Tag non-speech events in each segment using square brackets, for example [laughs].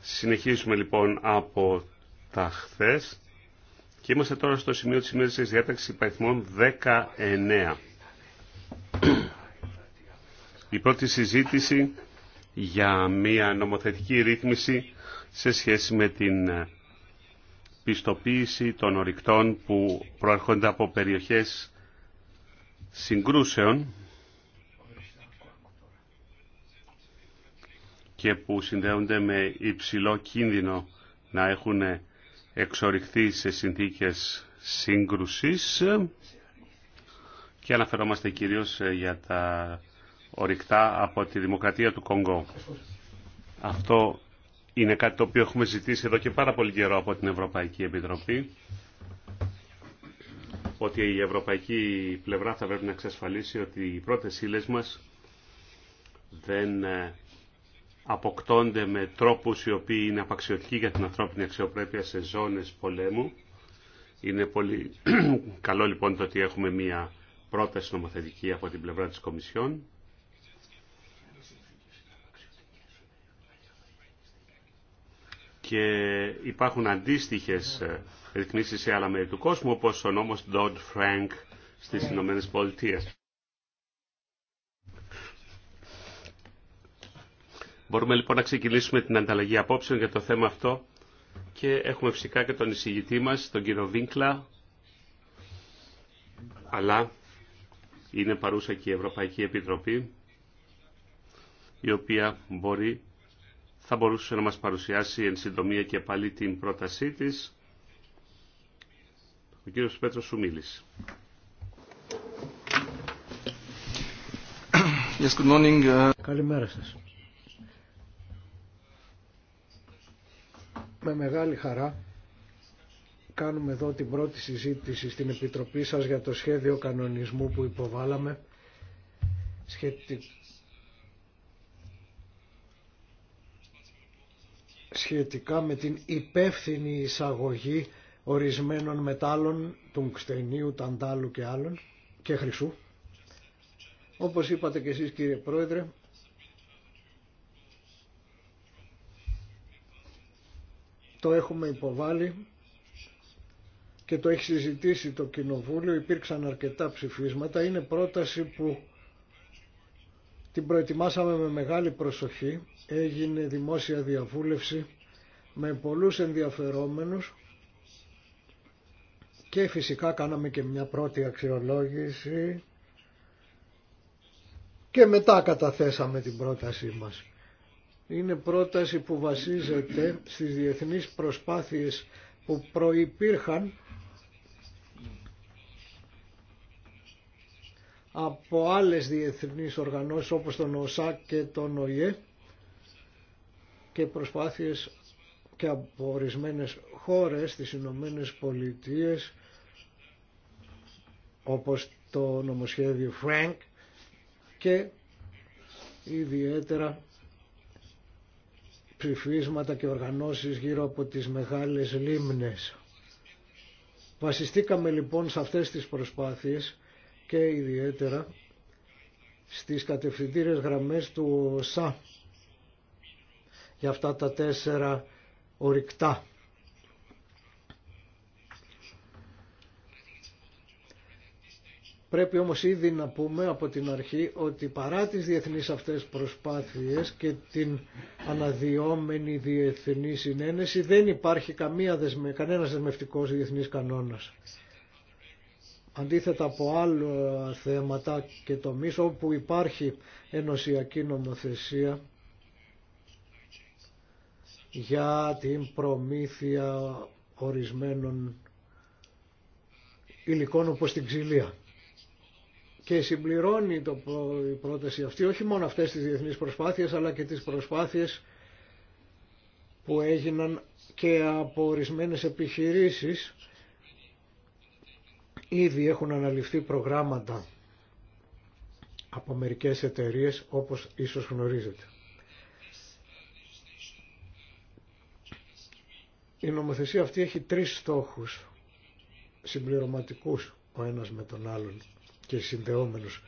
Συνεχίζουμε λοιπόν από τα χθε και είμαστε τώρα στο σημείο της ημέρα της διάταξης υπαριθμών 19. Η πρώτη συζήτηση για μια νομοθετική ρύθμιση σε σχέση με την πιστοποίηση των ορυκτών που προέρχονται από περιοχές συγκρούσεων και που συνδέονται με υψηλό κίνδυνο να έχουν εξοριχθεί σε συνθήκες σύγκρουσης και αναφερόμαστε κυρίως ε, για τα ορυκτά από τη Δημοκρατία του Κονγκό. Αυτό είναι κάτι το οποίο έχουμε ζητήσει εδώ και πάρα πολύ καιρό από την Ευρωπαϊκή Επιτροπή ότι η ευρωπαϊκή πλευρά θα πρέπει να εξασφαλίσει ότι οι πρώτες ύλες μας δεν ε, αποκτώνται με τρόπους οι οποίοι είναι απαξιωτικοί για την ανθρώπινη αξιοπρέπεια σε ζώνες πολέμου. Είναι πολύ [clears throat] καλό λοιπόν το ότι έχουμε μία πρόταση νομοθετική από την πλευρά της Κομισιόν. Και υπάρχουν αντίστοιχες ε, ρυθμίσεις σε άλλα μέρη του κόσμου, όπως ο νόμος Dodd-Frank στις Ηνωμένες Πολιτείες. Μπορούμε λοιπόν να ξεκινήσουμε την ανταλλαγή απόψεων για το θέμα αυτό και έχουμε φυσικά και τον εισηγητή μας, τον κύριο Βίνκλα, αλλά είναι παρούσα και η Ευρωπαϊκή Επιτροπή, η οποία μπορεί, θα μπορούσε να μας παρουσιάσει εν συντομία και πάλι την πρότασή της, ο κύριος Πέτρος Σουμίλης. Yes, good morning. Uh, Καλημέρα σας. Με μεγάλη χαρά κάνουμε εδώ την πρώτη συζήτηση στην Επιτροπή σας για το σχέδιο κανονισμού που υποβάλαμε σχετικά με την υπεύθυνη εισαγωγή ορισμένων μετάλλων του ξτενίου, ταντάλου και άλλων και χρυσού. Όπως είπατε και εσείς κύριε Πρόεδρε, Το έχουμε υποβάλει και το έχει συζητήσει το Κοινοβούλιο. Υπήρξαν αρκετά ψηφίσματα. Είναι πρόταση που την προετοιμάσαμε με μεγάλη προσοχή. Έγινε δημόσια διαβούλευση με πολλούς ενδιαφερόμενους και φυσικά κάναμε και μια πρώτη αξιολόγηση και μετά καταθέσαμε την πρότασή μας είναι πρόταση που βασίζεται στις διεθνείς προσπάθειες που προϋπήρχαν από άλλες διεθνείς οργανώσεις όπως τον ΟΣΑ και τον ΟΙΕ και προσπάθειες και από ορισμένε χώρες στις Ηνωμένε Πολιτείες όπως το νομοσχέδιο ΦΡΑΝΚ και ιδιαίτερα ψηφίσματα και οργανώσεις γύρω από τις μεγάλες λίμνες. Βασιστήκαμε λοιπόν σε αυτές τις προσπάθειες και ιδιαίτερα στις κατευθυντήρες γραμμές του ΣΑ για αυτά τα τέσσερα ορυκτά Πρέπει όμως ήδη να πούμε από την αρχή ότι παρά τις διεθνείς αυτές προσπάθειες και την αναδιόμενη διεθνή συνένεση δεν υπάρχει καμία δεσμε, κανένας δεσμευτικός διεθνής κανόνας. Αντίθετα από άλλα θέματα και το τομείς όπου υπάρχει ενωσιακή νομοθεσία για την προμήθεια ορισμένων υλικών όπως την ξυλία και συμπληρώνει το, η πρόταση αυτή όχι μόνο αυτές τις διεθνείς προσπάθειες αλλά και τις προσπάθειες που έγιναν και από ορισμένε επιχειρήσεις ήδη έχουν αναλυφθεί προγράμματα από μερικές εταιρείες όπως ίσως γνωρίζετε. Η νομοθεσία αυτή έχει τρεις στόχους συμπληρωματικούς ο ένας με τον άλλον και συνδεόμενους.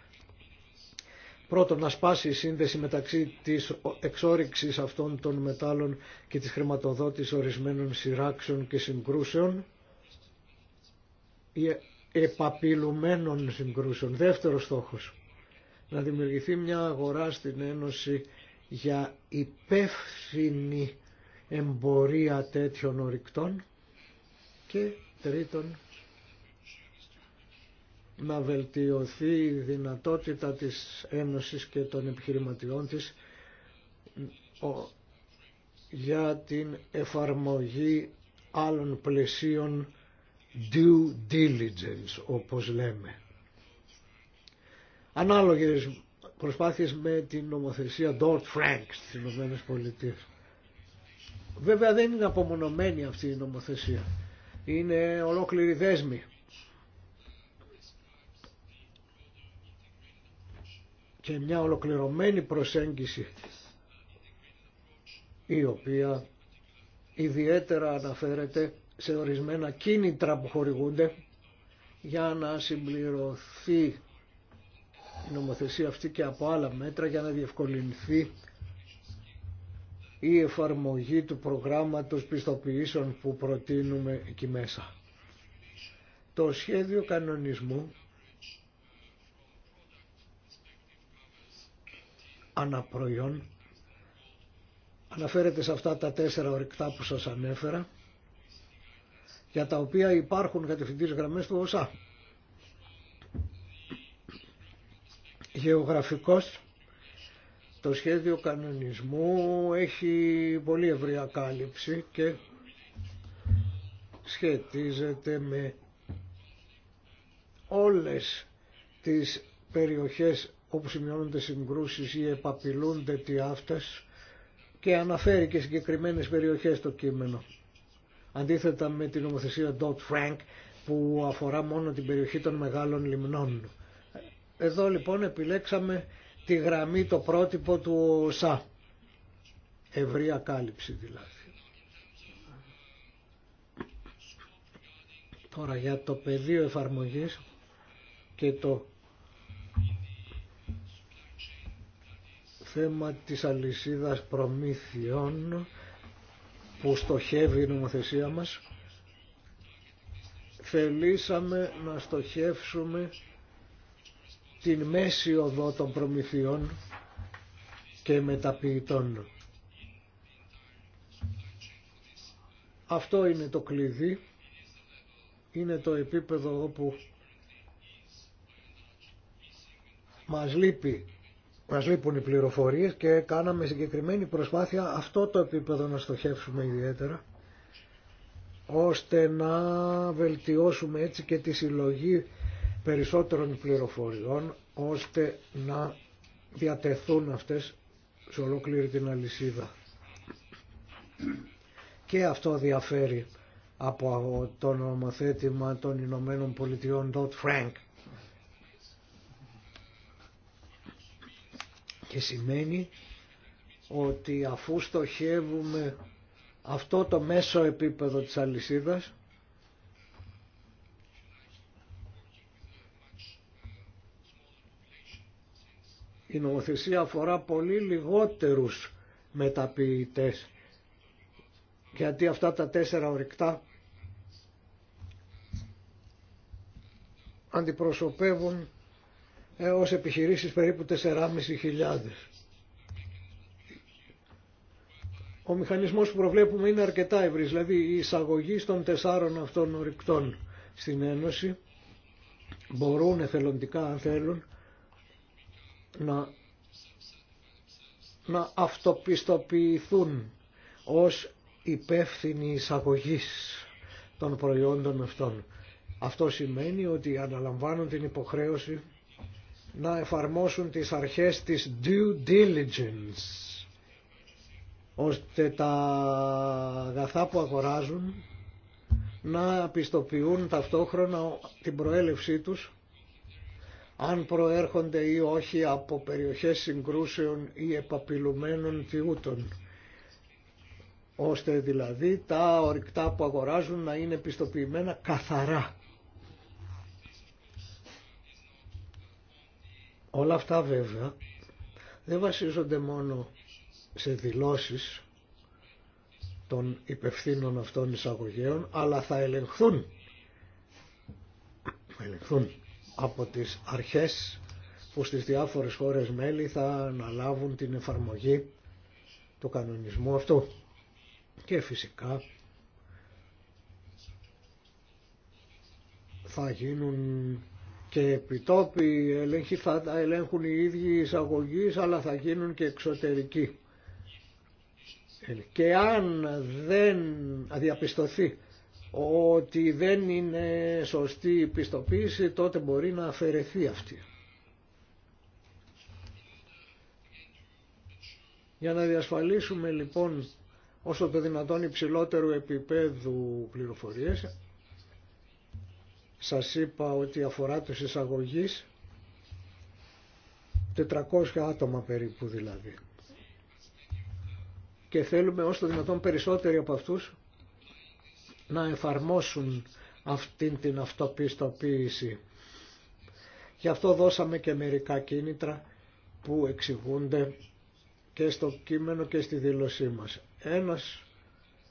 Πρώτον, να σπάσει η σύνδεση μεταξύ της εξόριξης αυτών των μετάλλων και της χρηματοδότησης ορισμένων σειράξεων και συγκρούσεων ή επαπειλουμένων συγκρούσεων. Δεύτερος στόχος, να δημιουργηθεί μια αγορά στην Ένωση για υπεύθυνη εμπορία τέτοιων ορυκτών και τρίτον να βελτιωθεί η δυνατότητα της Ένωσης και των επιχειρηματιών της για την εφαρμογή άλλων πλαισίων due diligence όπως λέμε. Ανάλογες προσπάθειες με την νομοθεσία Dort Frank στις Ηνωμένες Πολιτείες. Βέβαια δεν είναι απομονωμένη αυτή η νομοθεσία. Είναι ολόκληρη δέσμη και μια ολοκληρωμένη προσέγγιση η οποία ιδιαίτερα αναφέρεται σε ορισμένα κίνητρα που χορηγούνται για να συμπληρωθεί η νομοθεσία αυτή και από άλλα μέτρα για να διευκολυνθεί η εφαρμογή του προγράμματος πιστοποιήσεων που προτείνουμε εκεί μέσα. Το σχέδιο κανονισμού αναπροϊόν αναφέρεται σε αυτά τα τέσσερα ορυκτά που σας ανέφερα για τα οποία υπάρχουν κατευθυντήρες γραμμές του ΩΣΑ. Γεωγραφικός το σχέδιο κανονισμού έχει πολύ ευρία κάλυψη και σχετίζεται με όλες τις περιοχές όπου σημειώνονται συγκρούσεις ή επαπειλούνται τι αυτές και αναφέρει και συγκεκριμένες περιοχές το κείμενο. Αντίθετα με την νομοθεσία Dot Frank που αφορά μόνο την περιοχή των μεγάλων λιμνών. Εδώ λοιπόν επιλέξαμε τη γραμμή, το πρότυπο του ΣΑ. Ευρία κάλυψη δηλαδή. Τώρα για το πεδίο εφαρμογής και το θέμα της αλυσίδας προμήθειών που στοχεύει η νομοθεσία μας θελήσαμε να στοχεύσουμε την μέση οδό των προμηθειών και μεταποιητών. Αυτό είναι το κλειδί, είναι το επίπεδο όπου μας λείπει μας λείπουν οι πληροφορίες και κάναμε συγκεκριμένη προσπάθεια αυτό το επίπεδο να στοχεύσουμε ιδιαίτερα ώστε να βελτιώσουμε έτσι και τη συλλογή περισσότερων πληροφοριών ώστε να διατεθούν αυτές σε ολόκληρη την αλυσίδα. Και αυτό διαφέρει από το νομοθέτημα των Ηνωμένων Πολιτειών Dodd Frank Και σημαίνει ότι αφού στοχεύουμε αυτό το μέσο επίπεδο της αλυσίδας, η νομοθεσία αφορά πολύ λιγότερους μεταποιητές γιατί αυτά τα τέσσερα ορυκτά αντιπροσωπεύουν έως ε, επιχειρήσεις περίπου 4.500. Ο μηχανισμός που προβλέπουμε είναι αρκετά ευρύς, δηλαδή η εισαγωγή των τεσσάρων αυτών ορυκτών στην Ένωση μπορούν εθελοντικά αν θέλουν να, αυτοπιστοποιηθούν ως υπεύθυνοι εισαγωγή των προϊόντων αυτών. Αυτό σημαίνει ότι αναλαμβάνουν την υποχρέωση να εφαρμόσουν τις αρχές της due diligence ώστε τα αγαθά που αγοράζουν να πιστοποιούν ταυτόχρονα την προέλευσή τους αν προέρχονται ή όχι από περιοχές συγκρούσεων ή επαπειλουμένων τιούτων ώστε δηλαδή τα ορυκτά που αγοράζουν να είναι πιστοποιημένα καθαρά Όλα αυτά βέβαια δεν βασίζονται μόνο σε δηλώσεις των υπευθύνων αυτών εισαγωγέων, αλλά θα ελεγχθούν, ελεγχθούν από τις αρχές που στις διάφορες χώρες μέλη θα αναλάβουν την εφαρμογή του κανονισμού αυτού. Και φυσικά θα γίνουν και επιτόπιοι θα τα ελέγχουν οι ίδιοι εισαγωγεί, αλλά θα γίνουν και εξωτερικοί. Και αν δεν διαπιστωθεί ότι δεν είναι σωστή η πιστοποίηση τότε μπορεί να αφαιρεθεί αυτή. Για να διασφαλίσουμε λοιπόν όσο το δυνατόν υψηλότερου επίπεδου πληροφορίες σας είπα ότι αφορά τους εισαγωγείς 400 άτομα περίπου δηλαδή και θέλουμε όσο δυνατόν περισσότεροι από αυτούς να εφαρμόσουν αυτήν την αυτοπιστοποίηση. Γι' αυτό δώσαμε και μερικά κίνητρα που εξηγούνται και στο κείμενο και στη δήλωσή μας. Ένας,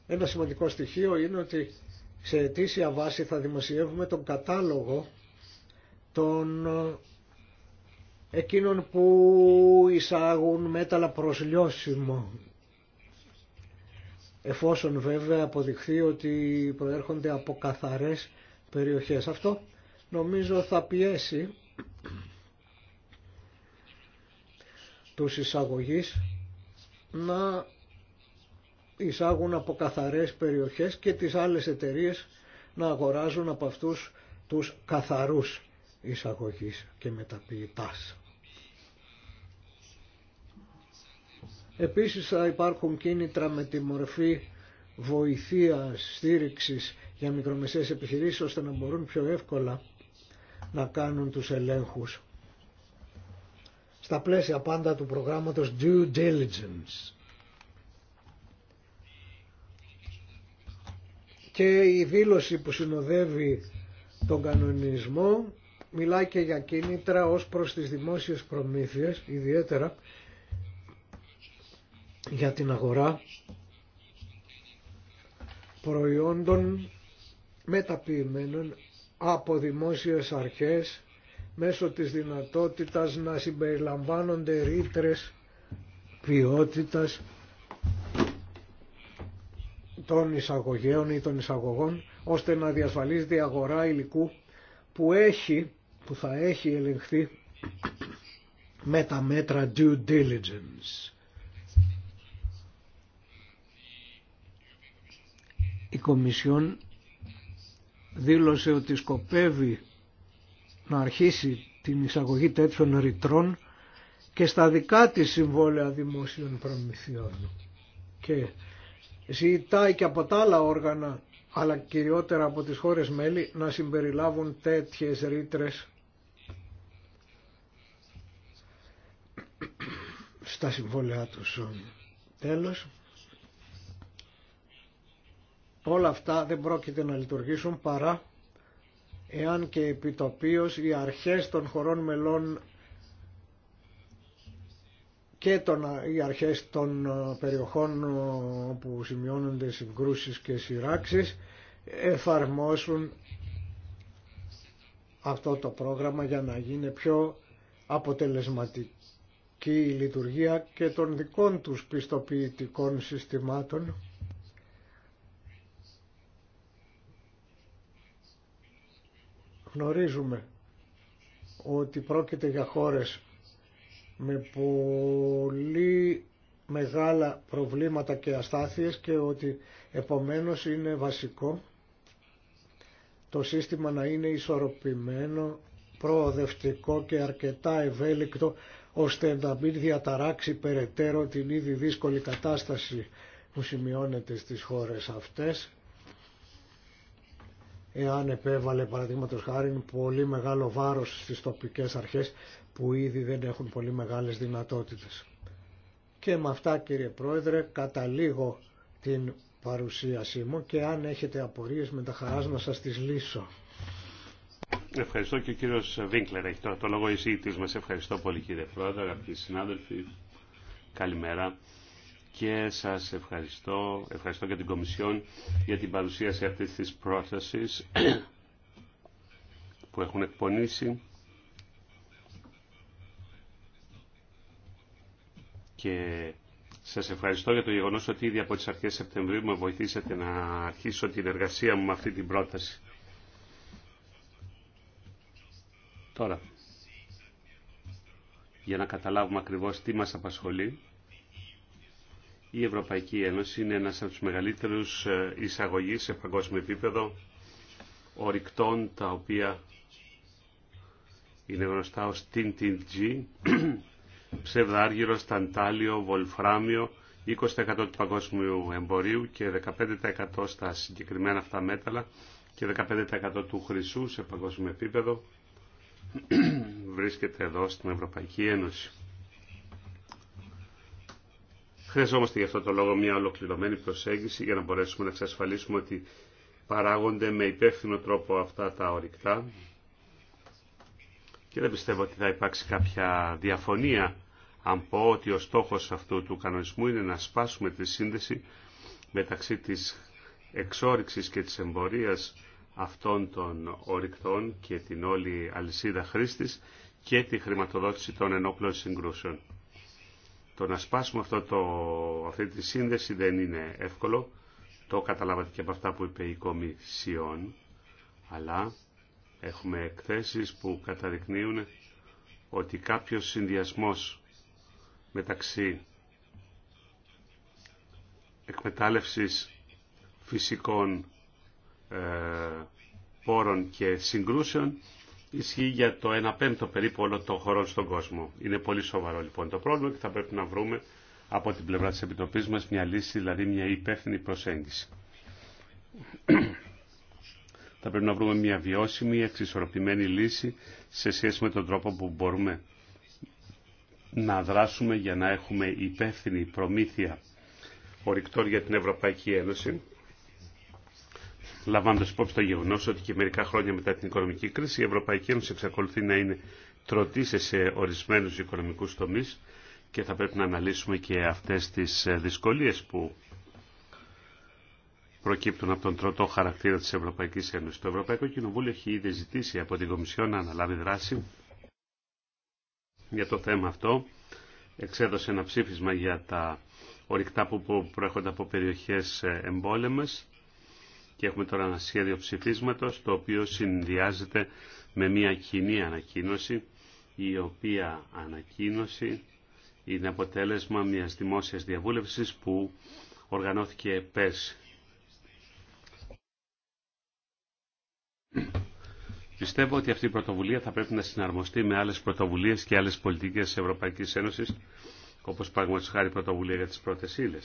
ένα σημαντικό στοιχείο είναι ότι σε αιτήσια βάση θα δημοσιεύουμε τον κατάλογο των ε, εκείνων που εισάγουν μέταλλα προσλιώσιμο εφόσον βέβαια αποδειχθεί ότι προέρχονται από καθαρές περιοχές. Αυτό νομίζω θα πιέσει τους εισαγωγείς να εισάγουν από καθαρές περιοχές και τις άλλες εταιρείες να αγοράζουν από αυτούς τους καθαρούς εισαγωγείς και μεταποιητάς. Επίσης θα υπάρχουν κίνητρα με τη μορφή βοηθείας, στήριξης για μικρομεσαίες επιχειρήσεις ώστε να μπορούν πιο εύκολα να κάνουν τους ελέγχους στα πλαίσια πάντα του προγράμματος Due Diligence. και η δήλωση που συνοδεύει τον κανονισμό μιλάει και για κίνητρα ως προς τις δημόσιες προμήθειες, ιδιαίτερα για την αγορά προϊόντων μεταποιημένων από δημόσιες αρχές μέσω της δυνατότητας να συμπεριλαμβάνονται ρήτρες ποιότητας των εισαγωγέων ή των εισαγωγών ώστε να διασφαλίζεται η αγορά υλικού που, έχει, που θα έχει ελεγχθεί με τα μέτρα due diligence. Η Κομισιόν δήλωσε ότι σκοπεύει να αρχίσει την εισαγωγή τέτοιων ρητρών και στα δικά της συμβόλαια δημόσιων προμηθειών. Και ζητάει και από τα άλλα όργανα αλλά κυριότερα από τις χώρες μέλη να συμπεριλάβουν τέτοιες ρήτρες στα συμβόλαιά τους. Τέλος, όλα αυτά δεν πρόκειται να λειτουργήσουν παρά εάν και επιτοπίως οι αρχές των χωρών μελών και οι αρχές των ε, περιοχών ε, όπου σημειώνονται συγκρούσεις και σειράξεις εφαρμόσουν αυτό το πρόγραμμα για να γίνει πιο αποτελεσματική η λειτουργία και των δικών τους πιστοποιητικών συστημάτων γνωρίζουμε ότι πρόκειται για χώρες με πολύ μεγάλα προβλήματα και αστάθειες και ότι επομένως είναι βασικό το σύστημα να είναι ισορροπημένο, προοδευτικό και αρκετά ευέλικτο ώστε να μην διαταράξει περαιτέρω την ήδη δύσκολη κατάσταση που σημειώνεται στις χώρες αυτές εάν επέβαλε παραδείγματος χάρη πολύ μεγάλο βάρος στις τοπικές αρχές που ήδη δεν έχουν πολύ μεγάλες δυνατότητες. Και με αυτά κύριε Πρόεδρε καταλήγω την παρουσίασή μου και αν έχετε απορίες με τα χαράς να σας τις λύσω. Ευχαριστώ και ο κύριος Βίνκλερ έχει τώρα το λόγο εισηγητής μας. Ευχαριστώ πολύ κύριε Πρόεδρε, αγαπητοί συνάδελφοι. Καλημέρα και σας ευχαριστώ, ευχαριστώ και την Κομισιόν για την παρουσίαση αυτής της πρότασης που έχουν εκπονήσει και σας ευχαριστώ για το γεγονός ότι ήδη από τις αρχές Σεπτεμβρίου με βοηθήσατε να αρχίσω την εργασία μου με αυτή την πρόταση. Τώρα, για να καταλάβουμε ακριβώς τι μας απασχολεί, η Ευρωπαϊκή Ένωση είναι ένας από τους μεγαλύτερους ε, εισαγωγείς σε παγκόσμιο επίπεδο ορυκτών τα οποία είναι γνωστά ως TNTG ψευδάργυρο, σταντάλιο, βολφράμιο, 20% του παγκόσμιου εμπορίου και 15% στα συγκεκριμένα αυτά μέταλλα και 15% του χρυσού σε παγκόσμιο επίπεδο [clears throat] βρίσκεται εδώ στην Ευρωπαϊκή Ένωση. Χρειαζόμαστε γι' αυτό το λόγο μια ολοκληρωμένη προσέγγιση για να μπορέσουμε να εξασφαλίσουμε ότι παράγονται με υπεύθυνο τρόπο αυτά τα ορυκτά και δεν πιστεύω ότι θα υπάρξει κάποια διαφωνία αν πω ότι ο στόχος αυτού του κανονισμού είναι να σπάσουμε τη σύνδεση μεταξύ της εξόριξης και της εμπορίας αυτών των ορυκτών και την όλη αλυσίδα χρήστης και τη χρηματοδότηση των ενόπλων συγκρούσεων. Το να σπάσουμε αυτό το, αυτή τη σύνδεση δεν είναι εύκολο, το καταλάβατε και από αυτά που είπε η Κομισιόν, αλλά Έχουμε εκθέσεις που καταδεικνύουν ότι κάποιος συνδυασμός μεταξύ εκμετάλλευσης φυσικών ε, πόρων και συγκρούσεων ισχύει για το 1 πέμπτο περίπου όλων των χωρών στον κόσμο. Είναι πολύ σοβαρό λοιπόν το πρόβλημα και θα πρέπει να βρούμε από την πλευρά της Επιτροπής μας μια λύση, δηλαδή μια υπεύθυνη προσέγγιση. Θα πρέπει να βρούμε μια βιώσιμη, εξισορροπημένη λύση σε σχέση με τον τρόπο που μπορούμε να δράσουμε για να έχουμε υπεύθυνη προμήθεια ορυκτών για την Ευρωπαϊκή Ένωση. Λαμβάνοντα υπόψη το γεγονό ότι και μερικά χρόνια μετά την οικονομική κρίση η Ευρωπαϊκή Ένωση εξακολουθεί να είναι τρωτή σε ορισμένου οικονομικού τομεί και θα πρέπει να αναλύσουμε και αυτέ τι ε, δυσκολίε που προκύπτουν από τον τρωτό χαρακτήρα της Ευρωπαϊκής Ένωσης. Το Ευρωπαϊκό Κοινοβούλιο έχει ήδη ζητήσει από την Κομισιό να αναλάβει δράση για το θέμα αυτό. Εξέδωσε ένα ψήφισμα για τα ορυκτά που προέρχονται από περιοχές ε, εμπόλεμες και έχουμε τώρα ένα σχέδιο ψηφίσματος το οποίο συνδυάζεται με μια κοινή ανακοίνωση η οποία ανακοίνωση είναι αποτέλεσμα μιας δημόσιας διαβούλευσης που οργανώθηκε πέρσι. Πιστεύω ότι αυτή η πρωτοβουλία θα πρέπει να συναρμοστεί με άλλες πρωτοβουλίες και άλλες πολιτικές της Ευρωπαϊκής Ένωσης, όπως παραγματικά χάρη πρωτοβουλία για τις πρώτες ύλε.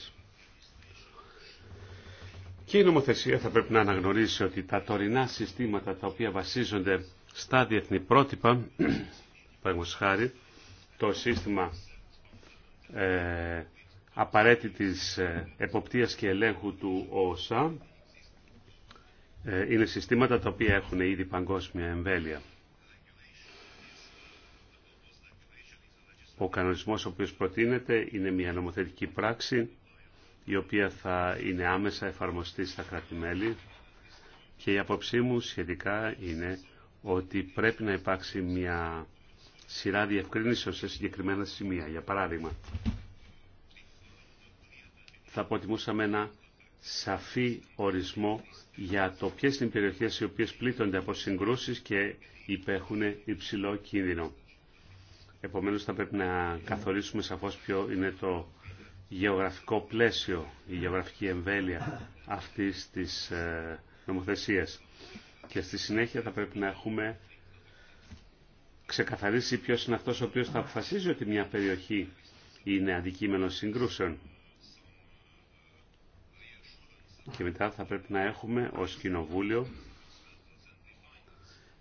Και η νομοθεσία θα πρέπει να αναγνωρίσει ότι τα τωρινά συστήματα τα οποία βασίζονται στα διεθνή πρότυπα, παραγματικά το σύστημα ε, απαραίτητης ε, εποπτείας και ελέγχου του ΟΣΑ, ε, είναι συστήματα τα οποία έχουν ήδη παγκόσμια εμβέλεια. Ο κανονισμός ο οποίος προτείνεται είναι μια νομοθετική πράξη η οποία θα είναι άμεσα εφαρμοστή στα κράτη-μέλη και η απόψή μου σχετικά είναι ότι πρέπει να υπάρξει μια σειρά διευκρίνησεων σε συγκεκριμένα σημεία. Για παράδειγμα, θα αποτιμούσαμε να σαφή ορισμό για το ποιες είναι οι περιοχές οι οποίε πλήττονται από συγκρούσεις και υπέχουν υψηλό κίνδυνο. Επομένως θα πρέπει να καθορίσουμε σαφώς ποιο είναι το γεωγραφικό πλαίσιο, η γεωγραφική εμβέλεια αυτής της ε, νομοθεσίας. Και στη συνέχεια θα πρέπει να έχουμε ξεκαθαρίσει ποιος είναι αυτός ο οποίος θα αποφασίζει ότι μια περιοχή είναι αντικείμενο συγκρούσεων και μετά θα πρέπει να έχουμε ως Κοινοβούλιο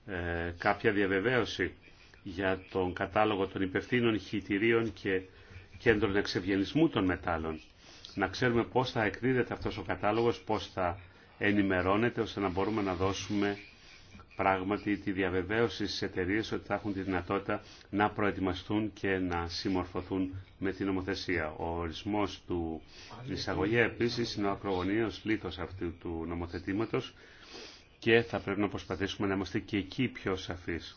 ε, κάποια διαβεβαίωση για τον κατάλογο των υπευθύνων χιτηρίων και κέντρων εξευγενισμού των μετάλλων. Να ξέρουμε πώς θα εκδίδεται αυτός ο κατάλογος, πώς θα ενημερώνεται, ώστε να μπορούμε να δώσουμε πράγματι τη διαβεβαίωση στις εταιρείε ότι θα έχουν τη δυνατότητα να προετοιμαστούν και να συμμορφωθούν με την νομοθεσία. Ο ορισμός του εισαγωγή επίσης είναι ο ακρογωνίος λίθος αυτού του νομοθετήματος και θα πρέπει να προσπαθήσουμε να είμαστε και εκεί πιο σαφείς.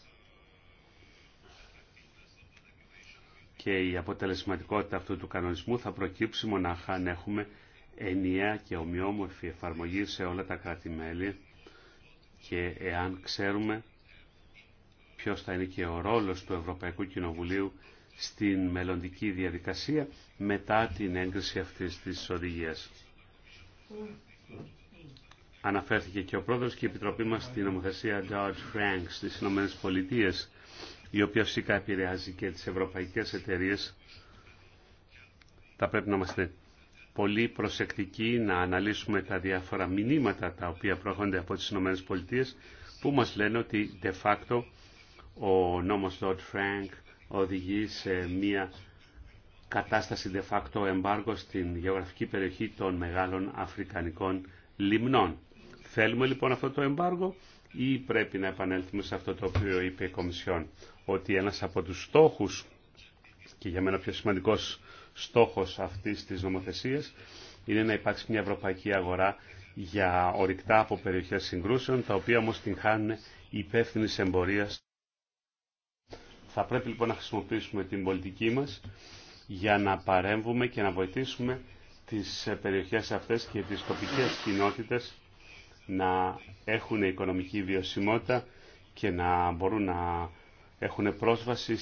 Και η αποτελεσματικότητα αυτού του κανονισμού θα προκύψει μονάχα αν έχουμε ενιαία και ομοιόμορφη εφαρμογή σε όλα τα κράτη-μέλη και εάν ξέρουμε ποιος θα είναι και ο ρόλος του Ευρωπαϊκού Κοινοβουλίου στην μελλοντική διαδικασία μετά την έγκριση αυτής της οδηγίας. Αναφέρθηκε και ο πρόεδρος και η Επιτροπή μας στην νομοθεσία George Frank στις Ηνωμένες Πολιτείες, η οποία φυσικά επηρεάζει και τις ευρωπαϊκές εταιρείες. Θα πρέπει να είμαστε πολύ προσεκτικοί να αναλύσουμε τα διάφορα μηνύματα τα οποία προέρχονται από τις ΗΠΑ που μας λένε ότι de facto ο νόμος Dodd Frank οδηγεί σε μια κατάσταση de facto εμπάργο στην γεωγραφική περιοχή των μεγάλων αφρικανικών λιμνών. Θέλουμε λοιπόν αυτό το εμπάργο ή πρέπει να επανέλθουμε σε αυτό το οποίο είπε η Κομισιόν ότι ένας από τους στόχους και για μένα πιο σημαντικός στόχος αυτής της νομοθεσίας είναι να υπάρξει μια ευρωπαϊκή αγορά για ορυκτά από περιοχές συγκρούσεων, τα οποία όμως την χάνουν υπεύθυνη εμπορία. Θα πρέπει λοιπόν να χρησιμοποιήσουμε την πολιτική μας για να παρέμβουμε και να βοηθήσουμε τις περιοχές αυτές και τις τοπικές κοινότητες να έχουν οικονομική βιωσιμότητα και να μπορούν να έχουν πρόσβαση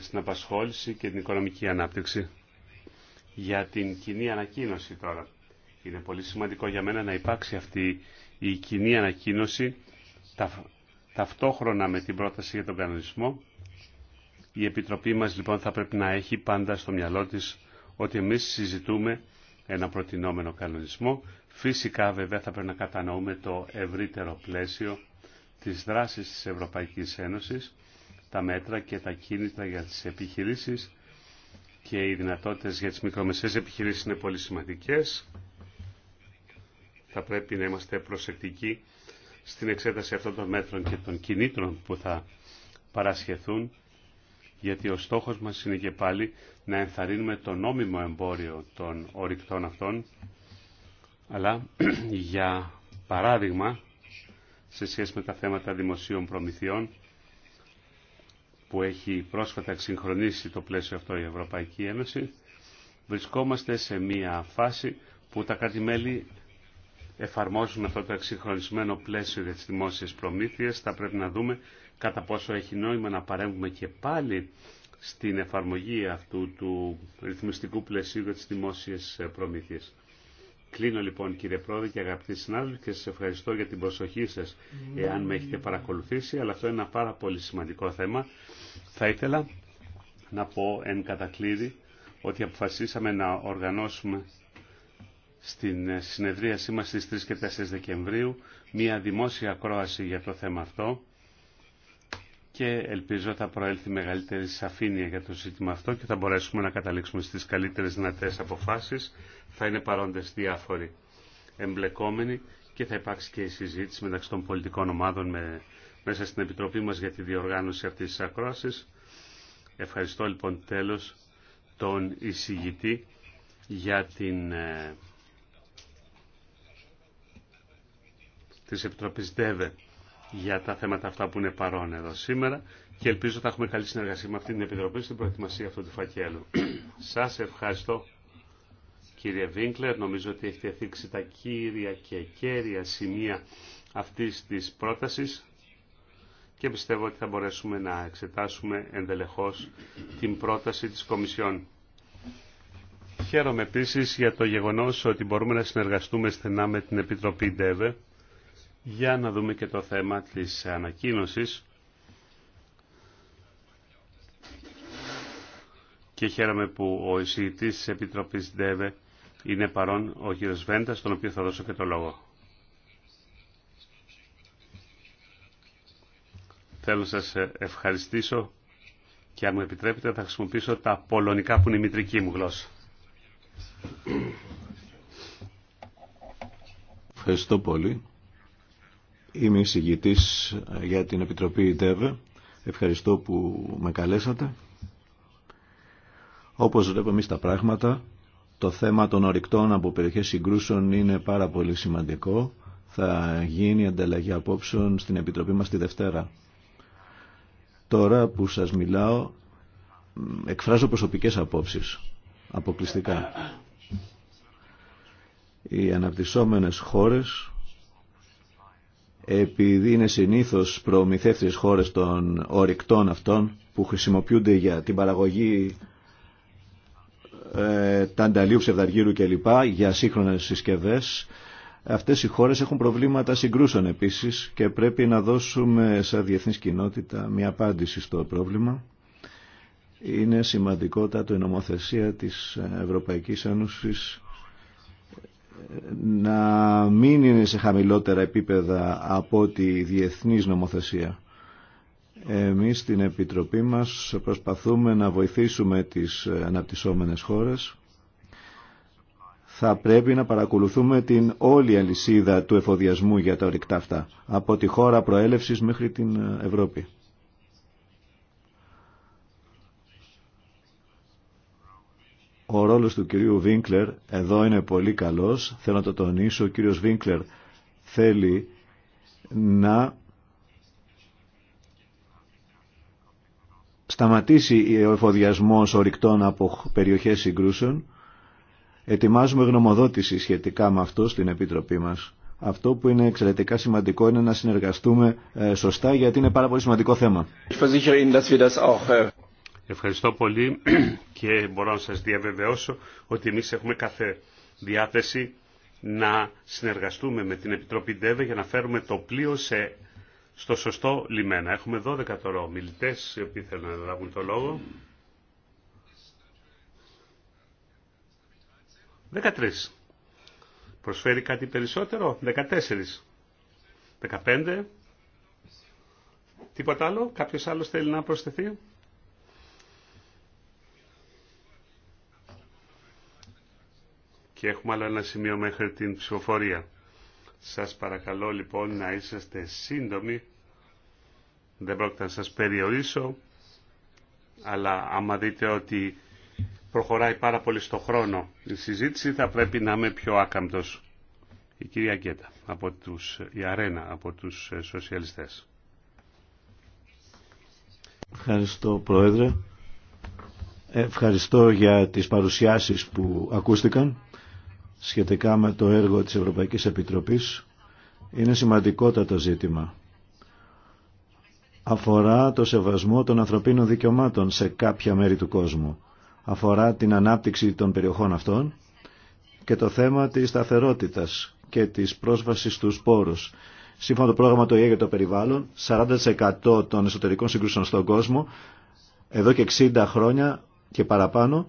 στην απασχόληση και την οικονομική ανάπτυξη για την κοινή ανακοίνωση τώρα. Είναι πολύ σημαντικό για μένα να υπάρξει αυτή η κοινή ανακοίνωση ταυτόχρονα με την πρόταση για τον κανονισμό. Η Επιτροπή μας λοιπόν θα πρέπει να έχει πάντα στο μυαλό της ότι εμείς συζητούμε ένα προτινόμενο κανονισμό. Φυσικά βέβαια θα πρέπει να κατανοούμε το ευρύτερο πλαίσιο της δράσης της Ευρωπαϊκής Ένωσης, τα μέτρα και τα κίνητρα για τις επιχειρήσεις, και οι δυνατότητες για τις μικρομεσαίες επιχειρήσεις είναι πολύ σημαντικές. Θα πρέπει να είμαστε προσεκτικοί στην εξέταση αυτών των μέτρων και των κινήτρων που θα παρασχεθούν, γιατί ο στόχος μας είναι και πάλι να ενθαρρύνουμε το νόμιμο εμπόριο των ορυκτών αυτών, αλλά [clears throat] για παράδειγμα, σε σχέση με τα θέματα δημοσίων προμηθειών, που έχει πρόσφατα εξυγχρονίσει το πλαίσιο αυτό η Ευρωπαϊκή Ένωση, βρισκόμαστε σε μία φάση που τα κράτη-μέλη εφαρμόζουν αυτό το εξυγχρονισμένο πλαίσιο για τις δημόσιες προμήθειες. Θα πρέπει να δούμε κατά πόσο έχει νόημα να παρέμβουμε και πάλι στην εφαρμογή αυτού του ρυθμιστικού πλαισίου για τις δημόσιες ε, προμήθειες. Κλείνω λοιπόν κύριε Πρόεδρε και αγαπητοί συνάδελφοι και σας ευχαριστώ για την προσοχή σας εάν με έχετε παρακολουθήσει, αλλά αυτό είναι ένα πάρα πολύ σημαντικό θέμα θα ήθελα να πω εν κατακλείδη ότι αποφασίσαμε να οργανώσουμε στην συνεδρία μας στις 3 και 4 Δεκεμβρίου μία δημόσια ακρόαση για το θέμα αυτό και ελπίζω θα προέλθει μεγαλύτερη σαφήνεια για το ζήτημα αυτό και θα μπορέσουμε να καταλήξουμε στις καλύτερες δυνατές αποφάσεις. Θα είναι παρόντες διάφοροι εμπλεκόμενοι και θα υπάρξει και η συζήτηση μεταξύ των πολιτικών ομάδων με μέσα στην Επιτροπή μας για τη διοργάνωση αυτής της ακρόασης. Ευχαριστώ λοιπόν τέλος τον εισηγητή για την ε, της Επιτροπής ΔΕΒΕ για τα θέματα αυτά που είναι παρόν εδώ σήμερα και ελπίζω ότι θα έχουμε καλή συνεργασία με αυτή την Επιτροπή στην προετοιμασία αυτού του φακέλου. [clears throat] Σας ευχαριστώ κύριε Βίνκλερ. Νομίζω ότι έχετε θίξει τα κύρια και κέρια σημεία αυτής της πρότασης και πιστεύω ότι θα μπορέσουμε να εξετάσουμε εντελεχώς την πρόταση της Κομισιόν. Χαίρομαι επίση για το γεγονός ότι μπορούμε να συνεργαστούμε στενά με την Επιτροπή ΔΕΒΕ για να δούμε και το θέμα της ανακοίνωσης και χαίρομαι που ο εισηγητής της Επιτροπής ΔΕΒΕ είναι παρόν ο κ. Βέντας, τον οποίο θα δώσω και το λόγο. Θέλω να σας ευχαριστήσω και αν μου επιτρέπετε θα χρησιμοποιήσω τα πολωνικά που είναι η μητρική μου γλώσσα. Ευχαριστώ πολύ. Είμαι εισηγητής για την Επιτροπή ΙΤΕΒΕ. Ευχαριστώ που με καλέσατε. Όπως βλέπουμε εμείς τα πράγματα, το θέμα των ορυκτών από περιοχές συγκρούσεων είναι πάρα πολύ σημαντικό. Θα γίνει ανταλλαγή απόψεων στην Επιτροπή μας τη Δευτέρα. Τώρα που σας μιλάω εκφράζω προσωπικές απόψεις αποκλειστικά. Οι αναπτυσσόμενες χώρες επειδή είναι συνήθως προμηθεύτες χώρες των ορυκτών αυτών που χρησιμοποιούνται για την παραγωγή ε, τανταλίου ψευδαργύρου κλπ για σύγχρονες συσκευές Αυτές οι χώρες έχουν προβλήματα συγκρούσεων επίσης και πρέπει να δώσουμε σαν διεθνής κοινότητα μια απάντηση στο πρόβλημα. Είναι σημαντικότατο η νομοθεσία της Ευρωπαϊκής Ένωσης να μην είναι σε χαμηλότερα επίπεδα από τη διεθνής νομοθεσία. Εμείς στην Επιτροπή μας προσπαθούμε να βοηθήσουμε τις αναπτυσσόμενες χώρες θα πρέπει να παρακολουθούμε την όλη αλυσίδα του εφοδιασμού για τα ορυκτά αυτά, από τη χώρα προέλευσης μέχρι την ε, Ευρώπη. Ο ρόλος του κυρίου Βίνκλερ εδώ είναι πολύ καλός, θέλω να το τονίσω, ο κύριος Βίνκλερ θέλει να σταματήσει ο εφοδιασμός ορυκτών από περιοχές συγκρούσεων Ετοιμάζουμε γνωμοδότηση σχετικά με αυτό στην Επιτροπή μας. Αυτό που είναι εξαιρετικά σημαντικό είναι να συνεργαστούμε ε, σωστά γιατί είναι πάρα πολύ σημαντικό θέμα. Äh, Ευχαριστώ πολύ [clears throat] και μπορώ να σας διαβεβαιώσω ότι εμείς έχουμε κάθε διάθεση να συνεργαστούμε με την Επιτροπή ΔΕΒΕ για να φέρουμε το πλοίο σε, στο σωστό λιμένα. Έχουμε 12 τώρα ομιλητές οι θέλουν να λάβουν το λόγο. 13. Προσφέρει κάτι περισσότερο. 14. 15. Τίποτα άλλο. Κάποιος άλλος θέλει να προσθεθεί. Και έχουμε άλλο ένα σημείο μέχρι την ψηφοφορία. Σας παρακαλώ λοιπόν να είσαστε σύντομοι. Δεν πρόκειται να σας περιορίσω. Αλλά άμα δείτε ότι προχωράει πάρα πολύ στο χρόνο η συζήτηση, θα πρέπει να είμαι πιο άκαμπτος. Η κυρία Κέτα από τους, η Αρένα, από τους ε, σοσιαλιστές. Ευχαριστώ, Πρόεδρε. Ευχαριστώ για τις παρουσιάσεις που ακούστηκαν σχετικά με το έργο της Ευρωπαϊκής Επιτροπής. Είναι σημαντικότατο ζήτημα. Αφορά το σεβασμό των ανθρωπίνων δικαιωμάτων σε κάποια μέρη του κόσμου αφορά την ανάπτυξη των περιοχών αυτών και το θέμα της σταθερότητας και της πρόσβασης στους πόρους. Σύμφωνα το πρόγραμμα του ΙΕ για το περιβάλλον, 40% των εσωτερικών συγκρούσεων στον κόσμο, εδώ και 60 χρόνια και παραπάνω,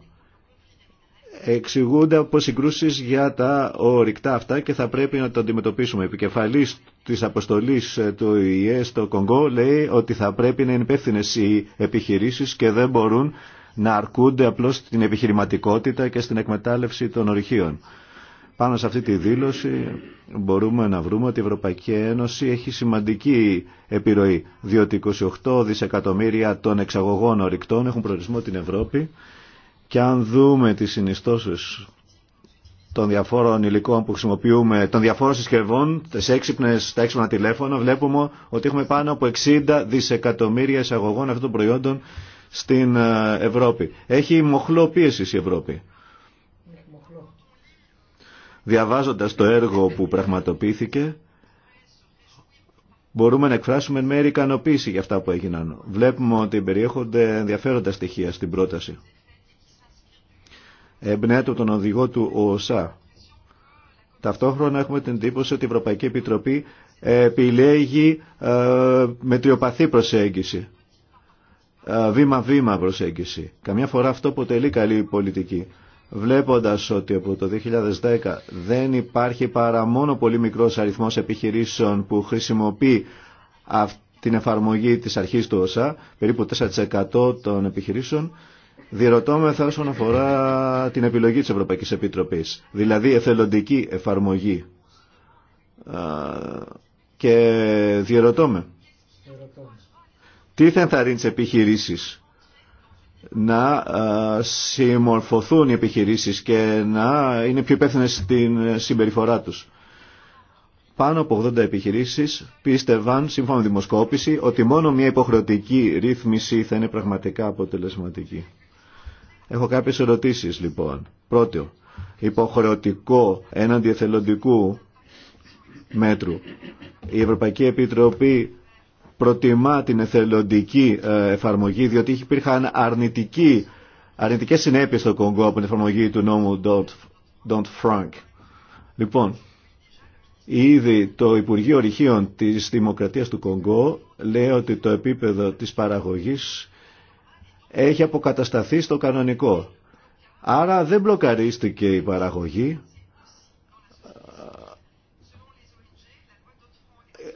εξηγούνται από συγκρούσεις για τα ορυκτά αυτά και θα πρέπει να το αντιμετωπίσουμε. επικεφαλή της αποστολής του ΙΕ στο Κονγκό λέει ότι θα πρέπει να είναι υπεύθυνε οι επιχειρήσεις και δεν μπορούν να αρκούνται απλώς στην επιχειρηματικότητα και στην εκμετάλλευση των ορυχείων. Πάνω σε αυτή τη δήλωση μπορούμε να βρούμε ότι η Ευρωπαϊκή Ένωση έχει σημαντική επιρροή, διότι 28 δισεκατομμύρια των εξαγωγών ορυκτών έχουν προορισμό την Ευρώπη και αν δούμε τις συνιστώσεις των διαφόρων υλικών που χρησιμοποιούμε, των διαφόρων συσκευών, τις έξυπνες, τα έξυπνα τηλέφωνα, βλέπουμε ότι έχουμε πάνω από 60 δισεκατομμύρια εισαγωγών αυτών των προϊόντων στην ε, Ευρώπη. Έχει μοχλό πίεση η Ευρώπη. Διαβάζοντας το έργο που πραγματοποιήθηκε, μπορούμε να εκφράσουμε μέρη ικανοποίηση για αυτά που έγιναν. Βλέπουμε ότι περιέχονται ενδιαφέροντα στοιχεία στην πρόταση. Εμπνέεται τον οδηγό του ΟΟΣΑ. Ταυτόχρονα έχουμε την εντύπωση ότι η Ευρωπαϊκή Επιτροπή επιλέγει ε, μετριοπαθή προσέγγιση. Ε, βήμα-βήμα προσέγγιση. Καμιά φορά αυτό αποτελεί καλή πολιτική. Βλέποντας ότι από το 2010 δεν υπάρχει παρά μόνο πολύ μικρός αριθμός επιχειρήσεων που χρησιμοποιεί την εφαρμογή της αρχής του ΩΣΑ, περίπου 4% των επιχειρήσεων, διερωτώμεθα όσον αφορά την επιλογή της Ευρωπαϊκής Επιτροπής, δηλαδή εθελοντική εφαρμογή. Και διερωτώμε τι θα ενθαρρύνει τι επιχειρήσεις να συμμορφωθούν οι επιχειρήσεις και να είναι πιο υπεύθυνε στην συμπεριφορά τους. Πάνω από 80 επιχειρήσεις πίστευαν, σύμφωνα με δημοσκόπηση, ότι μόνο μια υποχρεωτική ρύθμιση θα είναι πραγματικά αποτελεσματική. Έχω κάποιες ερωτήσεις λοιπόν. Πρώτο, υποχρεωτικό έναντι εθελοντικού μέτρου. Η Ευρωπαϊκή Επιτροπή προτιμά την εθελοντική ε, εφαρμογή διότι υπήρχαν αρνητικοί, αρνητικές συνέπειες στο Κονγκό από την εφαρμογή του νόμου Don't, Don't Frank. Λοιπόν, ήδη το Υπουργείο Ορυχείων της Δημοκρατίας του Κονγκό λέει ότι το επίπεδο της παραγωγής έχει αποκατασταθεί στο κανονικό. Άρα δεν μπλοκαρίστηκε η παραγωγή,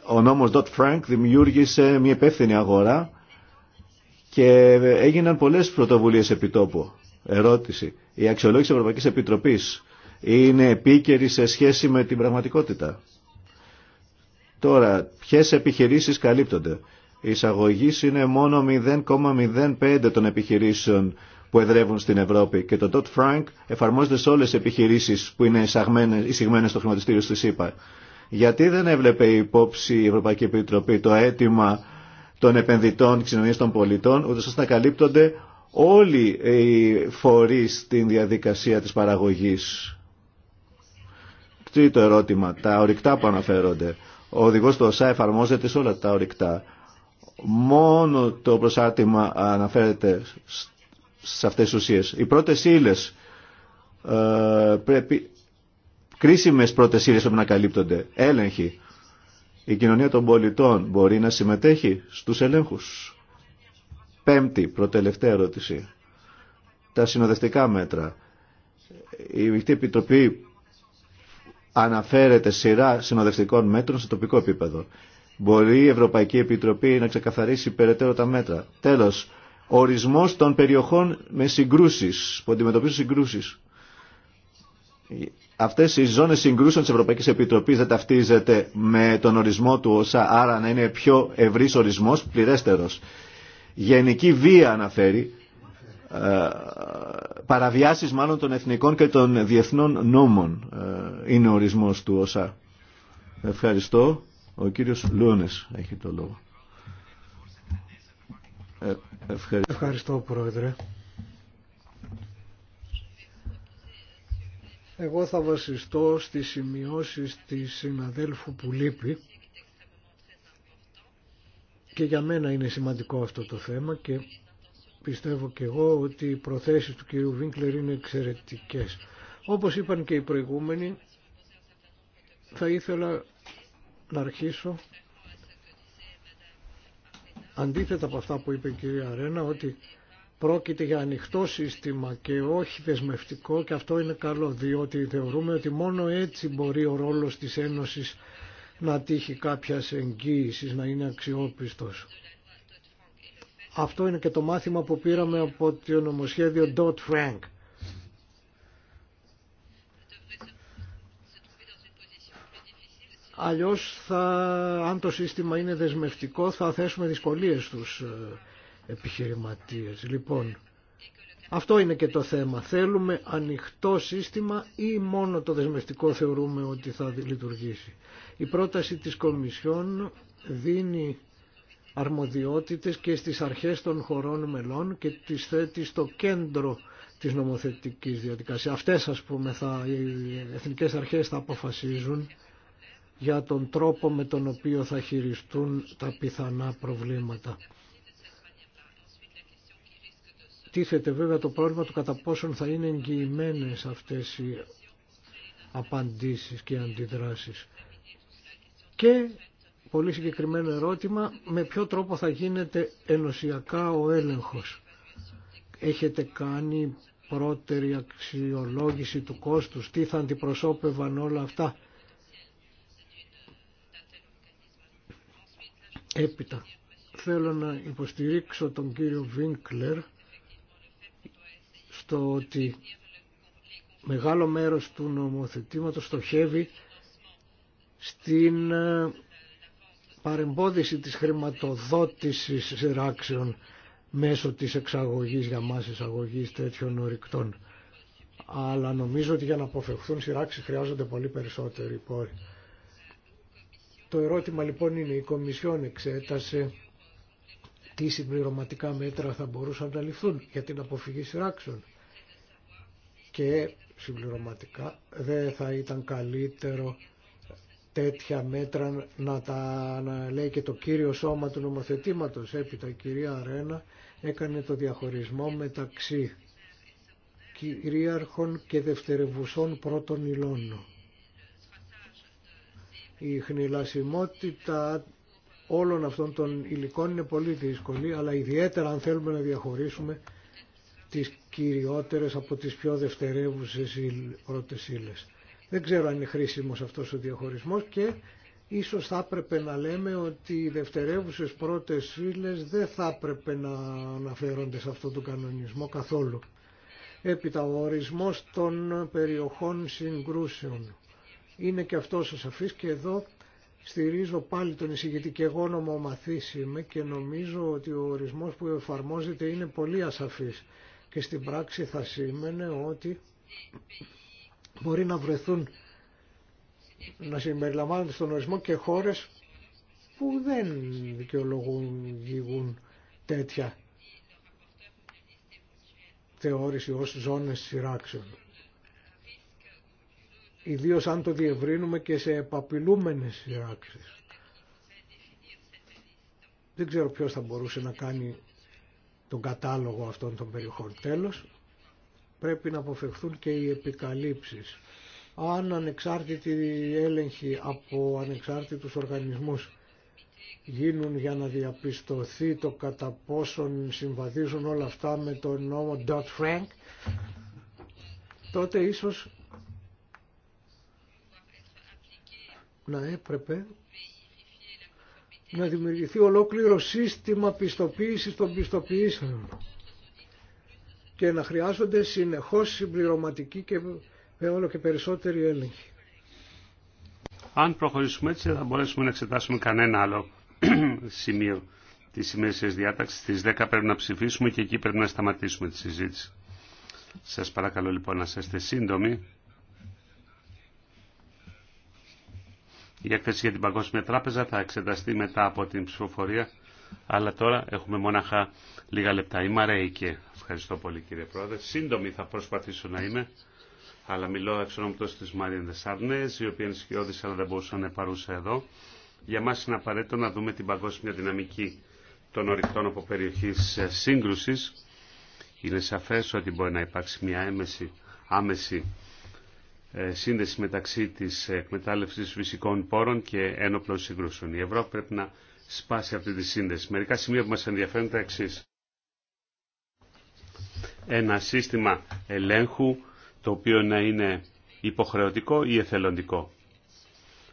ο νόμος Dodd-Frank δημιούργησε μια υπεύθυνη αγορά και έγιναν πολλές πρωτοβουλίες τόπου. Ερώτηση. Η αξιολόγηση της Ευρωπαϊκής Επιτροπής είναι επίκαιρη σε σχέση με την πραγματικότητα. Τώρα, ποιες επιχειρήσεις καλύπτονται. Η εισαγωγή είναι μόνο 0,05 των επιχειρήσεων που εδρεύουν στην Ευρώπη και το Dodd Frank εφαρμόζεται σε όλες τις επιχειρήσεις που είναι εισηγμένες στο χρηματιστήριο στη ΣΥΠΑ. Γιατί δεν έβλεπε υπόψη η Ευρωπαϊκή Επιτροπή το αίτημα των επενδυτών κοινωνίας των πολιτών, ούτως ώστε να καλύπτονται όλοι οι φορείς στην διαδικασία της παραγωγής. Τρίτο ερώτημα, τα ορυκτά που αναφέρονται. Ο οδηγός του ΩΣΑ εφαρμόζεται σε όλα τα ορυκτά. Μόνο το προσάρτημα αναφέρεται σε αυτές τις ουσίες. Οι πρώτες ύλες ε, πρέπει κρίσιμες πρώτες ύλες πρέπει να καλύπτονται. Έλεγχοι. Η κοινωνία των πολιτών μπορεί να συμμετέχει στους ελέγχους. Πέμπτη, προτελευταία ερώτηση. Τα συνοδευτικά μέτρα. Η Ευρωπαϊκή Επιτροπή αναφέρεται σειρά συνοδευτικών μέτρων σε τοπικό επίπεδο. Μπορεί η Ευρωπαϊκή Επιτροπή να ξεκαθαρίσει περαιτέρω τα μέτρα. Τέλος, ορισμός των περιοχών με συγκρούσεις, που αντιμετωπίζουν συγκρούσεις αυτές οι ζώνες συγκρούσεων της Ευρωπαϊκής Επιτροπής δεν ταυτίζεται με τον ορισμό του ΩΣΑ, άρα να είναι πιο ευρύς ορισμός, πληρέστερος. Γενική βία αναφέρει, ε, παραβιάσεις μάλλον των εθνικών και των διεθνών νόμων ε, είναι ο ορισμός του ΩΣΑ. Ευχαριστώ. Ο κύριος Λούνες έχει το λόγο. Ε, ευχαριστώ. ευχαριστώ Πρόεδρε. Εγώ θα βασιστώ στις σημειώσεις της συναδέλφου που λείπει και για μένα είναι σημαντικό αυτό το θέμα και πιστεύω και εγώ ότι οι προθέσεις του κυρίου Βίνκλερ είναι εξαιρετικές. Όπως είπαν και οι προηγούμενοι, θα ήθελα να αρχίσω αντίθετα από αυτά που είπε η κυρία Αρένα ότι Πρόκειται για ανοιχτό σύστημα και όχι δεσμευτικό και αυτό είναι καλό διότι θεωρούμε ότι μόνο έτσι μπορεί ο ρόλος της Ένωσης να τύχει κάποια εγγύηση, να είναι αξιόπιστος. Αυτό είναι και το μάθημα που πήραμε από το νομοσχέδιο Dodd-Frank. Αλλιώς, θα, αν το σύστημα είναι δεσμευτικό, θα θέσουμε δυσκολίες στους ε, επιχειρηματίες. Λοιπόν, αυτό είναι και το θέμα. Θέλουμε ανοιχτό σύστημα ή μόνο το δεσμευτικό θεωρούμε ότι θα λειτουργήσει. Η πρόταση της Κομισιόν δίνει αρμοδιότητες και στις αρχές των χωρών μελών και τις θέτει στο κέντρο της νομοθετικής διαδικασίας. Αυτές ας πούμε θα, οι εθνικές αρχές θα αποφασίζουν για τον τρόπο με τον οποίο θα χειριστούν τα πιθανά προβλήματα τίθεται βέβαια το πρόβλημα του κατά πόσον θα είναι εγγυημένε αυτές οι απαντήσεις και αντιδράσεις. Και πολύ συγκεκριμένο ερώτημα, με ποιο τρόπο θα γίνεται ενωσιακά ο έλεγχος. Έχετε κάνει πρώτερη αξιολόγηση του κόστου, τι θα αντιπροσώπευαν όλα αυτά. Έπειτα, θέλω να υποστηρίξω τον κύριο Βίνκλερ το ότι μεγάλο μέρος του νομοθετήματος στοχεύει στην ε, παρεμπόδιση της χρηματοδότησης σειράξεων μέσω της εξαγωγής για μας εισαγωγής τέτοιων ορυκτών. Αλλά νομίζω ότι για να αποφευχθούν σειράξεις χρειάζονται πολύ περισσότεροι πόροι. Το ερώτημα λοιπόν είναι η Κομισιόν εξέτασε τι συμπληρωματικά μέτρα θα μπορούσαν να ληφθούν για την αποφυγή σειράξεων και συμπληρωματικά δεν θα ήταν καλύτερο τέτοια μέτρα να τα να λέει και το κύριο σώμα του νομοθετήματος. Έπειτα η κυρία Αρένα έκανε το διαχωρισμό μεταξύ κυρίαρχων και δευτερευουσών πρώτων υλών. Η χνηλασιμότητα όλων αυτών των υλικών είναι πολύ δύσκολη, αλλά ιδιαίτερα αν θέλουμε να διαχωρίσουμε τις κυριότερες από τις πιο δευτερεύουσες πρώτες ύλε. Δεν ξέρω αν είναι χρήσιμος αυτός ο διαχωρισμός και ίσως θα έπρεπε να λέμε ότι οι δευτερεύουσες πρώτες ύλε δεν θα έπρεπε να αναφέρονται σε αυτόν τον κανονισμό καθόλου. Έπειτα ο ορισμός των περιοχών συγκρούσεων. Είναι και αυτό ο σαφής και εδώ στηρίζω πάλι τον εισηγητή και εγώ νομομαθής και νομίζω ότι ο ορισμός που εφαρμόζεται είναι πολύ ασαφής και στην πράξη θα σήμαινε ότι μπορεί να βρεθούν να συμπεριλαμβάνονται στον ορισμό και χώρες που δεν δικαιολογούν τέτοια θεώρηση ως ζώνες σειράξεων. Ιδίως αν το διευρύνουμε και σε επαπειλούμενες σειράξεις. Δεν ξέρω ποιος θα μπορούσε να κάνει τον κατάλογο αυτών των περιοχών. Τέλος, πρέπει να αποφευχθούν και οι επικαλύψεις. Αν ανεξάρτητη έλεγχοι από ανεξάρτητους οργανισμούς γίνουν για να διαπιστωθεί το κατά πόσον συμβαδίζουν όλα αυτά με τον νόμο Dodd-Frank, τότε ίσως να έπρεπε να δημιουργηθεί ολόκληρο σύστημα πιστοποίησης των πιστοποιήσεων και να χρειάζονται συνεχώς συμπληρωματικοί και όλο και περισσότεροι έλεγχοι. Αν προχωρήσουμε έτσι θα μπορέσουμε να εξετάσουμε κανένα άλλο [clears throat] σημείο της ημέρησης διάταξης. Στις 10 πρέπει να ψηφίσουμε και εκεί πρέπει να σταματήσουμε τη συζήτηση. Σας παρακαλώ λοιπόν να είστε σύντομοι. Η έκθεση για την Παγκόσμια Τράπεζα θα εξεταστεί μετά από την ψηφοφορία, αλλά τώρα έχουμε μόναχα λίγα λεπτά. Είμαι και Ευχαριστώ πολύ κύριε Πρόεδρε. Σύντομη θα προσπαθήσω να είμαι, αλλά μιλώ εξ ονόματο τη Μάρια Δεσάρνε, η οποία είναι αλλά δεν μπορούσε να είναι παρούσα εδώ. Για μα είναι απαραίτητο να δούμε την παγκόσμια δυναμική των ορεικτών από περιοχή ε, σύγκρουση. Είναι σαφέ ότι μπορεί να υπάρξει μια έμεση, άμεση ε, σύνδεση μεταξύ της εκμετάλλευσης φυσικών πόρων και ένοπλων συγκρούσεων. Η Ευρώπη πρέπει να σπάσει αυτή τη σύνδεση. Μερικά σημεία που μας ενδιαφέρουν τα εξής. Ένα σύστημα ελέγχου το οποίο να είναι υποχρεωτικό ή εθελοντικό.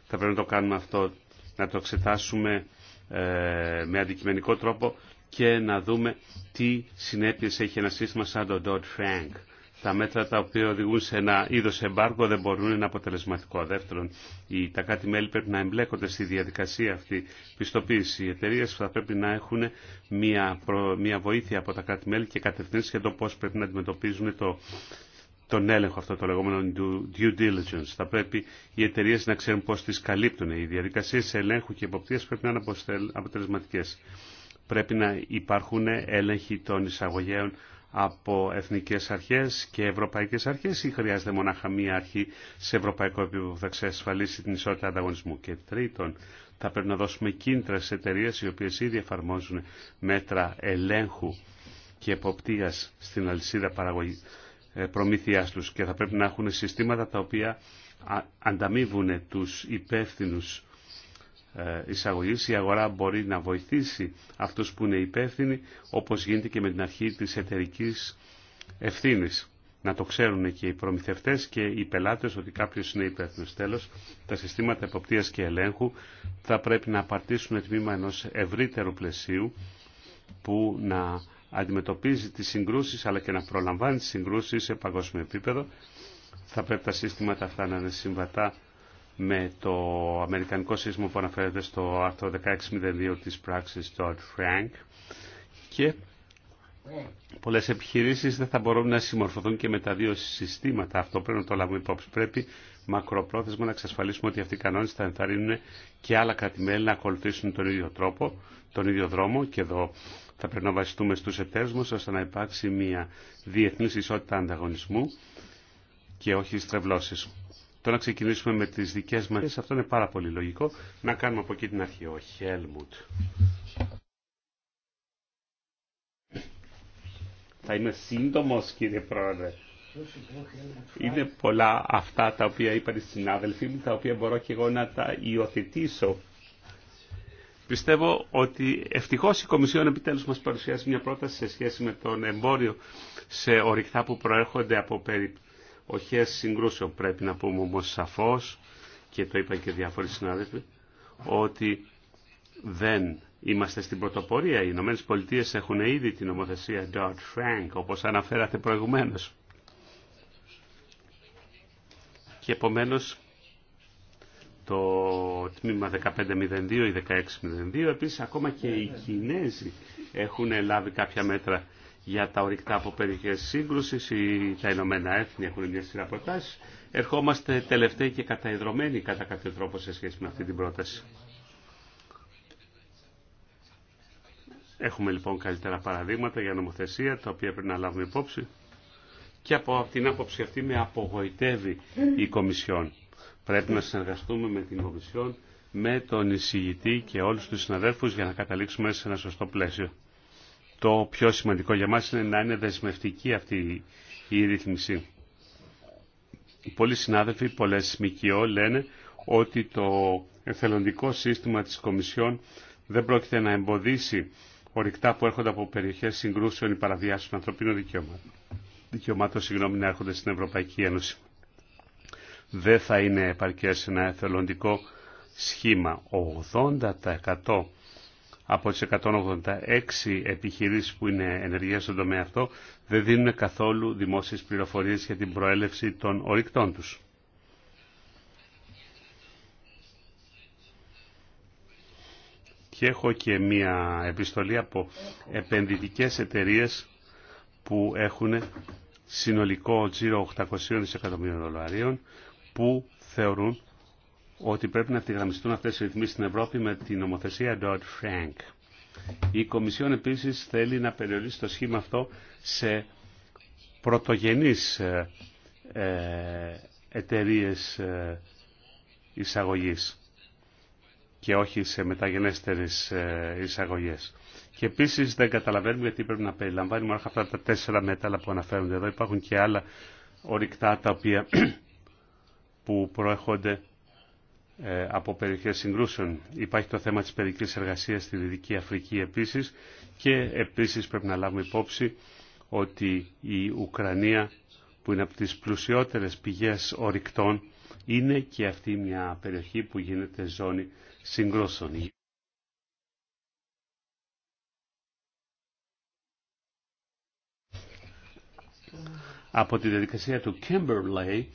Θα πρέπει να το κάνουμε αυτό, να το εξετάσουμε ε, με αντικειμενικό τρόπο και να δούμε τι συνέπειες έχει ένα σύστημα σαν το Dodd-Frank τα μέτρα τα οποία οδηγούν σε ένα είδο εμπάργκο δεν μπορούν να είναι αποτελεσματικό. Δεύτερον, οι, τα κάτι μελη πρέπει να εμπλέκονται στη διαδικασία αυτή πιστοποίηση. Οι εταιρείε θα πρέπει να έχουν μια, μια βοήθεια από τα κράτη-μέλη και κατευθύνσει για το πώ πρέπει να αντιμετωπίζουν το, τον έλεγχο αυτό, το λεγόμενο due diligence. Θα πρέπει οι εταιρείε να ξέρουν πώ τι καλύπτουν. Οι διαδικασίε ελέγχου και υποπτία πρέπει να είναι αποτελεσματικέ. Πρέπει να υπάρχουν έλεγχοι των εισαγωγέων από εθνικές αρχές και ευρωπαϊκές αρχές ή χρειάζεται μονάχα μία αρχή σε ευρωπαϊκό επίπεδο που θα εξασφαλίσει την ισότητα ανταγωνισμού. Και τρίτον, θα πρέπει να δώσουμε κίνητρα σε εταιρείε οι οποίες ήδη εφαρμόζουν μέτρα ελέγχου και εποπτείας στην αλυσίδα παραγωγή ε, προμήθειάς τους και θα πρέπει να έχουν συστήματα τα οποία ανταμείβουν τους υπεύθυνους ε, εισαγωγής η αγορά μπορεί να βοηθήσει αυτούς που είναι υπεύθυνοι όπως γίνεται και με την αρχή της εταιρικής ευθύνης. Να το ξέρουν και οι προμηθευτές και οι πελάτες ότι κάποιος είναι υπεύθυνος. Τέλος, τα συστήματα εποπτείας και ελέγχου θα πρέπει να απαρτήσουν τμήμα ενός ευρύτερου πλαισίου που να αντιμετωπίζει τις συγκρούσεις αλλά και να προλαμβάνει τις συγκρούσεις σε παγκόσμιο επίπεδο. Θα πρέπει τα σύστηματα αυτά να είναι συμβατά με το αμερικανικό σύστημα που αναφέρεται στο άρθρο 1602 της πράξης Dodd Frank και πολλές επιχειρήσεις δεν θα μπορούν να συμμορφωθούν και με τα δύο συστήματα. Αυτό πρέπει να το λάβουμε υπόψη. Πρέπει μακροπρόθεσμα να εξασφαλίσουμε ότι αυτοί οι κανόνες θα ενθαρρύνουν και άλλα κρατημέλη να ακολουθήσουν τον ίδιο τρόπο, τον ίδιο δρόμο και εδώ θα πρέπει να βασιστούμε στους εταίρους μας ώστε να υπάρξει μια διεθνής ισότητα ανταγωνισμού και όχι στρεβλώσεις. Το να ξεκινήσουμε με τις δικές μας, αυτό είναι πάρα πολύ λογικό. Να κάνουμε από εκεί την αρχή. Ο Χέλμουτ. Θα είμαι σύντομος κύριε Πρόεδρε. Είναι πολλά αυτά τα οποία είπαν οι συνάδελφοί μου, τα οποία μπορώ και εγώ να τα υιοθετήσω. Πιστεύω ότι ευτυχώς η Κομισιόν επιτέλους μας παρουσιάζει μια πρόταση σε σχέση με τον εμπόριο σε ορυκτά που προέρχονται από, περι οχές συγκρούσεων. Πρέπει να πούμε όμω σαφώ και το είπα και διάφοροι συνάδελφοι, ότι δεν είμαστε στην πρωτοπορία. Οι Ηνωμένε Πολιτείε έχουν ήδη την νομοθεσία Dodd-Frank, όπως αναφέρατε προηγουμένω. Και επομένω το τμήμα 1502 ή 1602, επίσης ακόμα και οι Κινέζοι έχουν λάβει κάποια μέτρα για τα ορυκτά από περιοχέ σύγκρουση ή τα Ηνωμένα Έθνη έχουν μια σειρά προτάσει. Ερχόμαστε τελευταίοι και καταϊδρωμένοι κατά κάποιο τρόπο σε σχέση με αυτή την πρόταση. Έχουμε λοιπόν καλύτερα παραδείγματα για νομοθεσία τα οποία πρέπει να λάβουμε υπόψη και από την άποψη αυτή με απογοητεύει η Κομισιόν. Πρέπει να συνεργαστούμε με την Κομισιόν, με τον εισηγητή και όλους τους συναδέλφους για να καταλήξουμε σε ένα σωστό πλαίσιο το πιο σημαντικό για μας είναι να είναι δεσμευτική αυτή η ρύθμιση. Πολλοί συνάδελφοι, πολλές ΜΚΟ λένε ότι το εθελοντικό σύστημα της Κομισιόν δεν πρόκειται να εμποδίσει ορυκτά που έρχονται από περιοχές συγκρούσεων ή παραβιάσεων ανθρωπίνων δικαιωμάτων, δικαιωμάτων συγγνώμη, να έρχονται στην Ευρωπαϊκή Ένωση. Δεν θα είναι επαρκές ένα εθελοντικό σχήμα. 80% από τις 186 επιχειρήσεις που είναι ενεργές στον τομέα αυτό δεν δίνουν καθόλου δημόσιες πληροφορίες για την προέλευση των ορυκτών τους. Και έχω και μία επιστολή από επενδυτικές εταιρείες που έχουν συνολικό τζίρο 800 δισεκατομμύρια δολαρίων που θεωρούν ότι πρέπει να ευθυγραμμιστούν αυτές οι ρυθμίσει στην Ευρώπη με την νομοθεσία Dodd-Frank. Η Κομισιόν επίσης θέλει να περιορίσει το σχήμα αυτό σε πρωτογενείς ε, ε, εταιρείες ε, εισαγωγή και όχι σε μεταγενέστερες εισαγωγέ. Και επίσης δεν καταλαβαίνουμε γιατί πρέπει να περιλαμβάνει μόνο αυτά τα τέσσερα μέταλλα που αναφέρονται εδώ. Υπάρχουν και άλλα ορυκτά τα οποία [clears throat] που προέρχονται ε, από περιοχές συγκρούσεων. Υπάρχει το θέμα της παιδικής εργασίας στη Δυτική Αφρική επίσης και επίσης πρέπει να λάβουμε υπόψη ότι η Ουκρανία που είναι από τις πλουσιότερες πηγές ορυκτών είναι και αυτή μια περιοχή που γίνεται ζώνη συγκρούσεων. Από τη διαδικασία του Kimberley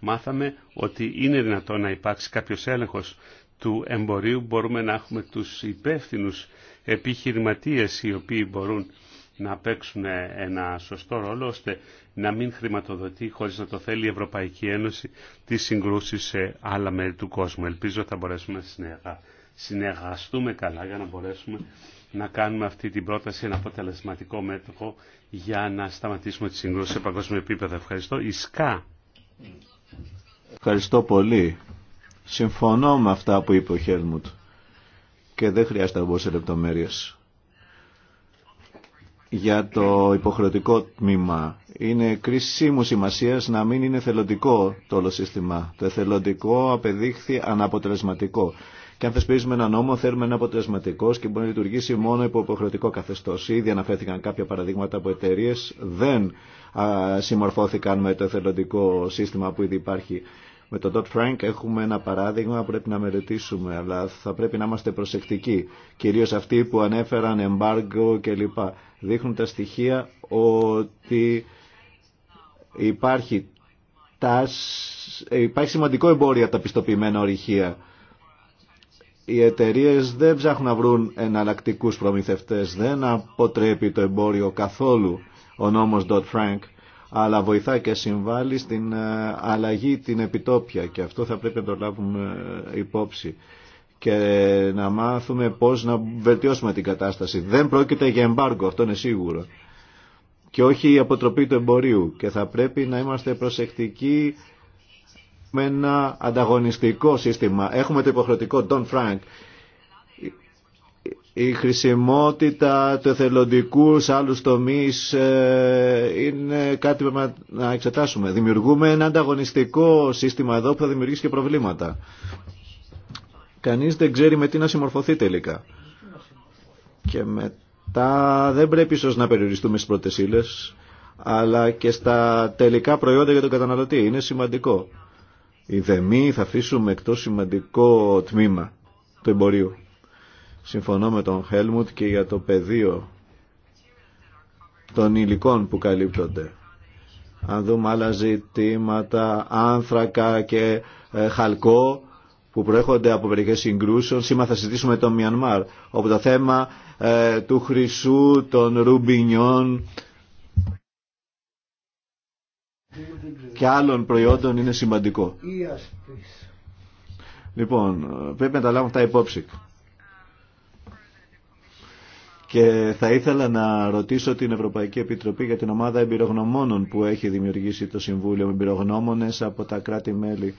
μάθαμε ότι είναι δυνατό να υπάρξει κάποιος έλεγχος του εμπορίου. Μπορούμε να έχουμε τους υπεύθυνου επιχειρηματίες οι οποίοι μπορούν να παίξουν ένα σωστό ρόλο ώστε να μην χρηματοδοτεί χωρίς να το θέλει η Ευρωπαϊκή Ένωση τις συγκρούσεις σε άλλα μέρη του κόσμου. Ελπίζω θα μπορέσουμε να συνεργαστούμε καλά για να μπορέσουμε να κάνουμε αυτή την πρόταση ένα αποτελεσματικό μέτωπο για να σταματήσουμε τις συγκρούσεις σε παγκόσμιο επίπεδο. Ευχαριστώ. Ευχαριστώ πολύ. Συμφωνώ με αυτά που είπε ο Χέλμουτ και δεν χρειάζεται να μπω σε λεπτομέρειες. Για το υποχρεωτικό τμήμα είναι κρίσιμου σημασία να μην είναι θελοντικό το όλο σύστημα. Το εθελοντικό απεδείχθη αναποτελεσματικό. Και αν θεσπίζουμε ένα νόμο, θέλουμε ένα αποτελεσματικό και μπορεί να λειτουργήσει μόνο υπό υποχρεωτικό καθεστώ. Ήδη αναφέρθηκαν κάποια παραδείγματα από εταιρείε δεν α, συμμορφώθηκαν με το εθελοντικό σύστημα που ήδη υπάρχει. Με το dodd Frank έχουμε ένα παράδειγμα που πρέπει να μελετήσουμε, αλλά θα πρέπει να είμαστε προσεκτικοί. Κυρίως αυτοί που ανέφεραν εμπάργκο κλπ. Δείχνουν τα στοιχεία ότι υπάρχει, υπάρχει σημαντικό εμπόριο από τα πιστοποιημένα ορυχεία οι εταιρείε δεν ψάχνουν να βρουν εναλλακτικού προμηθευτέ. Δεν αποτρέπει το εμπόριο καθόλου ο νόμος Dodd-Frank, αλλά βοηθά και συμβάλλει στην ε, αλλαγή την επιτόπια και αυτό θα πρέπει να το λάβουμε ε, υπόψη και να μάθουμε πώς να βελτιώσουμε την κατάσταση. Δεν πρόκειται για εμπάργκο, αυτό είναι σίγουρο. Και όχι η αποτροπή του εμπορίου. Και θα πρέπει να είμαστε προσεκτικοί με ένα ανταγωνιστικό σύστημα. Έχουμε το υποχρεωτικό Don Frank. Η χρησιμότητα του εθελοντικού σε άλλους τομείς ε, είναι κάτι που να εξετάσουμε. Δημιουργούμε ένα ανταγωνιστικό σύστημα εδώ που θα δημιουργήσει και προβλήματα. Κανείς δεν ξέρει με τι να συμμορφωθεί τελικά. Και μετά δεν πρέπει ίσως να περιοριστούμε στις πρώτες ύλες, αλλά και στα τελικά προϊόντα για τον καταναλωτή. Είναι σημαντικό οι δεμοί θα αφήσουμε εκτός σημαντικό τμήμα του εμπορίου. Συμφωνώ με τον Χέλμουτ και για το πεδίο των υλικών που καλύπτονται. Αν δούμε άλλα ζητήματα, άνθρακα και ε, χαλκό που προέρχονται από μερικέ συγκρούσεων. Σήμερα θα συζητήσουμε το Μιανμάρ, όπου το θέμα ε, του χρυσού, των ρουμπινιών, και άλλων προϊόντων είναι σημαντικό. Λοιπόν, πρέπει να τα αυτά υπόψη. Και θα ήθελα να ρωτήσω την Ευρωπαϊκή Επιτροπή για την ομάδα εμπειρογνωμόνων που έχει δημιουργήσει το Συμβούλιο Εμπειρογνώμονες από τα κράτη-μέλη.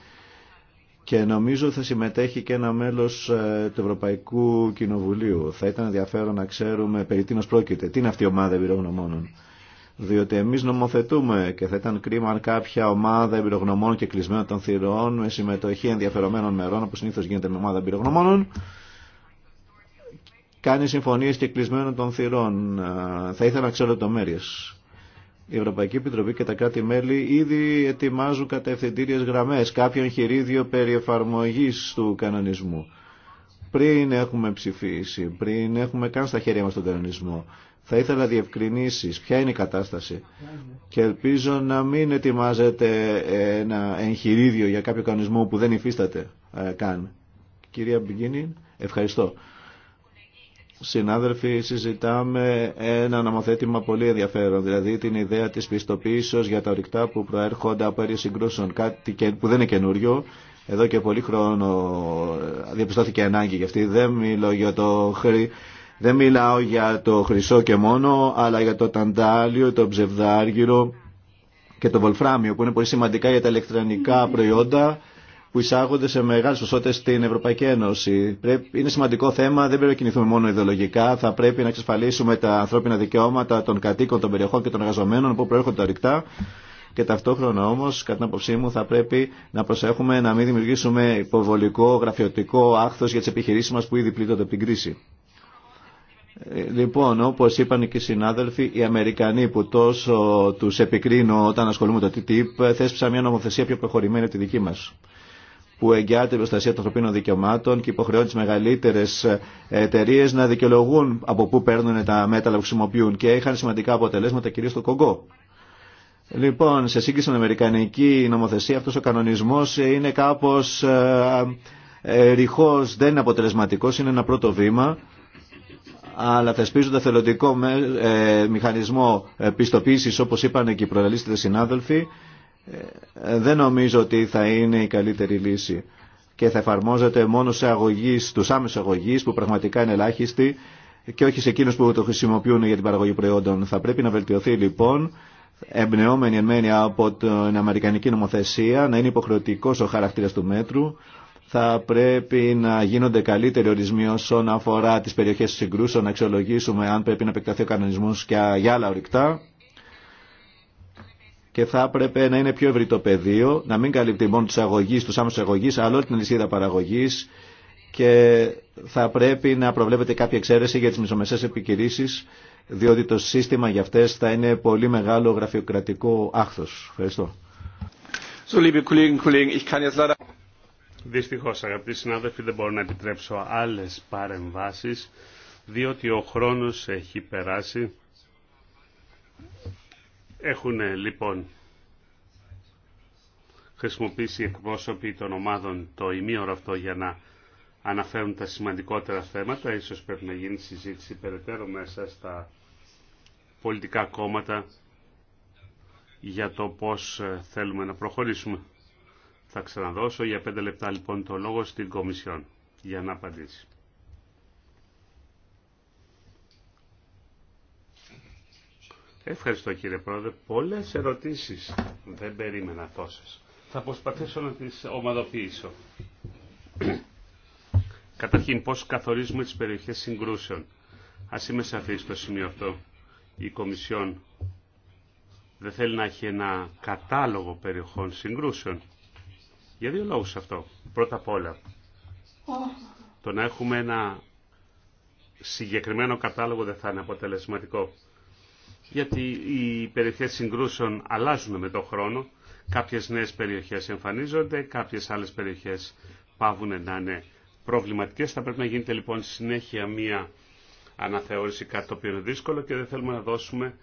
Και νομίζω θα συμμετέχει και ένα μέλος ε, του Ευρωπαϊκού Κοινοβουλίου. Θα ήταν ενδιαφέρον να ξέρουμε περί τίνος πρόκειται. Τι είναι αυτή η ομάδα εμπειρογνωμόνων διότι εμείς νομοθετούμε και θα ήταν κρίμα αν κάποια ομάδα εμπειρογνωμών και κλεισμένων των θυρών με συμμετοχή ενδιαφερομένων μερών, όπως συνήθως γίνεται με ομάδα εμπειρογνωμών... κάνει συμφωνίες και κλεισμένων των θυρών. Ε, θα ήθελα να ξέρω μέρες. Η Ευρωπαϊκή Επιτροπή και τα κράτη-μέλη ήδη ετοιμάζουν κατευθυντήριες γραμμές, κάποιο εγχειρίδιο περί εφαρμογής του κανονισμού. Πριν έχουμε ψηφίσει, πριν έχουμε καν στα χέρια μας τον κανονισμό. Θα ήθελα διευκρινήσεις ποια είναι η κατάσταση και ελπίζω να μην ετοιμάζετε ένα εγχειρίδιο για κάποιο κανονισμό που δεν υφίσταται ε, καν. Κυρία Μπιγκίνη, ευχαριστώ. Συνάδελφοι, συζητάμε ένα νομοθέτημα πολύ ενδιαφέρον, δηλαδή την ιδέα της πιστοποίησης για τα ορυκτά που προέρχονται από αίρια συγκρούσεων, κάτι που δεν είναι καινούριο. Εδώ και πολύ χρόνο ε, διαπιστώθηκε ανάγκη γι' αυτή. Δεν μιλώ για το χρή δεν μιλάω για το χρυσό και μόνο, αλλά για το ταντάλιο, το ψευδάργυρο και το βολφράμιο, που είναι πολύ σημαντικά για τα ηλεκτρονικά προϊόντα που εισάγονται σε μεγάλε ποσότητες στην Ευρωπαϊκή Ένωση. Είναι σημαντικό θέμα, δεν πρέπει να κινηθούμε μόνο ιδεολογικά. Θα πρέπει να εξασφαλίσουμε τα ανθρώπινα δικαιώματα των κατοίκων, των περιοχών και των εργαζομένων που προέρχονται τα Και ταυτόχρονα όμω, κατά την άποψή μου, θα πρέπει να προσέχουμε να μην δημιουργήσουμε υποβολικό, γραφειοτικό άχθο για τι επιχειρήσει μα που ήδη πλήττονται από την κρίση. Λοιπόν, όπως είπαν και οι συνάδελφοι, οι Αμερικανοί που τόσο τους επικρίνω όταν ασχολούμαι το TTIP, θέσπισαν μια νομοθεσία πιο προχωρημένη από τη δική μας που εγγυάται η προστασία των ανθρωπίνων δικαιωμάτων και υποχρεώνει τι μεγαλύτερε εταιρείε να δικαιολογούν από πού παίρνουν τα μέταλλα που χρησιμοποιούν και είχαν σημαντικά αποτελέσματα κυρίω στο Κογκό. Λοιπόν, σε σύγκριση με την Αμερικανική νομοθεσία, αυτό ο κανονισμό είναι κάπω ε, ε, ρηχό, δεν είναι αποτελεσματικό, είναι ένα πρώτο βήμα αλλά θεσπίζοντα θελοντικό με, ε, μηχανισμό πιστοποίηση, όπως είπαν και οι προελίστες συνάδελφοι ε, δεν νομίζω ότι θα είναι η καλύτερη λύση και θα εφαρμόζεται μόνο σε αγωγείς, τους άμεσους αγωγείς που πραγματικά είναι ελάχιστοι και όχι σε εκείνους που το χρησιμοποιούν για την παραγωγή προϊόντων. Θα πρέπει να βελτιωθεί λοιπόν εμπνεόμενη εν από την Αμερικανική νομοθεσία να είναι υποχρεωτικός ο χαρακτήρας του μέτρου θα πρέπει να γίνονται καλύτεροι ορισμοί όσον αφορά τις περιοχές συγκρούσεων, να αξιολογήσουμε αν πρέπει να επεκταθεί ο κανονισμός για άλλα ορυκτά. Και θα έπρεπε να είναι πιο ευρύ το πεδίο, να μην καλύπτει μόνο τους αγωγή, του άμεσους αγωγείς, αλλά όλη την αλυσίδα παραγωγής και θα πρέπει να προβλέπεται κάποια εξαίρεση για τις μισομεσές επιχειρήσει, διότι το σύστημα για αυτές θα είναι πολύ μεγάλο γραφειοκρατικό άχθος. Ευχαριστώ. So, liebe Δυστυχώς αγαπητοί συνάδελφοι δεν μπορώ να επιτρέψω άλλες παρεμβάσεις διότι ο χρόνος έχει περάσει. Έχουν λοιπόν χρησιμοποιήσει εκπρόσωποι των ομάδων το ημίωρο αυτό για να αναφέρουν τα σημαντικότερα θέματα. Ίσως πρέπει να γίνει συζήτηση περαιτέρω μέσα στα πολιτικά κόμματα για το πώς θέλουμε να προχωρήσουμε. Θα ξαναδώσω για πέντε λεπτά λοιπόν το λόγο στην Κομισιόν για να απαντήσει. Ευχαριστώ κύριε Πρόεδρε. Πολλές ερωτήσεις. Δεν περίμενα τόσες. Θα προσπαθήσω να τις ομαδοποιήσω. [clears throat] Καταρχήν, πώς καθορίζουμε τις περιοχές συγκρούσεων. Ας είμαι σαφής στο σημείο αυτό. Η Κομισιόν δεν θέλει να έχει ένα κατάλογο περιοχών συγκρούσεων. Για δύο λόγους αυτό. Πρώτα απ' όλα, το να έχουμε ένα συγκεκριμένο κατάλογο δεν θα είναι αποτελεσματικό. Γιατί οι περιοχές συγκρούσεων αλλάζουν με τον χρόνο. Κάποιες νέες περιοχές εμφανίζονται, κάποιες άλλες περιοχές πάβουν να είναι προβληματικές. Θα πρέπει να γίνεται λοιπόν συνέχεια μία αναθεώρηση κάτι το οποίο είναι δύσκολο και δεν θέλουμε να δώσουμε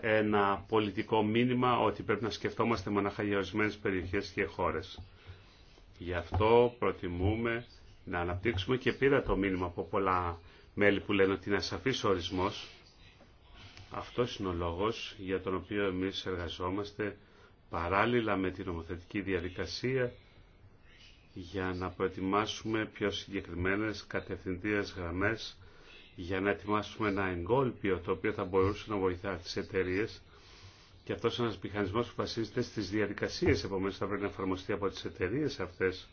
ένα πολιτικό μήνυμα ότι πρέπει να σκεφτόμαστε μοναχα για περιοχές και χώρες. Γι' αυτό προτιμούμε να αναπτύξουμε και πήρα το μήνυμα από πολλά μέλη που λένε ότι είναι ασαφής ορισμός. Αυτός είναι ο λόγος για τον οποίο εμείς εργαζόμαστε παράλληλα με την νομοθετική διαδικασία για να προετοιμάσουμε πιο συγκεκριμένες κατευθυντήρες γραμμές για να ετοιμάσουμε ένα εγκόλπιο το οποίο θα μπορούσε να βοηθά τις εταιρείες και αυτός είναι ένας μηχανισμός που βασίζεται στις διαδικασίες, επομένως θα πρέπει να εφαρμοστεί από τις εταιρείε αυτές.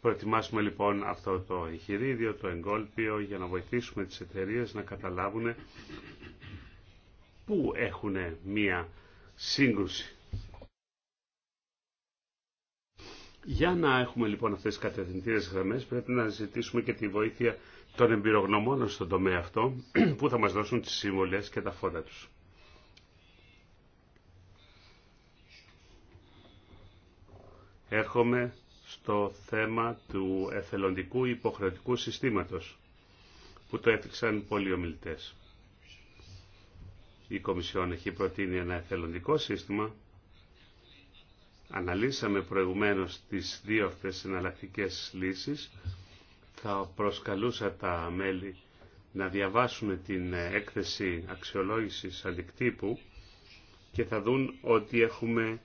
Προετοιμάσουμε λοιπόν αυτό το εγχειρίδιο, το εγκόλπιο, για να βοηθήσουμε τις εταιρείε να καταλάβουν πού έχουν μία σύγκρουση. Για να έχουμε λοιπόν αυτές τις κατευθυντήρες γραμμές πρέπει να ζητήσουμε και τη βοήθεια των εμπειρογνωμόνων στον τομέα αυτό [clears throat] που θα μας δώσουν τις συμβολές και τα φώτα τους. έρχομαι στο θέμα του εθελοντικού υποχρεωτικού συστήματος που το έφτιαξαν πολλοί ομιλητέ. Η Κομισιόν έχει προτείνει ένα εθελοντικό σύστημα. Αναλύσαμε προηγουμένως τις δύο αυτές εναλλακτικές λύσεις. Θα προσκαλούσα τα μέλη να διαβάσουν την έκθεση αξιολόγησης αντικτύπου και θα δουν ότι έχουμε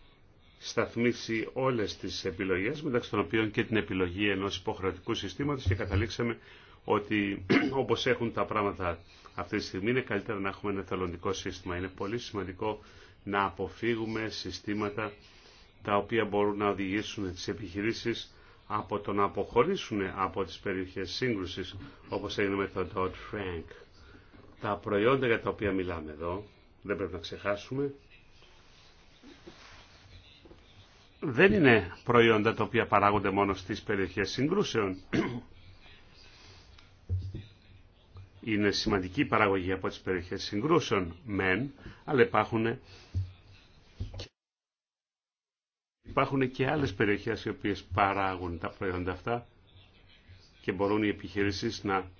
σταθμίσει όλες τις επιλογές, μεταξύ των οποίων και την επιλογή ενός υποχρεωτικού συστήματος και καταλήξαμε ότι [clears throat] όπως έχουν τα πράγματα αυτή τη στιγμή είναι καλύτερα να έχουμε ένα θελοντικό σύστημα. Είναι πολύ σημαντικό να αποφύγουμε συστήματα τα οποία μπορούν να οδηγήσουν τις επιχειρήσεις από το να αποχωρήσουν από τις περιοχές σύγκρουσης, όπως έγινε με τον Dodd Frank. Τα προϊόντα για τα οποία μιλάμε εδώ, δεν πρέπει να ξεχάσουμε, δεν είναι προϊόντα τα οποία παράγονται μόνο στις περιοχές συγκρούσεων. Είναι σημαντική παραγωγή από τις περιοχές συγκρούσεων, μεν, αλλά υπάρχουν Υπάρχουν και άλλες περιοχές οι οποίες παράγουν τα προϊόντα αυτά και μπορούν οι επιχειρήσεις να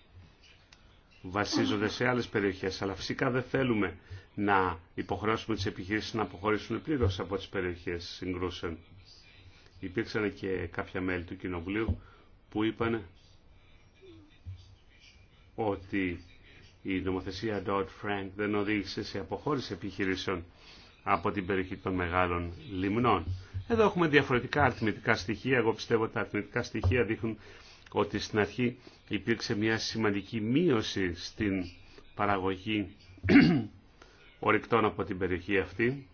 βασίζονται σε άλλες περιοχές. Αλλά φυσικά δεν θέλουμε να υποχρεώσουμε τις επιχειρήσεις να αποχωρήσουν πλήρως από τις περιοχές συγκρούσεων. Υπήρξαν και κάποια μέλη του Κοινοβουλίου που είπαν ότι η νομοθεσία Dodd-Frank δεν οδήγησε σε αποχώρηση επιχειρήσεων από την περιοχή των μεγάλων λιμνών. Εδώ έχουμε διαφορετικά αριθμητικά στοιχεία. Εγώ πιστεύω ότι τα αριθμητικά στοιχεία δείχνουν ότι στην αρχή υπήρξε μια σημαντική μείωση στην παραγωγή ορυκτών από την περιοχή αυτή.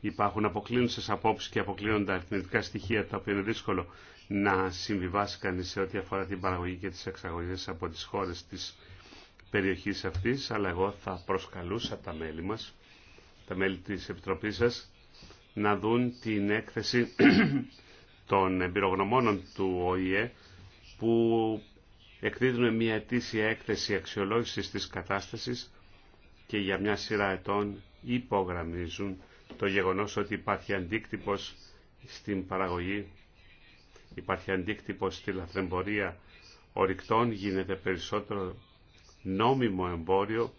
Υπάρχουν αποκλίνουσες απόψεις και αποκλίνοντα αρνητικά στοιχεία, τα οποία είναι δύσκολο να συμβιβάσει κανείς σε ό,τι αφορά την παραγωγή και τις εξαγωγές από τις χώρες της περιοχής αυτής, αλλά εγώ θα προσκαλούσα τα μέλη μας, τα μέλη της Επιτροπής σας, να δουν την έκθεση [clears throat] των εμπειρογνωμόνων του ΟΗΕ που εκδίδουν μια αιτήσια έκθεση αξιολόγησης της κατάστασης και για μια σειρά ετών υπογραμμίζουν το γεγονός ότι υπάρχει αντίκτυπος στην παραγωγή, υπάρχει αντίκτυπος στη λαθρεμπορία ορυκτών, γίνεται περισσότερο νόμιμο εμπόριο.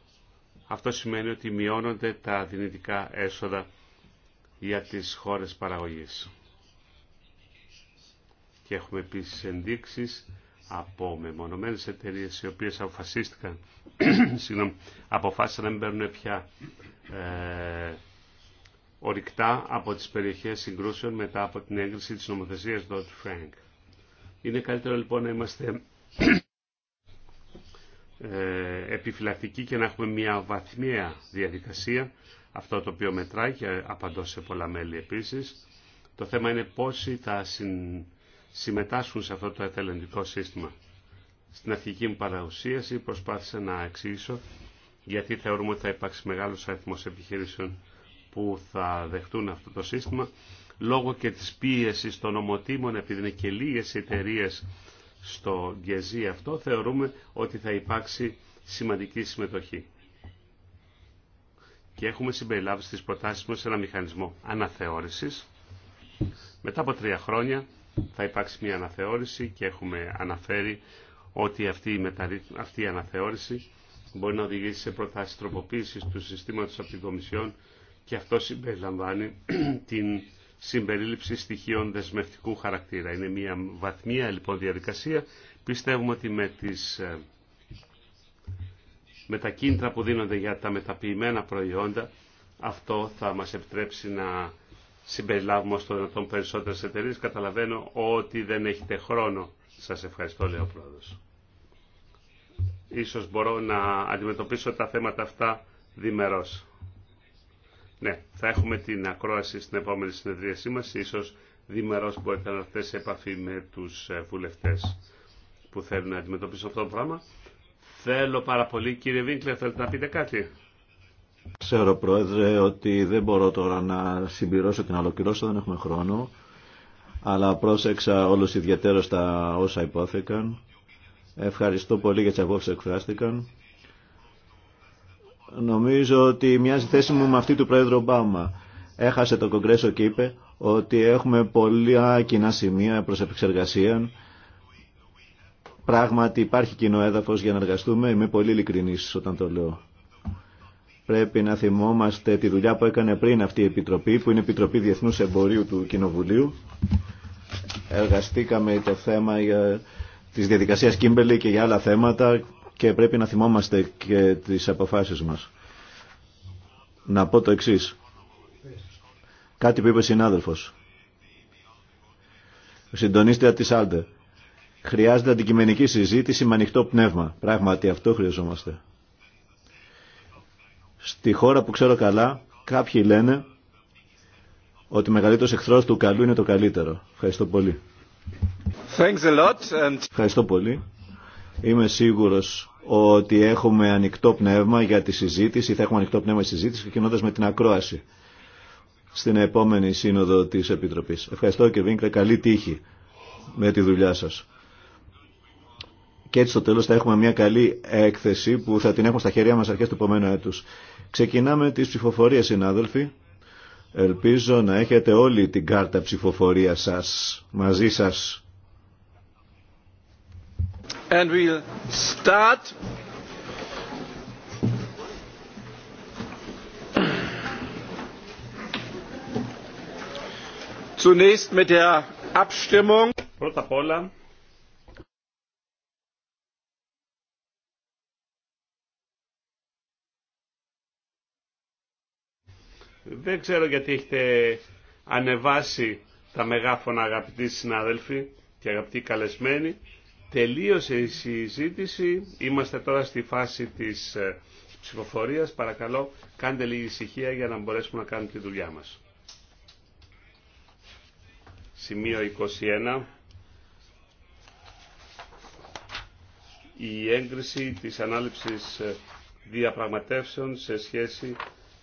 Αυτό σημαίνει ότι μειώνονται τα δυνητικά έσοδα για τις χώρες παραγωγής. Και έχουμε επίσης ενδείξεις από μεμονωμένε εταιρείε οι οποίε αποφασίστηκαν, [coughs] συγγνώμη, αποφάσισαν να μην παίρνουν πια ε, ορυκτά από τις περιοχές συγκρούσεων μετά από την έγκριση της νομοθεσίας Dodd Frank. Είναι καλύτερο λοιπόν να είμαστε [coughs] ε, επιφυλακτικοί και να έχουμε μια βαθμία διαδικασία, αυτό το οποίο μετράει και απαντώ σε πολλά μέλη επίσης. Το θέμα είναι πόσοι θα συν, συμμετάσχουν σε αυτό το εθελοντικό σύστημα. Στην αρχική μου παραουσίαση προσπάθησα να εξηγήσω γιατί θεωρούμε ότι θα υπάρξει μεγάλο αριθμό επιχειρήσεων που θα δεχτούν αυτό το σύστημα λόγω και της πίεσης των ομοτήμων επειδή είναι και λίγε εταιρείε στο γκεζί αυτό θεωρούμε ότι θα υπάρξει σημαντική συμμετοχή. Και έχουμε συμπεριλάβει στις προτάσεις μας ένα μηχανισμό αναθεώρησης. Μετά από τρία χρόνια θα υπάρξει μια αναθεώρηση και έχουμε αναφέρει ότι αυτή η, αυτή η αναθεώρηση μπορεί να οδηγήσει σε προτάσεις τροποποίησης του συστήματος από την Κομισιόν και αυτό συμπεριλαμβάνει [clears throat] την συμπερίληψη στοιχείων δεσμευτικού χαρακτήρα. Είναι μια βαθμία λοιπόν διαδικασία. Πιστεύουμε ότι με, τις, ε, τα κίνητρα που δίνονται για τα μεταποιημένα προϊόντα αυτό θα μας επιτρέψει να συμπεριλάβουμε το δυνατόν περισσότερε εταιρείε. Καταλαβαίνω ότι δεν έχετε χρόνο. Σα ευχαριστώ, λέει ο πρόεδρο. Ίσως μπορώ να αντιμετωπίσω τα θέματα αυτά διμερώς. Ναι, θα έχουμε την ακρόαση στην επόμενη συνεδρίασή μας, ίσως διμερώς μπορείτε να έρθετε σε επαφή με τους ε, βουλευτές που θέλουν να αντιμετωπίσουν αυτό το πράγμα. Θέλω πάρα πολύ, κύριε Βίνκλερ, θέλετε να πείτε κάτι. Ξέρω, Πρόεδρε, ότι δεν μπορώ τώρα να συμπληρώσω την ολοκληρώσω, δεν έχουμε χρόνο. Αλλά πρόσεξα όλους ιδιαίτερως τα όσα υπόθηκαν. Ευχαριστώ πολύ για τις απόψεις που εκφράστηκαν. Νομίζω ότι μοιάζει θέση μου με αυτή του Πρόεδρου Ομπάμα. Έχασε το Κογκρέσο και είπε ότι έχουμε πολλά κοινά σημεία προς επεξεργασία. Πράγματι υπάρχει κοινό έδαφος για να εργαστούμε. Είμαι πολύ ειλικρινής όταν το λέω. Πρέπει να θυμόμαστε τη δουλειά που έκανε πριν αυτή η Επιτροπή, που είναι Επιτροπή Διεθνούς Εμπορίου του Κοινοβουλίου. Εργαστήκαμε το θέμα για της διαδικασίας Κίμπελη και για άλλα θέματα και πρέπει να θυμόμαστε και τις αποφάσεις μας. Να πω το εξής. Κάτι που είπε ο συνάδελφος. Συντονίστρια της Άλτε. Χρειάζεται αντικειμενική συζήτηση με ανοιχτό πνεύμα. Πράγματι αυτό χρειαζόμαστε. Στη χώρα που ξέρω καλά, κάποιοι λένε ότι ο μεγαλύτερος εχθρός του καλού είναι το καλύτερο. Ευχαριστώ πολύ. Thanks a lot Ευχαριστώ πολύ. Είμαι σίγουρος ότι έχουμε ανοιχτό πνεύμα για τη συζήτηση, θα έχουμε ανοιχτό πνεύμα στη συζήτηση και με την ακρόαση στην επόμενη σύνοδο της Επιτροπής. Ευχαριστώ και Βίνκρα, καλή τύχη με τη δουλειά σας. Και έτσι στο τέλος θα έχουμε μια καλή έκθεση που θα την έχουμε στα χέρια μας αρχές του επόμενου έτους. Ξεκινάμε τις ψηφοφορίες, συνάδελφοι. Ελπίζω να έχετε όλη την κάρτα ψηφοφορίας σας μαζί σας. And we'll start. Zunächst mit der Abstimmung. Πρώτα απ' όλα Δεν ξέρω γιατί έχετε ανεβάσει τα μεγάφωνα αγαπητοί συνάδελφοι και αγαπητοί καλεσμένοι. Τελείωσε η συζήτηση. Είμαστε τώρα στη φάση της ε, ψηφοφορίας. Παρακαλώ κάντε λίγη ησυχία για να μπορέσουμε να κάνουμε τη δουλειά μας. Σημείο 21. Η έγκριση της ανάληψης ε, διαπραγματεύσεων σε σχέση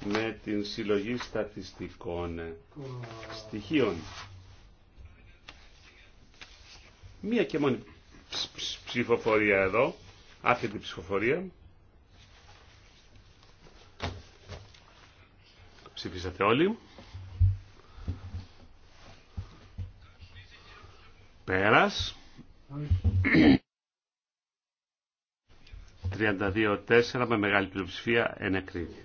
με την συλλογή στατιστικών στοιχείων. Μία και μόνη ψηφοφορία εδώ, άθετη ψηφοφορία. Ψηφίσατε όλοι. Πέρας. 32-4 με μεγάλη πλειοψηφία ενεκρίνει.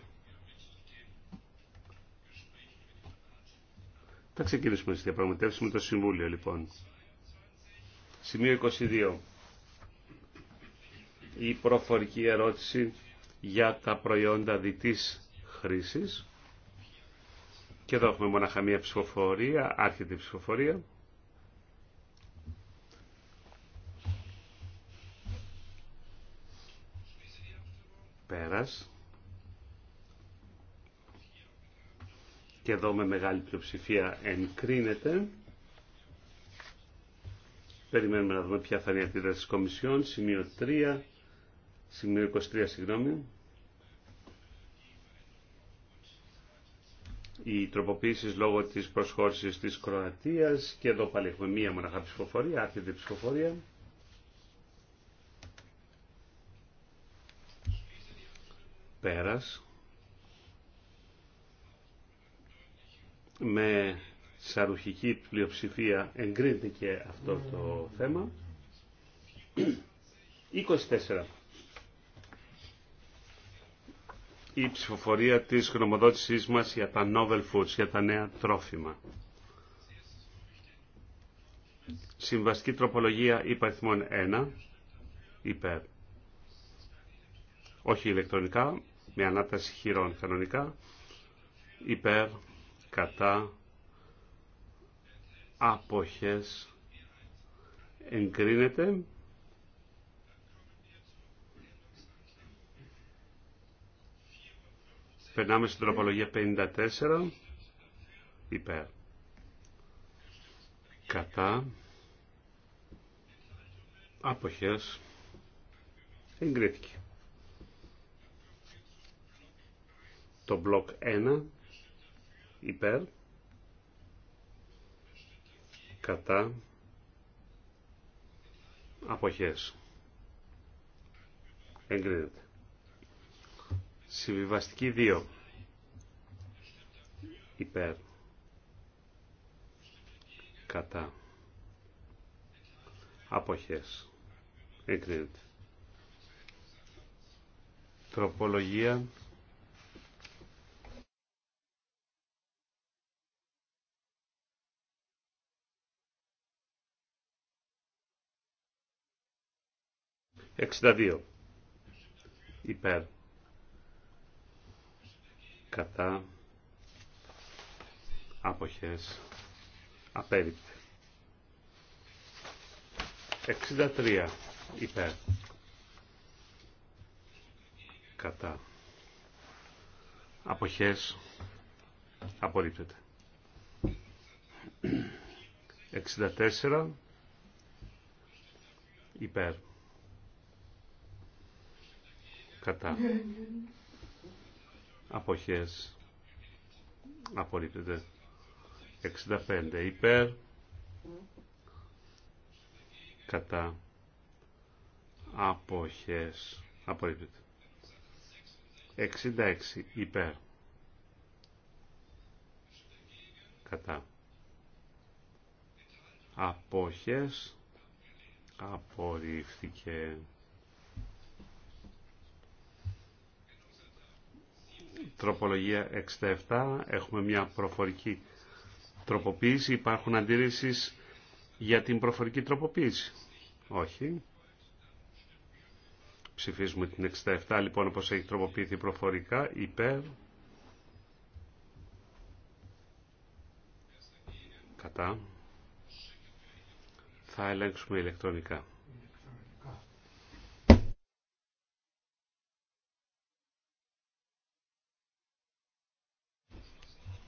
Θα ξεκινήσουμε στις διαπραγματεύσεις με το Συμβούλιο λοιπόν. Σημείο 22. Η προφορική ερώτηση για τα προϊόντα διτής χρήσης. Και εδώ έχουμε μοναχαμία ψηφοφορία, άρχεται η ψηφοφορία. Πέρας. και εδώ με μεγάλη πλειοψηφία εγκρίνεται. Περιμένουμε να δούμε ποια θα είναι η αντίδραση της Κομισιόν. Σημείο 3, σημείο 23, συγγνώμη. Οι τροποποίησει λόγω της προσχώρησης της Κροατίας και εδώ πάλι έχουμε μία μοναχά ψηφοφορία, άρχιδη ψηφοφορία. Πέρας. με σαρουχική πλειοψηφία εγκρίθηκε αυτό το θέμα. 24. Η ψηφοφορία της γνωμοδότησής μας για τα novel foods, για τα νέα τρόφιμα. Συμβαστική τροπολογία υπαριθμών 1, υπέρ. Όχι ηλεκτρονικά, με ανάταση χειρών κανονικά, υπέρ κατά αποχές εγκρίνεται Περνάμε στην τροπολογία 54 υπέρ κατά αποχές εγκρίθηκε. Το μπλοκ 1 υπέρ κατά αποχές εγκρίνεται συμβιβαστική 2 υπέρ κατά αποχές εγκρίνεται τροπολογία 62 υπέρ κατά άποχες απέριπτε 63 υπέρ κατά αποχές απορρίπτεται 64 υπέρ κατά αποχές απορρίπτεται 65 υπέρ κατά αποχές απορρίπτεται 66 υπέρ κατά αποχές απορρίφθηκε Τροπολογία 67. Έχουμε μια προφορική τροποποίηση. Υπάρχουν αντίρρησεις για την προφορική τροποποίηση. Όχι. Ψηφίζουμε την 67 λοιπόν όπως έχει τροποποιηθεί προφορικά. Υπέρ. Κατά. Θα ελέγξουμε ηλεκτρονικά.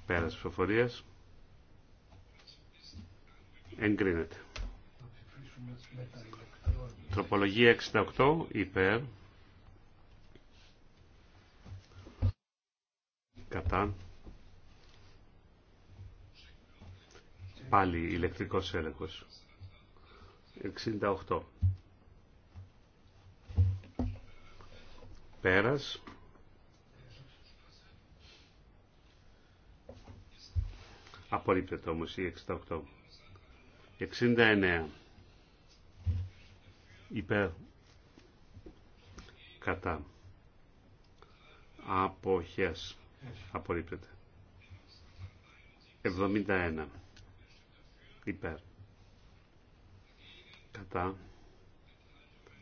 Πέρας ψηφοφορίας. Εγκρίνεται. Τροπολογία 68 υπέρ. Κατά. Πάλι ηλεκτρικός έλεγχος. 68. Πέρας. Απορρίπτεται όμως η 68. 69. Υπέρ. Κατά. Αποχές. Απορρίπτεται. 71. Υπέρ. Κατά.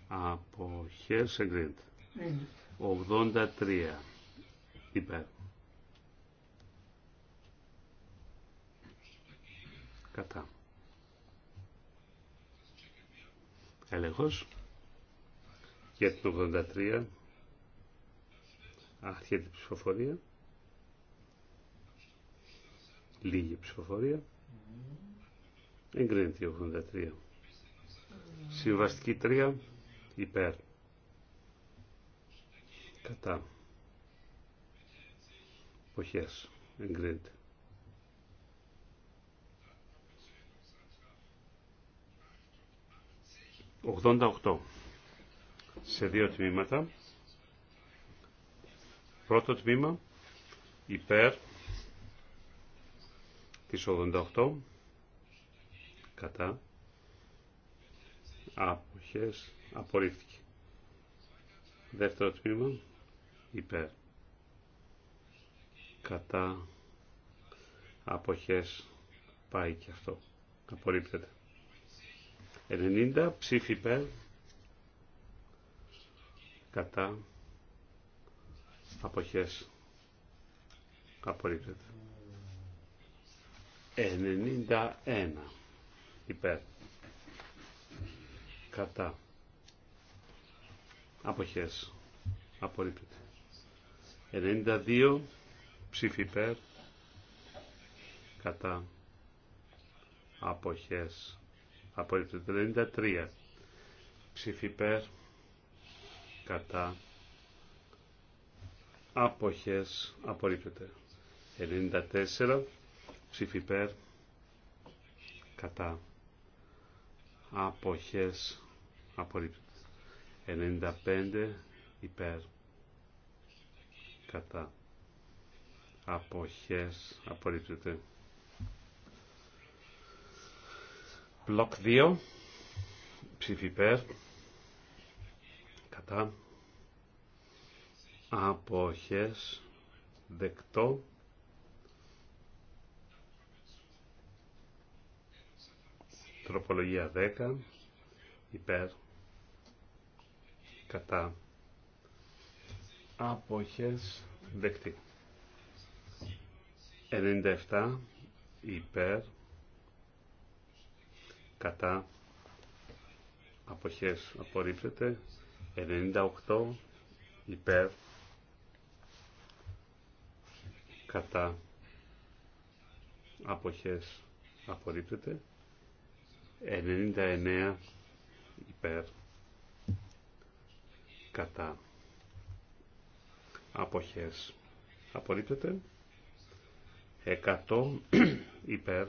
Αποχές εγκρίνεται. 83. Υπέρ. Κατά. Έλεγχος. Για την 83. Άρχεται η ψηφοφορία. Λίγη ψηφοφορία. Εγκρίνεται η 83. Συμβαστική 3. Υπέρ. Κατά. Εποχές. Εγκρίνεται. 88 σε δύο τμήματα. Πρώτο τμήμα υπέρ της 88 κατά αποχές απορρίφθηκε. Δεύτερο τμήμα υπέρ κατά αποχές πάει και αυτό. Απορρίπτεται. 90 ψήφι υπέρ κατά αποχές απορρίπτεται 91 υπέρ κατά αποχές απορρίπτεται 92 ψήφι υπέρ κατά αποχές το 93. Ψήφι υπέρ. Κατά. Αποχές. Απορρίπτεται. 94. Ψήφι υπέρ. Κατά. Αποχές. Απορρίπτεται. 95. Υπέρ. Κατά. Αποχές. Απορρίπτεται. Πλοκ 2. Ψήφι υπέρ. Κατά. Αποχές. Δεκτό. Τροπολογία 10. Υπέρ. Κατά. Αποχές. Δεκτή. 97. Υπέρ κατά αποχές απορρίπτεται 98 υπέρ κατά αποχές απορρίπτεται 99 υπέρ κατά αποχές απορρίπτεται 100 υπέρ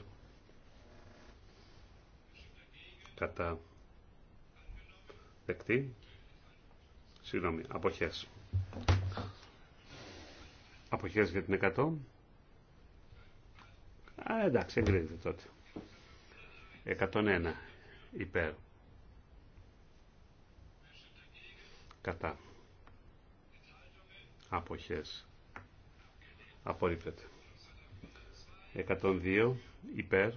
κατά δεκτή συγγνώμη, αποχές αποχές για την 100 Α, εντάξει, εγκρίνεται τότε. 101 υπέρ. Κατά. Αποχές. Απορρίπτεται. 102 υπέρ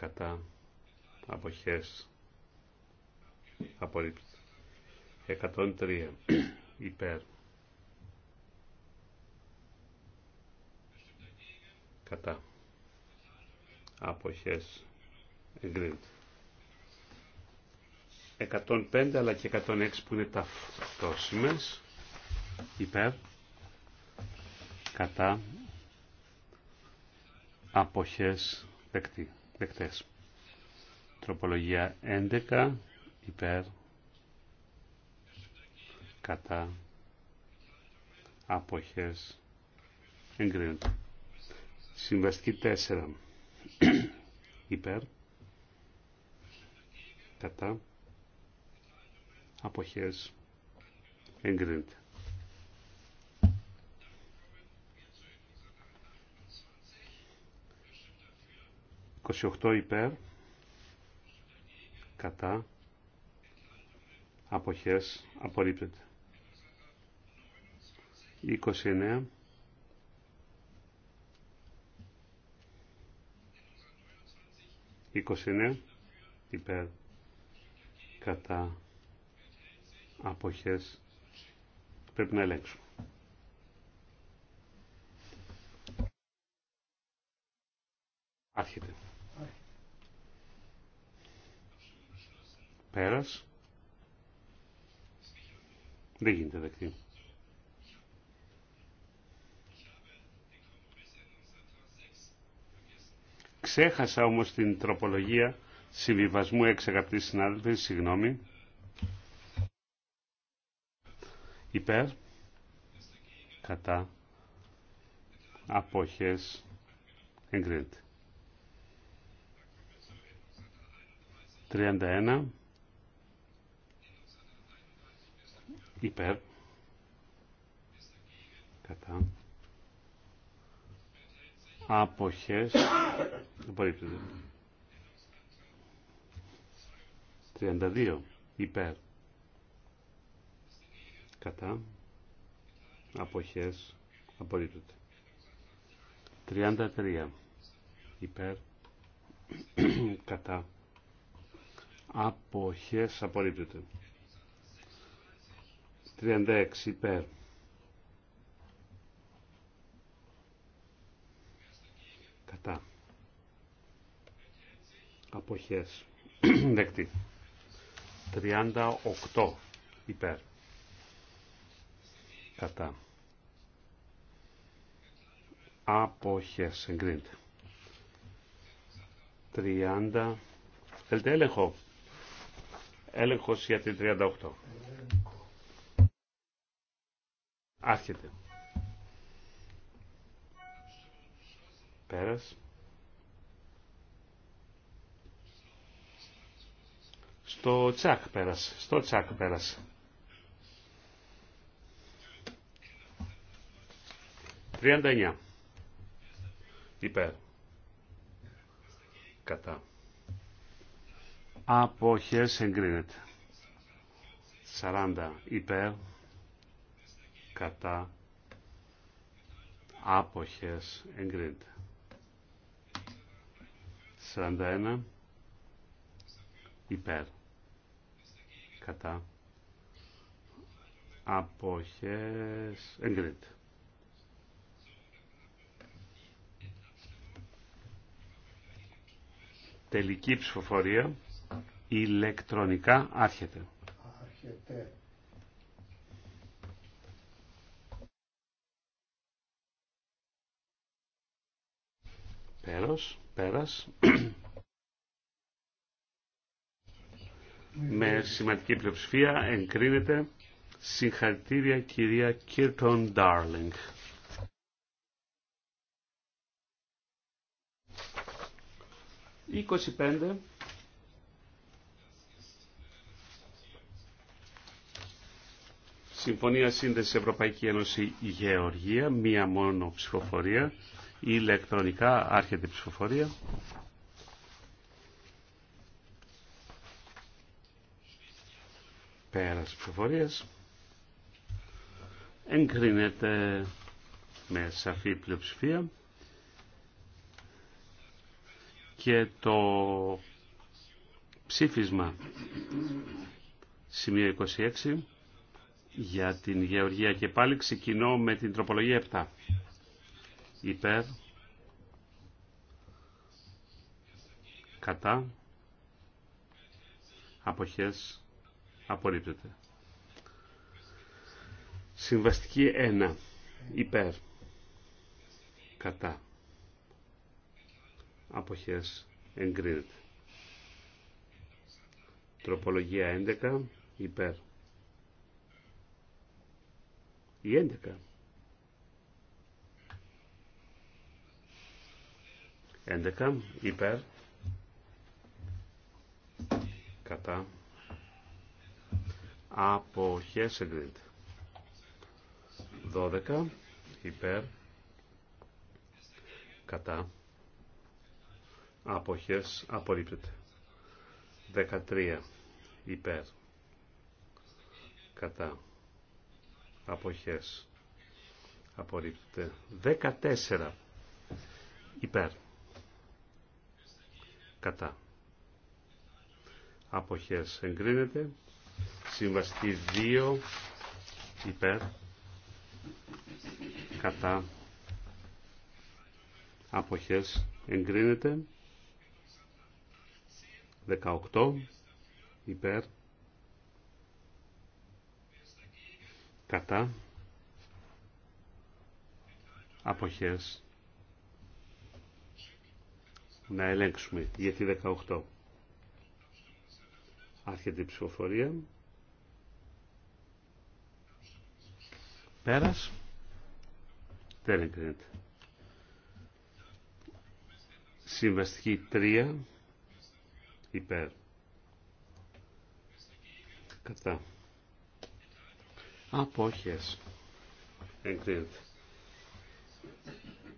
κατά αποχές απορρίπτω. 103 υπέρ κατά αποχές εγκρίνεται 105 αλλά και 106 που είναι ταυτόσιμες υπέρ κατά αποχές δεκτή δεκτές. Τροπολογία 11 υπέρ κατά αποχές εγκρίνεται. Συμβαστική 4 υπέρ κατά αποχές εγκρίνεται. 28 υπέρ κατά αποχές απορρίπτεται. 29 29 υπέρ κατά αποχές πρέπει να ελέγξουμε. Άρχεται. Πέρας. Δεν γίνεται δεκτή. Ξέχασα όμως την τροπολογία συμβιβασμού εξ αγαπητοί συνάδελφοι, συγγνώμη. Υπέρ, κατά, απόχες, εγκρίνεται. 31. υπέρ κατά αποχές απορρίπτεται 32 υπέρ κατά αποχές απορρίπτεται 33 υπέρ κατά αποχές απορρίπτεται 36 υπέρ. Κατά. Αποχές. [clears throat] Δεκτή. 38 υπέρ. Κατά. Αποχές. Εγκρίνεται. 30. Θέλετε έλεγχο. Έλεγχος για την 38. Άρχεται. Πέρας. Στο τσακ πέρασε. Στο τσακ πέρασε. Τριάντα εννιά. Υπέρ. Κατά. Αποχές εγκρίνεται. Σαράντα υπέρ κατά άποχες εγκρίνεται. 41 υπέρ κατά άποχες εγκρίνεται. Τελική ψηφοφορία ηλεκτρονικά άρχεται. Άρχεται. Πέρος, πέρας. Με σημαντική πλειοψηφία εγκρίνεται συγχαρητήρια κυρία Κίρτον Ντάρλινγκ. Είκοσι Συμφωνία Σύνδεση Ευρωπαϊκή Ένωση Γεωργία, μία μόνο ψηφοφορία ηλεκτρονικά άρχεται η ψηφοφορία. Πέρας ψηφοφορίας. Εγκρίνεται με σαφή πλειοψηφία και το ψήφισμα σημείο 26 για την Γεωργία και πάλι ξεκινώ με την τροπολογία 7 υπέρ κατά αποχές απορρίπτεται. Συμβαστική 1 υπέρ κατά αποχές εγκρίνεται. Τροπολογία 11 υπέρ. Η 11 11 υπέρ κατά αποχές εγκρίνεται 12 υπέρ κατά αποχές απορρίπτεται 13 υπέρ κατά αποχές απορρίπτεται 14 υπέρ κατά. Αποχές εγκρίνεται. Συμβαστή 2 υπέρ κατά. Αποχές εγκρίνεται. 18 υπέρ κατά αποχές να ελέγξουμε για τη 18. Άρχεται η ψηφοφορία. Πέρας. Δεν εγκρίνεται. Συμβαστική 3 υπέρ. Κατά. Απόχες. Εγκρίνεται.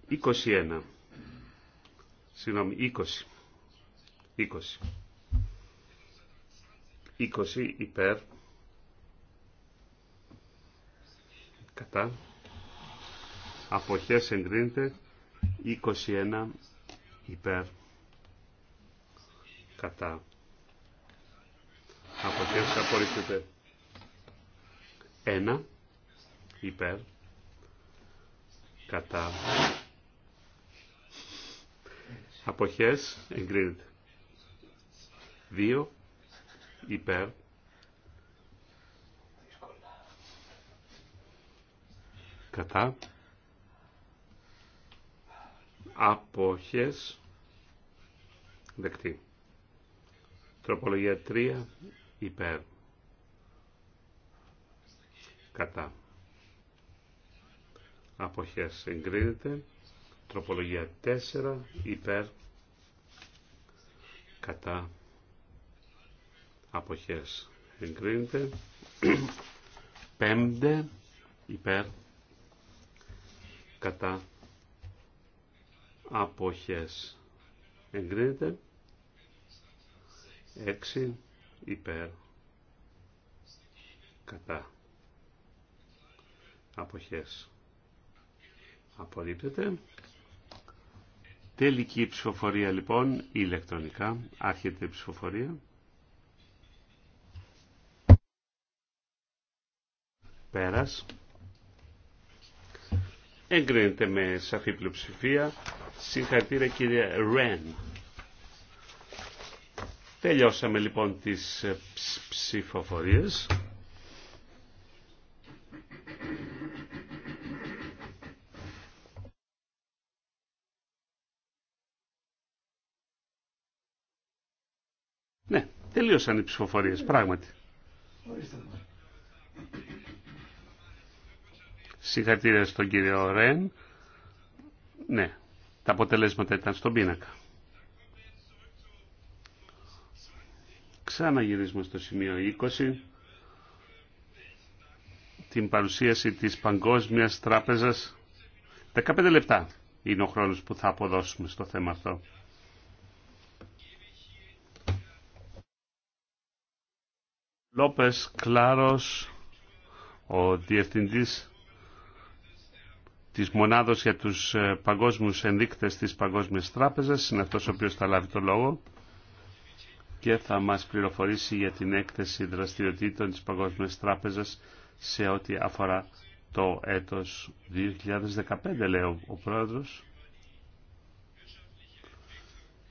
21 Συγγνώμη, 20. 20. 20 υπέρ. Κατά. Αποχές εγκρίνεται. 21 υπέρ. Κατά. Αποχές απορρίπτεται. 1 υπέρ. Κατά Αποχές εγκρίνεται. Δύο υπέρ. Κατά. Αποχές δεκτή. Τροπολογία 3 υπέρ. Κατά. Αποχές εγκρίνεται. Τροπολογία 4 υπέρ κατά αποχές εγκρίνεται 5 υπέρ κατά αποχές εγκρίνεται 6 υπέρ κατά αποχές απορρίπτεται Τελική ψηφοφορία λοιπόν, ηλεκτρονικά, άρχεται η ψηφοφορία. Πέρας. Εγκρίνεται με σαφή πλειοψηφία. Συγχαρητήρια κύριε Ρεν. Τελειώσαμε λοιπόν τις ψηφοφορίες. τελείωσαν οι ψηφοφορίε, πράγματι. Συγχαρητήρια στον κύριο Ρεν. Ναι, τα αποτελέσματα ήταν στον πίνακα. Ξαναγυρίζουμε στο σημείο 20 την παρουσίαση της Παγκόσμιας Τράπεζας. 15 λεπτά είναι ο χρόνος που θα αποδώσουμε στο θέμα αυτό. Λόπες Κλάρος, ο Διευθυντής της Μονάδος για τους ε, Παγκόσμιους Ενδείκτες της Παγκόσμιας Τράπεζας, είναι αυτός ο οποίος θα λάβει το λόγο και θα μας πληροφορήσει για την έκθεση δραστηριοτήτων της Παγκόσμιας Τράπεζας σε ό,τι αφορά το έτος 2015, λέω ο Πρόεδρος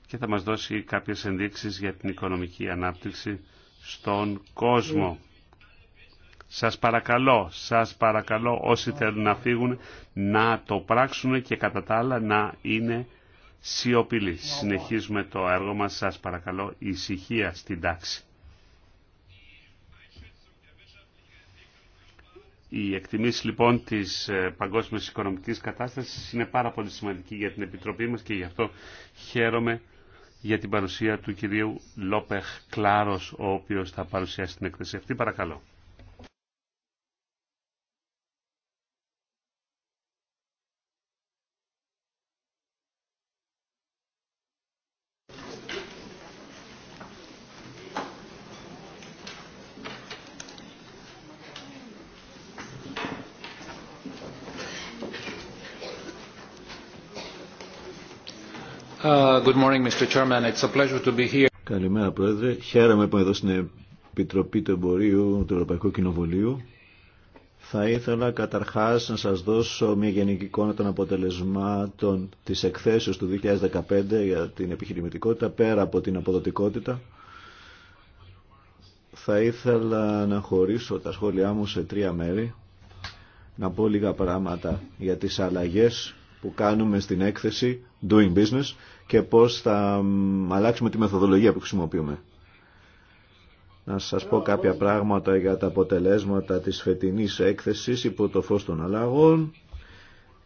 και θα μας δώσει κάποιες ενδείξεις για την οικονομική ανάπτυξη στον κόσμο. Σας παρακαλώ, σας παρακαλώ όσοι θέλουν να φύγουν να το πράξουν και κατά τα άλλα να είναι σιωπηλοί. Συνεχίζουμε το έργο μας, σας παρακαλώ ησυχία στην τάξη. Η εκτιμήση λοιπόν της ε, παγκόσμιας οικονομικής κατάστασης είναι πάρα πολύ σημαντική για την Επιτροπή μας και γι' αυτό χαίρομαι για την παρουσία του κυρίου Λόπεχ Κλάρος, ο οποίος θα παρουσιάσει την έκθεση αυτή. Παρακαλώ. Καλημέρα Πρόεδρε. Χαίρομαι που εδώ στην Επιτροπή του Εμπορίου του Ευρωπαϊκού Κοινοβουλίου. Θα ήθελα καταρχάς να σας δώσω μια γενική εικόνα των αποτελεσμάτων της εκθέσεως του 2015 για την επιχειρηματικότητα πέρα από την αποδοτικότητα. Θα ήθελα να χωρίσω τα σχόλιά μου σε τρία μέρη, να πω λίγα πράγματα για τις αλλαγές που κάνουμε στην έκθεση Doing Business και πώς θα αλλάξουμε τη μεθοδολογία που χρησιμοποιούμε. Να σας πω κάποια πράγματα για τα αποτελέσματα της φετινής έκθεσης υπό το φως των αλλαγών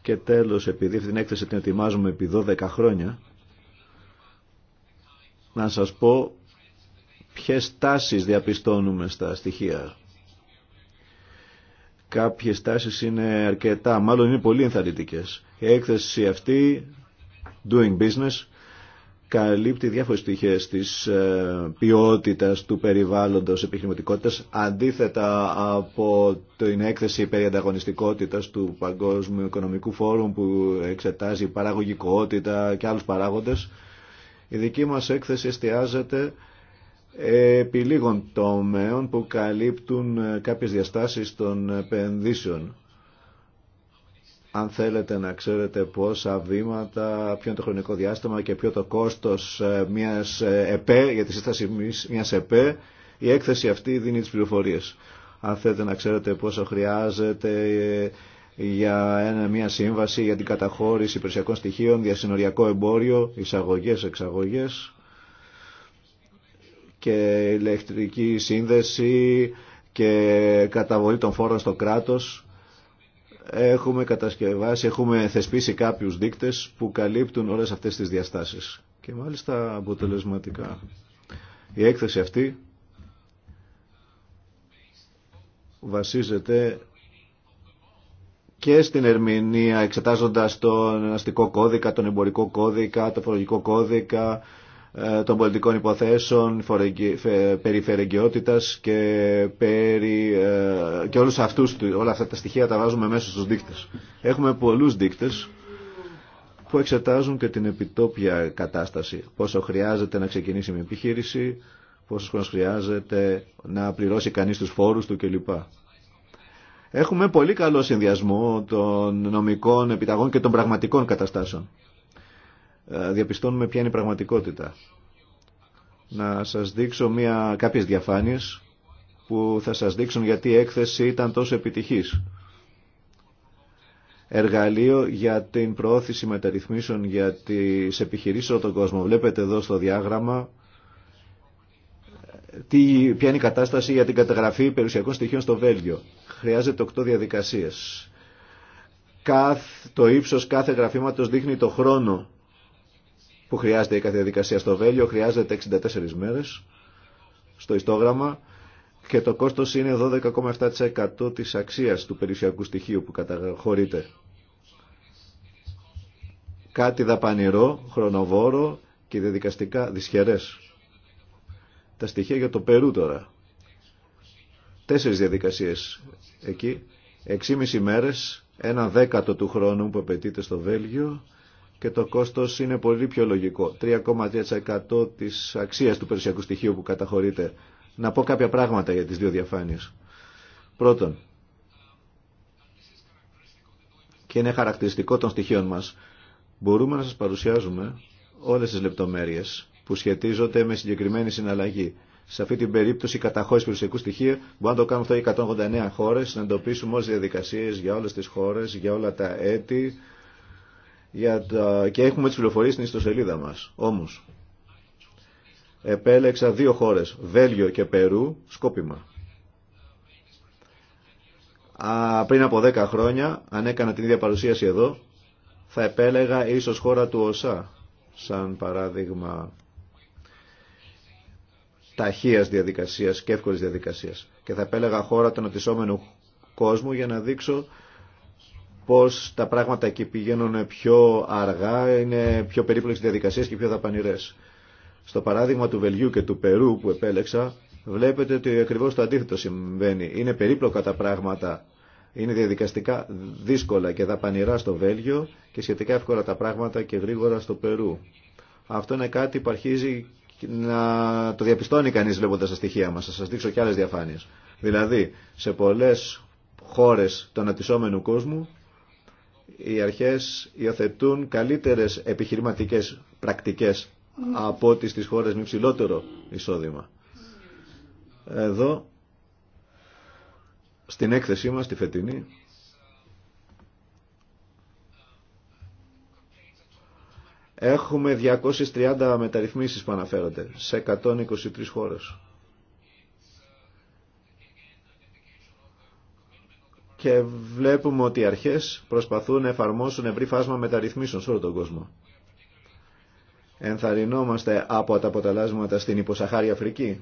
και τέλος επειδή αυτή την έκθεση την ετοιμάζουμε επί 12 χρόνια να σας πω ποιες τάσεις διαπιστώνουμε στα στοιχεία. Κάποιες τάσεις είναι αρκετά, μάλλον είναι πολύ ενθαρρυντικές. Η έκθεση αυτή, Doing Business, καλύπτει διάφορες στοιχείες της ε, ποιότητας του περιβάλλοντος επιχειρηματικότητας αντίθετα από την έκθεση περί ανταγωνιστικότητας του Παγκόσμιου Οικονομικού Φόρουμ που εξετάζει παραγωγικότητα και άλλους παράγοντες η δική μας έκθεση εστιάζεται επί λίγων τομέων που καλύπτουν ε, κάποιες διαστάσεις των επενδύσεων αν θέλετε να ξέρετε πόσα βήματα, ποιο είναι το χρονικό διάστημα και ποιο το κόστος ε, μιας ε, ΕΠΕ, για τη σύσταση μιας ΕΠΕ, η έκθεση αυτή δίνει τις πληροφορίες. Αν θέλετε να ξέρετε πόσο χρειάζεται ε, για μια σύμβαση, για την καταχώρηση υπηρεσιακών στοιχείων, διασυνοριακό εμπόριο, εισαγωγές, εξαγωγές και ηλεκτρική σύνδεση και καταβολή των φόρων στο κράτος έχουμε κατασκευάσει, έχουμε θεσπίσει κάποιους δείκτες που καλύπτουν όλες αυτές τις διαστάσεις και μάλιστα αποτελεσματικά. Η έκθεση αυτή βασίζεται και στην ερμηνεία εξετάζοντας τον αστικό κώδικα, τον εμπορικό κώδικα, τον φορολογικό κώδικα, ε, των πολιτικών υποθέσεων, περί και, περί, ε, και όλους αυτούς, όλα αυτά τα στοιχεία τα βάζουμε μέσα στους δείκτες. Έχουμε πολλούς δείκτες που εξετάζουν και την επιτόπια κατάσταση. Πόσο χρειάζεται να ξεκινήσει μια επιχείρηση, πόσο χρόνος χρειάζεται να πληρώσει κανείς τους φόρους του κλπ. Έχουμε πολύ καλό συνδυασμό των νομικών επιταγών και των πραγματικών καταστάσεων. Ε, διαπιστώνουμε ποια είναι η πραγματικότητα. Να σας δείξω μια, κάποιες διαφάνειες που θα σας δείξουν γιατί η έκθεση ήταν τόσο επιτυχής. Εργαλείο για την προώθηση μεταρρυθμίσεων για τις επιχειρήσεις όλο τον κόσμο. Βλέπετε εδώ στο διάγραμμα τι, ποια είναι η κατάσταση για την καταγραφή περιουσιακών στοιχείων στο Βέλγιο. Χρειάζεται 8 διαδικασίες. το ύψος κάθε γραφήματος δείχνει το χρόνο που χρειάζεται η κάθε διαδικασία στο Βέλιο, χρειάζεται 64 μέρες στο ιστόγραμμα και το κόστος είναι 12,7% της αξίας του περιουσιακού στοιχείου που καταχωρείται. Κάτι δαπανηρό, χρονοβόρο και διαδικαστικά δυσχερές. Τα στοιχεία για το Περού τώρα. Τέσσερις διαδικασίες εκεί, 6,5 μέρες, ένα δέκατο του χρόνου που απαιτείται στο Βέλγιο και το κόστος είναι πολύ πιο λογικό. 3,3% της αξίας του περιουσιακού στοιχείου που καταχωρείται. Να πω κάποια πράγματα για τις δύο διαφάνειες. Πρώτον, και είναι χαρακτηριστικό των στοιχείων μας, μπορούμε να σας παρουσιάζουμε όλες τις λεπτομέρειες που σχετίζονται με συγκεκριμένη συναλλαγή. Σε αυτή την περίπτωση, η καταχώρηση περιουσιακού στοιχείου μπορεί να το κάνουμε αυτό 189 χώρε, να εντοπίσουμε όλε τι διαδικασίε για όλε τι χώρε, για όλα τα έτη, για και έχουμε τις πληροφορίες στην ιστοσελίδα μας. Όμως, επέλεξα δύο χώρες, Βέλγιο και Περού, σκόπιμα. Α, πριν από 10 χρόνια, αν έκανα την ίδια παρουσίαση εδώ, θα επέλεγα ίσως χώρα του ΟΣΑ, σαν παράδειγμα ταχείας διαδικασίας και εύκολης διαδικασίας. Και θα επέλεγα χώρα του οτισόμενου κόσμου για να δείξω πως τα πράγματα εκεί πηγαίνουν πιο αργά, είναι πιο περίπλοκες διαδικασίες και πιο δαπανηρές. Στο παράδειγμα του Βελγίου και του Περού που επέλεξα, βλέπετε ότι ακριβώς το αντίθετο συμβαίνει. Είναι περίπλοκα τα πράγματα, είναι διαδικαστικά δύσκολα και δαπανηρά στο Βέλγιο και σχετικά εύκολα τα πράγματα και γρήγορα στο Περού. Αυτό είναι κάτι που αρχίζει να το διαπιστώνει κανείς βλέποντας τα στοιχεία μας. Θα σας δείξω και άλλες διαφάνειες. Δηλαδή, σε πολλές χώρες του ανατισσόμενου κόσμου οι αρχές υιοθετούν καλύτερες επιχειρηματικές πρακτικές από ό,τι στις χώρες με υψηλότερο εισόδημα. Εδώ, στην έκθεσή μας, τη φετινή, έχουμε 230 μεταρρυθμίσεις που αναφέρονται σε 123 χώρες. και βλέπουμε ότι οι αρχές προσπαθούν να εφαρμόσουν ευρύ φάσμα μεταρρυθμίσεων σε όλο τον κόσμο. Ενθαρρυνόμαστε από τα αποτελέσματα στην υποσαχάρια Αφρική.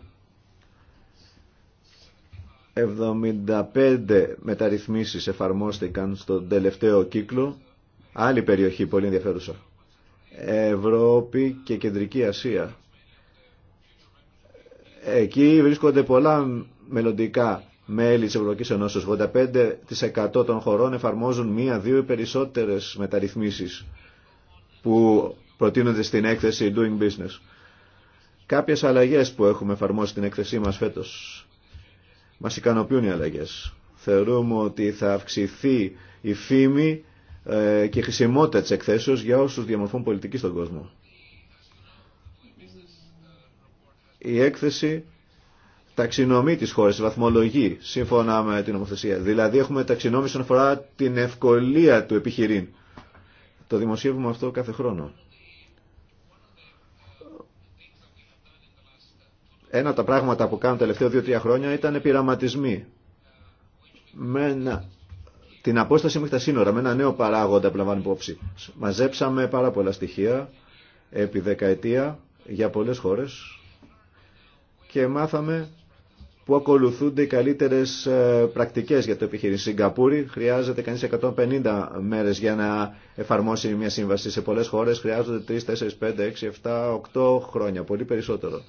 75 μεταρρυθμίσεις εφαρμόστηκαν στον τελευταίο κύκλο. Άλλη περιοχή πολύ ενδιαφέρουσα. Ευρώπη και Κεντρική Ασία. Εκεί βρίσκονται πολλά μελλοντικά μέλη της Ευρωπαϊκής Ενώσεως. 85% των χωρών εφαρμόζουν μία, δύο ή περισσότερες μεταρρυθμίσεις που προτείνονται στην έκθεση Doing Business. Κάποιες αλλαγές που έχουμε εφαρμόσει στην έκθεσή μας φέτος μας ικανοποιούν οι αλλαγές. Θεωρούμε ότι θα αυξηθεί η φήμη ε, και η χρησιμότητα της εκθέσεως για όσους διαμορφών πολιτική στον κόσμο. Η έκθεση ταξινομεί τις χώρες, βαθμολογεί σύμφωνα με την νομοθεσία. Δηλαδή έχουμε ταξινόμηση όσον αφορά την ευκολία του επιχειρήν. Το δημοσιεύουμε αυτό κάθε χρόνο. Ένα από τα πράγματα που κάνω τα τελευταια δυο δύο-τρία χρόνια ήταν πειραματισμοί. Με την απόσταση μέχρι τα σύνορα, με ένα νέο παράγοντα που λαμβάνει υπόψη. Μαζέψαμε πάρα πολλά στοιχεία επί δεκαετία για πολλές χώρες και μάθαμε που ακολουθούνται οι καλύτερες ε, πρακτικές για το επιχείρημα. Στην Σιγκαπούρη χρειάζεται κανεί 150 μέρε για να εφαρμόσει μια σύμβαση. Σε πολλέ χώρε χρειάζονται 3, 4, 5, 6, 7, 8 χρόνια, πολύ περισσότερο.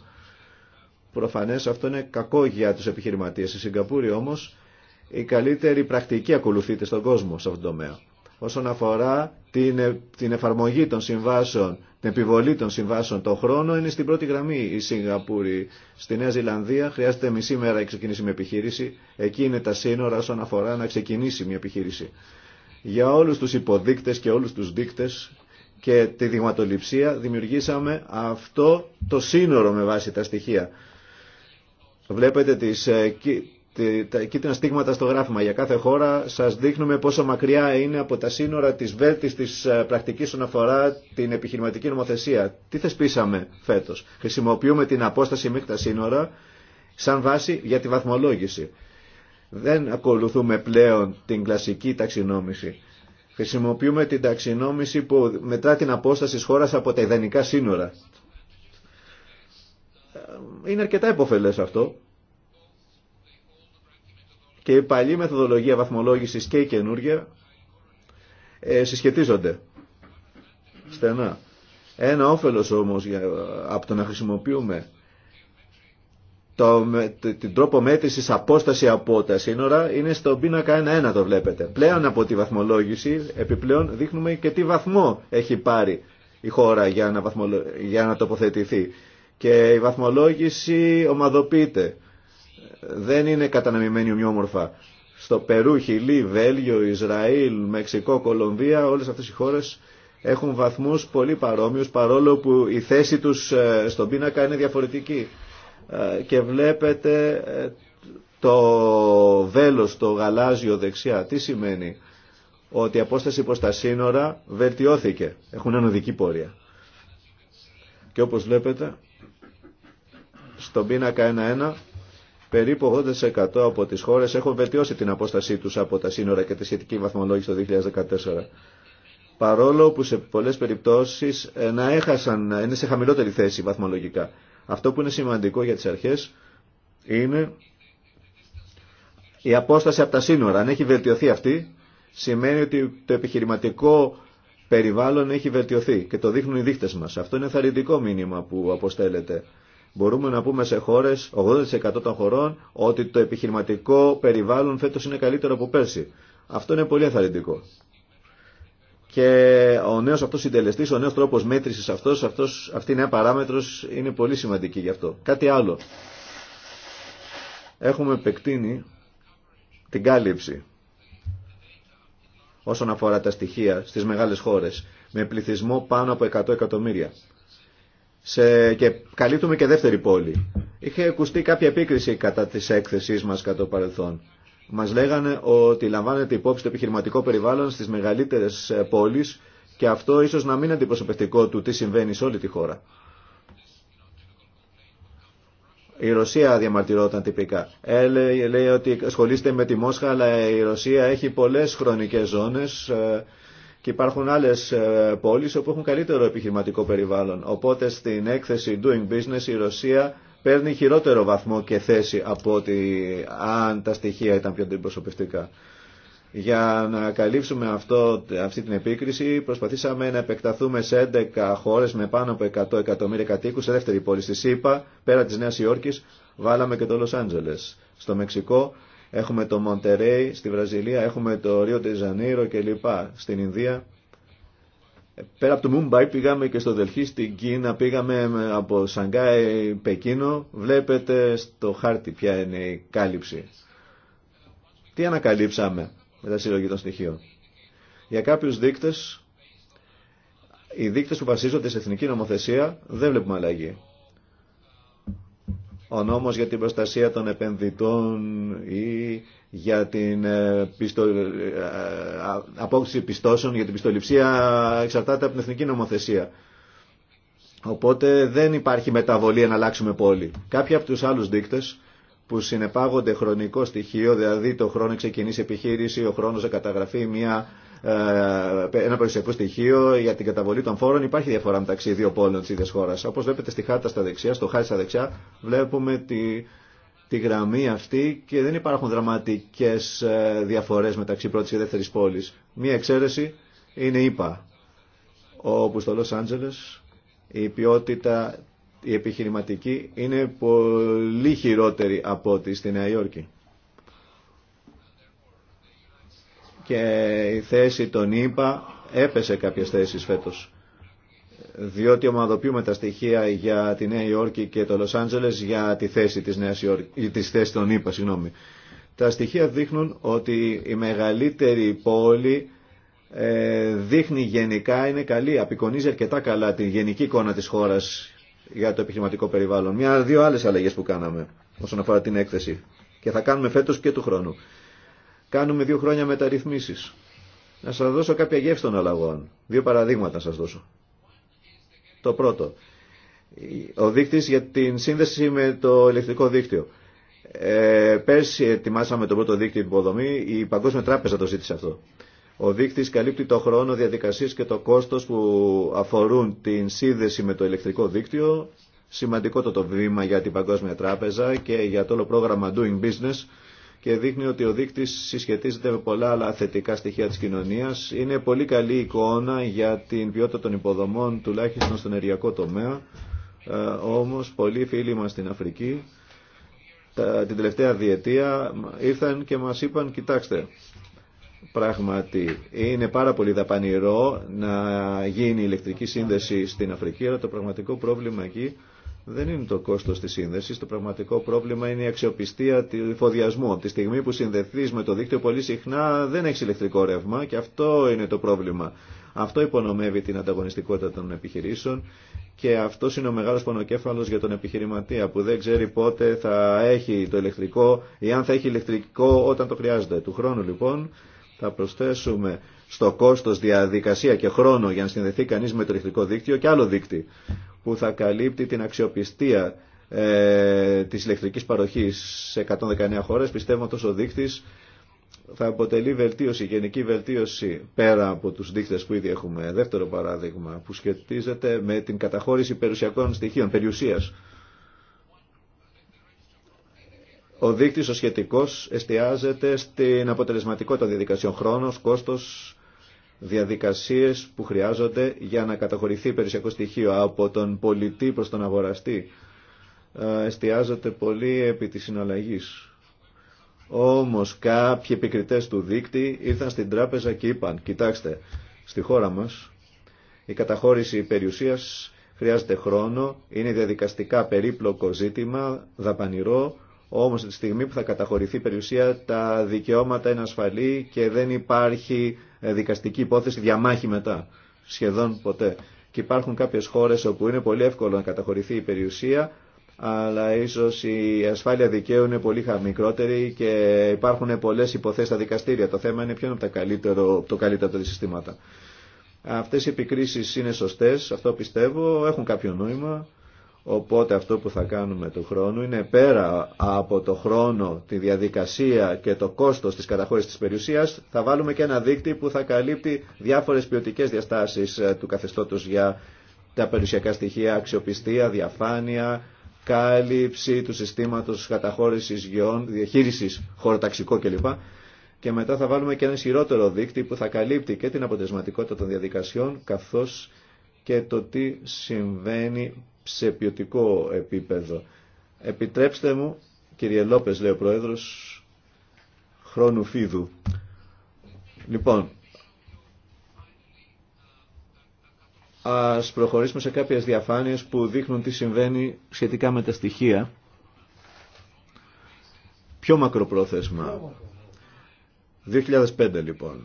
Προφανέ αυτό είναι κακό για του επιχειρηματίε. Στη Σιγκαπούρη όμω η καλύτερη πρακτική ακολουθείται στον κόσμο σε αυτόν τον τομέα όσον αφορά την, την εφαρμογή των συμβάσεων, την επιβολή των συμβάσεων το χρόνο είναι στην πρώτη γραμμή η Σιγκαπούρη. Στη Νέα Ζηλανδία χρειάζεται μισή μέρα να ξεκινήσει μια επιχείρηση. Εκεί είναι τα σύνορα όσον αφορά να ξεκινήσει μια επιχείρηση. Για όλους τους υποδείκτες και όλους τους δείκτες και τη δειγματοληψία δημιουργήσαμε αυτό το σύνορο με βάση τα στοιχεία. Βλέπετε τις, ε, τα κίτρινα στίγματα στο γράφημα. Για κάθε χώρα σας δείχνουμε πόσο μακριά είναι από τα σύνορα της βέλτιστης ε, πρακτικής όσον αφορά την επιχειρηματική νομοθεσία. Τι θεσπίσαμε φέτος. Χρησιμοποιούμε την απόσταση μέχρι τα σύνορα σαν βάση για τη βαθμολόγηση. Δεν ακολουθούμε πλέον την κλασική ταξινόμηση. Χρησιμοποιούμε την ταξινόμηση που μετρά την απόσταση της χώρας από τα ιδανικά σύνορα. Ε, είναι αρκετά υποφελές αυτό και η παλή μεθοδολογία βαθμολόγησης και η καινούργια ε, συσχετίζονται στενά. Ένα όφελος όμως για, από το να χρησιμοποιούμε το, την τρόπο μέτρησης απόσταση από τα σύνορα είναι στον πίνακα 1-1 το βλέπετε. Πλέον από τη βαθμολόγηση επιπλέον δείχνουμε και τι βαθμό έχει πάρει η χώρα για να, βαθμολο... για να τοποθετηθεί. Και η βαθμολόγηση ομαδοποιείται δεν είναι καταναμημένοι ομοιόμορφα. Στο Περού, Χιλή, Βέλγιο, Ισραήλ, Μεξικό, Κολομβία, όλες αυτές οι χώρες έχουν βαθμούς πολύ παρόμοιους παρόλο που η θέση τους ε, στον πίνακα είναι διαφορετική. Ε, και βλέπετε ε, το βέλος, το γαλάζιο δεξιά. Τι σημαίνει ότι η απόσταση προς τα σύνορα βελτιώθηκε. Έχουν ανωδική πορεία. Και όπως βλέπετε στον πινακα περίπου 80% από τις χώρες έχουν βελτιώσει την απόστασή τους από τα σύνορα και τη σχετική βαθμολόγηση το 2014. Παρόλο που σε πολλές περιπτώσεις ε, να έχασαν, ε, είναι σε χαμηλότερη θέση βαθμολογικά. Αυτό που είναι σημαντικό για τις αρχές είναι η απόσταση από τα σύνορα. Αν έχει βελτιωθεί αυτή, σημαίνει ότι το επιχειρηματικό περιβάλλον έχει βελτιωθεί και το δείχνουν οι δείχτες μας. Αυτό είναι θαρρυντικό μήνυμα που αποστέλλεται. Μπορούμε να πούμε σε χώρες, 80% των χωρών, ότι το επιχειρηματικό περιβάλλον φέτος είναι καλύτερο από πέρσι. Αυτό είναι πολύ ενθαρρυντικό. Και ο νέος αυτός συντελεστής, ο νέος τρόπος μέτρησης αυτός, αυτός αυτή η νέα παράμετρος είναι πολύ σημαντική γι' αυτό. Κάτι άλλο. Έχουμε επεκτείνει την κάλυψη όσον αφορά τα στοιχεία στις μεγάλες χώρες με πληθυσμό πάνω από 100 εκατομμύρια σε, και καλύπτουμε και δεύτερη πόλη. Είχε ακουστεί κάποια επίκριση κατά τη έκθεση μα κατά το παρελθόν. Μα λέγανε ότι λαμβάνεται υπόψη το επιχειρηματικό περιβάλλον στι μεγαλύτερε ε, πόλει και αυτό ίσω να μην είναι αντιπροσωπευτικό του τι συμβαίνει σε όλη τη χώρα. Η Ρωσία διαμαρτυρόταν τυπικά. Ε, λέει ότι ασχολείστε με τη Μόσχα, αλλά η Ρωσία έχει πολλές χρονικές ζώνες ε, και υπάρχουν άλλες ε, πόλεις όπου έχουν καλύτερο επιχειρηματικό περιβάλλον. Οπότε στην έκθεση Doing Business η Ρωσία παίρνει χειρότερο βαθμό και θέση από ότι αν τα στοιχεία ήταν πιο αντιπροσωπευτικά. Για να καλύψουμε αυτό, αυτή την επίκριση προσπαθήσαμε να επεκταθούμε σε 11 χώρες με πάνω από 100 εκατομμύρια κατοίκους σε δεύτερη πόλη στη ΣΥΠΑ, πέρα της Νέας Υόρκης, βάλαμε και το Λος Άντζελες. Στο Μεξικό Έχουμε το Μοντερέι στη Βραζιλία, έχουμε το Ρίο Τεζανίρο κλπ. στην Ινδία. Πέρα από το Μουμπάι πήγαμε και στο Δελχή, στην Κίνα, πήγαμε από Σανγκάι, Πεκίνο. Βλέπετε στο χάρτη ποια είναι η κάλυψη. Τι ανακαλύψαμε με τα συλλογή των στοιχείων. Για κάποιους δείκτες, οι δείκτες που βασίζονται σε εθνική νομοθεσία δεν βλέπουμε αλλαγή ο νόμος για την προστασία των επενδυτών ή για την ε, πιστο... Ε, απόκτηση πιστώσεων, για την πιστοληψία εξαρτάται από την εθνική νομοθεσία. Οπότε δεν υπάρχει μεταβολή να αλλάξουμε πόλη. Κάποιοι από τους άλλους δείκτες που συνεπάγονται χρονικό στοιχείο, δηλαδή το χρόνο ξεκινήσει επιχείρηση, ο χρόνος να καταγραφεί μια ε, ένα περιουσιακό στοιχείο για την καταβολή των φόρων. Υπάρχει διαφορά μεταξύ δύο πόλεων τη ίδια χώρα. Όπω βλέπετε στη χάρτα στα δεξιά, στο χάρτη στα δεξιά, βλέπουμε τη, τη γραμμή αυτή και δεν υπάρχουν δραματικέ ε, διαφορέ μεταξύ πρώτη και δεύτερη πόλη. Μία εξαίρεση είναι η ΙΠΑ, όπου στο Λος Άντζελες η ποιότητα η επιχειρηματική είναι πολύ χειρότερη από ό,τι στη Νέα Υόρκη. και η θέση των ΙΠΑ έπεσε κάποιες θέσεις φέτος. Διότι ομαδοποιούμε τα στοιχεία για τη Νέα Υόρκη και το Λος Άντζελες για τη θέση της, Νέας της θέσης των ΙΠΑ. Συγγνώμη. Τα στοιχεία δείχνουν ότι η μεγαλύτερη πόλη ε, δείχνει γενικά, είναι καλή, απεικονίζει αρκετά καλά τη γενική εικόνα της χώρας για το επιχειρηματικό περιβάλλον. Μια-δύο άλλες αλλαγές που κάναμε όσον αφορά την έκθεση και θα κάνουμε φέτος και του χρόνου. Κάνουμε δύο χρόνια μεταρρυθμίσεις. Να σας δώσω κάποια γεύση των αλλαγών. Δύο παραδείγματα να σας δώσω. Το πρώτο. Ο δείκτης για την σύνδεση με το ηλεκτρικό δίκτυο. Ε, πέρσι ετοιμάσαμε το πρώτο δίκτυο υποδομή, η Παγκόσμια Τράπεζα το ζήτησε αυτό. Ο δείκτης καλύπτει το χρόνο διαδικασίες και το κόστος που αφορούν την σύνδεση με το ηλεκτρικό δίκτυο. Σημαντικό το, το βήμα για την Παγκόσμια Τράπεζα και για το όλο πρόγραμμα Doing Business και δείχνει ότι ο δείκτης συσχετίζεται με πολλά άλλα θετικά στοιχεία της κοινωνίας. Είναι πολύ καλή εικόνα για την ποιότητα των υποδομών, τουλάχιστον στον ενεργειακό τομέα. Ε, όμως, πολλοί φίλοι μας στην Αφρική, τα, την τελευταία διετία, ήρθαν και μας είπαν, κοιτάξτε, πράγματι είναι πάρα πολύ δαπανηρό να γίνει ηλεκτρική σύνδεση στην Αφρική, αλλά το πραγματικό πρόβλημα εκεί δεν είναι το κόστο τη σύνδεση. το πραγματικό πρόβλημα είναι η αξιοπιστία του εφοδιασμού. Τη στιγμή που συνδεθεί με το δίκτυο πολύ συχνά δεν έχει ηλεκτρικό ρεύμα και αυτό είναι το πρόβλημα. Αυτό υπονομεύει την ανταγωνιστικότητα των επιχειρήσεων και αυτό είναι ο μεγάλο πονοκέφαλος για τον επιχειρηματία που δεν ξέρει πότε θα έχει το ηλεκτρικό ή αν θα έχει ηλεκτρικό όταν το χρειάζεται. Του χρόνου λοιπόν θα προσθέσουμε στο κόστο, διαδικασία και χρόνο για να συνδεθεί κανεί με το ηλεκτρικό δίκτυο και άλλο δίκτυο που θα καλύπτει την αξιοπιστία ε, της ηλεκτρικής παροχής σε 119 χώρες. Πιστεύω ότι ο δείκτης θα αποτελεί βελτίωση, γενική βελτίωση πέρα από τους δείκτες που ήδη έχουμε. Δεύτερο παράδειγμα που σχετίζεται με την καταχώρηση περιουσιακών στοιχείων, περιουσίας. Ο δείκτης ο σχετικός εστιάζεται στην αποτελεσματικότητα διαδικασιών χρόνος, κόστος, διαδικασίες που χρειάζονται για να καταχωρηθεί περιουσιακό στοιχείο από τον πολιτή προς τον αγοραστή ε, εστιάζονται πολύ επί της συναλλαγής. Όμως κάποιοι επικριτές του δίκτυ ήρθαν στην τράπεζα και είπαν «Κοιτάξτε, στη χώρα μας η καταχώρηση περιουσίας χρειάζεται χρόνο, είναι διαδικαστικά περίπλοκο ζήτημα, δαπανηρό, όμως τη στιγμή που θα καταχωρηθεί περιουσία τα δικαιώματα είναι ασφαλή και δεν υπάρχει ε, δικαστική υπόθεση διαμάχη μετά. Σχεδόν ποτέ. Και υπάρχουν κάποιες χώρες όπου είναι πολύ εύκολο να καταχωρηθεί η περιουσία αλλά ίσως η ασφάλεια δικαίου είναι πολύ μικρότερη και υπάρχουν πολλές υποθέσεις στα δικαστήρια. Το θέμα είναι ποιο είναι από καλύτερο, το καλύτερο συστήματα. Αυτές οι επικρίσεις είναι σωστές, αυτό πιστεύω, έχουν κάποιο νόημα. Οπότε αυτό που θα κάνουμε του χρόνου είναι πέρα από το χρόνο, τη διαδικασία και το κόστος της καταχώρησης της περιουσίας θα βάλουμε και ένα δίκτυ που θα καλύπτει διάφορες ποιοτικές διαστάσεις ε, του καθεστώτος για τα περιουσιακά στοιχεία, αξιοπιστία, διαφάνεια, κάλυψη του συστήματος καταχώρησης γεών, διαχείρισης χωροταξικό κλπ. Και μετά θα βάλουμε και ένα ισχυρότερο δίκτυ που θα καλύπτει και την αποτελεσματικότητα των διαδικασιών καθώς και το τι συμβαίνει σε ποιοτικό επίπεδο. Επιτρέψτε μου, κύριε Λόπες, λέει ο Πρόεδρος, χρόνου φίδου. Λοιπόν, ας προχωρήσουμε σε κάποιες διαφάνειες που δείχνουν τι συμβαίνει σχετικά με τα στοιχεία. Πιο μακροπρόθεσμα. 2005 λοιπόν.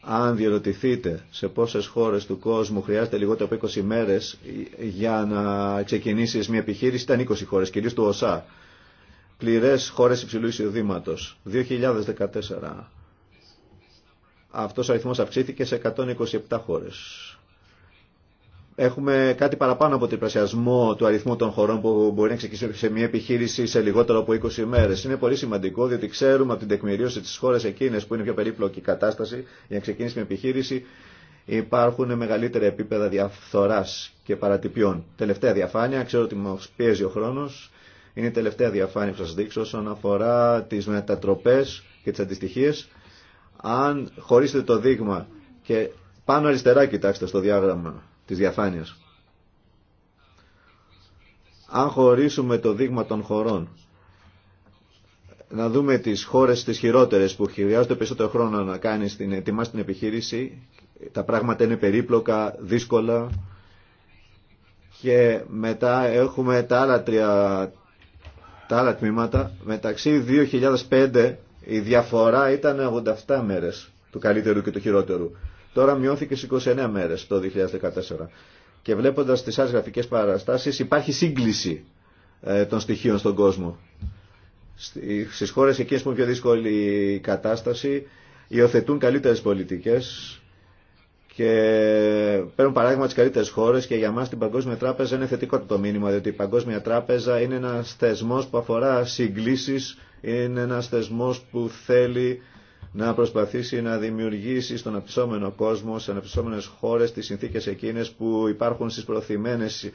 Αν διερωτηθείτε σε πόσες χώρες του κόσμου χρειάζεται λιγότερο από 20 μέρες για να ξεκινήσεις μια επιχείρηση, ήταν 20 χώρες, κυρίως του ΟΣΑ. Πληρές χώρες υψηλού εισοδήματος, 2014. Αυτός ο αριθμός αυξήθηκε σε 127 χώρες. Έχουμε κάτι παραπάνω από τριπλασιασμό του αριθμού των χωρών που μπορεί να ξεκινήσει σε μια επιχείρηση σε λιγότερο από 20 ημέρε. Είναι πολύ σημαντικό διότι ξέρουμε από την τεκμηρίωση τη χώρα εκείνε που είναι πιο περίπλοκη κατάσταση για να ξεκινήσει μια επιχείρηση υπάρχουν μεγαλύτερα επίπεδα διαφθορά και παρατυπιών. Τελευταία διαφάνεια, ξέρω ότι μα πιέζει ο χρόνο. Είναι η τελευταία διαφάνεια που σα δείξω όσον αφορά τι μετατροπέ και τι αντιστοιχίε. Αν χωρίσετε το δείγμα και πάνω αριστερά κοιτάξτε στο διάγραμμα της διαφάνειας. Αν χωρίσουμε το δείγμα των χωρών, να δούμε τις χώρες τις χειρότερες που χρειάζονται περισσότερο χρόνο να κάνεις την ετοιμάς την επιχείρηση, τα πράγματα είναι περίπλοκα, δύσκολα και μετά έχουμε τα άλλα, τρια, τα άλλα τμήματα. Μεταξύ 2005 η διαφορά ήταν 87 μέρες του καλύτερου και του χειρότερου. Τώρα μειώθηκε στι 29 μέρε το 2014. Και βλέποντας τι άλλε γραφικέ παραστάσεις υπάρχει σύγκληση ε, των στοιχείων στον κόσμο. Στι χώρε εκείνε που είναι πιο δύσκολη η κατάσταση υιοθετούν καλύτερες πολιτικές και παίρνουν παράδειγμα τι καλύτερε χώρε και για μα την Παγκόσμια Τράπεζα είναι θετικό το μήνυμα, διότι η Παγκόσμια Τράπεζα είναι ένα θεσμό που αφορά συγκλήσει, είναι ένα θεσμό που θέλει να προσπαθήσει να δημιουργήσει στον απτυσσόμενο κόσμο, σε αναπτυσσόμενες χώρες, τις συνθήκες εκείνες που υπάρχουν στις προθυμένες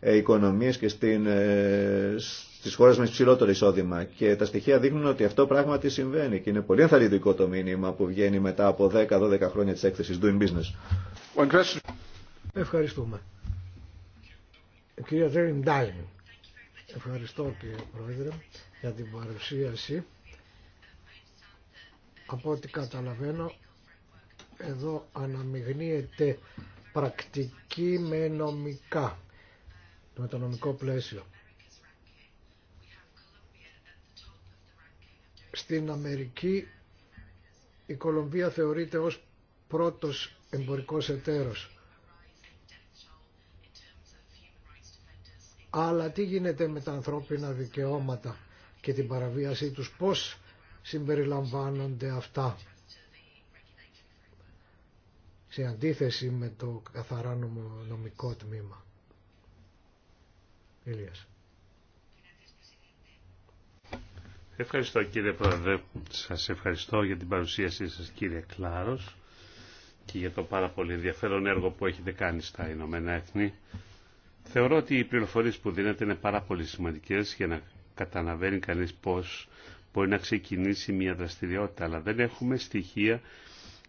ε, οικονομίες και στην, ε, στις χώρες με υψηλότερο εισόδημα. Και τα στοιχεία δείχνουν ότι αυτό πράγματι συμβαίνει και είναι πολύ ενθαρρυντικό το μήνυμα που βγαίνει μετά από 10-12 χρόνια της έκθεσης Doing Business. Ευχαριστούμε. Κυρία Δέριν Ντάλιν. Ευχαριστώ κύριε Πρόεδρε για την παρουσίαση από ό,τι καταλαβαίνω εδώ αναμειγνύεται πρακτική με νομικά, με το νομικό πλαίσιο. Στην Αμερική η Κολομβία θεωρείται ως πρώτος εμπορικός εταίρος. Αλλά τι γίνεται με τα ανθρώπινα δικαιώματα και την παραβίασή τους, πώς συμπεριλαμβάνονται αυτά. Σε αντίθεση με το καθαρά νομικό τμήμα. Ηλίας. Ευχαριστώ κύριε Πρόεδρε. Σας ευχαριστώ για την παρουσίασή σας κύριε Κλάρος και για το πάρα πολύ ενδιαφέρον έργο που έχετε κάνει στα Ηνωμένα Έθνη. Θεωρώ ότι οι πληροφορίες που δίνετε είναι πάρα πολύ σημαντικές για να καταλαβαίνει κανείς πώς μπορεί να ξεκινήσει μια δραστηριότητα, αλλά δεν έχουμε στοιχεία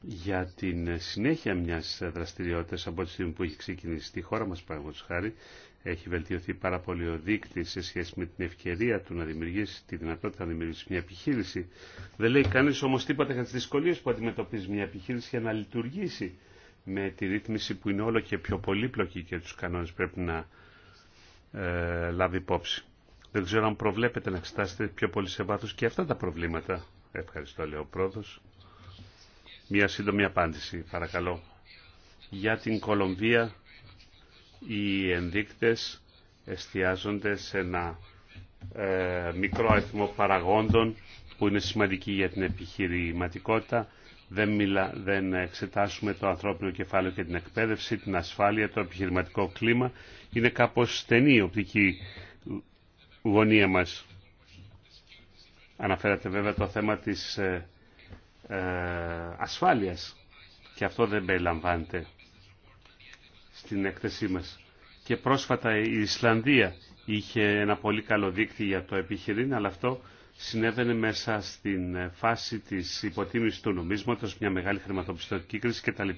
για την συνέχεια μιας δραστηριότητας από τη στιγμή που έχει ξεκινήσει στη χώρα μας, παραγωγή χάρη, έχει βελτιωθεί πάρα πολύ ο δείκτη σε σχέση με την ευκαιρία του να δημιουργήσει τη δυνατότητα να δημιουργήσει μια επιχείρηση. Δεν λέει κανεί όμως τίποτα για τι δυσκολίε που αντιμετωπίζει μια επιχείρηση για να λειτουργήσει με τη ρύθμιση που είναι όλο και πιο πολύπλοκη και του κανόνε πρέπει να ε, λάβει υπόψη. Δεν ξέρω αν προβλέπετε να εξετάσετε πιο πολύ σε βάθο και αυτά τα προβλήματα. Ευχαριστώ, λέει ο πρόεδρο. Μία σύντομη απάντηση, παρακαλώ. Για την Κολομβία, οι ενδείκτε εστιάζονται σε ένα ε, μικρό αριθμό παραγόντων που είναι σημαντικοί για την επιχειρηματικότητα. Δεν, μιλα, δεν εξετάσουμε το ανθρώπινο κεφάλαιο και την εκπαίδευση, την ασφάλεια, το επιχειρηματικό κλίμα. Είναι κάπως στενή η οπτική γωνία μας. Αναφέρατε βέβαια το θέμα της ε, ε, ασφάλειας και αυτό δεν περιλαμβάνεται στην έκθεσή μας. Και πρόσφατα η Ισλανδία είχε ένα πολύ καλό δίκτυο για το επιχειρήν, αλλά αυτό συνέβαινε μέσα στην ε, φάση της υποτίμησης του νομίσματος, μια μεγάλη χρηματοπιστωτική κρίση κτλ.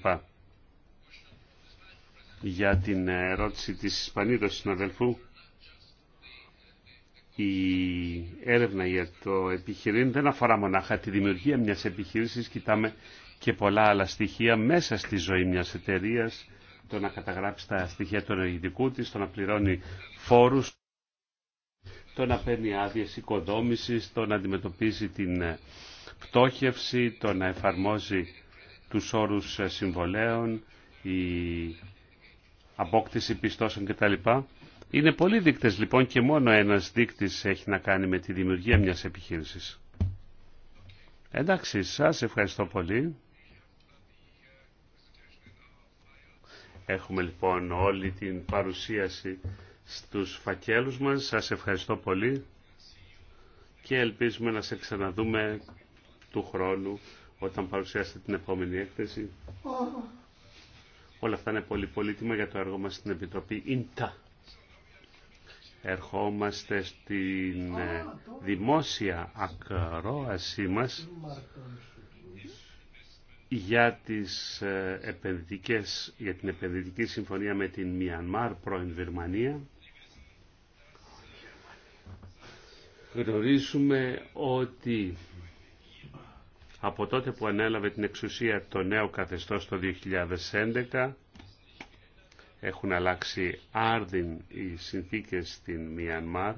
Για την ε, ερώτηση της Ισπανίδας συναδελφού, η έρευνα για το επιχειρήν δεν αφορά μονάχα τη δημιουργία μιας επιχείρησης, κοιτάμε και πολλά άλλα στοιχεία μέσα στη ζωή μιας εταιρεία, το να καταγράψει τα στοιχεία του ενεργητικού της, το να πληρώνει φόρους, το να παίρνει άδειες οικοδόμησης, το να αντιμετωπίζει την ε, πτώχευση, το να εφαρμόζει τους όρους ε, συμβολέων, η απόκτηση πιστώσεων κτλ. Είναι πολλοί δείκτε λοιπόν και μόνο ένας δείκτη έχει να κάνει με τη δημιουργία μιας επιχείρησης. Εντάξει, σας ευχαριστώ πολύ. Έχουμε λοιπόν όλη την παρουσίαση στους φακέλους μας. Σας ευχαριστώ πολύ και ελπίζουμε να σε ξαναδούμε του χρόνου όταν παρουσιάσετε την επόμενη έκθεση. Όλα αυτά είναι πολύ πολύτιμα για το έργο μας στην Επιτροπή ΙΝΤΑ ερχόμαστε στην ε, δημόσια ακρόασή μας για, τις ε, για την επενδυτική συμφωνία με την Μιανμάρ πρώην Βερμανία. Γνωρίζουμε ότι από τότε που ανέλαβε την εξουσία το νέο καθεστώς το 2011 έχουν αλλάξει άρδιν οι συνθήκες στην Μιανμάρ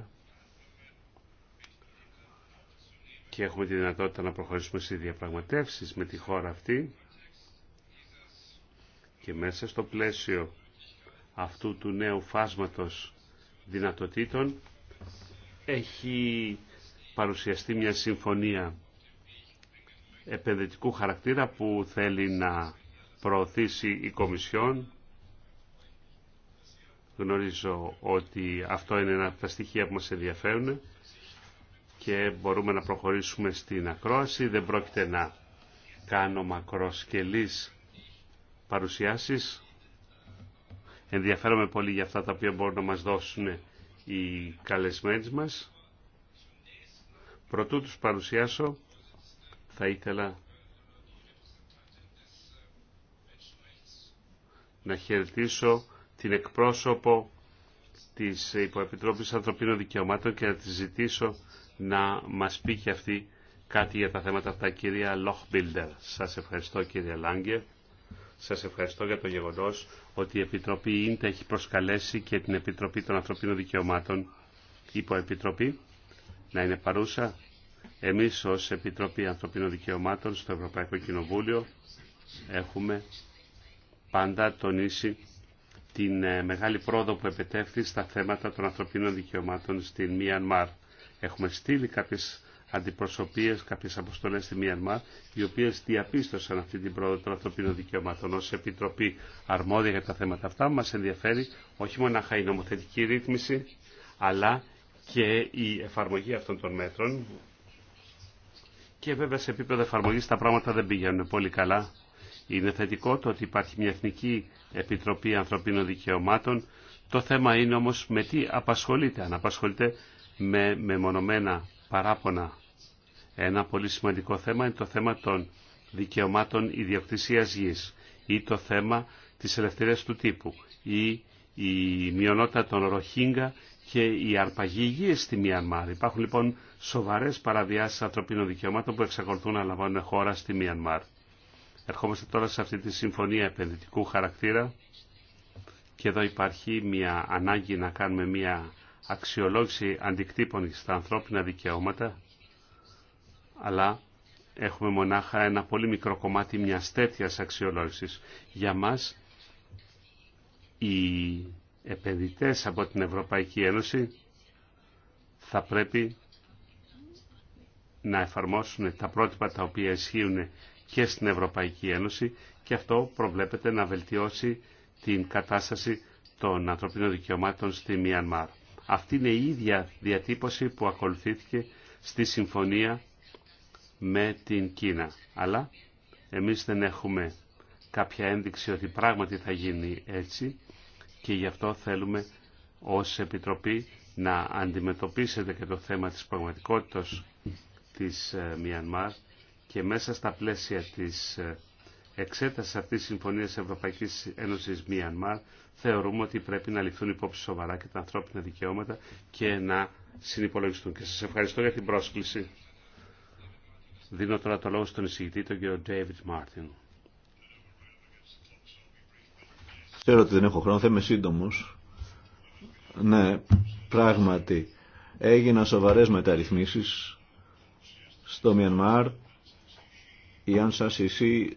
και έχουμε τη δυνατότητα να προχωρήσουμε σε διαπραγματεύσεις με τη χώρα αυτή και μέσα στο πλαίσιο αυτού του νέου φάσματος δυνατοτήτων έχει παρουσιαστεί μια συμφωνία επενδυτικού χαρακτήρα που θέλει να προωθήσει η Κομισιόν Γνωρίζω ότι αυτό είναι ένα από τα στοιχεία που μας ενδιαφέρουν και μπορούμε να προχωρήσουμε στην ακρόαση. Δεν πρόκειται να κάνω μακροσκελής παρουσιάσεις. Ενδιαφέρομαι πολύ για αυτά τα οποία μπορούν να μας δώσουν οι καλεσμένοι μας. Προτού τους παρουσιάσω, θα ήθελα να χαιρετήσω την εκπρόσωπο της Υποεπιτρόπης Ανθρωπίνων Δικαιωμάτων και να τη ζητήσω να μας πει και αυτή κάτι για τα θέματα αυτά, κυρία Λοχμπίλντερ. Σας ευχαριστώ κύριε Λάγκε. Σας ευχαριστώ για το γεγονός ότι η Επιτροπή Ίντα έχει προσκαλέσει και την Επιτροπή των Ανθρωπίνων Δικαιωμάτων υποεπιτροπή να είναι παρούσα. Εμείς ως Επιτροπή Ανθρωπίνων Δικαιωμάτων στο Ευρωπαϊκό Κοινοβούλιο έχουμε πάντα τονίσει την ε, μεγάλη πρόοδο που επετέφθη στα θέματα των ανθρωπίνων δικαιωμάτων στην Μιανμάρ. Έχουμε στείλει κάποιες αντιπροσωπείες, κάποιες αποστολές στη Μιανμάρ, οι οποίες διαπίστωσαν αυτή την πρόοδο των ανθρωπίνων δικαιωμάτων ως Επιτροπή Αρμόδια για τα θέματα αυτά. Μας ενδιαφέρει όχι μόνο η νομοθετική ρύθμιση, αλλά και η εφαρμογή αυτών των μέτρων. Και βέβαια σε επίπεδο εφαρμογής τα πράγματα δεν πηγαίνουν πολύ καλά. Είναι θετικό το ότι υπάρχει μια Εθνική Επιτροπή Ανθρωπίνων Δικαιωμάτων. Το θέμα είναι όμως με τι απασχολείται. Αν απασχολείται με μεμονωμένα παράπονα. Ένα πολύ σημαντικό θέμα είναι το θέμα των δικαιωμάτων ιδιοκτησίας γης ή το θέμα της ελευθερίας του τύπου ή η μειονότητα των Ροχίνγκα και η αρπαγή γης στη Μιανμάρ. Υπάρχουν λοιπόν σοβαρές παραβιάσεις ανθρωπίνων δικαιωμάτων που εξακολουθούν να λαμβάνουν χώρα στη Μιανμάρ. Ερχόμαστε τώρα σε αυτή τη συμφωνία επενδυτικού χαρακτήρα και εδώ υπάρχει μια ανάγκη να κάνουμε μια αξιολόγηση αντικτύπων στα ανθρώπινα δικαιώματα, αλλά έχουμε μονάχα ένα πολύ μικρό κομμάτι μια τέτοια αξιολόγησης. Για μας οι επενδυτές από την Ευρωπαϊκή Ένωση θα πρέπει να εφαρμόσουν τα πρότυπα τα οποία ισχύουν και στην Ευρωπαϊκή Ένωση και αυτό προβλέπεται να βελτιώσει την κατάσταση των ανθρωπίνων δικαιωμάτων στη Μιανμάρ. Αυτή είναι η ίδια διατύπωση που ακολουθήθηκε στη συμφωνία με την Κίνα. Αλλά εμείς δεν έχουμε κάποια ένδειξη ότι πράγματι θα γίνει έτσι και γι' αυτό θέλουμε ως Επιτροπή να αντιμετωπίσετε και το θέμα της πραγματικότητας της ε, Μιανμάρ και μέσα στα πλαίσια της ε, εξέτασης αυτής της Συμφωνίας Ευρωπαϊκής Ένωσης Μιανμάρ θεωρούμε ότι πρέπει να ληφθούν υπόψη σοβαρά και τα ανθρώπινα δικαιώματα και να συνυπολογιστούν. Και σας ευχαριστώ για την πρόσκληση. Δίνω τώρα το λόγο στον εισηγητή, τον κύριο David Martin. Ξέρω ότι δεν έχω χρόνο, θα είμαι σύντομο. Ναι, πράγματι έγιναν σοβαρές μεταρρυθμίσεις στο Μιανμάρ η εσύ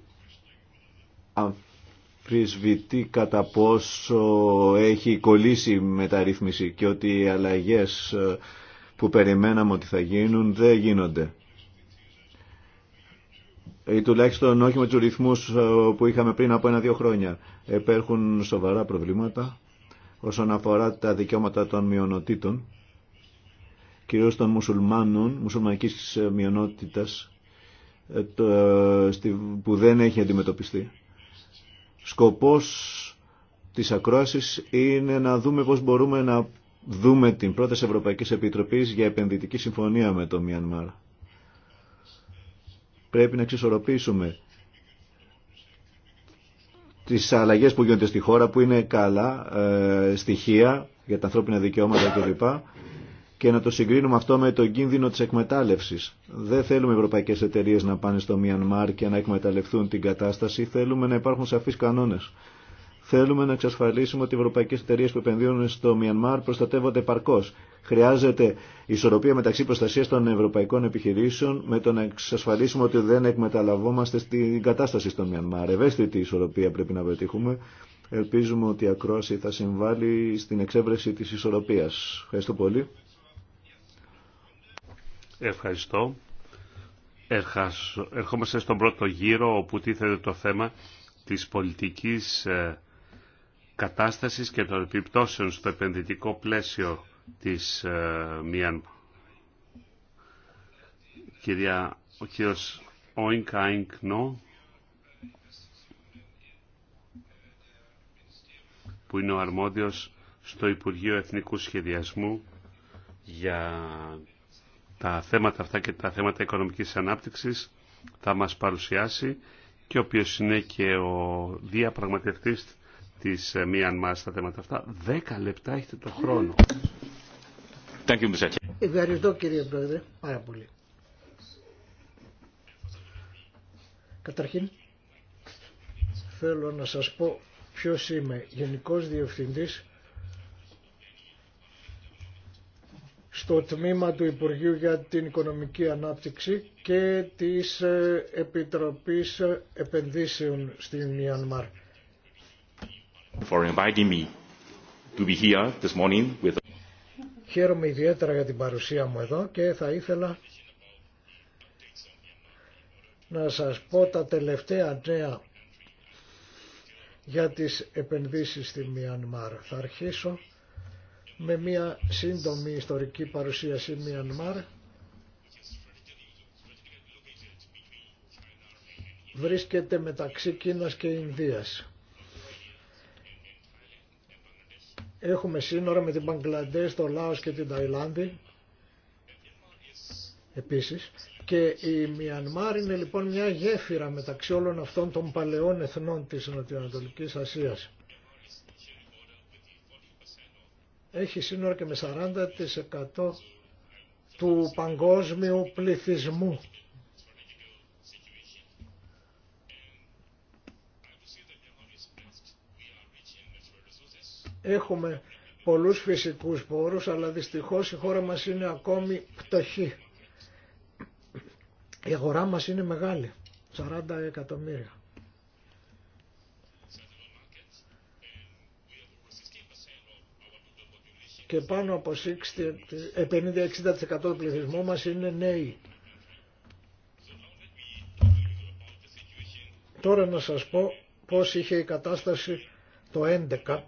αμφισβητεί κατά πόσο έχει κολλήσει η μεταρρύθμιση και ότι οι αλλαγές ε, που περιμέναμε ότι θα γίνουν δεν γίνονται. Ή τουλάχιστον όχι με τους ρυθμούς ε, που είχαμε πριν από ένα-δύο χρόνια. Επέρχουν σοβαρά προβλήματα όσον αφορά τα δικαιώματα των μειονοτήτων, κυρίως των μουσουλμάνων, μουσουλμανικής μειονότητας, ε, ε, που δεν έχει αντιμετωπιστεί. Σκοπός της ακρόασης είναι να δούμε πώς μπορούμε να δούμε την πρόταση Ευρωπαϊκής Επιτροπής για επενδυτική συμφωνία με το Μιανμάρ. Πρέπει να εξισορροπήσουμε τις αλλαγές που γίνονται στη χώρα που είναι καλά, ε, στοιχεία για τα ανθρώπινα δικαιώματα κλπ και να το συγκρίνουμε αυτό με τον κίνδυνο της εκμετάλλευσης. Δεν θέλουμε ευρωπαϊκές εταιρείες να πάνε στο Μιανμάρ και να εκμεταλλευτούν την κατάσταση, θέλουμε να υπάρχουν σαφείς κανόνες. Θέλουμε να εξασφαλίσουμε ότι οι ευρωπαϊκέ εταιρείε που επενδύουν στο Μιανμάρ προστατεύονται παρκώ. Χρειάζεται ισορροπία μεταξύ προστασία των ευρωπαϊκών επιχειρήσεων με το να εξασφαλίσουμε ότι δεν εκμεταλλευόμαστε στην κατάσταση στο Μιανμάρ. Ευαίσθητη ισορροπία πρέπει να πετύχουμε. Ελπίζουμε ότι η ακρόαση θα συμβάλλει στην εξέβρεση τη ισορροπία. Ευχαριστώ πολύ. Ευχαριστώ. Ερχόμαστε στον πρώτο γύρο όπου τίθεται το θέμα της πολιτικής ε, κατάστασης και των επιπτώσεων στο επενδυτικό πλαίσιο της Μιαν. Ε, Κυρία, ο κύριος Όινκ που είναι ο αρμόδιος στο Υπουργείο Εθνικού Σχεδιασμού για τα θέματα αυτά και τα θέματα οικονομικής ανάπτυξης θα μας παρουσιάσει και ο οποίος είναι και ο διαπραγματευτής της Μάς ε, στα θέματα αυτά. Δέκα λεπτά έχετε το χρόνο. Ευχαριστώ κύριε Πρόεδρε πάρα πολύ. Καταρχήν θέλω να σας πω ποιος είμαι. Γενικός Διευθυντής στο τμήμα του Υπουργείου για την Οικονομική Ανάπτυξη και της ε, Επιτροπής Επενδύσεων στην Μιανμάρ. Χαίρομαι ιδιαίτερα για την παρουσία μου εδώ και θα ήθελα να σας πω τα τελευταία νέα για τις επενδύσεις στη Μιανμάρ. Θα αρχίσω με μια σύντομη ιστορική παρουσίαση Μιανμάρ βρίσκεται μεταξύ Κίνας και Ινδίας. Έχουμε σύνορα με την Μπαγκλαντές, το Λάος και την Ταϊλάνδη επίσης και η Μιανμάρ είναι λοιπόν μια γέφυρα μεταξύ όλων αυτών των παλαιών εθνών της Νοτιοανατολικής Ασίας. έχει σύνορα και με 40% του παγκόσμιου πληθυσμού. Έχουμε πολλούς φυσικούς πόρους, αλλά δυστυχώς η χώρα μας είναι ακόμη πτωχή. Η αγορά μας είναι μεγάλη, 40 εκατομμύρια. και πάνω από 50-60% του πληθυσμού μας είναι νέοι. Τώρα να σας πω πώς είχε η κατάσταση το 11,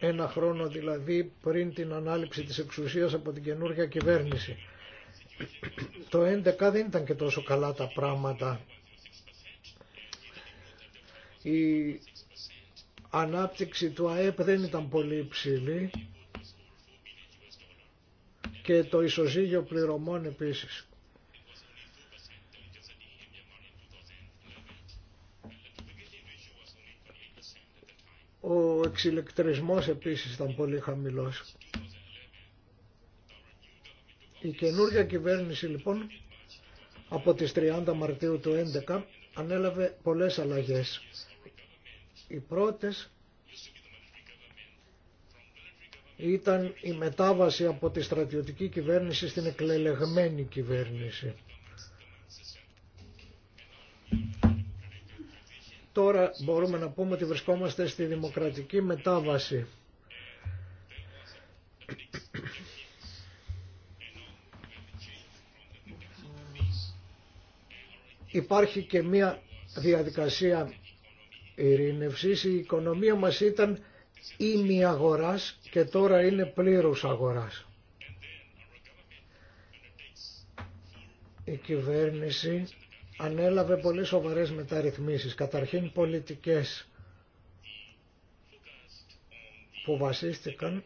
ένα χρόνο δηλαδή πριν την ανάληψη της εξουσίας από την καινούργια κυβέρνηση. Το 11 δεν ήταν και τόσο καλά τα πράγματα. Η ανάπτυξη του ΑΕΠ δεν ήταν πολύ υψηλή και το ισοζύγιο πληρωμών επίσης. Ο εξηλεκτρισμός επίσης ήταν πολύ χαμηλός. Η καινούργια κυβέρνηση λοιπόν από τις 30 Μαρτίου του 2011 ανέλαβε πολλές αλλαγές. Οι πρώτες ήταν η μετάβαση από τη στρατιωτική κυβέρνηση στην εκλελεγμένη κυβέρνηση. Τώρα μπορούμε να πούμε ότι βρισκόμαστε στη δημοκρατική μετάβαση. Υπάρχει και μία διαδικασία ειρήνευσης. Η οικονομία μας ήταν ήμι αγοράς και τώρα είναι πλήρους αγοράς. Η κυβέρνηση ανέλαβε πολύ σοβαρές μεταρρυθμίσεις, καταρχήν πολιτικές που βασίστηκαν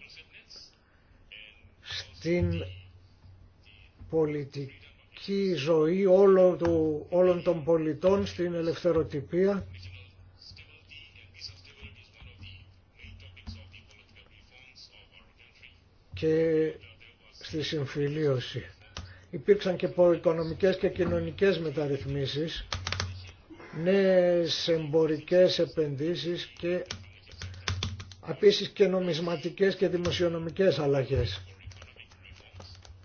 στην πολιτική ζωή όλων, όλων των πολιτών, στην ελευθεροτυπία και στη συμφιλίωση. Υπήρξαν και προοικονομικές και κοινωνικές μεταρρυθμίσεις, νέες εμπορικές επενδύσεις και επίση και νομισματικές και δημοσιονομικές αλλαγές.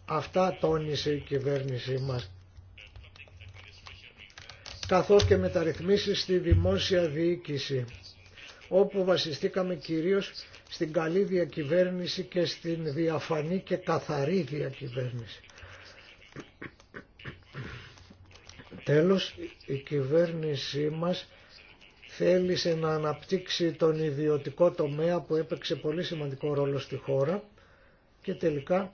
Αυτά τόνισε η κυβέρνησή μας καθώς και μεταρρυθμίσεις στη δημόσια διοίκηση, όπου βασιστήκαμε κυρίως στην καλή διακυβέρνηση και στην διαφανή και καθαρή διακυβέρνηση. Τέλος, η κυβέρνησή μας θέλησε να αναπτύξει τον ιδιωτικό τομέα που έπαιξε πολύ σημαντικό ρόλο στη χώρα και τελικά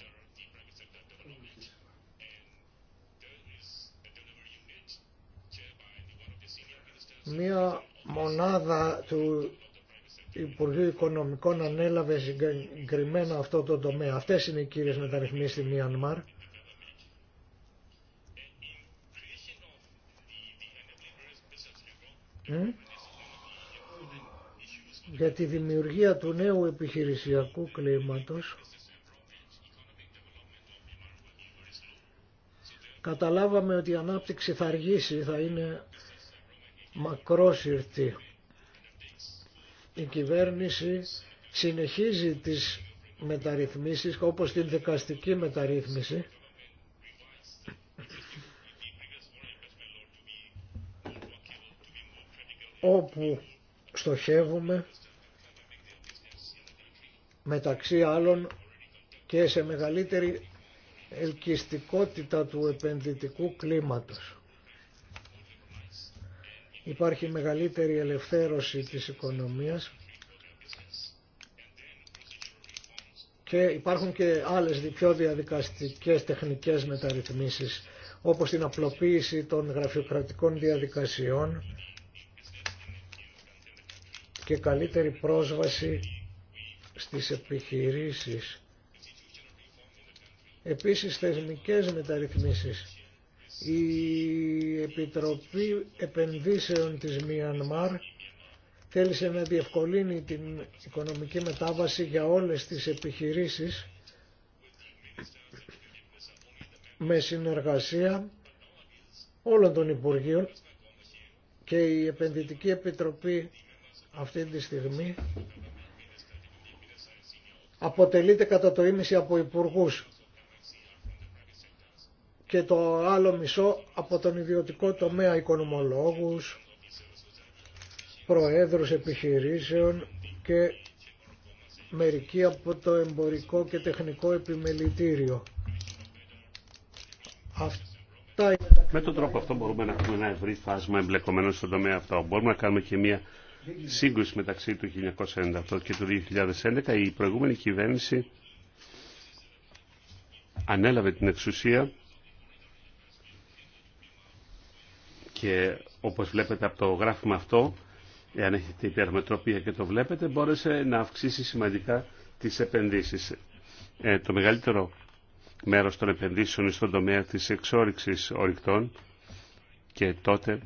μία μονάδα του Υπουργείο Οικονομικών ανέλαβε συγκεκριμένα αυτό το τομέα. Αυτές είναι οι κύριες μεταρρυθμίσεις στη Μιανμάρ. για τη δημιουργία του νέου επιχειρησιακού κλίματος καταλάβαμε ότι η ανάπτυξη θα αργήσει, θα είναι μακρόσυρτη η κυβέρνηση συνεχίζει τις μεταρρυθμίσεις όπως την δικαστική μεταρρύθμιση όπου στοχεύουμε μεταξύ άλλων και σε μεγαλύτερη ελκυστικότητα του επενδυτικού κλίματος υπάρχει μεγαλύτερη ελευθέρωση της οικονομίας και υπάρχουν και άλλες πιο διαδικαστικές τεχνικές μεταρρυθμίσεις όπως την απλοποίηση των γραφειοκρατικών διαδικασιών και καλύτερη πρόσβαση στις επιχειρήσεις. Επίσης θεσμικές μεταρρυθμίσεις η Επιτροπή Επενδύσεων της Μιανμάρ θέλησε να διευκολύνει την οικονομική μετάβαση για όλες τις επιχειρήσεις με συνεργασία όλων των Υπουργείων και η Επενδυτική Επιτροπή αυτή τη στιγμή αποτελείται κατά το ίμιση από υπουργούς και το άλλο μισό από τον ιδιωτικό τομέα οικονομολόγους, προέδρους επιχειρήσεων και μερικοί από το εμπορικό και τεχνικό επιμελητήριο. Αυτά Με τον τρόπο αυτό μπορούμε να έχουμε ένα ευρύ φάσμα εμπλεκομένων στον τομέα αυτό. Μπορούμε να κάνουμε και μια σύγκρουση μεταξύ του 1998 και του 2011. Η προηγούμενη κυβέρνηση ανέλαβε την εξουσία Και όπως βλέπετε από το γράφημα αυτό, εάν έχετε υπερμετροπία και το βλέπετε, μπόρεσε να αυξήσει σημαντικά τις επενδύσεις. Ε, το μεγαλύτερο μέρος των επενδύσεων είναι στον τομέα της εξόριξης ορυκτών και τότε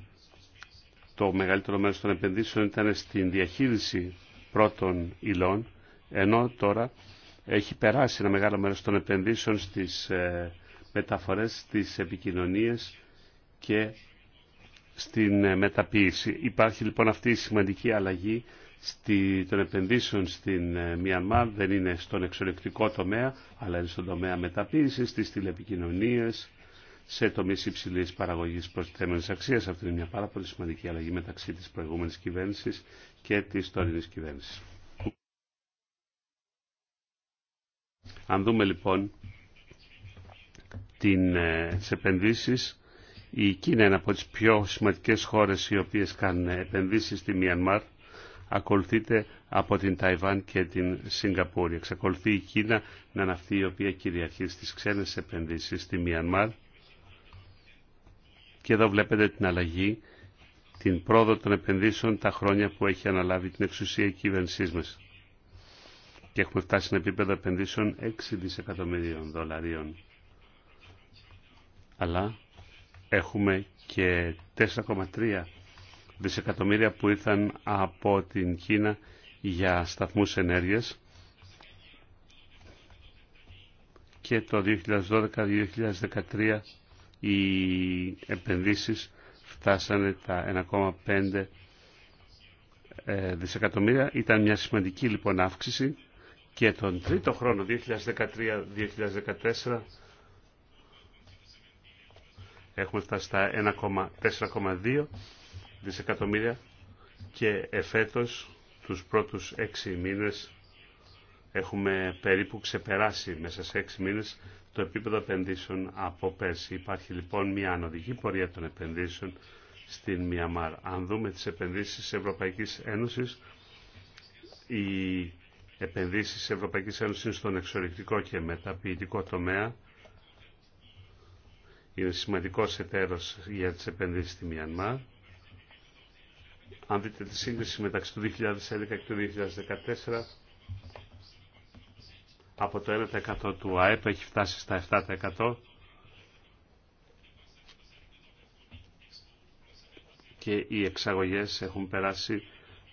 το μεγαλύτερο μέρος των επενδύσεων ήταν στην διαχείριση πρώτων υλών, ενώ τώρα έχει περάσει ένα μεγάλο μέρος των επενδύσεων στις ε, μεταφορές, στις επικοινωνίες και στην ε, μεταποίηση. Υπάρχει λοιπόν αυτή η σημαντική αλλαγή στη, των επενδύσεων στην ε, Μιανμάρ, δεν είναι στον εξωτερικό τομέα, αλλά είναι στον τομέα μεταποίησης, στις τηλεπικοινωνίες, σε τομεί υψηλή παραγωγή προστιθέμενη αξία. Αυτή είναι μια πάρα πολύ σημαντική αλλαγή μεταξύ τη προηγούμενη κυβέρνηση και τη τωρινή κυβέρνηση. Αν δούμε λοιπόν ε, τι επενδύσει, η Κίνα είναι από τις πιο σημαντικές χώρες οι οποίες κάνουν επενδύσεις στη Μιανμάρ. Ακολουθείται από την Ταϊβάν και την Σιγκαπούρη. Εξακολουθεί η Κίνα να είναι αυτή η οποία κυριαρχεί στις ξένες επενδύσεις στη Μιανμάρ. Και εδώ βλέπετε την αλλαγή, την πρόοδο των επενδύσεων τα χρόνια που έχει αναλάβει την εξουσία η κυβέρνησή μας. Και έχουμε φτάσει σε επίπεδο επενδύσεων 6 δισεκατομμυρίων δολαρίων. Αλλά έχουμε και 4,3 δισεκατομμύρια που ήρθαν από την Κίνα για σταθμούς ενέργειας και το 2012-2013 οι επενδύσεις φτάσανε τα 1,5 ε, δισεκατομμύρια. Ήταν μια σημαντική λοιπόν αύξηση και τον τρίτο χρόνο 2013-2014 Έχουμε φτάσει στα 4,2 δισεκατομμύρια και εφέτος τους πρώτους έξι μήνες έχουμε περίπου ξεπεράσει μέσα σε έξι μήνες το επίπεδο επενδύσεων από πέρσι. Υπάρχει λοιπόν μια ανωδική πορεία των επενδύσεων στην Μιαμάρ. Αν δούμε τις επενδύσεις της Ευρωπαϊκής Ένωσης, οι επενδύσεις της Ευρωπαϊκής Ένωσης στον εξορρυκτικό και μεταποιητικό τομέα είναι σημαντικός εταίρος για τις επενδύσεις στη Μιανμά. Αν δείτε τη σύγκριση μεταξύ του 2011 και του 2014, από το 1% του ΑΕΠ έχει φτάσει στα 7% και οι εξαγωγές έχουν περάσει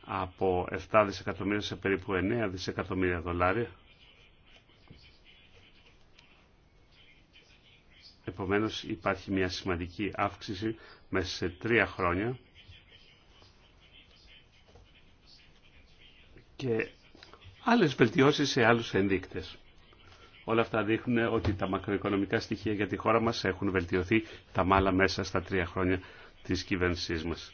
από 7 δισεκατομμύρια σε περίπου 9 δισεκατομμύρια δολάρια. Επομένως υπάρχει μια σημαντική αύξηση μέσα σε τρία χρόνια και άλλες βελτιώσεις σε άλλους ενδείκτες. Όλα αυτά δείχνουν ότι τα μακροοικονομικά στοιχεία για τη χώρα μας έχουν βελτιωθεί τα μάλα μέσα στα τρία χρόνια της κυβέρνησής μας.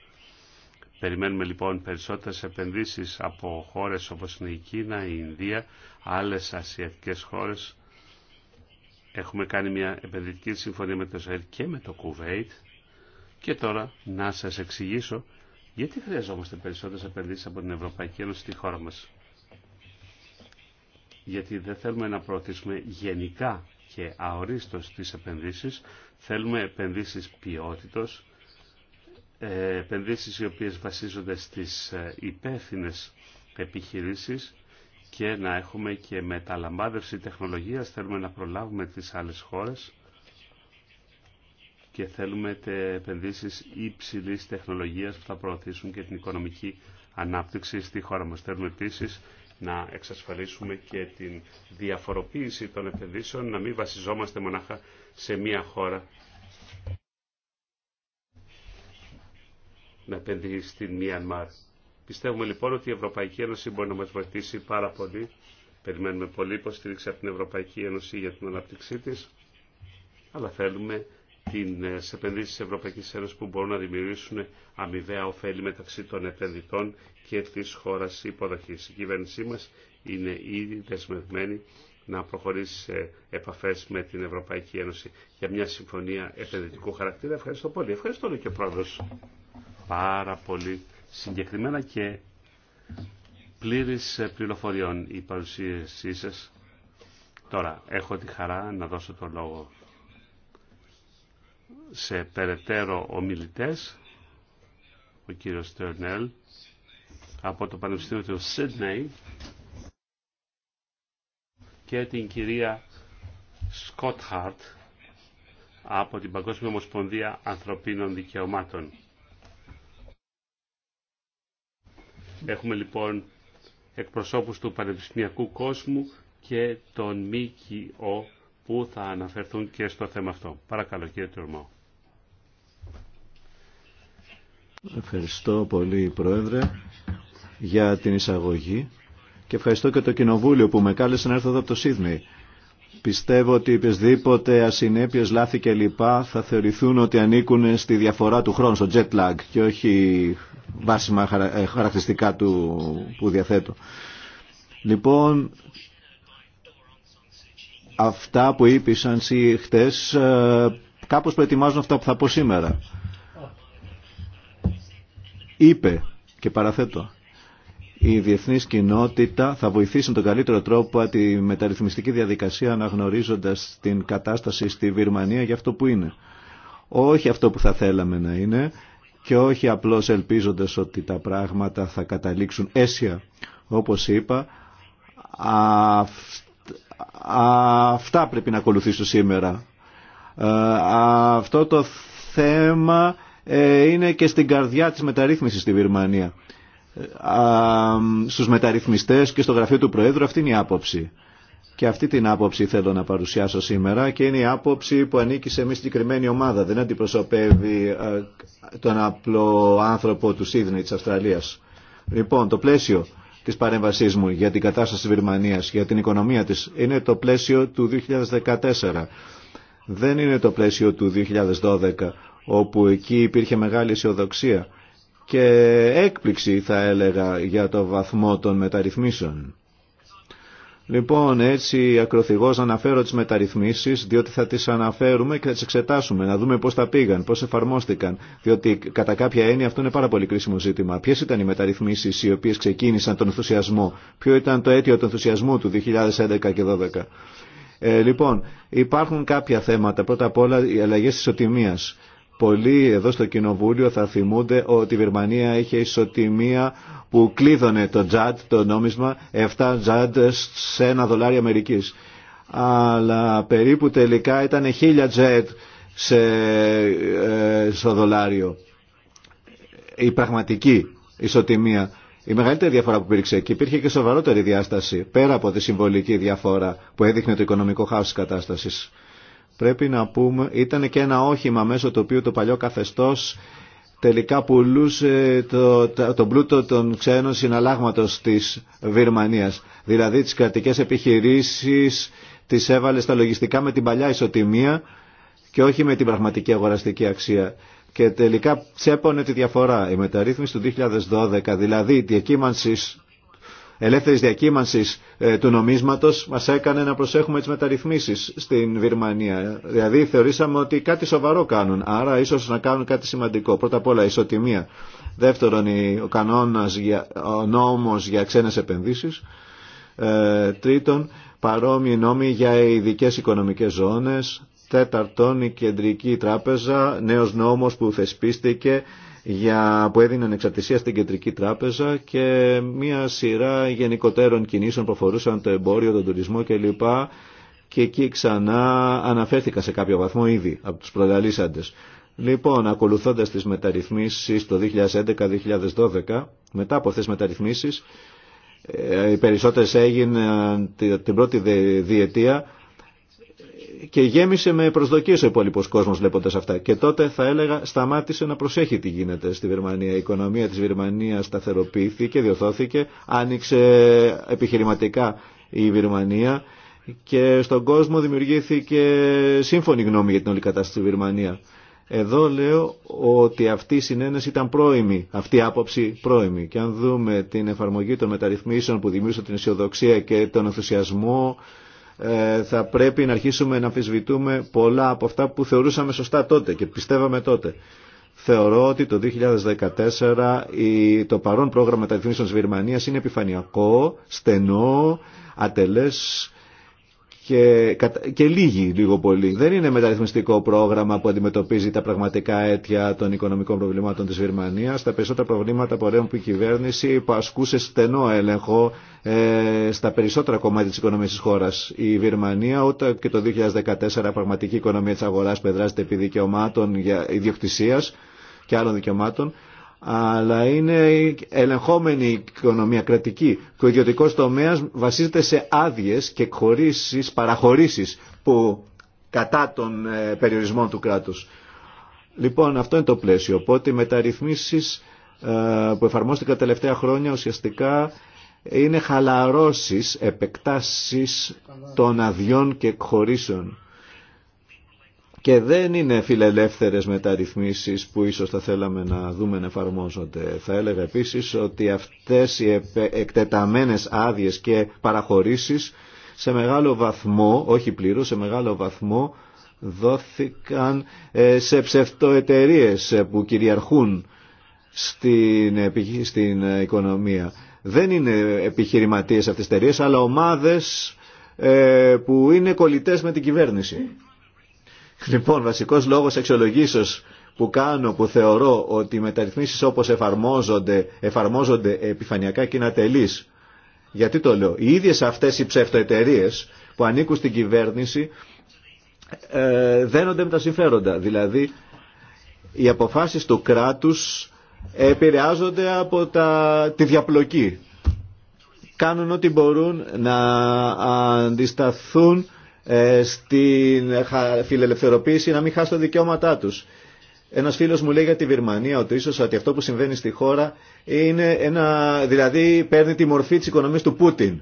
Περιμένουμε λοιπόν περισσότερες επενδύσεις από χώρες όπως είναι η Κίνα, η Ινδία, άλλες ασιατικές χώρες Έχουμε κάνει μια επενδυτική συμφωνία με το Ισραήλ και με το Κουβέιτ και τώρα να σας εξηγήσω γιατί χρειαζόμαστε περισσότερες επενδύσεις από την Ευρωπαϊκή Ένωση στη χώρα μας. Γιατί δεν θέλουμε να προωθήσουμε γενικά και αορίστως τις επενδύσεις, θέλουμε επενδύσεις ποιότητος, ε, επενδύσεις οι οποίες βασίζονται στις ε, υπεύθυνε επιχειρήσεις και να έχουμε και μεταλαμπάδευση τεχνολογίας. Θέλουμε να προλάβουμε τις άλλες χώρες και θέλουμε επενδύσεις υψηλής τεχνολογίας που θα προωθήσουν και την οικονομική ανάπτυξη στη χώρα μας. Θέλουμε επίσης να εξασφαλίσουμε και την διαφοροποίηση των επενδύσεων, να μην βασιζόμαστε μονάχα σε μία χώρα να επενδύσει στην Μιανμάρ. Πιστεύουμε λοιπόν ότι η Ευρωπαϊκή Ένωση μπορεί να μας βοηθήσει πάρα πολύ. Περιμένουμε πολύ υποστήριξη από την Ευρωπαϊκή Ένωση για την ανάπτυξή της, αλλά θέλουμε τις ε, επενδύσεις της Ευρωπαϊκής Ένωσης που μπορούν να δημιουργήσουν αμοιβαία ωφέλη μεταξύ των επενδυτών και της χώρας υποδοχής. Η κυβέρνησή μας είναι ήδη δεσμευμένη να προχωρήσει σε επαφές με την Ευρωπαϊκή Ένωση για μια συμφωνία επενδυτικού χαρακτήρα. Ευχαριστώ πολύ. Ευχαριστώ και ο Πάρα πολύ συγκεκριμένα και πλήρης ε, πληροφοριών η παρουσίασή σας. Τώρα, έχω τη χαρά να δώσω το λόγο σε περαιτέρω ομιλητές, ο κύριος Τερνέλ από το Πανεπιστήμιο του Σίδνεϊ και την κυρία Χαρτ από την Παγκόσμια Ομοσπονδία Ανθρωπίνων Δικαιωμάτων. Έχουμε λοιπόν εκπροσώπους του πανεπιστημιακού κόσμου και τον ΜΚΟ που θα αναφερθούν και στο θέμα αυτό. Παρακαλώ κύριε Τουρμό. Ευχαριστώ πολύ Πρόεδρε για την εισαγωγή και ευχαριστώ και το Κοινοβούλιο που με κάλεσε να έρθω εδώ από το Σίδνεϊ. Πιστεύω ότι οποιασδήποτε ασυνέπειες, λάθη κλπ. θα θεωρηθούν ότι ανήκουν στη διαφορά του χρόνου, στο jet lag και όχι βάσιμα ε, χαρακτηριστικά του που διαθέτω. Λοιπόν, αυτά που είπε σαν χτες ε, κάπω προετοιμάζουν αυτά που θα πω σήμερα. Είπε και παραθέτω η διεθνής κοινότητα θα βοηθήσει τον καλύτερο τρόπο τη μεταρρυθμιστική διαδικασία αναγνωρίζοντας την κατάσταση στη Βιρμανία για αυτό που είναι. Όχι αυτό που θα θέλαμε να είναι και όχι απλώς ελπίζοντας ότι τα πράγματα θα καταλήξουν αίσια. Όπως είπα, αυτά πρέπει να ακολουθήσουν σήμερα. Ε, αυτό το θέμα ε, είναι και στην καρδιά της μεταρρύθμισης στη Βυρμανία. Ε, στους μεταρρυθμιστές και στο γραφείο του Προέδρου. Αυτή είναι η άποψη. Και αυτή την άποψη θέλω να παρουσιάσω σήμερα και είναι η άποψη που ανήκει σε μια συγκεκριμένη ομάδα. Δεν αντιπροσωπεύει ε, τον απλό άνθρωπο του Σίδνεϊ της Αυστραλίας. Λοιπόν, το πλαίσιο της παρέμβασής μου για την κατάσταση της Βερμανία, για την οικονομία της, είναι το πλαίσιο του 2014. Δεν είναι το πλαίσιο του 2012, όπου εκεί υπήρχε μεγάλη αισιοδοξία και έκπληξη θα έλεγα για το βαθμό των μεταρρυθμίσεων. Λοιπόν, έτσι ακροθυγώς αναφέρω τις μεταρρυθμίσεις, διότι θα τις αναφέρουμε και θα τις εξετάσουμε, να δούμε πώς τα πήγαν, πώς εφαρμόστηκαν, διότι κατά κάποια έννοια αυτό είναι πάρα πολύ κρίσιμο ζήτημα. Ποιες ήταν οι μεταρρυθμίσεις οι οποίες ξεκίνησαν τον ενθουσιασμό, ποιο ήταν το αίτιο του ενθουσιασμού του 2011 και 2012. Ε, λοιπόν, υπάρχουν κάποια θέματα, πρώτα απ' όλα οι αλλαγέ τη ισοτιμία. Πολλοί εδώ στο Κοινοβούλιο θα θυμούνται ότι η Βερμανία είχε ισοτιμία που κλείδωνε το τζατ, το νόμισμα, 7 τζατ σε ένα δολάριο Αμερικής. Αλλά περίπου τελικά ήταν 1000 τζατ σε, ε, στο δολάριο. Η πραγματική ισοτιμία. Η μεγαλύτερη διαφορά που υπήρξε εκεί, υπήρχε και σοβαρότερη διάσταση πέρα από τη συμβολική διαφορά που έδειχνε το οικονομικό χάος της κατάστασης πρέπει να πούμε, ήταν και ένα όχημα μέσω το οποίο το παλιό καθεστώς τελικά πουλούσε το, το, τον πλούτο των ξένων συναλλάγματος της Βιρμανίας. Δηλαδή τις κρατικές επιχειρήσεις τις έβαλε στα λογιστικά με την παλιά ισοτιμία και όχι με την πραγματική αγοραστική αξία. Και τελικά τσέπωνε τη διαφορά. Η μεταρρύθμιση του 2012, δηλαδή η διακύμανση ελεύθερης διακύμανσης ε, του νομίσματος μας έκανε να προσέχουμε τις μεταρρυθμίσεις στην Βυρμανία. Δηλαδή θεωρήσαμε ότι κάτι σοβαρό κάνουν, άρα ίσως να κάνουν κάτι σημαντικό. Πρώτα απ' όλα ισοτιμία. Δεύτερον, ο κανόνας, ο νόμος για ξένες επενδύσεις. Ε, τρίτον, παρόμοιοι νόμοι για ειδικέ οικονομικές ζώνες. Τέταρτον, η Κεντρική Τράπεζα, νέος νόμος που θεσπίστηκε για, που έδιναν εξαρτησία στην Κεντρική Τράπεζα και μια σειρά γενικότερων κινήσεων που αφορούσαν το εμπόριο, τον τουρισμό κλπ. Και εκεί ξανά αναφέρθηκα σε κάποιο βαθμό ήδη από τους προλαλήσαντες. Λοιπόν, ακολουθώντας τις μεταρρυθμίσεις το 2011-2012, μετά από αυτές τις μεταρρυθμίσεις, ε, οι περισσότερες έγιναν την πρώτη διετία και γέμισε με προσδοκίες ο υπόλοιπο κόσμο βλέποντα αυτά. Και τότε θα έλεγα σταμάτησε να προσέχει τι γίνεται στη Βερμανία. Η οικονομία τη Βερμανία σταθεροποιήθηκε, διορθώθηκε, άνοιξε επιχειρηματικά η Βερμανία και στον κόσμο δημιουργήθηκε σύμφωνη γνώμη για την όλη κατάσταση στη Βερμανία. Εδώ λέω ότι αυτή η συνένεση ήταν πρόημη, αυτή η άποψη πρόημη. Και αν δούμε την εφαρμογή των μεταρρυθμίσεων που δημιούργησαν την αισιοδοξία και τον ενθουσιασμό ε, θα πρέπει να αρχίσουμε να αμφισβητούμε πολλά από αυτά που θεωρούσαμε σωστά τότε και πιστεύαμε τότε. Θεωρώ ότι το 2014 το παρόν πρόγραμμα μεταρρυθμίσεων της Βερμανίας είναι επιφανειακό, στενό, ατελές και, και λίγοι λίγο πολύ. Δεν είναι μεταρρυθμιστικό πρόγραμμα που αντιμετωπίζει τα πραγματικά αίτια των οικονομικών προβλημάτων της Βερμανίας. Τα περισσότερα προβλήματα πορεύουν που η κυβέρνηση που ασκούσε στενό έλεγχο ε, στα περισσότερα κομμάτια της οικονομίας της χώρας. Η Βερμανία όταν και το 2014 πραγματική οικονομία της αγοράς πεδράζεται επί δικαιωμάτων ιδιοκτησίας και άλλων δικαιωμάτων αλλά είναι ελεγχόμενη η οικονομία κρατική. Και ο ιδιωτικό τομέα βασίζεται σε άδειε και χωρίσεις παραχωρήσει που κατά των ε, περιορισμών του κράτου. Λοιπόν, αυτό είναι το πλαίσιο. Οπότε οι μεταρρυθμίσει ε, που εφαρμόστηκαν τα τελευταία χρόνια ουσιαστικά είναι χαλαρώσεις, επεκτάσεις των αδειών και εκχωρήσεων και δεν είναι φιλελεύθερες μεταρρυθμίσεις που ίσως θα θέλαμε να δούμε να εφαρμόζονται. Θα έλεγα επίσης ότι αυτές οι εκτεταμένες άδειε και παραχωρήσεις σε μεγάλο βαθμό, όχι πλήρω, σε μεγάλο βαθμό δόθηκαν ε, σε ψευτοεταιρείες που κυριαρχούν στην, στην οικονομία. Δεν είναι επιχειρηματίες αυτές τις εταιρείες, αλλά ομάδες ε, που είναι κολλητές με την κυβέρνηση. Λοιπόν, βασικός λόγος εξολογήσεως που κάνω, που θεωρώ ότι οι μεταρρυθμίσεις όπως εφαρμόζονται, εφαρμόζονται επιφανειακά και είναι ατελείς. Γιατί το λέω. Οι ίδιες αυτές οι ψευτοεταιρείες που ανήκουν στην κυβέρνηση ε, δένονται με τα συμφέροντα. Δηλαδή, οι αποφάσεις του κράτους επηρεάζονται από τα, τη διαπλοκή. Κάνουν ό,τι μπορούν να αντισταθούν ε, στην φιλελευθερωποίηση να μην χάσουν τα δικαιώματά τους. Ένας φίλος μου λέει για τη Βυρμανία ότι ίσως ότι αυτό που συμβαίνει στη χώρα είναι ένα, δηλαδή παίρνει τη μορφή της οικονομίας του Πούτιν.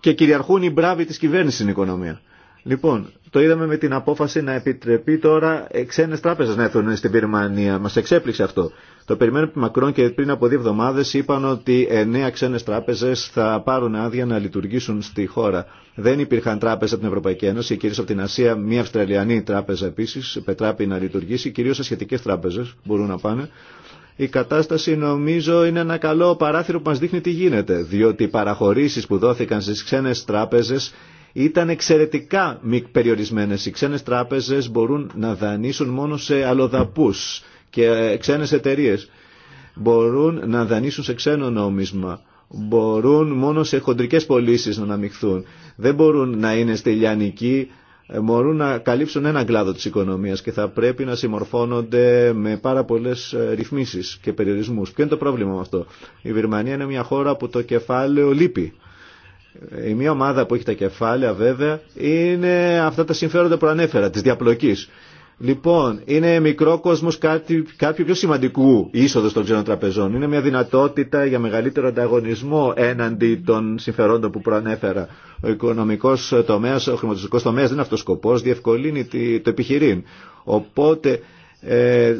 Και κυριαρχούν οι μπράβοι της κυβέρνησης στην οικονομία. Λοιπόν, το είδαμε με την απόφαση να επιτρεπεί τώρα ε, ξένε τράπεζε να έρθουν στην Βερμανία. Μα εξέπληξε αυτό. Το περιμένουμε μακρόν και πριν από δύο εβδομάδε είπαν ότι εννέα ξένε τράπεζε θα πάρουν άδεια να λειτουργήσουν στη χώρα. Δεν υπήρχαν τράπεζε από την Ευρωπαϊκή Ένωση, κυρίω από την Ασία. Μία Αυστραλιανή τράπεζα επίση πετράπη να λειτουργήσει, κυρίω ασιατικέ τράπεζε μπορούν να πάνε. Η κατάσταση νομίζω είναι ένα καλό παράθυρο που μα δείχνει τι γίνεται, διότι οι παραχωρήσει που δόθηκαν στι ξένε τράπεζε ήταν εξαιρετικά περιορισμένε. Οι ξένε τράπεζε μπορούν να δανείσουν μόνο σε αλλοδαπού και ε, ξένε εταιρείε. Μπορούν να δανείσουν σε ξένο νόμισμα. Μπορούν μόνο σε χοντρικέ πωλήσει να αναμειχθούν. Δεν μπορούν να είναι στη λιανική ε, μπορούν να καλύψουν έναν κλάδο τη οικονομία και θα πρέπει να συμμορφώνονται με πάρα πολλέ ε, ρυθμίσει και περιορισμού. Ποιο είναι το πρόβλημα με αυτό. Η Βερμανία είναι μια χώρα που το κεφάλαιο λείπει. Η μία ομάδα που έχει τα κεφάλαια βέβαια είναι αυτά τα συμφέροντα που ανέφερα, της διαπλοκής. Λοιπόν, είναι μικρό κόσμος κάτι, κάποιο πιο σημαντικού είσοδο των ξένων τραπεζών. Είναι μια δυνατότητα για μεγαλύτερο ανταγωνισμό έναντι των συμφερόντων που εχει τα κεφαλαια βεβαια ειναι αυτα τα συμφεροντα που ανεφερα της διαπλοκης λοιπον ειναι μικρο κοσμος καποιο πιο σημαντικου εισοδο των ξενων τραπεζων ειναι μια δυνατοτητα για μεγαλυτερο ανταγωνισμο εναντι των συμφεροντων που προανεφερα Ο οικονομικός τομέας, ο τομέας δεν είναι αυτός ο σκοπός, διευκολύνει το επιχειρήν. Οπότε ε, ε,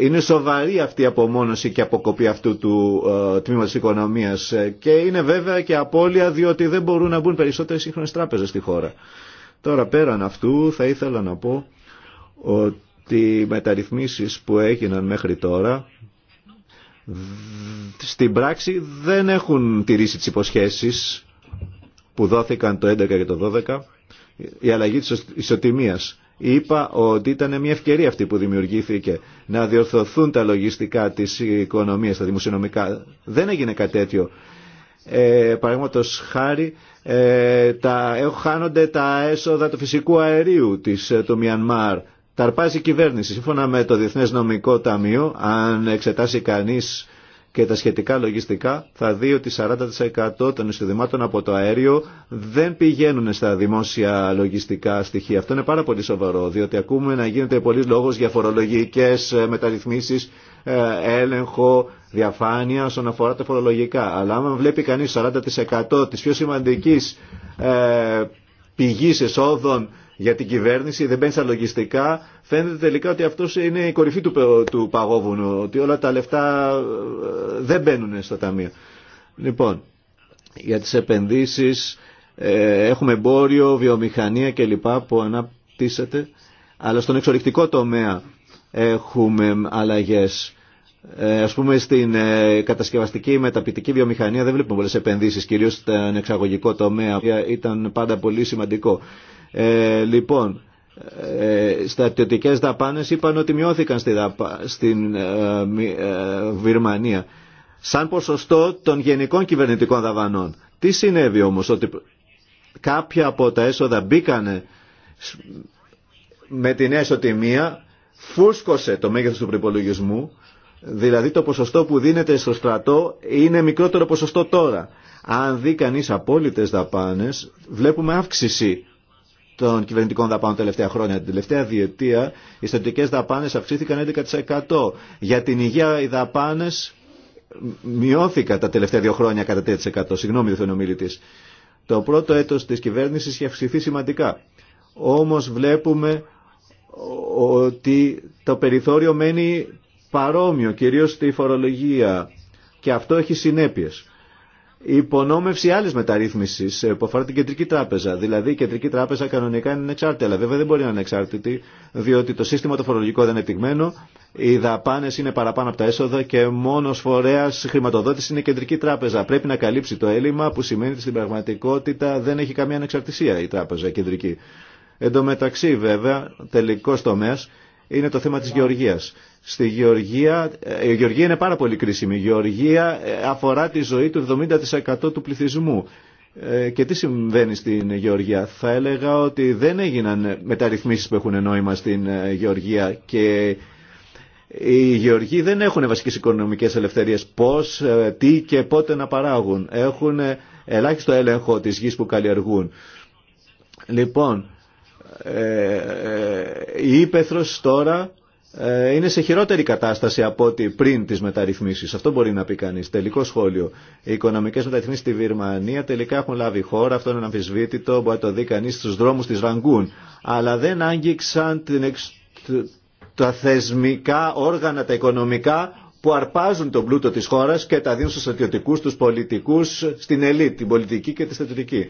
είναι σοβαρή αυτή η απομόνωση και αποκοπή αυτού του ε, τμήματος της οικονομίας ε, και είναι βέβαια και απώλεια διότι δεν μπορούν να μπουν περισσότερες σύγχρονες τράπεζες στη χώρα. Τώρα πέραν αυτού θα ήθελα να πω ότι οι μεταρρυθμίσεις που έγιναν μέχρι τώρα στην πράξη δεν έχουν τηρήσει τις υποσχέσεις που δόθηκαν το 2011 και το 2012 η αλλαγή της ισοτιμίας Είπα ότι ήταν μια ευκαιρία αυτή που δημιουργήθηκε να διορθωθούν τα λογιστικά της οικονομίας, τα δημοσιονομικά. Δεν έγινε κάτι τέτοιο. Ε, Παραδείγματο χάρη, ε, τα, ε, χάνονται τα έσοδα του φυσικού αερίου της, ε, του Μιανμάρ. Ταρπάζει η κυβέρνηση. Σύμφωνα με το Διεθνές Νομικό Ταμείο, αν εξετάσει κανείς και τα σχετικά λογιστικά θα δει ότι 40% των εισοδημάτων από το αέριο δεν πηγαίνουν στα δημόσια λογιστικά στοιχεία. Αυτό είναι πάρα πολύ σοβαρό, διότι ακούμε να γίνεται πολλή λόγο για φορολογικέ ε, μεταρρυθμίσει, ε, έλεγχο, διαφάνεια όσον αφορά τα φορολογικά. Αλλά άμα βλέπει κανεί 40% τη πιο σημαντική ε, πηγή εσόδων για την κυβέρνηση, δεν μπαίνει στα λογιστικά. Φαίνεται τελικά ότι αυτό είναι η κορυφή του, του παγόβουνου, ότι όλα τα λεφτά ε, δεν μπαίνουν στα ταμεία. Λοιπόν, για τις επενδύσεις ε, έχουμε εμπόριο, βιομηχανία κλπ. που αναπτύσσεται, αλλά στον εξορυκτικό τομέα έχουμε αλλαγές. Ε, ας πούμε στην ε, κατασκευαστική μεταπητική βιομηχανία δεν βλέπουμε πολλές επενδύσεις, κυρίως στον εξαγωγικό τομέα, που ήταν πάντα πολύ σημαντικό. Ε, λοιπόν, ε, στρατιωτικές δαπάνες είπαν ότι μειώθηκαν στη στην ε, ε, Βυρμανία σαν ποσοστό των γενικών κυβερνητικών δαπανών. Τι συνέβη όμως, ότι κάποια από τα έσοδα μπήκανε με την μία φούσκωσε το μέγεθος του προπολογισμού, δηλαδή το ποσοστό που δίνεται στο στρατό είναι μικρότερο ποσοστό τώρα. Αν δει κανείς απόλυτες δαπάνες, βλέπουμε αύξηση των κυβερνητικών δαπάνων τα τελευταία χρόνια. Την τελευταία διετία οι στατικέ δαπάνε αυξήθηκαν 11%. Για την υγεία οι δαπάνε μειώθηκαν τα τελευταία δύο χρόνια κατά 4%. Συγγνώμη, δεν ομιλητή. Το πρώτο έτος της κυβέρνησης έχει αυξηθεί σημαντικά. Όμως βλέπουμε ότι το περιθώριο μένει παρόμοιο, κυρίως στη φορολογία. Και αυτό έχει συνέπειε η υπονόμευση άλλη μεταρρύθμιση ε, που αφορά την κεντρική τράπεζα. Δηλαδή η κεντρική τράπεζα κανονικά είναι ανεξάρτητη, αλλά βέβαια δεν μπορεί να είναι ανεξάρτητη, διότι το σύστημα το φορολογικό δεν είναι επιτυγμένο, οι δαπάνε είναι παραπάνω από τα έσοδα και μόνο φορέα χρηματοδότηση είναι η κεντρική τράπεζα. Πρέπει να καλύψει το έλλειμμα που σημαίνει ότι στην πραγματικότητα δεν έχει καμία ανεξαρτησία η τράπεζα κεντρική. Εν τω μεταξύ βέβαια, τελικό τομέα, είναι το θέμα της γεωργίας. Στη γεωργία, ε, η γεωργία είναι πάρα πολύ κρίσιμη. Η γεωργία ε, αφορά τη ζωή του 70% του πληθυσμού. Ε, και τι συμβαίνει στην Γεωργία. Θα έλεγα ότι δεν έγιναν μεταρρυθμίσεις που έχουν νόημα στην Γεωργία και οι Γεωργοί δεν έχουν βασικές οικονομικές ελευθερίες πώς, τι και πότε να παράγουν. Έχουν ελάχιστο έλεγχο της γης που καλλιεργούν. Λοιπόν, ε, ε, η Ήπεθρος τώρα ε, είναι σε χειρότερη κατάσταση από ό,τι πριν τις μεταρρυθμίσεις. Αυτό μπορεί να πει κανείς. Τελικό σχόλιο. Οι οικονομικές μεταρρυθμίσεις στη Βυρμανία τελικά έχουν λάβει χώρα. Αυτό είναι αμφισβήτητο Μπορεί να το δει κανείς στους δρόμους της Ραγκούν. Αλλά δεν άγγιξαν την τα θεσμικά όργανα, τα οικονομικά που αρπάζουν τον πλούτο της χώρας και τα δίνουν στους στρατιωτικούς, τους πολιτικούς, στην ελίτ, την πολιτική και τη στρατιωτική.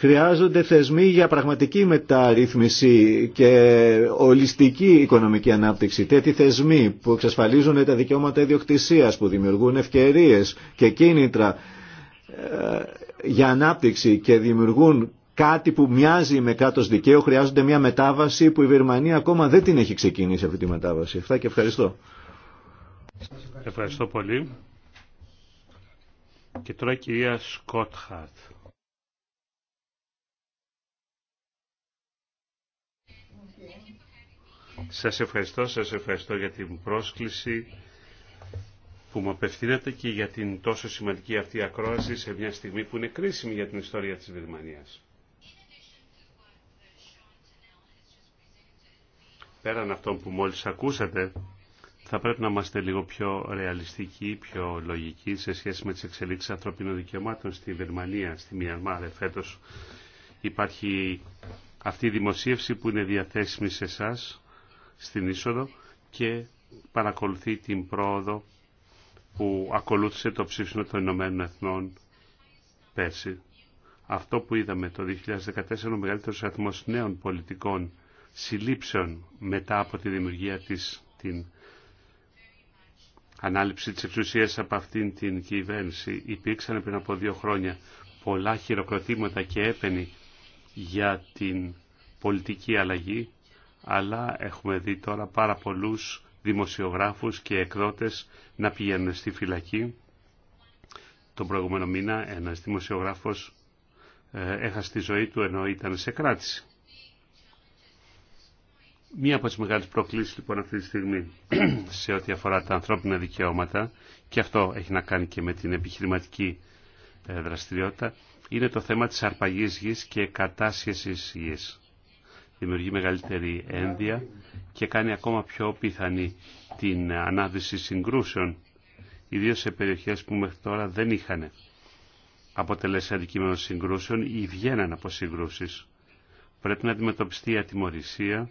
Χρειάζονται θεσμοί για πραγματική μεταρρύθμιση και ολιστική οικονομική ανάπτυξη. Τέτοιοι θεσμοί που εξασφαλίζουν τα δικαιώματα ιδιοκτησία, που δημιουργούν ευκαιρίε και κίνητρα ε, για ανάπτυξη και δημιουργούν κάτι που μοιάζει με κάτος δικαίου, χρειάζονται μια μετάβαση που η Βερμανία ακόμα δεν την έχει ξεκινήσει αυτή τη μετάβαση. Αυτά και ευχαριστώ. Ευχαριστώ πολύ. Και τώρα η κυρία Σκότχαρτ. Σας ευχαριστώ, σας ευχαριστώ για την πρόσκληση που μου απευθύνεται και για την τόσο σημαντική αυτή ακρόαση σε μια στιγμή που είναι κρίσιμη για την ιστορία της Βερμανίας. Πέραν αυτών που μόλις ακούσατε, θα πρέπει να είμαστε λίγο πιο ρεαλιστικοί, πιο λογικοί σε σχέση με τις εξελίξεις ανθρωπίνων δικαιωμάτων στη Βερμανία, στη Μιανμάρ φέτος. Υπάρχει αυτή η δημοσίευση που είναι διαθέσιμη σε εσά στην είσοδο και παρακολουθεί την πρόοδο που ακολούθησε το ψήφισμα των Ηνωμένων Εθνών πέρσι. Αυτό που είδαμε το 2014, ο μεγαλύτερος αριθμός νέων πολιτικών συλλήψεων μετά από τη δημιουργία της, την ανάληψη της εξουσίας από αυτήν την κυβέρνηση. Υπήρξαν πριν από δύο χρόνια πολλά χειροκροτήματα και έπαινη για την πολιτική αλλαγή αλλά έχουμε δει τώρα πάρα πολλούς δημοσιογράφους και εκδότες να πηγαίνουν στη φυλακή. Τον προηγούμενο μήνα ένας δημοσιογράφος ε, έχασε τη ζωή του ενώ ήταν σε κράτηση. Μία από τις μεγάλες προκλήσεις λοιπόν αυτή τη στιγμή [clears throat] σε ό,τι αφορά τα ανθρώπινα δικαιώματα και αυτό έχει να κάνει και με την επιχειρηματική ε, δραστηριότητα είναι το θέμα της αρπαγής γης και κατάσχεσης γης δημιουργεί μεγαλύτερη ένδια και κάνει ακόμα πιο πιθανή την ανάδυση συγκρούσεων, ιδίως σε περιοχές που μέχρι τώρα δεν είχαν αποτελέσει αντικείμενο συγκρούσεων ή βγαίναν από συγκρούσεις. Πρέπει να αντιμετωπιστεί η ατιμορρησία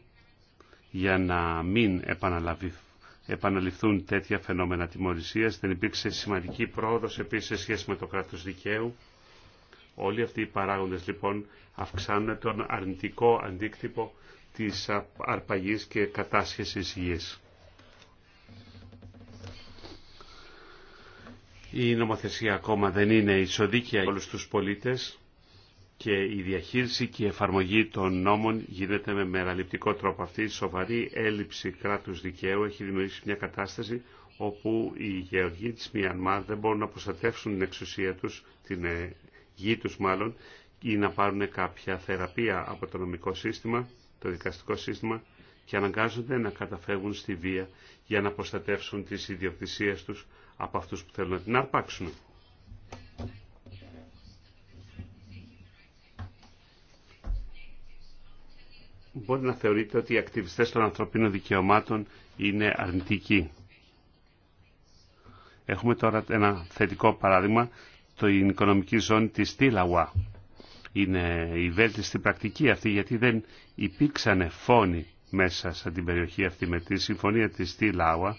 για να μην επαναληφθούν τέτοια φαινόμενα ατιμορρησίας. Δεν υπήρξε σημαντική πρόοδος επίσης σε σχέση με το κράτος δικαίου Όλοι αυτοί οι παράγοντες λοιπόν αυξάνουν τον αρνητικό αντίκτυπο της αρπαγής και κατάσχεσης γη. Η νομοθεσία ακόμα δεν είναι ισοδίκια για όλους τους πολίτες και η διαχείριση και η εφαρμογή των νόμων γίνεται με μεραληπτικό τρόπο. Αυτή η σοβαρή έλλειψη κράτους δικαίου έχει δημιουργήσει μια κατάσταση όπου οι γεωργοί της Μιανμάρ δεν μπορούν να προστατεύσουν την εξουσία τους, την ε, γη τους μάλλον, ή να πάρουν κάποια θεραπεία από το νομικό σύστημα, το δικαστικό σύστημα, και αναγκάζονται να καταφεύγουν στη βία για να προστατεύσουν τις ιδιοκτησίες τους από αυτούς που θέλουν να την αρπάξουν. Μπορεί να θεωρείτε ότι οι ακτιβιστές των ανθρωπίνων δικαιωμάτων είναι αρνητικοί. Έχουμε τώρα ένα θετικό παράδειγμα το οικονομική ζώνη της Τίλαουα. Είναι η βέλτιστη πρακτική αυτή γιατί δεν υπήρξαν φόνοι μέσα σε την περιοχή αυτή με τη συμφωνία της Τίλαουα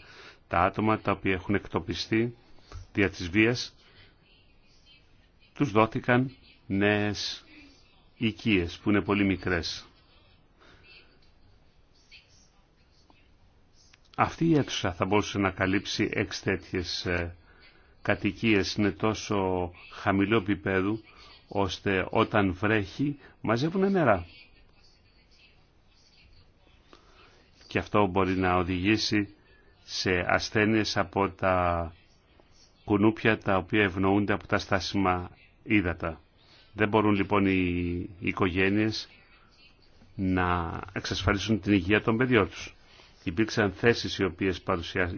τα άτομα τα οποία έχουν εκτοπιστεί δια της βίας τους δόθηκαν νέες οικίες που είναι πολύ μικρές. Αυτή η αίθουσα θα μπορούσε να καλύψει έξι τέτοιες ε, κατοικίες είναι τόσο χαμηλό επίπεδου ώστε όταν βρέχει μαζεύουν νερά. Και αυτό μπορεί να οδηγήσει σε ασθένειες από τα κουνούπια τα οποία ευνοούνται από τα στάσιμα ύδατα. Δεν μπορούν λοιπόν οι οικογένειες να εξασφαλίσουν την υγεία των παιδιών τους υπήρξαν θέσεις οι οποίες,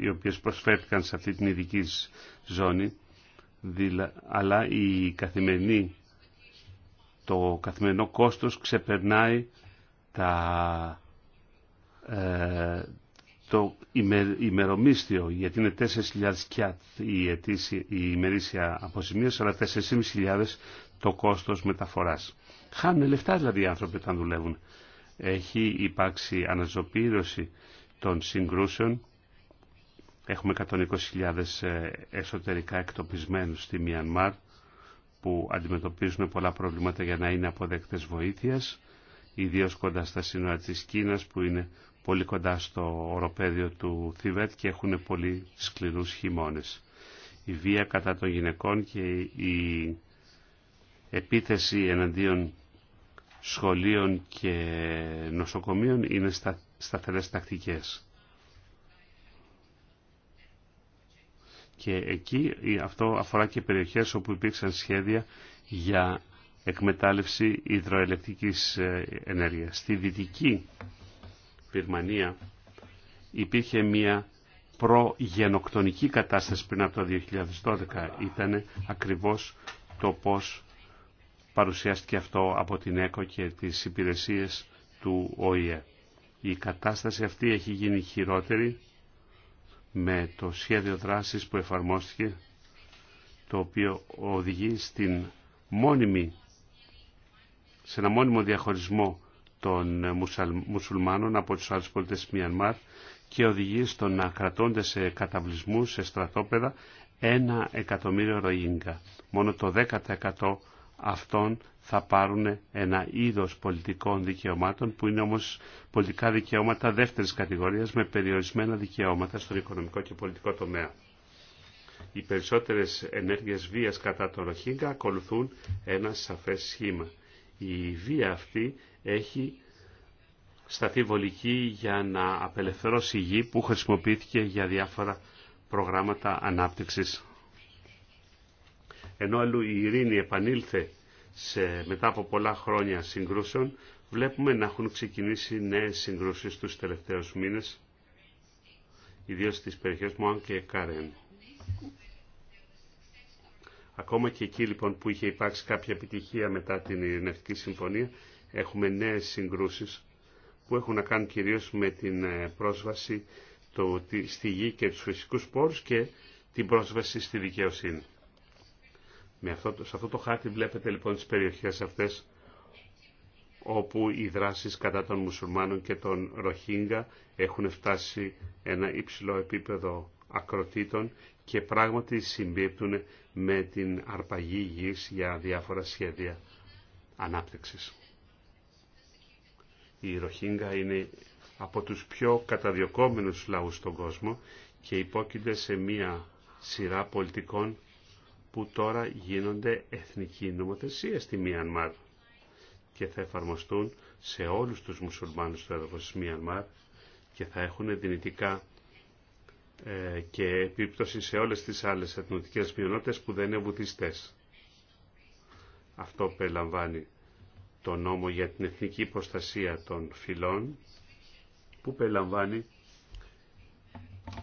οι οποίες προσφέρθηκαν σε αυτή την ειδική ζώνη, δηλα, αλλά η καθημερινή, το καθημερινό κόστος ξεπερνάει τα, ε, το ημε, ημερομίσθιο, γιατί είναι 4.000 κιάτ η, ετήσια, η ημερήσια αποζημίωση, αλλά 4.500 το κόστος μεταφοράς. Χάνουν λεφτά δηλαδή οι άνθρωποι όταν δουλεύουν. Έχει υπάρξει αναζωπήρωση των συγκρούσεων. Έχουμε 120.000 ε, εσωτερικά εκτοπισμένους στη Μιανμάρ που αντιμετωπίζουν πολλά προβλήματα για να είναι αποδέκτες βοήθειας, ιδίως κοντά στα σύνορα της Κίνας που είναι πολύ κοντά στο οροπέδιο του Θιβέτ και έχουν πολύ σκληρούς χειμώνες. Η βία κατά των γυναικών και η επίθεση εναντίον σχολείων και νοσοκομείων είναι στα σταθερές τακτικές. Και εκεί αυτό αφορά και περιοχές όπου υπήρξαν σχέδια για εκμετάλλευση υδροελεκτικής ε, ενέργειας. Στη δυτική Βυρμανία υπήρχε μια προγενοκτονική κατάσταση πριν από το 2012. Ήταν ακριβώς το πώς παρουσιάστηκε αυτό από την ΕΚΟ και τις υπηρεσίες του ΟΗΕ. Η κατάσταση αυτή έχει γίνει χειρότερη με το σχέδιο δράσης που εφαρμόστηκε, το οποίο οδηγεί στην μόνιμη, σε ένα μόνιμο διαχωρισμό των μουσουλμάνων από τους άλλους πολίτες Μιανμάρ και οδηγεί στο να κρατώνται σε καταβλισμού, σε στρατόπεδα, ένα εκατομμύριο Ροίγγα. Μόνο το 10% αυτών θα πάρουν ένα είδος πολιτικών δικαιωμάτων που είναι όμως πολιτικά δικαιώματα δεύτερης κατηγορίας με περιορισμένα δικαιώματα στον οικονομικό και πολιτικό τομέα. Οι περισσότερες ενέργειες βίας κατά το Ροχίγκα ακολουθούν ένα σαφές σχήμα. Η βία αυτή έχει σταθεί βολική για να απελευθερώσει γη που χρησιμοποιήθηκε για διάφορα προγράμματα ανάπτυξης. Ενώ αλλού η ειρήνη επανήλθε μετά από πολλά χρόνια συγκρούσεων, βλέπουμε να έχουν ξεκινήσει νέες συγκρούσεις τους τελευταίους μήνες, ιδίως στις περιοχές Μουάν και Κάρεν. Ακόμα και εκεί λοιπόν που είχε υπάρξει κάποια επιτυχία μετά την Ειρηνευτική Συμφωνία, έχουμε νέες συγκρούσεις που έχουν να κάνουν κυρίως με την ε, πρόσβαση στη γη και τους φυσικούς πόρους και την πρόσβαση στη δικαιοσύνη. Με αυτό, σε αυτό το χάρτη βλέπετε λοιπόν τις περιοχές αυτές όπου οι δράσεις κατά των μουσουλμάνων και των Ροχίνγκα έχουν φτάσει ένα υψηλό επίπεδο ακροτήτων και πράγματι συμπίπτουν με την αρπαγή γης για διάφορα σχέδια ανάπτυξης. Η Ροχίνγκα είναι από τους πιο καταδιοκόμενους λαούς στον κόσμο και υπόκεινται σε μία σειρά πολιτικών που τώρα γίνονται εθνική νομοθεσία στη Μιανμάρ και θα εφαρμοστούν σε όλους τους μουσουλμάνους του της Μιανμάρ και θα έχουν δυνητικά ε, και επίπτωση σε όλες τις άλλες εθνοτικές μειονότητες που δεν είναι βουδιστές. Αυτό περιλαμβάνει το νόμο για την εθνική προστασία των φυλών που περιλαμβάνει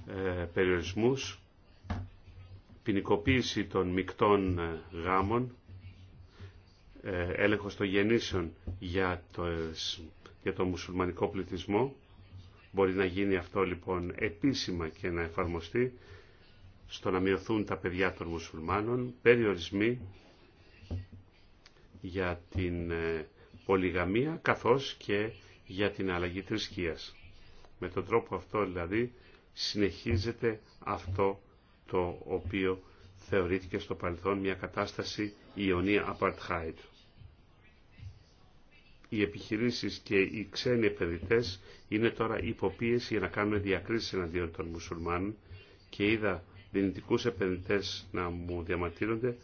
ε, περιορισμούς ποινικοποίηση των μεικτών ε, γάμων, ε, έλεγχος των γεννήσεων για το, ε, για το μουσουλμανικό πληθυσμό. Μπορεί να γίνει αυτό λοιπόν επίσημα και να εφαρμοστεί στο να μειωθούν τα παιδιά των μουσουλμάνων, περιορισμοί για την πολυγαμία καθώς και για την αλλαγή θρησκείας. Με τον τρόπο αυτό δηλαδή συνεχίζεται αυτό το οποίο θεωρήθηκε στο παρελθόν μια κατάσταση ιονία Απαρτχάιτ. Οι επιχειρήσεις και οι ξένοι επενδυτές είναι τώρα υποπίεση για να κάνουν διακρίσεις εναντίον των μουσουλμάνων και είδα δυνητικούς επενδυτές να μου διαμαρτύρονται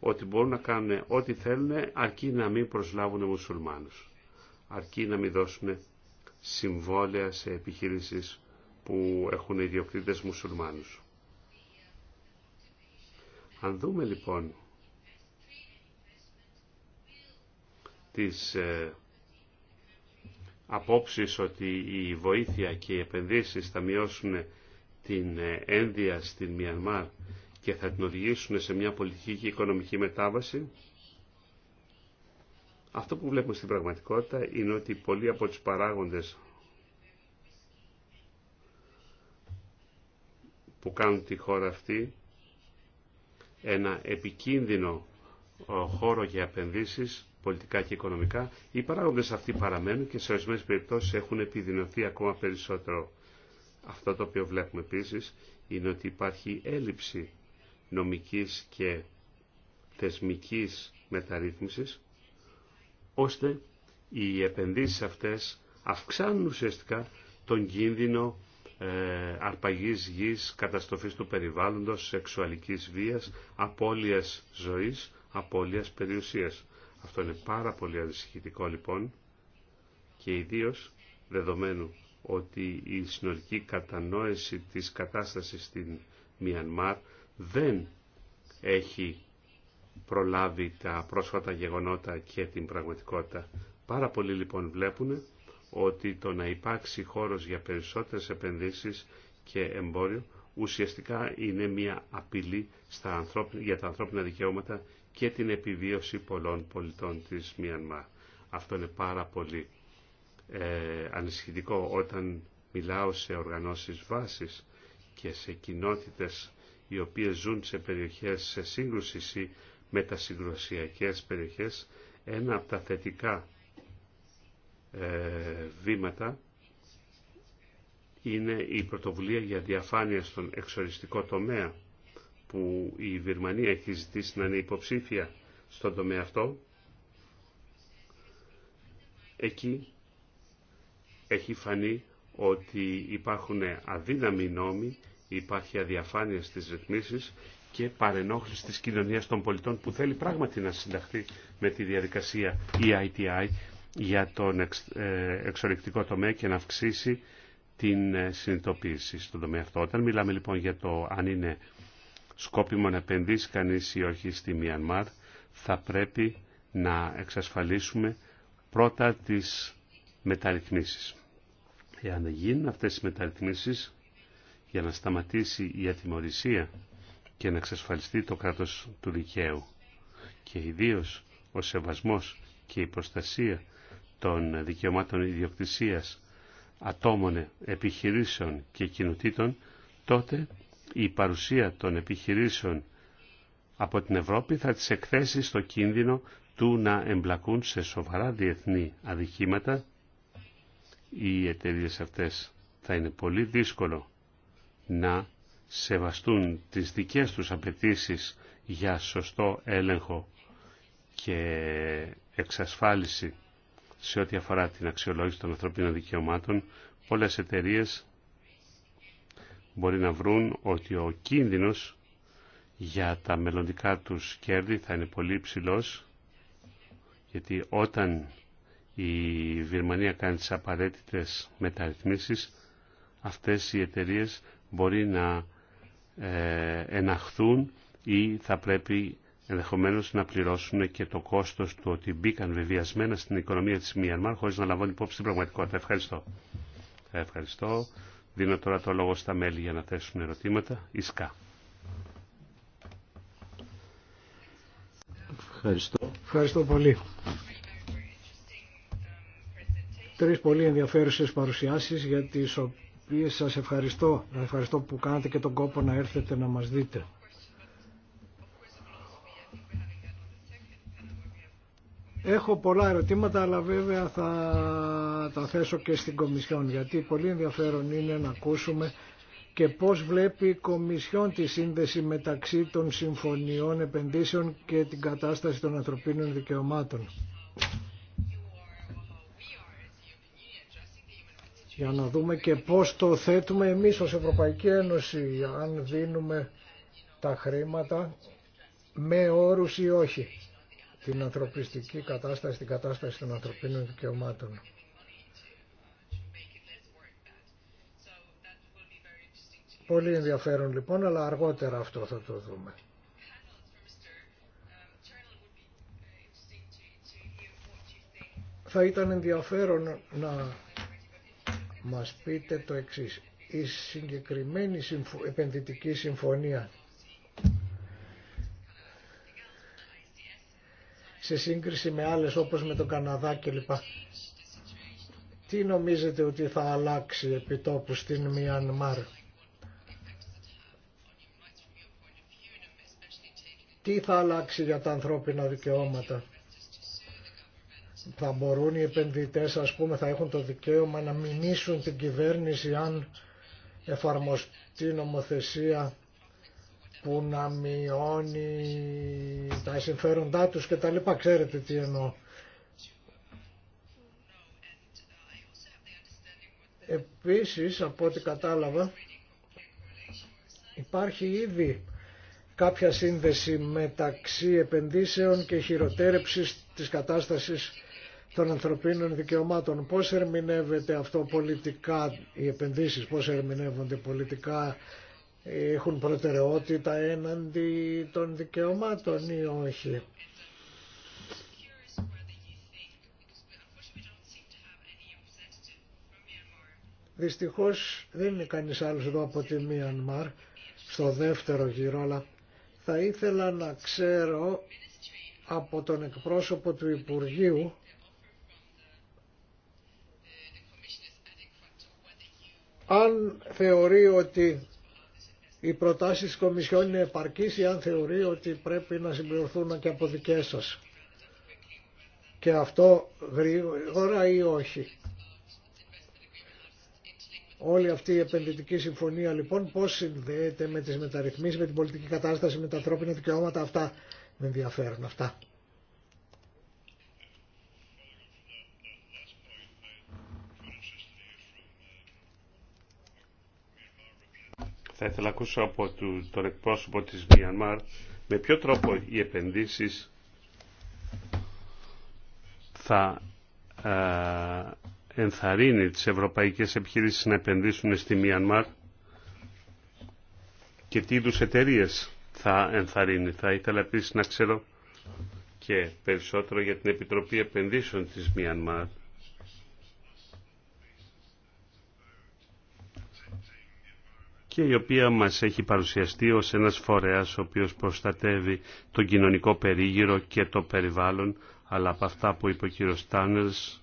ότι μπορούν να κάνουν ό,τι θέλουν αρκεί να μην προσλάβουν μουσουλμάνους. Αρκεί να μην δώσουν συμβόλαια σε επιχειρήσεις που έχουν ιδιοκτήτες μουσουλμάνους. Αν δούμε λοιπόν τις ε, απόψεις ότι η βοήθεια και οι επενδύσεις θα μειώσουν την ε, ένδυα στην Μιανμάρ και θα την οδηγήσουν σε μια πολιτική και οικονομική μετάβαση. Αυτό που βλέπουμε στην πραγματικότητα είναι ότι πολλοί από τους παράγοντες που κάνουν τη χώρα αυτή ένα επικίνδυνο χώρο για επενδύσεις πολιτικά και οικονομικά, οι παράγοντες αυτοί παραμένουν και σε ορισμένε περιπτώσεις έχουν επιδεινωθεί ακόμα περισσότερο. Αυτό το οποίο βλέπουμε επίσης είναι ότι υπάρχει έλλειψη νομικής και θεσμικής μεταρρύθμισης, ώστε οι επενδύσεις αυτές αυξάνουν ουσιαστικά τον κίνδυνο ε, αρπαγής γης, καταστροφής του περιβάλλοντος, σεξουαλικής βίας, απώλειας ζωής, απώλειας περιουσίας. Αυτό είναι πάρα πολύ ανησυχητικό λοιπόν και ιδίως δεδομένου ότι η συνολική κατανόηση της κατάστασης στην Μιανμάρ δεν έχει προλάβει τα πρόσφατα γεγονότα και την πραγματικότητα. Πάρα πολλοί λοιπόν βλέπουν ότι το να υπάρξει χώρος για περισσότερες επενδύσεις και εμπόριο ουσιαστικά είναι μια απειλή στα για τα ανθρώπινα δικαιώματα και την επιβίωση πολλών πολιτών της Μιανμά. Αυτό είναι πάρα πολύ ε, ανησυχητικό όταν μιλάω σε οργανώσεις βάσης και σε κοινότητες οι οποίες ζουν σε περιοχές σε σύγκρουση τα συγκρουσιακές περιοχές. Ένα από τα θετικά ε, βήματα είναι η πρωτοβουλία για διαφάνεια στον εξοριστικό τομέα που η Βυρμανία έχει ζητήσει να είναι υποψήφια στον τομέα αυτό. Εκεί έχει φανεί ότι υπάρχουν αδύναμοι νόμοι, υπάρχει αδιαφάνεια στις ρυθμίσεις και παρενόχληση της κοινωνίας των πολιτών που θέλει πράγματι να συνταχθεί με τη διαδικασία EITI για τον ε, εξορρυκτικό τομέα και να αυξήσει την ε, συνειδητοποίηση στον τομέα αυτό. Όταν μιλάμε λοιπόν για το αν είναι σκόπιμο να επενδύσει κανείς ή όχι στη Μιανμάρ, θα πρέπει να εξασφαλίσουμε πρώτα τις μεταρρυθμίσεις. Εάν δεν γίνουν αυτές οι μεταρρυθμίσεις για να σταματήσει η ατιμορρησία και να εξασφαλιστεί το κράτος του δικαίου και ιδίως ο σεβασμός και η προστασία των δικαιωμάτων ιδιοκτησίας ατόμων, επιχειρήσεων και κοινοτήτων, τότε η παρουσία των επιχειρήσεων από την Ευρώπη θα τις εκθέσει στο κίνδυνο του να εμπλακούν σε σοβαρά διεθνή αδικήματα. Οι εταιρείε αυτές θα είναι πολύ δύσκολο να σεβαστούν τις δικές τους απαιτήσει για σωστό έλεγχο και εξασφάλιση σε ό,τι αφορά την αξιολόγηση των ανθρωπίνων δικαιωμάτων, πολλές εταιρείε μπορεί να βρουν ότι ο κίνδυνος για τα μελλοντικά τους κέρδη θα είναι πολύ υψηλός, γιατί όταν η Βυρμανία κάνει τις απαραίτητες μεταρρυθμίσεις, αυτές οι εταιρείε μπορεί να ε, εναχθούν ή θα πρέπει ενδεχομένως να πληρώσουν και το κόστος του ότι μπήκαν βεβαιασμένα στην οικονομία της Μιανμάρ χωρίς να λαμβάνουν υπόψη την πραγματικότητα. Ευχαριστώ. Ευχαριστώ. Δίνω τώρα το λόγο στα μέλη για να θέσουν ερωτήματα. Ισκά. Ευχαριστώ. Ευχαριστώ πολύ. Τρεις πολύ ενδιαφέρουσες παρουσιάσεις για τις οποίες σας ευχαριστώ. Ευχαριστώ που κάνατε και τον κόπο να έρθετε να μας δείτε. Έχω πολλά ερωτήματα, αλλά βέβαια θα τα θέσω και στην Κομισιόν, γιατί πολύ ενδιαφέρον είναι να ακούσουμε και πώς βλέπει η Κομισιόν τη σύνδεση μεταξύ των συμφωνιών επενδύσεων και την κατάσταση των ανθρωπίνων δικαιωμάτων. Για να δούμε και πώς το θέτουμε εμείς ως Ευρωπαϊκή Ένωση, αν δίνουμε τα χρήματα με όρους ή όχι την ανθρωπιστική κατάσταση, την κατάσταση των ανθρωπίνων δικαιωμάτων. Πολύ ενδιαφέρον λοιπόν, αλλά αργότερα αυτό θα το δούμε. Θα ήταν ενδιαφέρον να μας πείτε το εξής. Η συγκεκριμένη επενδυτική συμφωνία σε σύγκριση με άλλες όπως με τον Καναδά κλπ. Τι νομίζετε ότι θα αλλάξει επιτόπου στην Μιανμάρ. Τι θα αλλάξει για τα ανθρώπινα δικαιώματα. Θα μπορούν οι επενδυτές ας πούμε θα έχουν το δικαίωμα να μηνύσουν την κυβέρνηση αν εφαρμοστεί νομοθεσία που να μειώνει τα συμφέροντά τους και τα λοιπά. Ξέρετε τι εννοώ. Επίσης, από ό,τι κατάλαβα, υπάρχει ήδη κάποια σύνδεση μεταξύ επενδύσεων και χειροτέρεψης της κατάστασης των ανθρωπίνων δικαιωμάτων. Πώς ερμηνεύεται αυτό πολιτικά, οι επενδύσεις πώς ερμηνεύονται πολιτικά έχουν προτεραιότητα έναντι των δικαιωμάτων ή όχι. Δυστυχώς δεν είναι κανείς άλλος εδώ από τη Μιανμάρ στο δεύτερο γύρο, αλλά θα ήθελα να ξέρω από τον εκπρόσωπο του Υπουργείου αν θεωρεί ότι οι προτάσεις της Κομισιόν είναι επαρκής ή αν θεωρεί ότι πρέπει να συμπληρωθούν και από δικές σας. Και αυτό γρήγορα ή όχι. Όλη αυτή η επενδυτική συμφωνία λοιπόν πώς συνδέεται με τις μεταρρυθμίσεις, με την πολιτική κατάσταση, με τα ανθρώπινα δικαιώματα αυτά. Με ενδιαφέρουν αυτά. Θα ήθελα να ακούσω από τον εκπρόσωπο της Μιανμάρ με ποιο τρόπο οι επενδύσεις θα ε, ενθαρρύνει τις ευρωπαϊκές επιχειρήσεις να επενδύσουν στη Μιανμάρ και τι είδους εταιρείε θα ενθαρρύνει. Θα ήθελα επίσης να ξέρω και περισσότερο για την Επιτροπή Επενδύσεων της Μιανμάρ και η οποία μας έχει παρουσιαστεί ως ένας φορέας ο οποίος προστατεύει τον κοινωνικό περίγυρο και το περιβάλλον, αλλά από αυτά που είπε ο κύριος Τάνερς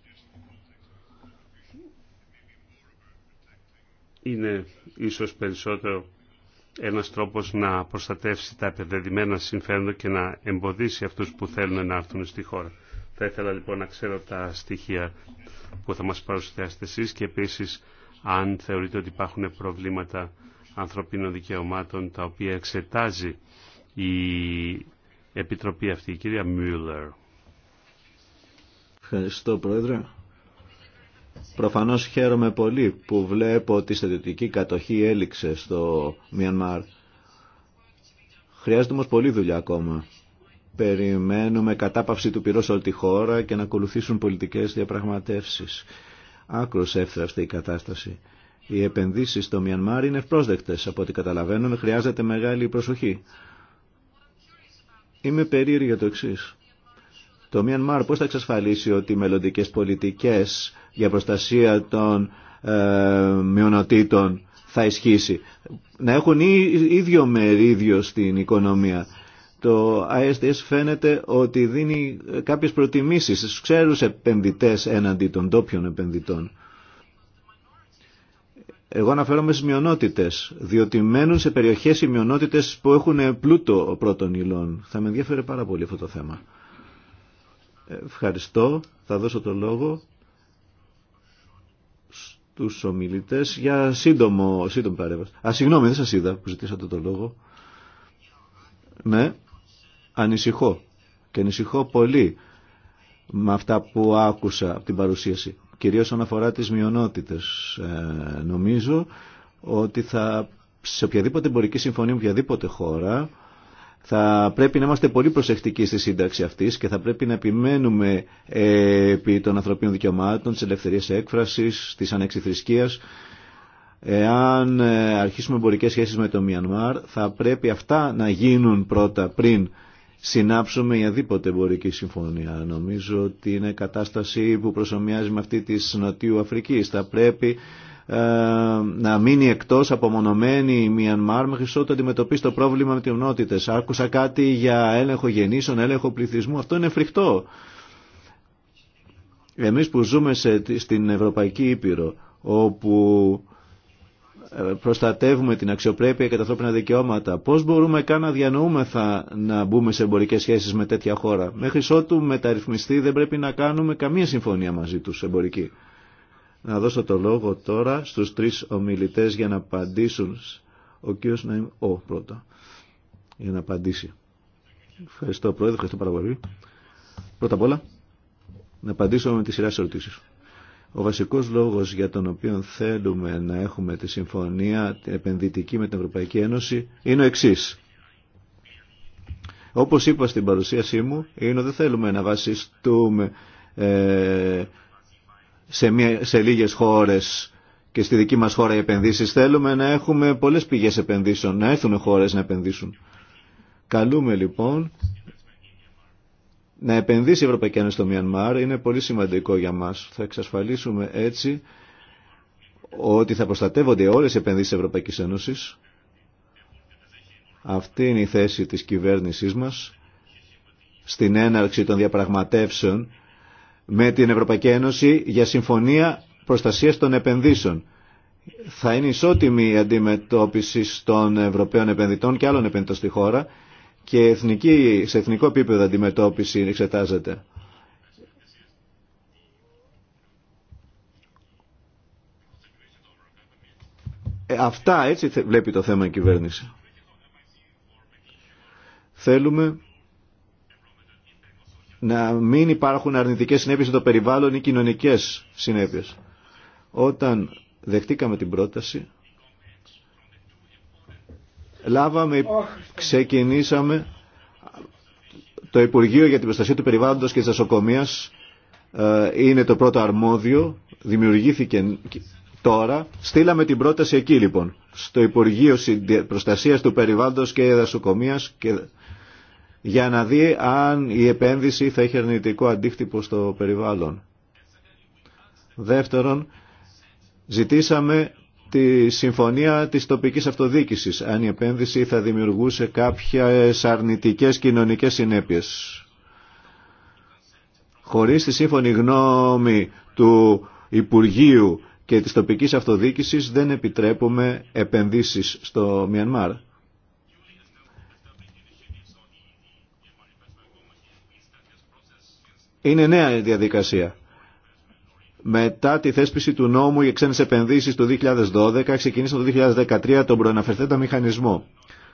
είναι ίσως περισσότερο ένας τρόπος να προστατεύσει τα επενδεδημένα συμφέροντα και να εμποδίσει αυτούς που θέλουν να έρθουν στη χώρα. Θα ήθελα λοιπόν να ξέρω τα στοιχεία που θα μας παρουσιάσετε εσείς και επίσης αν θεωρείτε ότι υπάρχουν προβλήματα ανθρωπίνων δικαιωμάτων τα οποία εξετάζει η Επιτροπή αυτή, η κυρία Μιούλερ. Ευχαριστώ Πρόεδρε. Προφανώς χαίρομαι πολύ που βλέπω ότι η στρατιωτική κατοχή έληξε στο Μιανμάρ. Χρειάζεται όμως πολύ δουλειά ακόμα. Περιμένουμε κατάπαυση του πυρός σε όλη τη χώρα και να ακολουθήσουν πολιτικές διαπραγματεύσεις. Άκρος εύθραυστη η κατάσταση. Οι επενδύσεις στο Μιανμάρ είναι ευπρόσδεκτες, από ό,τι καταλαβαίνουμε χρειάζεται μεγάλη προσοχή. Είμαι περίεργη για το εξή. Το Μιανμάρ πώς θα εξασφαλίσει ότι οι μελλοντικέ πολιτικές για προστασία των ε, μειονοτήτων θα ισχύσει. Να έχουν ίδιο μερίδιο στην οικονομία. Το ISDS φαίνεται ότι δίνει κάποιες προτιμήσεις στους ξέρους επενδυτές έναντι των τόπιων επενδυτών. Εγώ αναφέρομαι στις μειονότητες, διότι μένουν σε περιοχές οι μειονότητες που έχουν πλούτο πρώτων υλών. Θα με ενδιαφέρει πάρα πολύ αυτό το θέμα. Ευχαριστώ. Θα δώσω το λόγο στους ομιλητές για σύντομο, σύντομη παρέμβαση. Α, συγγνώμη, δεν σας είδα που ζητήσατε το λόγο. Ναι, ανησυχώ και ανησυχώ πολύ με αυτά που άκουσα από την παρουσίαση κυρίως όσον αφορά τις μειονότητες. Ε, νομίζω ότι θα, σε οποιαδήποτε εμπορική συμφωνία με οποιαδήποτε χώρα θα πρέπει να είμαστε πολύ προσεκτικοί στη σύνταξη αυτής και θα πρέπει να επιμένουμε επί των ανθρωπίνων δικαιωμάτων, της ελευθερίας έκφρασης, της ανεξιθρησκείας. Εάν ε, αρχίσουμε εμπορικές σχέσεις με το Μιανμάρ θα πρέπει αυτά να γίνουν πρώτα πριν συνάψουμε η αδίποτε εμπορική συμφωνία. Νομίζω ότι είναι κατάσταση που προσωμιάζει με αυτή της Νοτιού Αφρικής. Θα πρέπει ε, να μείνει εκτός απομονωμένη η Μιανμάρ μέχρι ότου αντιμετωπίσει το πρόβλημα με τις ομνότητες. Άκουσα κάτι για έλεγχο γεννήσεων, έλεγχο πληθυσμού. Αυτό είναι φρικτό. Εμείς που ζούμε στην Ευρωπαϊκή Ήπειρο όπου ε, προστατεύουμε την αξιοπρέπεια και τα ανθρώπινα δικαιώματα. Πώς μπορούμε καν να διανοούμεθα να μπούμε σε εμπορικέ σχέσεις με τέτοια χώρα. Μέχρι ότου μεταρρυθμιστεί δεν πρέπει να κάνουμε καμία συμφωνία μαζί τους εμπορική. Να δώσω το λόγο τώρα στους τρεις ομιλητές για να απαντήσουν. Ο κύριος Ναϊμ, ο πρώτα, για να απαντήσει. Ευχαριστώ πρόεδρε, ευχαριστώ πάρα πολύ. Πρώτα απ' όλα, να απαντήσω με τη σειρά τη ο βασικός λόγος για τον οποίο θέλουμε να έχουμε τη συμφωνία επενδυτική με την Ευρωπαϊκή Ένωση είναι ο εξή. Όπως είπα στην παρουσίασή μου, είναι ότι δεν θέλουμε να βασιστούμε ε, σε, μία, σε λίγες χώρες και στη δική μας χώρα οι επενδύσεις. Θέλουμε να έχουμε πολλές πηγές επενδύσεων, να έρθουν χώρες να επενδύσουν. Καλούμε λοιπόν να επενδύσει η Ευρωπαϊκή Ένωση στο Μιανμάρ είναι πολύ σημαντικό για μας. Θα εξασφαλίσουμε έτσι ότι θα προστατεύονται όλες οι επενδύσεις της Ευρωπαϊκής Ένωσης. Αυτή είναι η θέση της κυβέρνησής μας στην έναρξη των διαπραγματεύσεων με την Ευρωπαϊκή Ένωση για συμφωνία προστασίας των επενδύσεων. Θα είναι ισότιμη η αντιμετώπιση των Ευρωπαίων επενδυτών και άλλων επενδυτών στη χώρα και εθνική, σε εθνικό επίπεδο αντιμετώπιση εξετάζεται. Ε, αυτά έτσι βλέπει το θέμα η κυβέρνηση. Θέλουμε να μην υπάρχουν αρνητικές συνέπειες στο περιβάλλον ή κοινωνικές συνέπειες. Όταν δεχτήκαμε την πρόταση, Λάβαμε, ξεκινήσαμε το Υπουργείο για την Προστασία του Περιβάλλοντος και της Ασοκομείας ε, είναι το πρώτο αρμόδιο, δημιουργήθηκε τώρα. Στείλαμε την πρόταση εκεί λοιπόν, στο Υπουργείο Προστασίας του Περιβάλλοντος και Δασοκομείας και... για να δει αν η επένδυση θα έχει αρνητικό αντίκτυπο στο περιβάλλον. Δεύτερον, ζητήσαμε τη συμφωνία της τοπικής αυτοδιοίκησης, αν η επένδυση θα δημιουργούσε κάποιες αρνητικές κοινωνικές συνέπειες. Χωρίς τη σύμφωνη γνώμη του Υπουργείου και της τοπικής αυτοδιοίκησης δεν επιτρέπουμε επενδύσεις στο Μιανμάρ. Είναι νέα διαδικασία. Μετά τη θέσπιση του νόμου για ξένες επενδύσεις το 2012, ξεκινήσαμε το 2013 τον προαναφερθέντα μηχανισμό.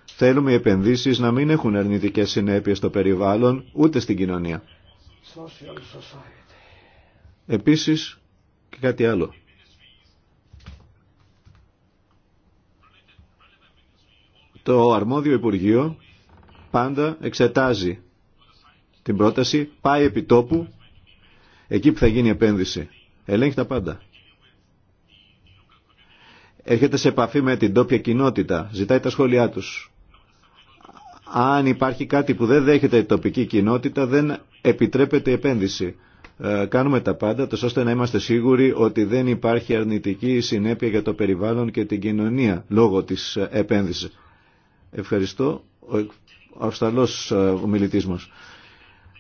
Θέλουμε οι επενδύσεις να μην έχουν αρνητικές συνέπειες στο περιβάλλον, ούτε στην κοινωνία. Επίσης, και κάτι άλλο. Το αρμόδιο Υπουργείο πάντα εξετάζει την πρόταση, πάει επί τόπου, εκεί που θα γίνει η επένδυση ελέγχει τα πάντα. Έρχεται σε επαφή με την τόπια κοινότητα, ζητάει τα σχόλιά τους. Αν υπάρχει κάτι που δεν δέχεται η τοπική κοινότητα, δεν επιτρέπεται η επένδυση. Ε, κάνουμε τα πάντα, τόσο ώστε να είμαστε σίγουροι ότι δεν υπάρχει αρνητική συνέπεια για το περιβάλλον και την κοινωνία λόγω της ε, επένδυσης. Ευχαριστώ. Ο αυσταλός ε, ομιλητής μας.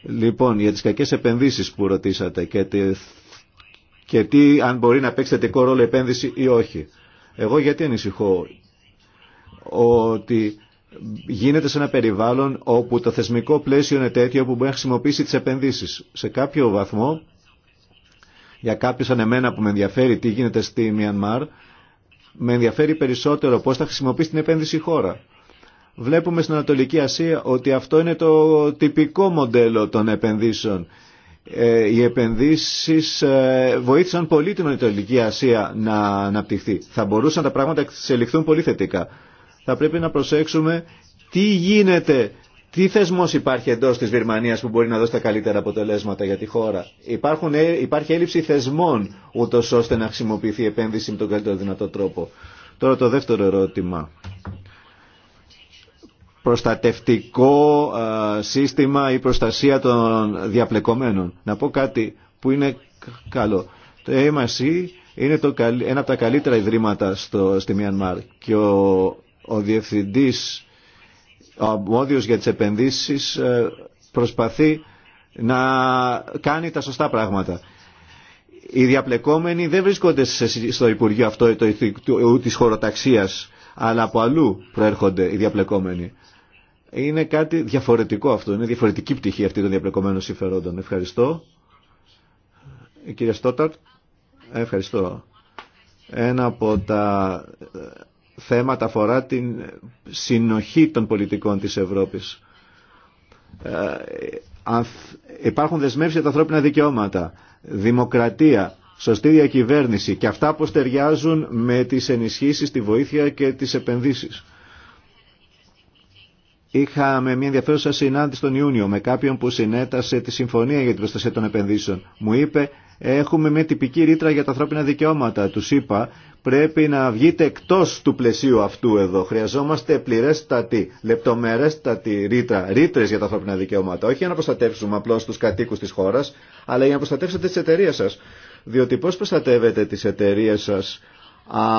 Λοιπόν, για τις κακές επενδύσεις που ρωτήσατε και και τι αν μπορεί να παίξει θετικό ρόλο επένδυση ή όχι. Εγώ γιατί ανησυχώ ότι γίνεται σε ένα περιβάλλον όπου το θεσμικό πλαίσιο είναι τέτοιο που μπορεί να χρησιμοποιήσει τις επενδύσεις. Σε κάποιο βαθμό, για κάποιους σαν εμένα που με ενδιαφέρει τι γίνεται στη Μιανμάρ, με ενδιαφέρει περισσότερο πώς θα χρησιμοποιήσει την επένδυση η χώρα. Βλέπουμε στην Ανατολική Ασία ότι αυτό είναι το τυπικό μοντέλο των επενδύσεων ε, οι επενδύσεις ε, βοήθησαν πολύ την Ανατολική Ασία να αναπτυχθεί. Θα μπορούσαν τα πράγματα να εξελιχθούν πολύ θετικά. Θα πρέπει να προσέξουμε τι γίνεται, τι θεσμός υπάρχει εντός της Βυρμανίας που μπορεί να δώσει τα καλύτερα αποτελέσματα για τη χώρα. Υπάρχουν, ε, υπάρχει έλλειψη θεσμών ούτως ώστε να χρησιμοποιηθεί η επένδυση με τον καλύτερο δυνατό τρόπο. Τώρα το δεύτερο ερώτημα προστατευτικό ε, σύστημα ή προστασία των διαπλεκομένων. Να πω κάτι που είναι καλό. Το MSC είναι το, ένα από τα καλύτερα ιδρύματα στο, στη Μιανμάρ και ο, ο διευθυντής, ο αμμόδιος για τις επενδύσεις ε, προσπαθεί να κάνει τα σωστά πράγματα. Οι διαπλεκόμενοι δεν βρίσκονται στο Υπουργείο αυτό το, το, της χωροταξίας, αλλά από αλλού προέρχονται οι διαπλεκόμενοι. Είναι κάτι διαφορετικό αυτό. Είναι διαφορετική πτυχή αυτή των διαπλεκομένων συμφερόντων. Ευχαριστώ. Ε, κύριε Στόταρτ, ε, ευχαριστώ. Ένα από τα ε, θέματα αφορά την συνοχή των πολιτικών της Ευρώπης. Υπάρχουν δεσμεύσεις για τα ανθρώπινα δικαιώματα, δημοκρατία, σωστή διακυβέρνηση και αυτά που στεριάζουν με τις ενισχύσεις, τη βοήθεια και τις επενδύσεις. Είχαμε μια ενδιαφέρουσα συνάντηση τον Ιούνιο με κάποιον που συνέτασε τη Συμφωνία για την Προστασία των Επενδύσεων. Μου είπε έχουμε μια τυπική ρήτρα για τα ανθρώπινα δικαιώματα. Του είπα πρέπει να βγείτε εκτό του πλαισίου αυτού εδώ. Χρειαζόμαστε πληρέστατη, λεπτομερέστατη ρήτρα, ρήτρε για τα ανθρώπινα δικαιώματα. Όχι για να προστατεύσουμε απλώ του κατοικού τη χώρα, αλλά για να προστατεύσετε τι εταιρείε σα. Διότι πώ προστατεύετε τι εταιρείε σα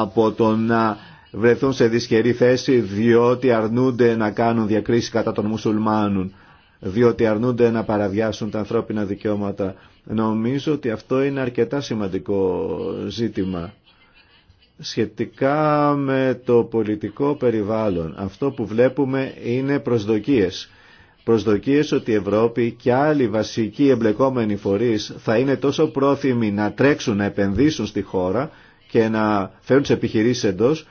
από το να βρεθούν σε δυσχερή θέση διότι αρνούνται να κάνουν διακρίσεις κατά των μουσουλμάνων, διότι αρνούνται να παραδιάσουν τα ανθρώπινα δικαιώματα. Νομίζω ότι αυτό είναι αρκετά σημαντικό ζήτημα. Σχετικά με το πολιτικό περιβάλλον, αυτό που βλέπουμε είναι προσδοκίες. Προσδοκίες ότι η Ευρώπη και άλλοι βασικοί εμπλεκόμενοι φορείς θα είναι τόσο πρόθυμοι να τρέξουν, να επενδύσουν στη χώρα και να φέρουν τις επιχειρήσεις εντός,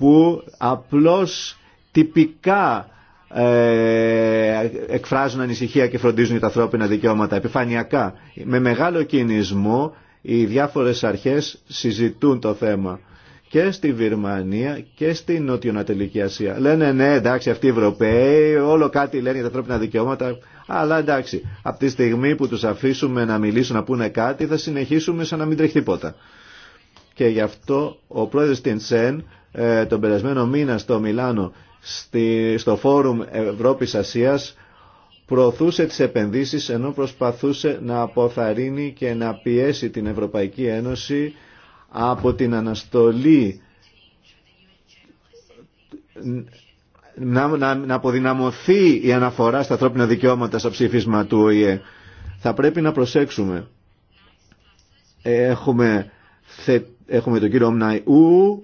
που απλώς τυπικά ε, εκφράζουν ανησυχία και φροντίζουν για τα ανθρώπινα δικαιώματα επιφανειακά. Με μεγάλο κινησμό οι διάφορες αρχές συζητούν το θέμα και στη Βυρμανία και στη νοτιο Ασία. Λένε ναι εντάξει αυτοί οι Ευρωπαίοι όλο κάτι λένε για τα ανθρώπινα δικαιώματα αλλά εντάξει από τη στιγμή που τους αφήσουμε να μιλήσουν να πούνε κάτι θα συνεχίσουμε σαν να μην τρέχει τίποτα. Και γι' αυτό ο πρόεδρος Τιντσέν ε, τον περασμένο μήνα στο Μιλάνο στη, στο Φόρουμ Ευρώπης Ασίας προωθούσε τις επενδύσεις ενώ προσπαθούσε να αποθαρρύνει και να πιέσει την Ευρωπαϊκή Ένωση από την αναστολή να, να, να αποδυναμωθεί η αναφορά στα ανθρώπινα δικαιώματα στο ψήφισμα του ΟΗΕ. Θα πρέπει να προσέξουμε. Έχουμε, έχουμε τον κύριο Μναϊού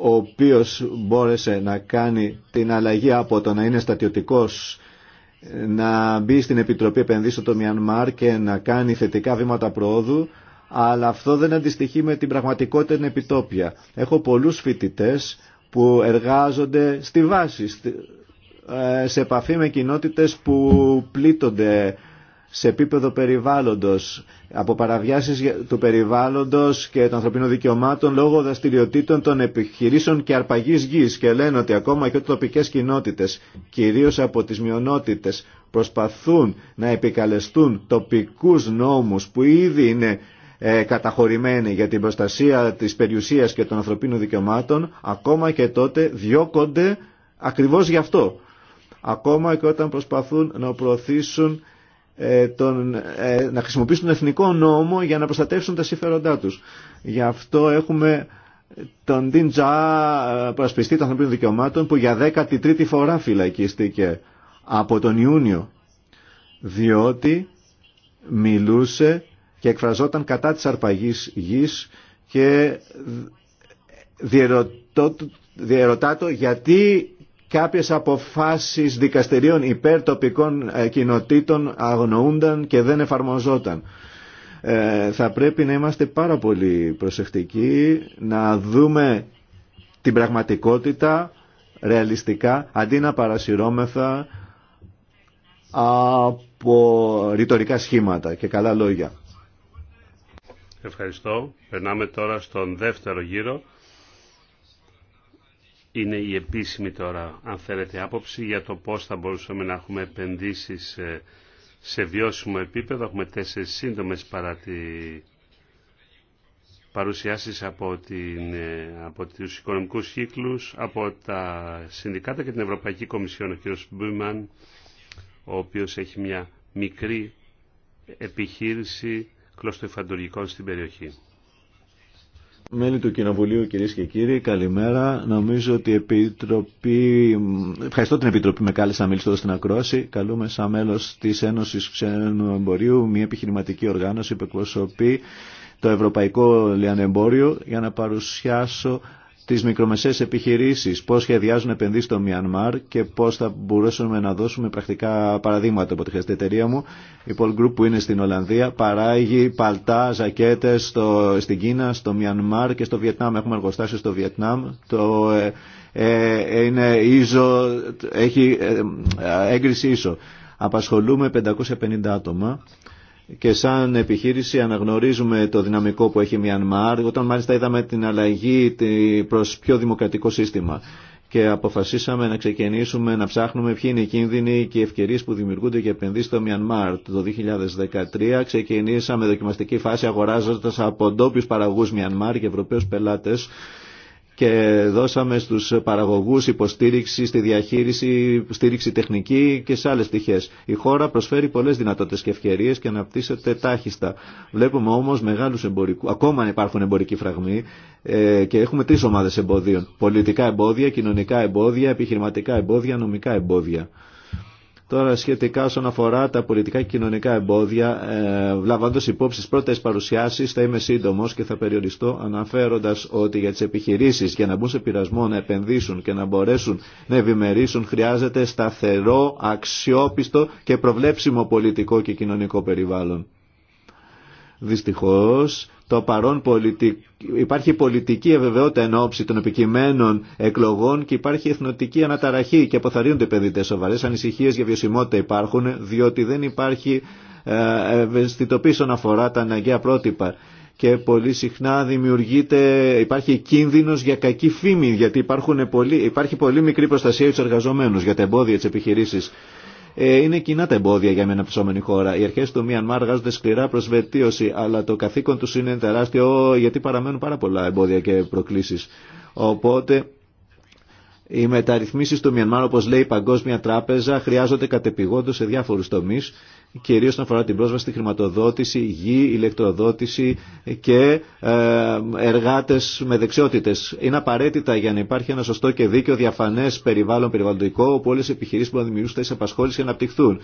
ο οποίος μπόρεσε να κάνει την αλλαγή από το να είναι στατιωτικός να μπει στην Επιτροπή Επενδύσεων το Μιανμάρ και να κάνει θετικά βήματα προόδου αλλά αυτό δεν αντιστοιχεί με την πραγματικότητα επιτόπια. Έχω πολλούς φοιτητέ που εργάζονται στη βάση, ε, σε επαφή με κοινότητες που πλήττονται σε επίπεδο περιβάλλοντος, από παραβιάσεις του περιβάλλοντος και των ανθρωπίνων δικαιωμάτων λόγω δραστηριοτήτων των επιχειρήσεων και αρπαγής γης και λένε ότι ακόμα και τοπικές κοινότητες, κυρίως από τις μειονότητες, προσπαθούν να επικαλεστούν τοπικούς νόμους που ήδη είναι ε, καταχωρημένοι για την προστασία της περιουσίας και των ανθρωπίνων δικαιωμάτων, ακόμα και τότε διώκονται ακριβώς γι' αυτό. Ακόμα και όταν προσπαθούν να προωθήσουν ε, τον, ε, να χρησιμοποιήσουν τον εθνικό νόμο για να προστατεύσουν τα συμφέροντά τους. Γι' αυτό έχουμε τον Τιν Τζα, ε, προασπιστή των ανθρωπίνων δικαιωμάτων, που για 13η φορά φυλακίστηκε από τον Ιούνιο, διότι μιλούσε και εκφραζόταν κατά της αρπαγής γης και διερωτάτο γιατί Κάποιες αποφάσεις δικαστηρίων υπέρ τοπικών ε, κοινοτήτων αγνοούνταν και δεν εφαρμοζόταν. Ε, θα πρέπει να είμαστε πάρα πολύ προσεκτικοί, να δούμε την πραγματικότητα ρεαλιστικά, αντί να παρασυρώμεθα από ρητορικά σχήματα και καλά λόγια. Ευχαριστώ. Περνάμε τώρα στον δεύτερο γύρο είναι η επίσημη τώρα, αν θέλετε, άποψη για το πώς θα μπορούσαμε να έχουμε επενδύσεις ε, σε βιώσιμο επίπεδο. Έχουμε τέσσερις σύντομες παρατη... παρουσιάσεις από, την... Ε, από τους οικονομικούς κύκλους, από τα συνδικάτα και την Ευρωπαϊκή Κομισιόν. Ο κ. Μπούμαν, ο οποίος έχει μια μικρή επιχείρηση κλωστοϊφαντουργικών στην περιοχή. Μέλη του Κοινοβουλίου, κυρίε και κύριοι, καλημέρα. Νομίζω ότι η Επιτροπή. Ευχαριστώ την Επιτροπή με κάλεσε να μιλήσω εδώ στην Ακρόαση. Καλούμε σαν μέλο τη Ένωση Ξένου Εμπορίου, μια επιχειρηματική οργάνωση που εκπροσωπεί το Ευρωπαϊκό Λιανεμπόριο, για να παρουσιάσω τις μικρομεσαίες επιχειρήσεις, πώς σχεδιάζουν επενδύσεις στο Μιανμάρ και πώς θα μπορούσαμε να δώσουμε πρακτικά παραδείγματα από τη χρειαστή εταιρεία μου. Η Paul Group που είναι στην Ολλανδία παράγει παλτά, ζακέτες στο, στην Κίνα, στο Μιανμάρ και στο Βιετνάμ. Έχουμε εργοστάσεις στο Βιετνάμ. Το, ε, ε είναι ίσο, έχει ε, ε, έγκριση ίσο. Απασχολούμε 550 άτομα και σαν επιχείρηση αναγνωρίζουμε το δυναμικό που έχει η Μιανμάρ όταν μάλιστα είδαμε την αλλαγή προς πιο δημοκρατικό σύστημα και αποφασίσαμε να ξεκινήσουμε να ψάχνουμε ποιοι είναι οι κίνδυνοι και οι ευκαιρίες που δημιουργούνται για επενδύσεις στο Μιανμάρ. Το 2013 ξεκινήσαμε δοκιμαστική φάση αγοράζοντας από ντόπιου παραγωγούς Μιανμάρ και ευρωπαίους πελάτες και δώσαμε στους παραγωγούς υποστήριξη στη διαχείριση, στήριξη τεχνική και σε άλλες Η χώρα προσφέρει πολλές δυνατότητες και ευκαιρίες και αναπτύσσεται τάχιστα. Βλέπουμε όμως μεγάλους εμπορικούς, ακόμα υπάρχουν εμπορικοί φραγμοί ε, και έχουμε τρεις ομάδες εμπόδιων. Πολιτικά εμπόδια, κοινωνικά εμπόδια, επιχειρηματικά εμπόδια, νομικά εμπόδια. Τώρα σχετικά όσον αφορά τα πολιτικά και κοινωνικά εμπόδια, ε, λαμβάνοντα υπόψη παρουσιάσεις πρώτε παρουσιάσει, θα είμαι σύντομο και θα περιοριστώ αναφέροντα ότι για τι επιχειρήσει για να μπουν σε πειρασμό, να επενδύσουν και να μπορέσουν να ευημερήσουν, χρειάζεται σταθερό, αξιόπιστο και προβλέψιμο πολιτικό και κοινωνικό περιβάλλον. Δυστυχώς το παρόν υπάρχει πολιτική αβεβαιότητα εν ώψη των επικειμένων εκλογών και υπάρχει εθνοτική αναταραχή και αποθαρρύνονται οι σοβαρές, Σοβαρέ ανησυχίε για βιωσιμότητα υπάρχουν, διότι δεν υπάρχει ε, ευαισθητοποίηση όσον αφορά τα αναγκαία πρότυπα. Και πολύ συχνά δημιουργείται, υπάρχει κίνδυνος για κακή φήμη, γιατί πολύ, υπάρχει πολύ μικρή προστασία για του εργαζομένου, για τα εμπόδια τη επιχειρήση. Ε, είναι κοινά τα εμπόδια για μια αναπτυσσόμενη χώρα. Οι αρχέ του Μιανμάρ εργάζονται σκληρά προ βελτίωση, αλλά το καθήκον του είναι τεράστιο γιατί παραμένουν πάρα πολλά εμπόδια και προκλήσει. Οπότε οι μεταρρυθμίσεις του Μιανμάρ, όπως λέει η Παγκόσμια Τράπεζα, χρειάζονται κατεπηγόντω σε διάφορου τομεί κυρίω όσον αφορά την πρόσβαση στη χρηματοδότηση, γη, ηλεκτροδότηση και ε, εργάτες με δεξιότητες. Είναι απαραίτητα για να υπάρχει ένα σωστό και δίκαιο διαφανές περιβάλλον περιβαλλοντικό όπου όλε οι επιχειρήσει που να δημιουργήσουν θέσει απασχόληση αναπτυχθούν.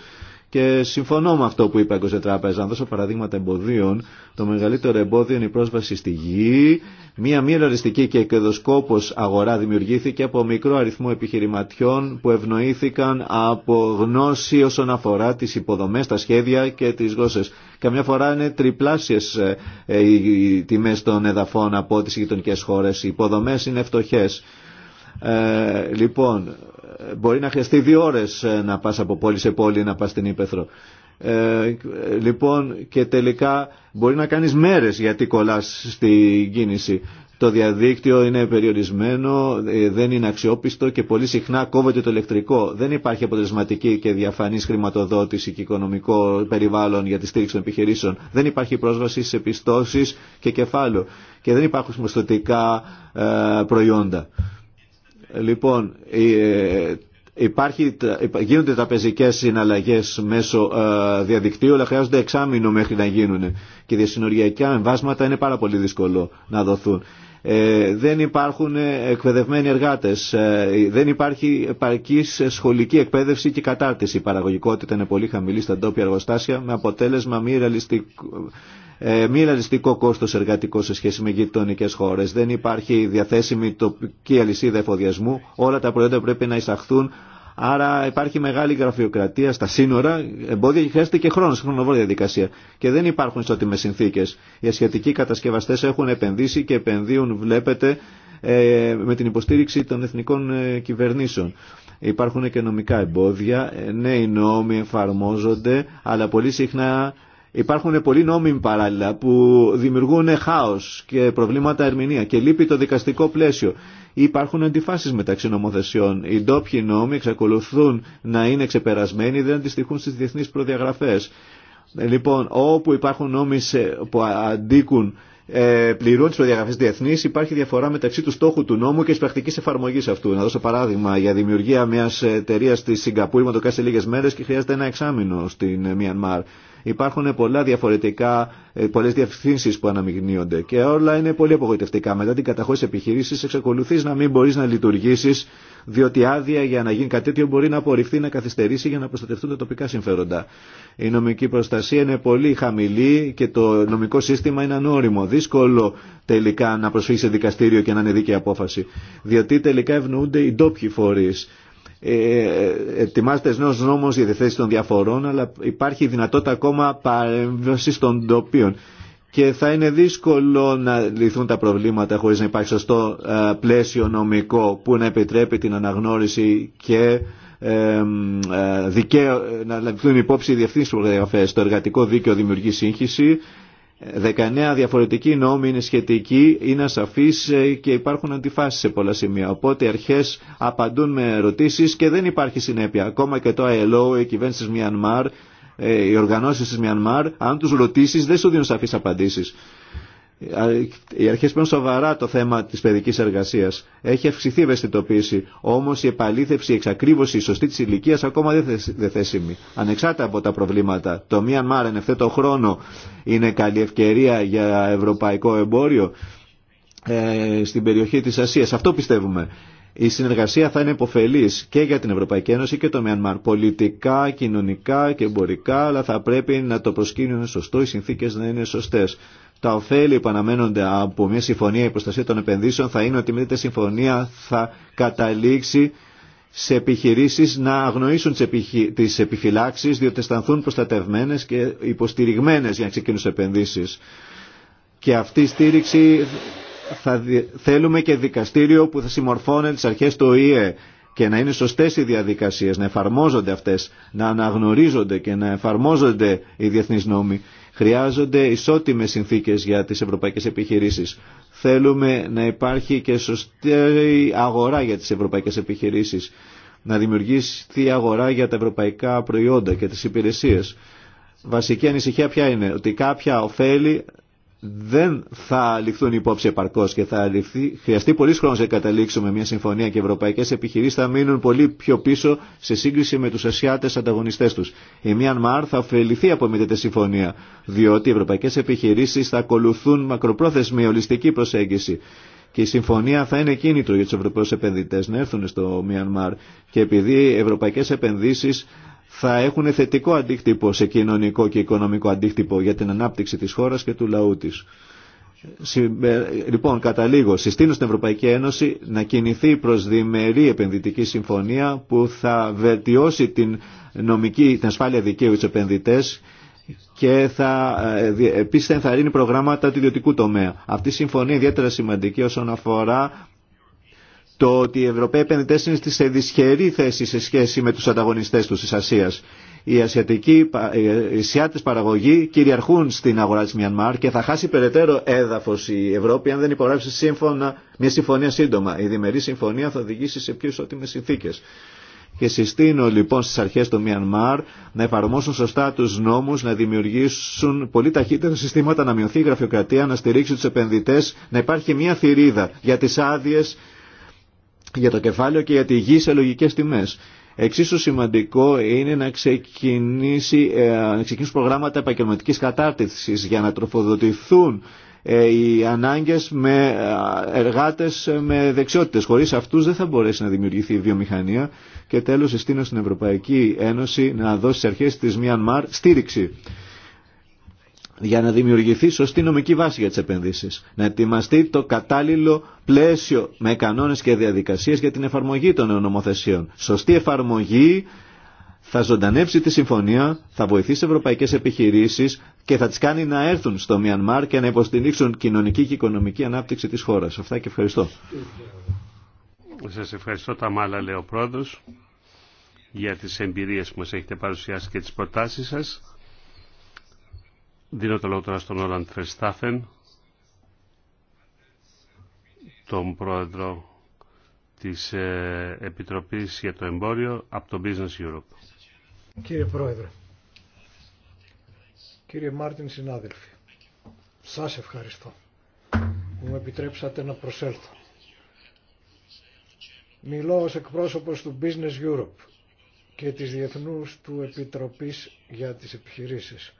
Και συμφωνώ με αυτό που είπε ο Τράπεζα. Αν δώσω παραδείγματα εμποδίων, το μεγαλύτερο εμπόδιο είναι η πρόσβαση στη γη. Μία μη ρεαλιστική και εκδοσκόπο αγορά δημιουργήθηκε από μικρό αριθμό επιχειρηματιών που ευνοήθηκαν από γνώση όσον αφορά τι υποδομέ, τα σχέδια και τι γλώσσε. Καμιά φορά είναι τριπλάσιε ε, οι τιμέ των εδαφών από τι γειτονικέ χώρε. Οι υποδομέ είναι φτωχέ. Ε, λοιπόν, Μπορεί να χρειαστεί δύο ώρες ε, να πας από πόλη σε πόλη, να πας στην Ήπεθρο. Ε, λοιπόν και τελικά μπορεί να κάνεις μέρες γιατί κολλάς στην κίνηση. Το διαδίκτυο είναι περιορισμένο, ε, δεν είναι αξιόπιστο και πολύ συχνά κόβεται το ηλεκτρικό. Δεν υπάρχει αποτελεσματική και διαφανής χρηματοδότηση και οικονομικό περιβάλλον για τη στήριξη των επιχειρήσεων. Δεν υπάρχει πρόσβαση σε πιστώσεις και κεφάλαιο. Και δεν υπάρχουν μισθωτικά ε, προϊόντα. Λοιπόν, ε, υπάρχει, γίνονται πεζικές συναλλαγές μέσω ε, διαδικτύου, αλλά χρειάζονται εξάμεινο μέχρι να γίνουν. Και διασυνοριακά εμβάσματα είναι πάρα πολύ δύσκολο να δοθούν. Ε, δεν υπάρχουν εκπαιδευμένοι εργάτες, ε, δεν υπάρχει επαρκής σχολική εκπαίδευση και κατάρτιση. Η παραγωγικότητα είναι πολύ χαμηλή στα ντόπια εργοστάσια με αποτέλεσμα μη ρεαλιστικό, ε, μη ρεαλιστικό κόστο εργατικό σε σχέση με γειτονικέ χώρε. Δεν υπάρχει διαθέσιμη τοπική αλυσίδα εφοδιασμού. Όλα τα προϊόντα πρέπει να εισαχθούν. Άρα υπάρχει μεγάλη γραφειοκρατία στα σύνορα, εμπόδια και χρειάζεται και χρόνο, χρονοβόρη διαδικασία. Και δεν υπάρχουν ισότιμε συνθήκε. Οι ασιατικοί κατασκευαστέ έχουν επενδύσει και επενδύουν, βλέπετε, ε, με την υποστήριξη των εθνικών ε, κυβερνήσεων. Υπάρχουν και νομικά εμπόδια. Ναι, οι νόμοι εφαρμόζονται, αλλά πολύ συχνά Υπάρχουν πολλοί νόμοι παράλληλα που δημιουργούν χάος και προβλήματα ερμηνεία και λείπει το δικαστικό πλαίσιο. Υπάρχουν αντιφάσεις μεταξύ νομοθεσιών. Οι ντόπιοι νόμοι εξακολουθούν να είναι ξεπερασμένοι, δεν αντιστοιχούν στις διεθνείς προδιαγραφές. Ε, λοιπόν, όπου υπάρχουν νόμοι που αντίκουν ε, πληρούν τι προδιαγραφέ διεθνεί, υπάρχει διαφορά μεταξύ του στόχου του νόμου και τη πρακτική εφαρμογή αυτού. Να δώσω παράδειγμα για δημιουργία μια εταιρεία στη Σιγκαπούρη, με το κάνει σε λίγε μέρε και χρειάζεται ένα εξάμεινο στην ε, Μιανμάρ. Υπάρχουν πολλά διαφορετικά, ε, πολλέ διευθύνσει που αναμειγνύονται και όλα είναι πολύ απογοητευτικά. Μετά την καταχώρηση επιχειρήση, εξακολουθεί να μην μπορεί να λειτουργήσει, διότι άδεια για να γίνει κάτι τέτοιο μπορεί να απορριφθεί, να καθυστερήσει για να προστατευτούν τα τοπικά συμφέροντα. Η νομική προστασία είναι πολύ χαμηλή και το νομικό σύστημα είναι ανώριμο. Δύσκολο τελικά να προσφύγει σε δικαστήριο και να είναι δίκαιη απόφαση. Διότι τελικά ευνοούνται οι ντόπιοι φορεί. Ε, ετοιμάζεται νέο νόμο για τη θέση των διαφορών, αλλά υπάρχει δυνατότητα ακόμα παρέμβαση των τοπίων. Και θα είναι δύσκολο να λυθούν τα προβλήματα χωρίς να υπάρχει σωστό ε, πλαίσιο νομικό που να επιτρέπει την αναγνώριση και ε, ε να λαμβάνουν υπόψη οι διευθύνσει που Το εργατικό δίκαιο δημιουργεί σύγχυση, 19 διαφορετικοί νόμοι είναι σχετικοί, είναι ασαφείς ε, και υπάρχουν αντιφάσεις σε πολλά σημεία. Οπότε οι αρχές απαντούν με ερωτήσεις και δεν υπάρχει συνέπεια. Ακόμα και το ILO, οι κυβέρνηση Μιανμάρ, ε, οι οργανώσεις της Μιανμάρ, αν τους ρωτήσεις δεν σου δίνουν σαφείς απαντήσεις. Οι αρχέ παίρνουν σοβαρά το θέμα τη παιδική εργασία. Έχει αυξηθεί η ευαισθητοποίηση. Όμω η επαλήθευση, η εξακρίβωση, η σωστή τη ηλικία ακόμα δεν θέσιμη. Ανεξάρτητα από τα προβλήματα. Το Μιαν εν ευθέτω χρόνο είναι καλή ευκαιρία για ευρωπαϊκό εμπόριο ε, στην περιοχή τη Ασία. Αυτό πιστεύουμε. Η συνεργασία θα είναι υποφελή και για την Ευρωπαϊκή Ένωση και το Μιανμάρ. Πολιτικά, κοινωνικά και εμπορικά, αλλά θα πρέπει να το προσκύνουν σωστό, οι συνθήκε να είναι σωστέ τα ωφέλη που αναμένονται από μια συμφωνία η προστασία των επενδύσεων θα είναι ότι με τη συμφωνία θα καταλήξει σε επιχειρήσεις να αγνοήσουν τις επιφυλάξεις διότι αισθανθούν προστατευμένες και υποστηριγμένες για να ξεκινήσουν επενδύσεις. Και αυτή η στήριξη θα θέλουμε και δικαστήριο που θα συμμορφώνει τις αρχές του ΟΗΕ και να είναι σωστές οι διαδικασίες, να εφαρμόζονται αυτές, να αναγνωρίζονται και να εφαρμόζονται οι διεθνεί νόμοι Χρειάζονται ισότιμες συνθήκες για τις ευρωπαϊκές επιχειρήσεις. Θέλουμε να υπάρχει και σωστή αγορά για τις ευρωπαϊκές επιχειρήσεις. Να δημιουργηθεί αγορά για τα ευρωπαϊκά προϊόντα και τις υπηρεσίες. Βασική ανησυχία ποια είναι, ότι κάποια ωφέλη δεν θα ληφθούν υπόψη επαρκώ και θα ληφθεί, χρειαστεί πολλή χρόνο να καταλήξουμε μια συμφωνία και οι ευρωπαϊκέ επιχειρήσει θα μείνουν πολύ πιο πίσω σε σύγκριση με του Ασιάτε ανταγωνιστέ του. Η Μιανμάρ θα ωφεληθεί από μια τέτοια συμφωνία, διότι οι ευρωπαϊκέ επιχειρήσει θα ακολουθούν μακροπρόθεσμη ολιστική προσέγγιση. Και η συμφωνία θα είναι κίνητρο για του ευρωπαίου επενδυτέ να έρθουν στο Μιανμάρ. Και επειδή οι ευρωπαϊκέ επενδύσει θα έχουν θετικό αντίκτυπο σε κοινωνικό και οικονομικό αντίκτυπο για την ανάπτυξη της χώρας και του λαού της. Λοιπόν, καταλήγω. Συστήνω στην Ευρωπαϊκή Ένωση να κινηθεί προς διμερή επενδυτική συμφωνία που θα βελτιώσει την, νομική, την ασφάλεια δικαίου στους επενδυτές και θα, ε, επίσης θα ενθαρρύνει προγράμματα του ιδιωτικού τομέα. Αυτή η συμφωνία είναι ιδιαίτερα σημαντική όσον αφορά το ότι οι Ευρωπαίοι επενδυτέ είναι σε δυσχερή θέση σε σχέση με του ανταγωνιστέ του τη Ασία. Οι ασιατικοί, οι ασιάτε παραγωγοί κυριαρχούν στην αγορά τη Μιανμάρ και θα χάσει περαιτέρω έδαφο η Ευρώπη αν δεν υπογράψει σύμφωνα μια συμφωνία σύντομα. Η διμερή συμφωνία θα οδηγήσει σε πιο ισότιμε συνθήκε. Και συστήνω λοιπόν στι αρχέ του Μιανμάρ να εφαρμόσουν σωστά του νόμου, να δημιουργήσουν πολύ ταχύτερα συστήματα, να μειωθεί η γραφειοκρατία, να στηρίξει του επενδυτέ, να υπάρχει μια θηρίδα για τι άδειε για το κεφάλαιο και για τη γη σε λογικές τιμές. Εξίσου σημαντικό είναι να, ξεκινήσει, ε, να ξεκινήσουν προγράμματα επαγγελματικής κατάρτισης για να τροφοδοτηθούν ε, οι ανάγκες με ε, εργάτες με δεξιότητες. Χωρίς αυτούς δεν θα μπορέσει να δημιουργηθεί η βιομηχανία και τέλος συστήνω στην Ευρωπαϊκή Ένωση να δώσει στις αρχές της Μιανμάρ στήριξη για να δημιουργηθεί σωστή νομική βάση για τις επενδύσεις. Να ετοιμαστεί το κατάλληλο πλαίσιο με κανόνες και διαδικασίες για την εφαρμογή των νομοθεσιών. Σωστή εφαρμογή θα ζωντανέψει τη συμφωνία, θα βοηθήσει ευρωπαϊκές επιχειρήσεις και θα τις κάνει να έρθουν στο Μιανμάρ και να υποστηρίξουν κοινωνική και οικονομική ανάπτυξη της χώρας. Αυτά και ευχαριστώ. Σας ευχαριστώ τα μάλα, λέει ο για τις εμπειρίες που μα έχετε παρουσιάσει και τι προτάσεις σας. Δίνω το λόγο τώρα στον Όλαντ Φερστάφεν, τον πρόεδρο της ε, Επιτροπής για το Εμπόριο από το Business Europe. Κύριε Πρόεδρε, κύριε Μάρτιν συνάδελφοι, σας ευχαριστώ που μου επιτρέψατε να προσέλθω. Μιλώ ως εκπρόσωπος του Business Europe και της Διεθνούς του Επιτροπής για τις Επιχειρήσεις.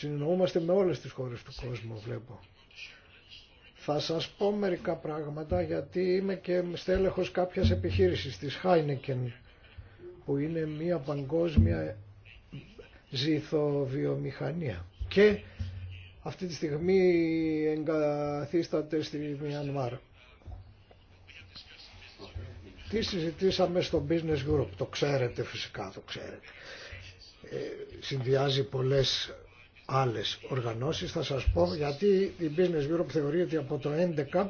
Συνεννοούμαστε με όλες τις χώρες του κόσμου βλέπω. Θα σας πω μερικά πράγματα γιατί είμαι και στέλεχος κάποιας επιχείρησης της Heineken που είναι μια παγκόσμια ζηθοβιομηχανία και αυτή τη στιγμή εγκαθίσταται στη Μιανμάρ. Τι συζητήσαμε στο Business Group, το ξέρετε φυσικά, το ξέρετε. Ε, συνδυάζει πολλές άλλες οργανώσεις. Θα σας πω γιατί η Business Europe θεωρεί ότι από το 2011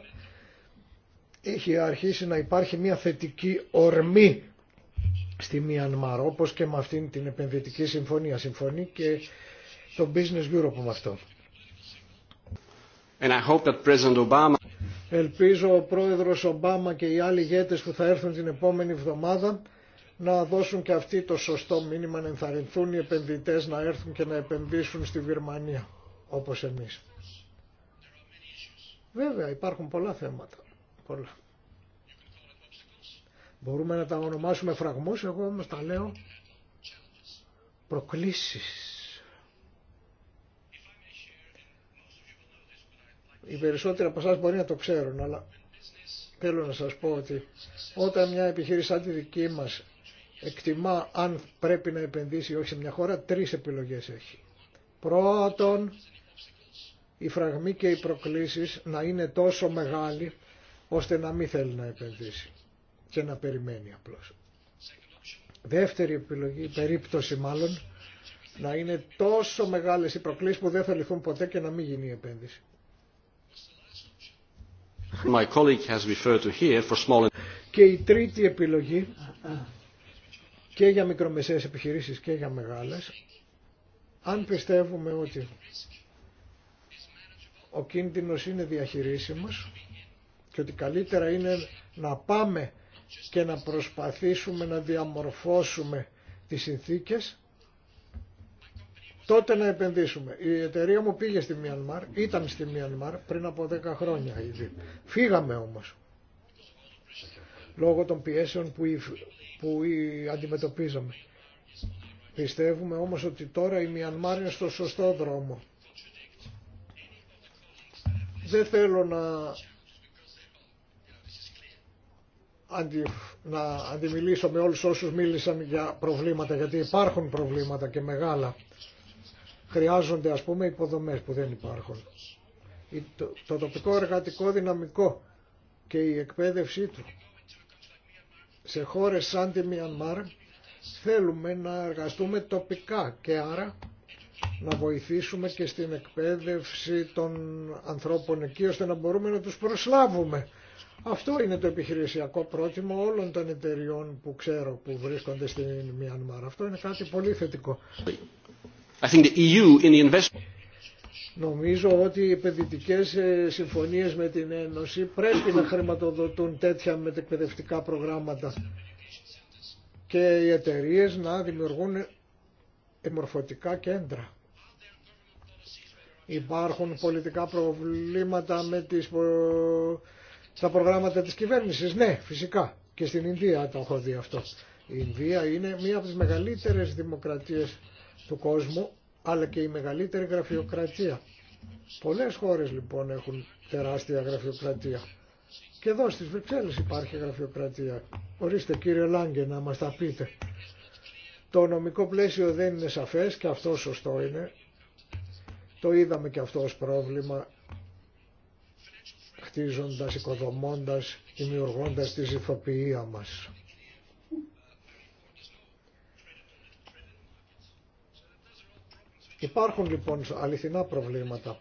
έχει αρχίσει να υπάρχει μια θετική ορμή στη Μιανμαρ, όπως και με αυτήν την επενδυτική συμφωνία. Συμφωνεί και το Business Europe με αυτό. And I hope that President Obama... Ελπίζω ο πρόεδρος Ομπάμα και οι άλλοι ηγέτες που θα έρθουν την επόμενη εβδομάδα να δώσουν και αυτοί το σωστό μήνυμα να ενθαρρυνθούν οι επενδυτές να έρθουν και να επενδύσουν στη Βυρμανία όπως εμείς. Βέβαια υπάρχουν πολλά θέματα. Πολλά. Μπορούμε να τα ονομάσουμε φραγμούς, εγώ όμως τα λέω προκλήσεις. Οι περισσότεροι από εσάς μπορεί να το ξέρουν, αλλά θέλω να σας πω ότι όταν μια επιχείρηση σαν τη δική μας εκτιμά αν πρέπει να επενδύσει ή όχι σε μια χώρα, τρεις επιλογές έχει. Πρώτον, οι φραγμή και οι προκλήσεις να είναι τόσο μεγάλοι ώστε να μην θέλει να επενδύσει και να περιμένει απλώς. Δεύτερη επιλογή, περίπτωση μάλλον, να είναι τόσο μεγάλες οι προκλήσεις που δεν θα λυθούν ποτέ και να μην γίνει η επένδυση. My colleague has referred to here for small... Και η τρίτη επιλογή και για μικρομεσαίες επιχειρήσεις και για μεγάλες, αν πιστεύουμε ότι ο κίνδυνος είναι διαχειρίσιμος και ότι καλύτερα είναι να πάμε και να προσπαθήσουμε να διαμορφώσουμε τις συνθήκες, τότε να επενδύσουμε. Η εταιρεία μου πήγε στη Μιανμάρ, ήταν στη Μιανμάρ πριν από 10 χρόνια ήδη. Φύγαμε όμως. Λόγω των πιέσεων που που αντιμετωπίζαμε. Πιστεύουμε όμως ότι τώρα η Μιανμάρ είναι στο σωστό δρόμο. Δεν θέλω να, αντι... να αντιμιλήσω με όλους όσους μίλησαν για προβλήματα, γιατί υπάρχουν προβλήματα και μεγάλα. Χρειάζονται ας πούμε υποδομές που δεν υπάρχουν. Το τοπικό εργατικό δυναμικό και η εκπαίδευσή του σε χώρες σαν τη Μιανμάρ θέλουμε να εργαστούμε τοπικά και άρα να βοηθήσουμε και στην εκπαίδευση των ανθρώπων εκεί ώστε να μπορούμε να τους προσλάβουμε. Αυτό είναι το επιχειρησιακό πρότυπο όλων των εταιριών που ξέρω που βρίσκονται στην Μιανμάρ. Αυτό είναι κάτι πολύ θετικό. E Νομίζω ότι οι επενδυτικέ ε, συμφωνίες με την Ένωση πρέπει να χρηματοδοτούν τέτοια μετεκπαιδευτικά προγράμματα και οι εταιρείε να δημιουργούν εμορφωτικά κέντρα. Υπάρχουν πολιτικά προβλήματα με τις, στα προγράμματα της κυβέρνησης. Ναι, φυσικά. Και στην Ινδία το έχω δει αυτό. Η Ινδία είναι μία από τις μεγαλύτερες δημοκρατίες του κόσμου αλλά και η μεγαλύτερη γραφειοκρατία. Πολλές χώρες λοιπόν έχουν τεράστια γραφειοκρατία. Και εδώ στις Βρυξέλλες υπάρχει γραφειοκρατία. Ορίστε κύριε Λάγκε να μας τα πείτε. Το νομικό πλαίσιο δεν είναι σαφές και αυτό σωστό είναι. Το είδαμε και αυτό ως πρόβλημα χτίζοντας, οικοδομώντας, δημιουργώντας τη ζηθοποιία μας. Υπάρχουν λοιπόν αληθινά προβλήματα.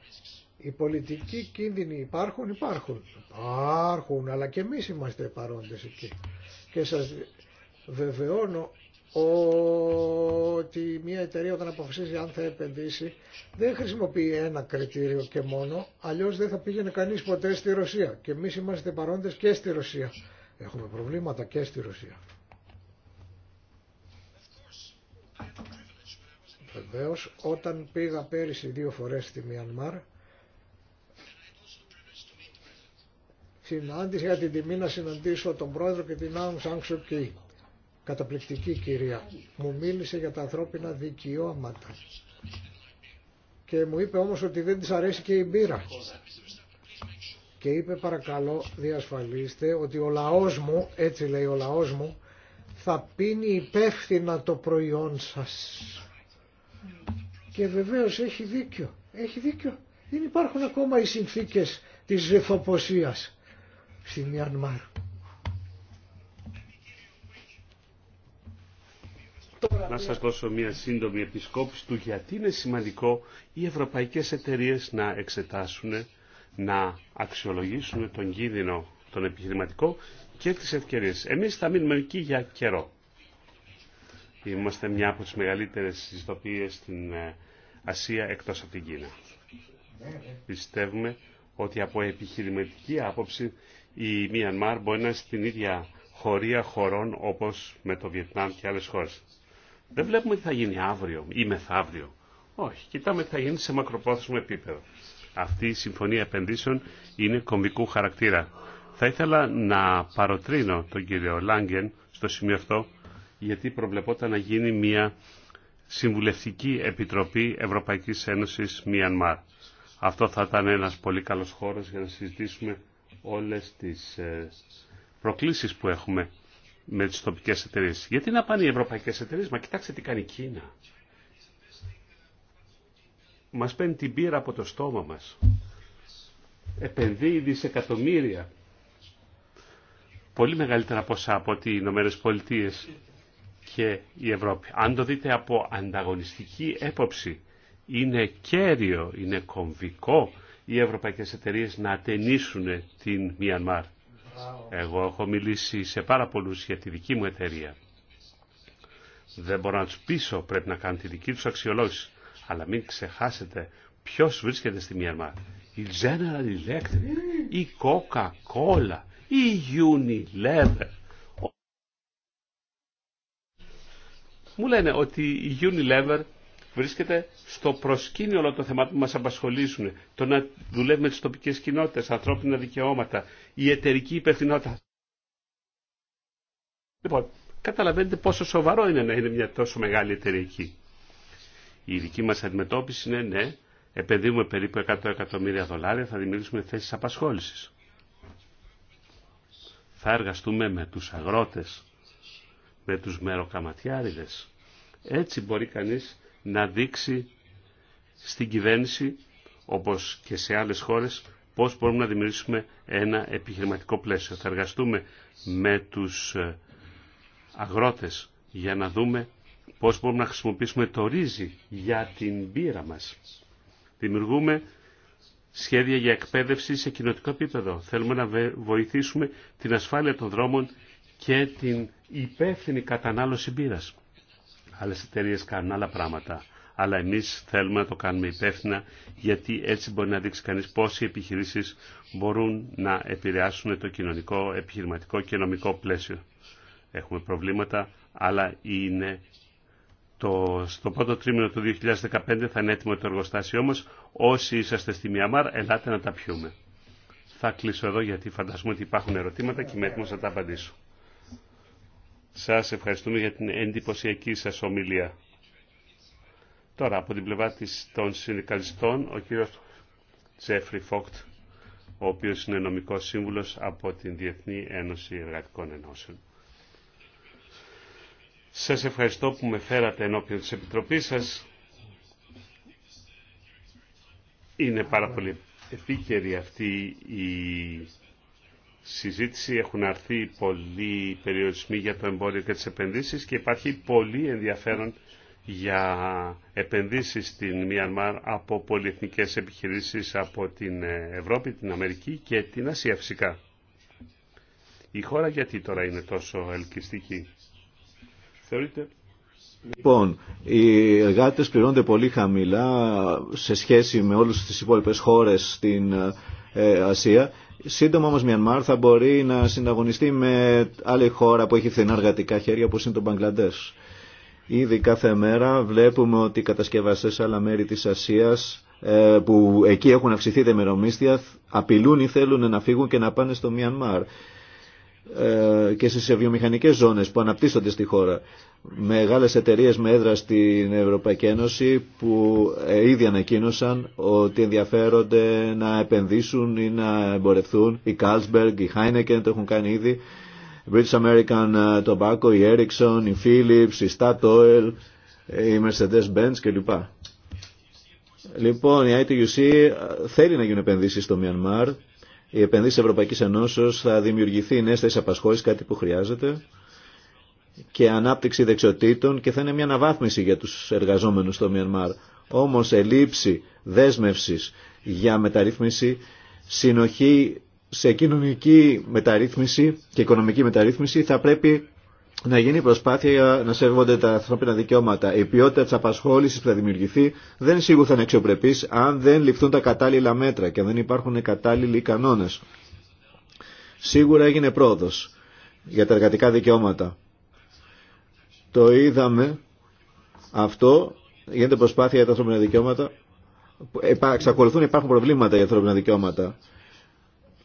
Οι πολιτικοί κίνδυνοι υπάρχουν, υπάρχουν. Υπάρχουν, αλλά και εμείς είμαστε παρόντες εκεί. Και σας βεβαιώνω ότι μια εταιρεία όταν αποφασίζει αν θα επενδύσει δεν χρησιμοποιεί ένα κριτήριο και μόνο, αλλιώς δεν θα πήγαινε κανείς ποτέ στη Ρωσία. Και εμείς είμαστε παρόντες και στη Ρωσία. Έχουμε προβλήματα και στη Ρωσία. Βεβαίω, Όταν πήγα πέρυσι δύο φορές στη Μιανμάρ, συνάντησα για την τιμή να συναντήσω τον πρόεδρο και την Άουν Κι. Καταπληκτική κυρία. Μου μίλησε για τα ανθρώπινα δικαιώματα. Και μου είπε όμως ότι δεν της αρέσει και η μπύρα. Και είπε παρακαλώ διασφαλίστε ότι ο λαός μου, έτσι λέει ο λαός μου, θα πίνει υπεύθυνα το προϊόν σας. Και βεβαίως έχει δίκιο. Έχει δίκιο. Δεν υπάρχουν ακόμα οι συνθήκες της ζεφοποσίας στη Μιανμάρ. Να σας δώσω μια σύντομη επισκόπηση του γιατί είναι σημαντικό οι ευρωπαϊκές εταιρείες να εξετάσουν, να αξιολογήσουν τον κίνδυνο τον επιχειρηματικό και τις ευκαιρίες. Εμείς θα μείνουμε εκεί για καιρό. Είμαστε μια από τις μεγαλύτερες ιστοποιίες στην ε, Ασία εκτός από την Κίνα. Πιστεύουμε ότι από επιχειρηματική άποψη η Μιανμάρ μπορεί να είναι στην ίδια χωρία χωρών όπως με το Βιετνάμ και άλλες χώρες. Δεν βλέπουμε τι θα γίνει αύριο ή μεθαύριο. Όχι, κοιτάμε τι θα γίνει σε μακροπρόθεσμο επίπεδο. Αυτή η συμφωνία επενδύσεων είναι κομβικού χαρακτήρα. Θα ήθελα να παροτρύνω τον κύριο Λάγκεν στο σημείο αυτό γιατί προβλεπόταν να γίνει μια Συμβουλευτική Επιτροπή Ευρωπαϊκής Ένωσης Μιανμάρ. Αυτό θα ήταν ένας πολύ καλός χώρος για να συζητήσουμε όλες τις ε, προκλήσεις που έχουμε με τις τοπικές εταιρείες. Γιατί να πάνε οι ευρωπαϊκές εταιρείες, μα κοιτάξτε τι κάνει η Κίνα. Μας παίρνει την πύρα από το στόμα μας. Επενδύει δισεκατομμύρια. Πολύ μεγαλύτερα ποσά από ότι οι Ηνωμένε Πολιτείες και η Ευρώπη. Αν το δείτε από ανταγωνιστική έποψη, είναι κέριο, είναι κομβικό οι ευρωπαϊκές εταιρείες να ατενίσουν την Μιανμάρ. Εγώ έχω μιλήσει σε πάρα πολλούς για τη δική μου εταιρεία. Δεν μπορώ να τους πείσω, πρέπει να κάνουν τη δική τους αξιολόγηση. Αλλά μην ξεχάσετε ποιος βρίσκεται στη Μιανμάρ. Η General Electric, η Coca-Cola, η Unilever, μου λένε ότι η Unilever βρίσκεται στο προσκήνιο όλων των θεμάτων που μας απασχολήσουν. Το να δουλεύουμε τις τοπικές κοινότητες, ανθρώπινα δικαιώματα, η εταιρική υπευθυνότητα. Λοιπόν, καταλαβαίνετε πόσο σοβαρό είναι να είναι μια τόσο μεγάλη εταιρική. Η δική μας αντιμετώπιση είναι ναι, επενδύουμε περίπου 100 εκατομμύρια δολάρια, θα δημιουργήσουμε θέσεις απασχόλησης. Θα εργαστούμε με τους αγρότες, με τους μεροκαματιάριδες. Έτσι μπορεί κανείς να δείξει στην κυβέρνηση, όπως και σε άλλες χώρες, πώς μπορούμε να δημιουργήσουμε ένα επιχειρηματικό πλαίσιο. Θα εργαστούμε με τους ε, αγρότες για να δούμε πώς μπορούμε να χρησιμοποιήσουμε το ρύζι για την πύρα μας. Δημιουργούμε σχέδια για εκπαίδευση σε κοινοτικό επίπεδο. Θέλουμε να βοηθήσουμε την ασφάλεια των δρόμων και την υπεύθυνη κατανάλωση μπύρας. Άλλες εταιρείε κάνουν άλλα πράγματα. Αλλά εμείς θέλουμε να το κάνουμε υπεύθυνα γιατί έτσι μπορεί να δείξει κανείς πώς οι επιχειρήσεις μπορούν να επηρεάσουν το κοινωνικό, επιχειρηματικό και νομικό πλαίσιο. Έχουμε προβλήματα, αλλά είναι το, στο πρώτο τρίμηνο του 2015 θα είναι έτοιμο το εργοστάσιό μα Όσοι είσαστε στη Μιαμάρ, ελάτε να τα πιούμε. Θα κλείσω εδώ γιατί φαντάζομαι ότι υπάρχουν ερωτήματα και είμαι έτοιμο να τα απαντήσω. Σας ευχαριστούμε για την εντυπωσιακή σας ομιλία. Τώρα, από την πλευρά της, των συνδικαλιστών, ο κύριος Τζέφρι Φόκτ, ο οποίος είναι νομικός σύμβουλος από την Διεθνή Ένωση Εργατικών Ενώσεων. Σας ευχαριστώ που με φέρατε ενώπιον της Επιτροπής σας. Είναι πάρα πολύ επίκαιρη αυτή η συζήτηση έχουν αρθεί πολλοί περιορισμοί για το εμπόριο και τις επενδύσεις και υπάρχει πολύ ενδιαφέρον για επενδύσεις στην Μιανμάρ από πολυεθνικές επιχειρήσεις από την Ευρώπη, την Αμερική και την Ασία φυσικά. Η χώρα γιατί τώρα είναι τόσο ελκυστική. Θεωρείτε... Λοιπόν, οι εργάτες πληρώνονται πολύ χαμηλά σε σχέση με όλες τις υπόλοιπες χώρες στην ε, Ασία Σύντομα όμω Μιανμάρ θα μπορεί να συναγωνιστεί με άλλη χώρα που έχει φθηνά εργατικά χέρια όπως είναι το Μπαγκλαντέ. Ήδη κάθε μέρα βλέπουμε ότι οι κατασκευαστέ σε άλλα μέρη της Ασίας ε, που εκεί έχουν αυξηθεί τα απειλούν ή θέλουν να φύγουν και να πάνε στο Μιανμάρ. Ε, και στις βιομηχανικές ζώνες που αναπτύσσονται στη χώρα. Μεγάλες εταιρείες με έδρα στην Ευρωπαϊκή Ένωση που ε, ήδη ανακοίνωσαν ότι ενδιαφέρονται να επενδύσουν ή να εμπορευθούν. οι Carlsberg, οι Χάινεκεν το έχουν κάνει ήδη. British American ε, Tobacco, η Ericsson, η Philips, η Statoil, η Mercedes-Benz κλπ. Λοιπόν, η ITUC θέλει να γίνουν επενδύσεις στο Μιανμάρ οι επενδύσει τη Ευρωπαϊκής Ενώσεως θα δημιουργηθεί νέες θέσεις απασχόλησης, κάτι που χρειάζεται και ανάπτυξη δεξιοτήτων και θα είναι μια αναβάθμιση για τους εργαζόμενους στο Μιανμάρ. Όμως ελλείψη δέσμευση για μεταρρύθμιση, συνοχή σε κοινωνική μεταρρύθμιση και οικονομική μεταρρύθμιση θα πρέπει να γίνει προσπάθεια να σέβονται τα ανθρώπινα δικαιώματα. Η ποιότητα τη απασχόληση που θα δημιουργηθεί δεν σίγουρα θα είναι αξιοπρεπή αν δεν ληφθούν τα κατάλληλα μέτρα και αν δεν υπάρχουν κατάλληλοι κανόνε. Σίγουρα έγινε πρόοδο για τα εργατικά δικαιώματα. Το είδαμε αυτό, γίνεται προσπάθεια για τα ανθρώπινα δικαιώματα. Εξακολουθούν υπάρχουν προβλήματα για τα ανθρώπινα δικαιώματα.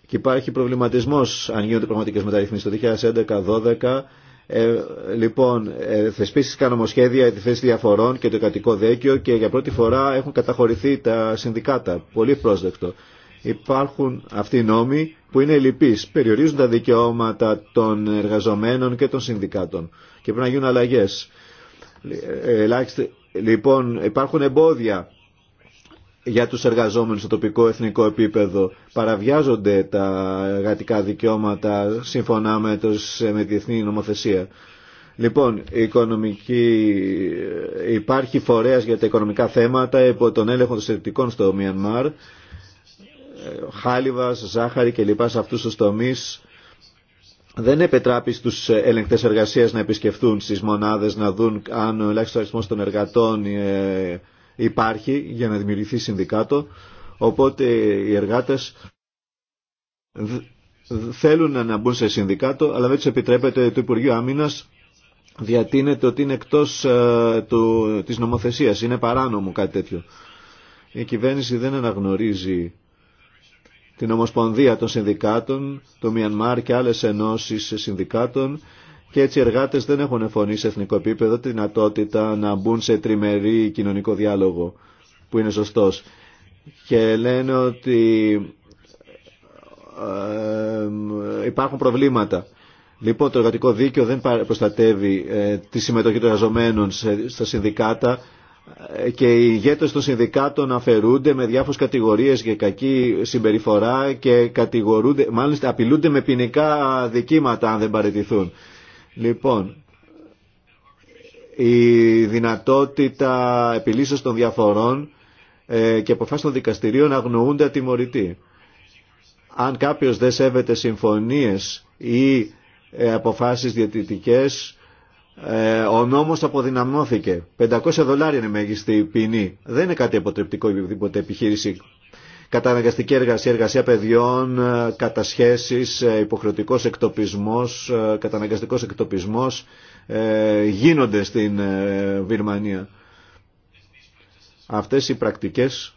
Και υπάρχει προβληματισμό αν γίνονται πραγματικέ μεταρρυθμίσει. Το 2011-2012 ε, λοιπόν, ε, θεσπίστηκαν νομοσχέδια τη θέση διαφορών και το κρατικό δέκιο και για πρώτη φορά έχουν καταχωρηθεί τα συνδικάτα. Πολύ πρόσδεκτο. Υπάρχουν αυτοί οι νόμοι που είναι λυπεί. περιορίζουν τα δικαιώματα των εργαζομένων και των συνδικάτων και πρέπει να γίνουν αλλαγές. Ε, ε, λοιπόν, υπάρχουν εμπόδια για τους εργαζόμενους στο τοπικό εθνικό επίπεδο. Παραβιάζονται τα εργατικά δικαιώματα σύμφωνα με, το, με τη διεθνή νομοθεσία. Λοιπόν, η οικονομική... υπάρχει φορέας για τα οικονομικά θέματα υπό τον έλεγχο των συντηρητικών στο Μιανμάρ. Χάλιβας, ζάχαρη κλπ. σε αυτούς τους τομείς δεν επιτράπει στους ελεγκτές εργασίας να επισκεφθούν στις μονάδες να δουν αν ο ελάχιστος αριθμός των εργατών ε, υπάρχει για να δημιουργηθεί συνδικάτο, οπότε οι εργάτες θέλουν να μπουν σε συνδικάτο, αλλά δεν τους επιτρέπεται το Υπουργείο Άμυνας διατείνεται ότι είναι εκτός ε, του, της νομοθεσίας, είναι παράνομο κάτι τέτοιο. Η κυβέρνηση δεν αναγνωρίζει την Ομοσπονδία των Συνδικάτων, το Μιανμάρ και άλλες ενώσεις συνδικάτων και έτσι οι εργάτε δεν έχουν φωνή σε εθνικό επίπεδο τη δυνατότητα να μπουν σε τριμερή κοινωνικό διάλογο που είναι σωστό. Και λένε ότι ε, υπάρχουν προβλήματα. Λοιπόν, το εργατικό δίκαιο δεν προστατεύει ε, τη συμμετοχή των εργαζομένων στα συνδικάτα ε, και οι ηγέτες των συνδικάτων αφαιρούνται με διάφορες κατηγορίες για κακή συμπεριφορά και κατηγορούνται, μάλιστα απειλούνται με ποινικά δικήματα αν δεν παραιτηθούν. Λοιπόν, η δυνατότητα επιλύσεως των διαφορών ε, και αποφάσεις των δικαστηρίων αγνοούνται ατιμωρητοί. Αν κάποιος δεν σέβεται συμφωνίες ή ε, αποφάσεις διατητικές, ε, ο νόμος αποδυναμώθηκε. 500 δολάρια είναι η μέγιστη ποινή. Δεν είναι κάτι αποτρεπτικό οποιαδήποτε αποτρεπτικο η επιχειρηση καταναγκαστική εργασία, εργασία παιδιών, ε, κατασχέσεις, ε, υποχρεωτικός εκτοπισμός, ε, καταναγκαστικός εκτοπισμός γίνονται στην Βυρμανία. Αυτές οι πρακτικές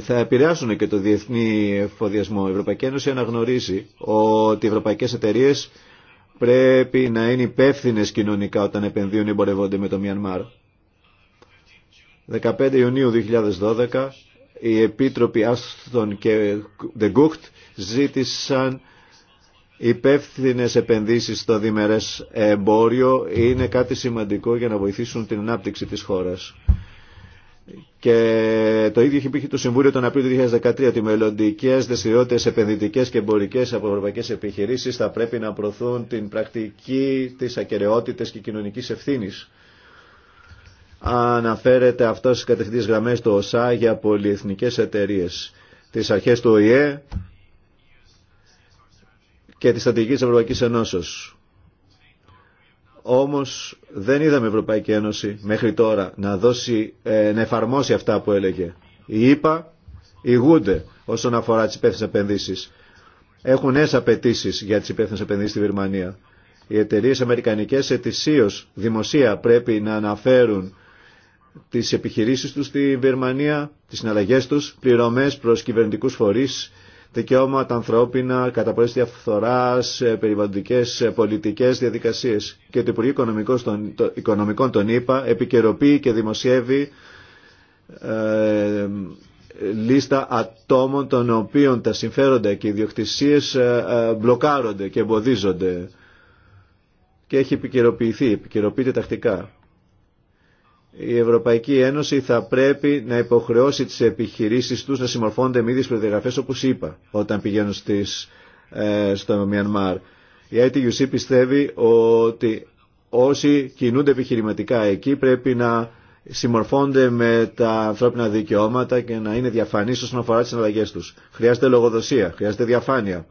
θα επηρεάσουν και το διεθνή εφοδιασμό. Η Ευρωπαϊκή Ένωση αναγνωρίζει ότι οι ευρωπαϊκές εταιρείες πρέπει να είναι υπεύθυνε κοινωνικά όταν επενδύουν ή εμπορεύονται με το Μιανμάρ. 15 Ιουνίου 2012 οι επίτροποι Άστον και Δεγκούχτ ζήτησαν υπεύθυνε επενδύσεις στο διμερές εμπόριο είναι κάτι σημαντικό για να βοηθήσουν την ανάπτυξη της χώρας. Και το ίδιο είχε πει το Συμβούλιο τον Απρίλιο 2013 ότι μελλοντικέ δραστηριότητε επενδυτικέ και εμπορικέ από ευρωπαϊκέ επιχειρήσει θα πρέπει να προωθούν την πρακτική τη ακαιρεότητα και κοινωνική ευθύνη αναφέρεται αυτό στις κατευθυντικές γραμμές του ΟΣΑ για πολυεθνικές εταιρείες. Τις αρχές του ΟΗΕ και τη στρατηγική της Ευρωπαϊκής Ενώσεως. Όμως δεν είδαμε η Ευρωπαϊκή Ένωση μέχρι τώρα να, δώσει, ε, να εφαρμόσει αυτά που έλεγε. Η ΗΠΑ ηγούνται όσον αφορά τις υπεύθυνες επενδύσεις. Έχουν νέες απαιτήσει για τις υπεύθυνες επενδύσεις στη Βερμανία. Οι εταιρείε αμερικανικές ετησίως δημοσία πρέπει να αναφέρουν τις επιχειρήσεις τους στη Βερμανία, τις συναλλαγές τους, πληρωμές προς κυβερνητικούς φορείς, δικαιώματα ανθρώπινα, καταπολέμηση διαφθοράς, ε, περιβαλλοντικές ε, πολιτικές διαδικασίες. Και το Υπουργείο Οικονομικών τον ΗΠΑ επικαιροποιεί και δημοσιεύει ε, λίστα ατόμων των οποίων τα συμφέροντα και οι διοκτησίες ε, μπλοκάρονται και εμποδίζονται και έχει επικαιροποιηθεί, επικαιροποιείται τακτικά η Ευρωπαϊκή Ένωση θα πρέπει να υποχρεώσει τις επιχειρήσεις τους να συμμορφώνονται με ίδιες προδιαγραφές όπως είπα όταν πηγαίνουν στις, ε, στο Μιανμάρ. Η ITUC πιστεύει ότι όσοι κινούνται επιχειρηματικά εκεί πρέπει να συμμορφώνται με τα ανθρώπινα δικαιώματα και να είναι διαφανείς όσον αφορά τις συναλλαγές τους. Χρειάζεται λογοδοσία, χρειάζεται διαφάνεια.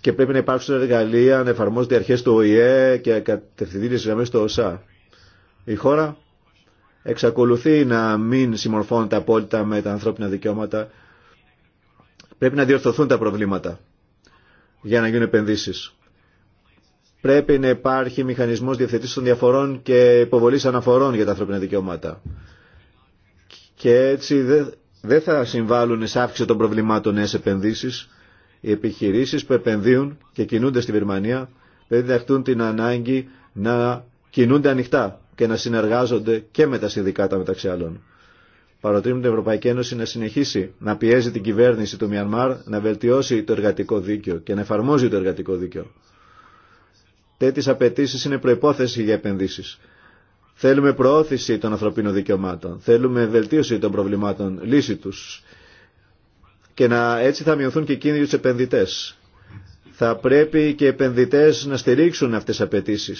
Και πρέπει να υπάρξουν εργαλεία να εφαρμόζονται αρχές του ΟΗΕ και κατευθυντήριες γραμμές του ΟΣΑ η χώρα εξακολουθεί να μην συμμορφώνεται απόλυτα με τα ανθρώπινα δικαιώματα. Πρέπει να διορθωθούν τα προβλήματα για να γίνουν επενδύσει. Πρέπει να υπάρχει μηχανισμός διευθετήσεων των διαφορών και υποβολής αναφορών για τα ανθρώπινα δικαιώματα. Και έτσι δεν θα συμβάλλουν σε αύξηση των προβλημάτων νέες επενδύσεις. Οι επιχειρήσεις που επενδύουν και κινούνται στη Βερμανία πρέπει να δεχτούν την ανάγκη να κινούνται ανοιχτά και να συνεργάζονται και με τα συνδικάτα μεταξύ άλλων. Παροτρύνουν την Ευρωπαϊκή Ένωση να συνεχίσει να πιέζει την κυβέρνηση του Μιανμάρ να βελτιώσει το εργατικό δίκαιο και να εφαρμόζει το εργατικό δίκαιο. Τέτοιε απαιτήσει είναι προπόθεση για επενδύσει. Θέλουμε προώθηση των ανθρωπίνων δικαιωμάτων. Θέλουμε βελτίωση των προβλημάτων, λύση του. Και να, έτσι θα μειωθούν και οι κίνδυνοι του επενδυτέ. Θα πρέπει και οι επενδυτέ να στηρίξουν αυτέ τι απαιτήσει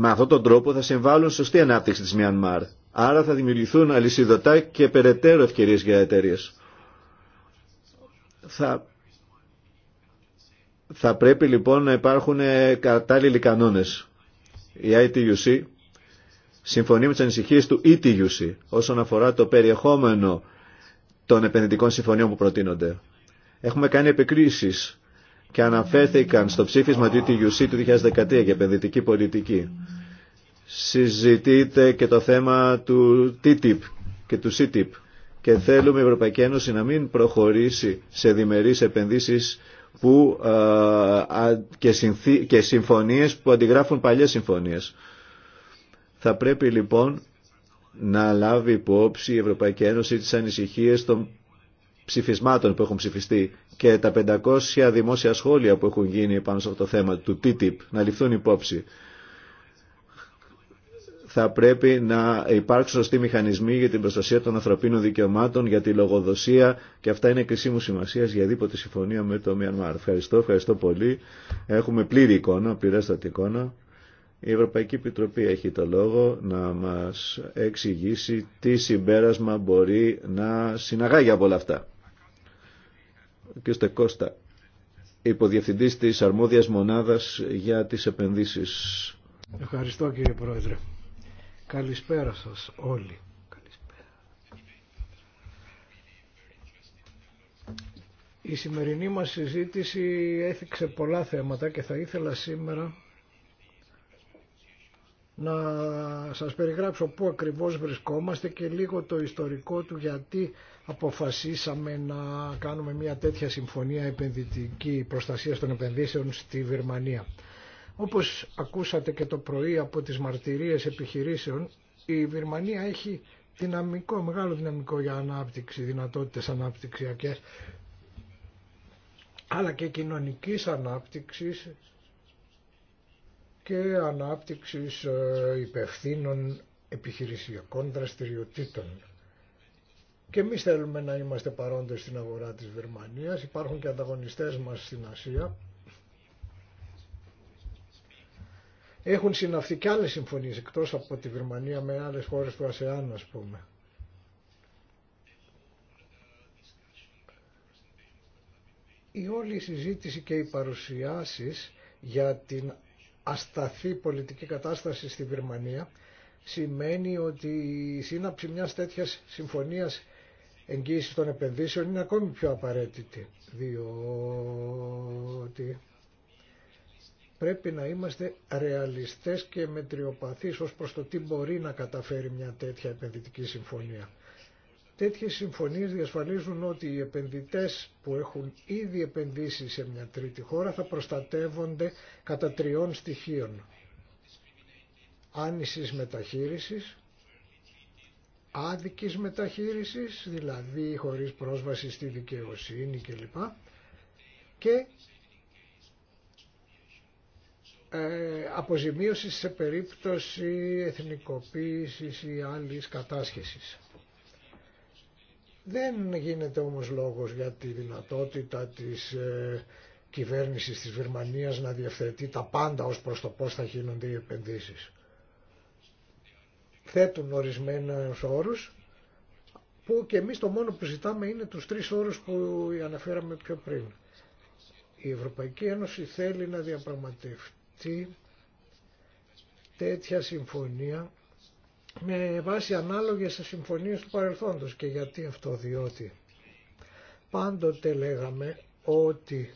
με αυτόν τον τρόπο θα συμβάλλουν σωστή ανάπτυξη της Μιανμάρ. Άρα θα δημιουργηθούν αλυσιδωτά και περαιτέρω ευκαιρίες για εταιρείε. Θα... θα πρέπει λοιπόν να υπάρχουν ε, κατάλληλοι κανόνες. Η ITUC συμφωνεί με τις ανησυχίες του ETUC όσον αφορά το περιεχόμενο των επενδυτικών συμφωνιών που προτείνονται. Έχουμε κάνει επικρίσεις και αναφέρθηκαν στο ψήφισμα του ETUC του 2013 για επενδυτική πολιτική. Συζητείται και το θέμα του TTIP και του CTIP και θέλουμε η Ευρωπαϊκή Ένωση να μην προχωρήσει σε διμερείς επενδύσεις που, και, συμφωνίε και συμφωνίες που αντιγράφουν παλιές συμφωνίες. Θα πρέπει λοιπόν να λάβει υπόψη η Ευρωπαϊκή Ένωση τις ανησυχίες των ψηφισμάτων που έχουν ψηφιστεί και τα 500 δημόσια σχόλια που έχουν γίνει πάνω σε αυτό το θέμα του TTIP να ληφθούν υπόψη. Θα πρέπει να υπάρξουν σωστοί μηχανισμοί για την προστασία των ανθρωπίνων δικαιωμάτων, για τη λογοδοσία και αυτά είναι κρισίμου σημασία για δίποτε συμφωνία με το Μιανμάρ. Ευχαριστώ, ευχαριστώ πολύ. Έχουμε πλήρη εικόνα, πληρέστατη εικόνα. Η Ευρωπαϊκή Επιτροπή έχει το λόγο να μας εξηγήσει τι συμπέρασμα μπορεί να συναγάγει από όλα αυτά κ. Κώστα, υποδιευθυντής της αρμόδιας μονάδας για τις επενδύσεις. Ευχαριστώ κύριε Πρόεδρε. Καλησπέρα σας όλοι. Η σημερινή μας συζήτηση έθιξε πολλά θέματα και θα ήθελα σήμερα να σας περιγράψω πού ακριβώς βρισκόμαστε και λίγο το ιστορικό του γιατί αποφασίσαμε να κάνουμε μια τέτοια συμφωνία επενδυτική προστασία των επενδύσεων στη Βερμανία. Όπως ακούσατε και το πρωί από τις μαρτυρίες επιχειρήσεων, η Βερμανία έχει δυναμικό, μεγάλο δυναμικό για ανάπτυξη, δυνατότητες ανάπτυξιακές, αλλά και κοινωνικής ανάπτυξης και ανάπτυξης ε, υπευθύνων επιχειρησιακών δραστηριοτήτων. Και εμεί θέλουμε να είμαστε παρόντες στην αγορά της Βερμανίας. Υπάρχουν και ανταγωνιστές μας στην Ασία. Έχουν συναυθεί και άλλες συμφωνίες εκτός από τη Βερμανία με άλλες χώρες του ΑΣΕΑΝ ας πούμε. Η όλη συζήτηση και οι παρουσιάσεις για την ασταθή πολιτική κατάσταση στη Βερμανία σημαίνει ότι η σύναψη μιας τέτοιας συμφωνίας εγγύησης των επενδύσεων είναι ακόμη πιο απαραίτητη διότι πρέπει να είμαστε ρεαλιστές και μετριοπαθείς ως προς το τι μπορεί να καταφέρει μια τέτοια επενδυτική συμφωνία. Τέτοιες συμφωνίες διασφαλίζουν ότι οι επενδυτές που έχουν ήδη επενδύσει σε μια τρίτη χώρα θα προστατεύονται κατά τριών στοιχείων. Άνησης μεταχείρισης, άδικης μεταχείρισης, δηλαδή χωρίς πρόσβαση στη δικαιοσύνη κλπ. Και ε, αποζημίωση σε περίπτωση εθνικοποίησης ή άλλης κατάσχεσης. Δεν γίνεται όμως λόγος για τη δυνατότητα της ε, κυβέρνησης της Βερμανίας να διευθετεί τα πάντα ως προς το πώς θα γίνονται οι επενδύσεις. Θέτουν ορισμένους όρους που και εμείς το μόνο που ζητάμε είναι τους τρεις όρους που αναφέραμε πιο πριν. Η Ευρωπαϊκή Ένωση θέλει να διαπραγματευτεί τέτοια συμφωνία με βάση ανάλογες συμφωνίες του παρελθόντος. Και γιατί αυτό, διότι πάντοτε λέγαμε ότι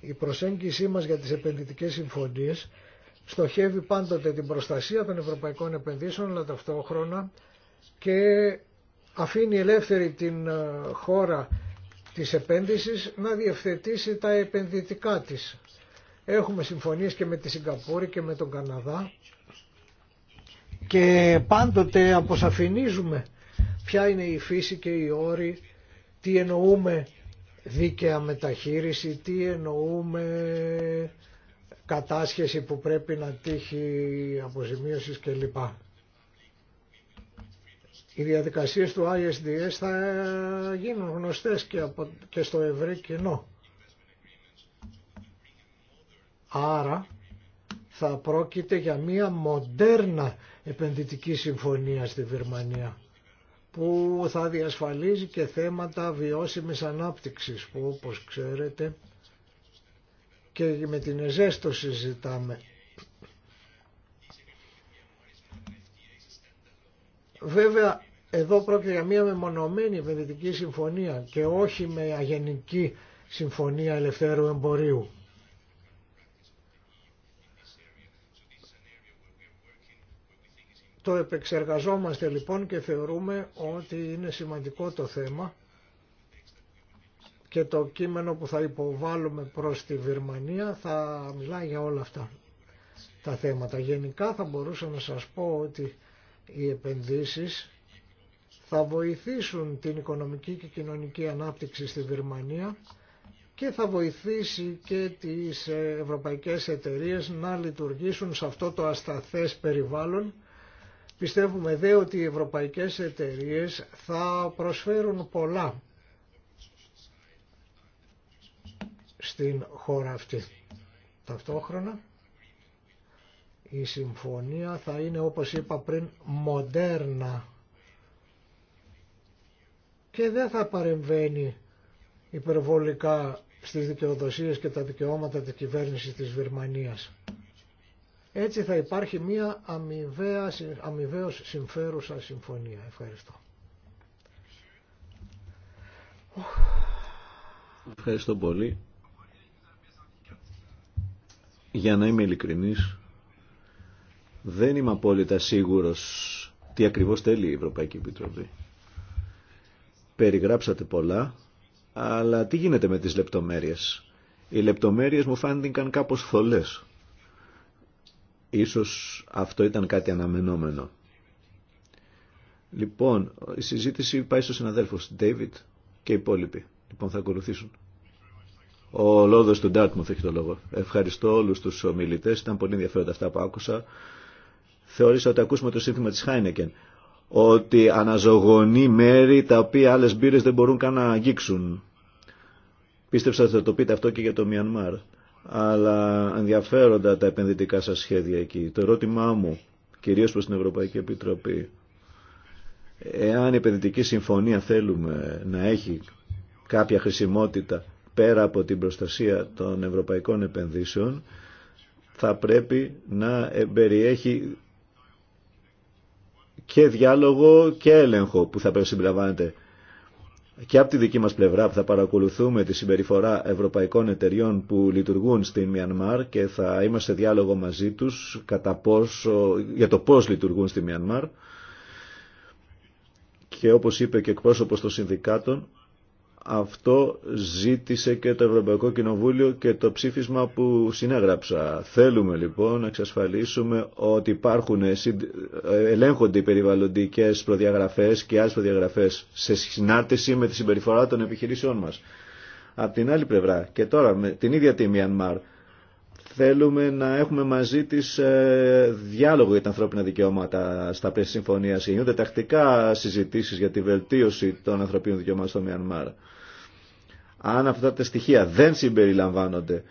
η προσέγγιση μας για τις επενδυτικές συμφωνίες στοχεύει πάντοτε την προστασία των ευρωπαϊκών επενδύσεων, αλλά ταυτόχρονα και αφήνει ελεύθερη την ε, χώρα της επένδυσης να διευθετήσει τα επενδυτικά της. Έχουμε συμφωνίες και με τη Σιγκαπούρη και με τον Καναδά και πάντοτε αποσαφηνίζουμε ποια είναι η φύση και οι όροι, τι εννοούμε δίκαια μεταχείριση, τι εννοούμε κατάσχεση που πρέπει να τύχει αποζημίωσης κλπ. Οι διαδικασίες του ISDS θα γίνουν γνωστές και, και στο ευρύ κοινό. Άρα θα πρόκειται για μία μοντέρνα επενδυτική συμφωνία στη Βερμανία που θα διασφαλίζει και θέματα βιώσιμης ανάπτυξης που όπως ξέρετε και με την ΕΖΕΣΤΟ συζητάμε. Βέβαια εδώ πρόκειται για μία μεμονωμένη επενδυτική συμφωνία και όχι με αγενική συμφωνία ελευθέρου εμπορίου. Το επεξεργαζόμαστε λοιπόν και θεωρούμε ότι είναι σημαντικό το θέμα και το κείμενο που θα υποβάλουμε προς τη Βερμανία θα μιλάει για όλα αυτά τα θέματα. Γενικά θα μπορούσα να σας πω ότι οι επενδύσεις θα βοηθήσουν την οικονομική και κοινωνική ανάπτυξη στη Βερμανία και θα βοηθήσει και τις ευρωπαϊκές εταιρείες να λειτουργήσουν σε αυτό το ασταθές περιβάλλον Πιστεύουμε δε ότι οι ευρωπαϊκές εταιρείες θα προσφέρουν πολλά στην χώρα αυτή. Ταυτόχρονα η συμφωνία θα είναι όπως είπα πριν μοντέρνα και δεν θα παρεμβαίνει υπερβολικά στις δικαιοδοσίες και τα δικαιώματα της κυβέρνησης της Βερμανίας. Έτσι θα υπάρχει μία αμοιβαία, αμοιβαίως συμφέρουσα συμφωνία. Ευχαριστώ. Ευχαριστώ πολύ. Για να είμαι ειλικρινής, δεν είμαι απόλυτα σίγουρος τι ακριβώς θέλει η Ευρωπαϊκή Επιτροπή. Περιγράψατε πολλά, αλλά τι γίνεται με τις λεπτομέρειες. Οι λεπτομέρειες μου φάνηκαν κάπως θολές. Ίσως αυτό ήταν κάτι αναμενόμενο. Λοιπόν, η συζήτηση πάει στους συναδέλφους David και οι υπόλοιποι. Λοιπόν, θα ακολουθήσουν. Ο Λόδος του Ντάρτμουθ έχει το λόγο. Ευχαριστώ όλου του ομιλητέ, Ήταν πολύ ενδιαφέροντα αυτά που άκουσα. Θεώρησα ότι ακούσουμε το σύνθημα τη Χάινεκεν. Ότι αναζωογονεί μέρη τα οποία άλλε μπύρε δεν μπορούν καν να αγγίξουν. Πίστεψα ότι θα το πείτε αυτό και για το Μιανμάρ αλλά ενδιαφέροντα τα επενδυτικά σας σχέδια εκεί. Το ερώτημά μου, κυρίως προς την Ευρωπαϊκή Επιτροπή, εάν η επενδυτική συμφωνία θέλουμε να έχει κάποια χρησιμότητα πέρα από την προστασία των ευρωπαϊκών επενδύσεων, θα πρέπει να περιέχει και διάλογο και έλεγχο που θα πρέπει να συμπεριλαμβάνεται και από τη δική μας πλευρά θα παρακολουθούμε τη συμπεριφορά ευρωπαϊκών εταιριών που λειτουργούν στη Μιανμάρ και θα είμαστε διάλογο μαζί τους κατά για το πώς λειτουργούν στη Μιανμάρ και όπως είπε και εκπρόσωπος των συνδικάτων αυτό ζήτησε και το Ευρωπαϊκό Κοινοβούλιο και το ψήφισμα που συνέγραψα. Θέλουμε λοιπόν να εξασφαλίσουμε ότι υπάρχουν, ελέγχονται οι περιβαλλοντικές προδιαγραφές και άλλες προδιαγραφές σε συνάρτηση με τη συμπεριφορά των επιχειρήσεών μας. Απ' την άλλη πλευρά και τώρα με την ίδια τη Μιανμάρ θέλουμε να έχουμε μαζί της ε, διάλογο για τα ανθρώπινα δικαιώματα στα πλαίσια συμφωνίας. Γίνονται τακτικά συζητήσεις για τη βελτίωση των ανθρωπίνων δικαιωμάτων στο Μιανμάρ αν αυτά τα στοιχεία δεν συμπεριλαμβάνονται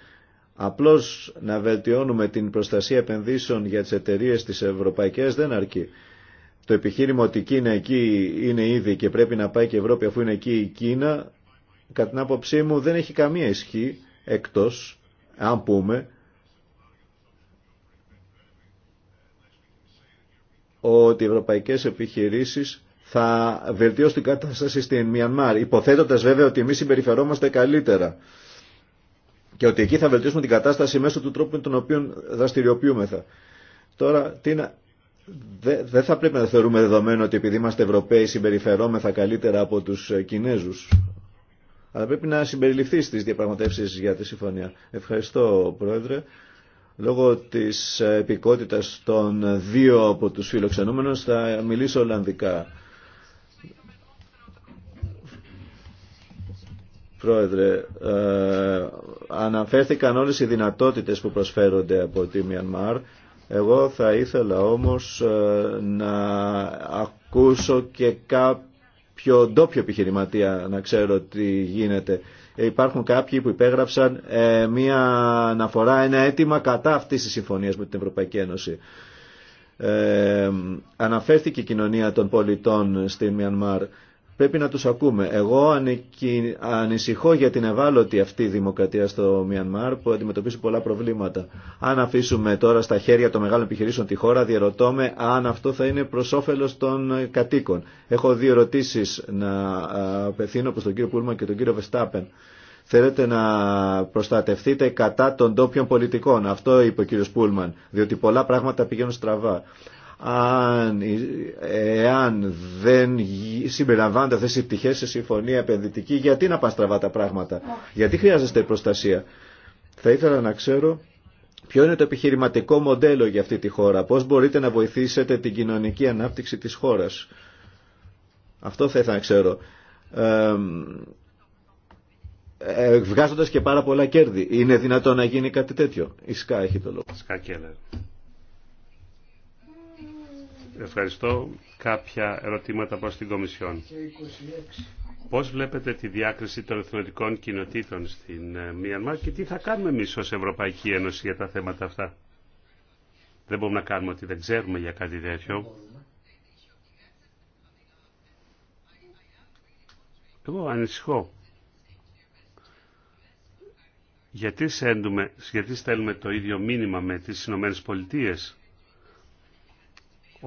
απλώς να βελτιώνουμε την προστασία επενδύσεων για τις εταιρείες της ευρωπαϊκές δεν αρκεί. Το επιχείρημα ότι η Κίνα εκεί είναι ήδη και πρέπει να πάει και η Ευρώπη αφού είναι εκεί η Κίνα, κατά την άποψή μου δεν έχει καμία ισχύ εκτός, αν πούμε, ότι οι ευρωπαϊκές επιχειρήσεις θα βελτιώσει την κατάσταση στην Μιανμάρ, υποθέτοντας βέβαια ότι εμείς συμπεριφερόμαστε καλύτερα και ότι εκεί θα βελτιώσουμε την κατάσταση μέσω του τρόπου με τον οποίο δραστηριοποιούμεθα. Τώρα, τι Δεν θα πρέπει να θεωρούμε δεδομένο ότι επειδή είμαστε Ευρωπαίοι συμπεριφερόμεθα καλύτερα από τους Κινέζους. Αλλά πρέπει να συμπεριληφθεί στις διαπραγματεύσεις για τη συμφωνία. Ευχαριστώ, Πρόεδρε. Λόγω της επικότητας των δύο από τους φιλοξενούμενους θα μιλήσω Ολλανδικά. Πρόεδρε, ε, αναφέρθηκαν όλες οι δυνατότητες που προσφέρονται από τη Μιανμάρ. Εγώ θα ήθελα όμως ε, να ακούσω και κάποιο ντόπιο επιχειρηματία να ξέρω τι γίνεται. Ε, υπάρχουν κάποιοι που υπέγραψαν μια αναφορά, ένα αίτημα κατά αυτής της συμφωνίας με την Ευρωπαϊκή Ένωση. Ε, αναφέρθηκε η κοινωνία των πολιτών στη Μιανμάρ Πρέπει να τους ακούμε. Εγώ ανησυχώ για την ευάλωτη αυτή δημοκρατία στο Μιανμάρ που αντιμετωπίζει πολλά προβλήματα. Αν αφήσουμε τώρα στα χέρια των μεγάλων επιχειρήσεων τη χώρα, διαρωτώ με αν αυτό θα είναι προ όφελο των κατοίκων. Έχω δύο ερωτήσει να απευθύνω προς τον κύριο Πούλμαν και τον κύριο Βεστάπεν. Θέλετε να προστατευτείτε κατά των ντόπιων πολιτικών. Αυτό είπε ο κύριο Πούλμαν. Διότι πολλά πράγματα πηγαίνουν στραβά αν, εάν δεν συμπεριλαμβάνονται αυτές οι πτυχές σε συμφωνία επενδυτική, γιατί να πας τραβά τα πράγματα, γιατί χρειάζεστε προστασία. Θα ήθελα να ξέρω ποιο είναι το επιχειρηματικό μοντέλο για αυτή τη χώρα, πώς μπορείτε να βοηθήσετε την κοινωνική ανάπτυξη της χώρας. Αυτό θα ήθελα να ξέρω. Ε, βγάζοντας και πάρα πολλά κέρδη. Είναι δυνατόν να γίνει κάτι τέτοιο. Η ΣΚΑ έχει το λόγο. Ευχαριστώ. Κάποια ερωτήματα προς την Κομισιόν. Πώς βλέπετε τη διάκριση των εθνωτικών κοινοτήτων στην ε, Μιανμάρ και τι θα κάνουμε εμείς ως Ευρωπαϊκή Ένωση για τα θέματα αυτά. Δεν μπορούμε να κάνουμε ότι δεν ξέρουμε για κάτι τέτοιο. Εγώ ανησυχώ. Γιατί, σέντουμε, γιατί στέλνουμε το ίδιο μήνυμα με τις Ηνωμένες Πολιτείες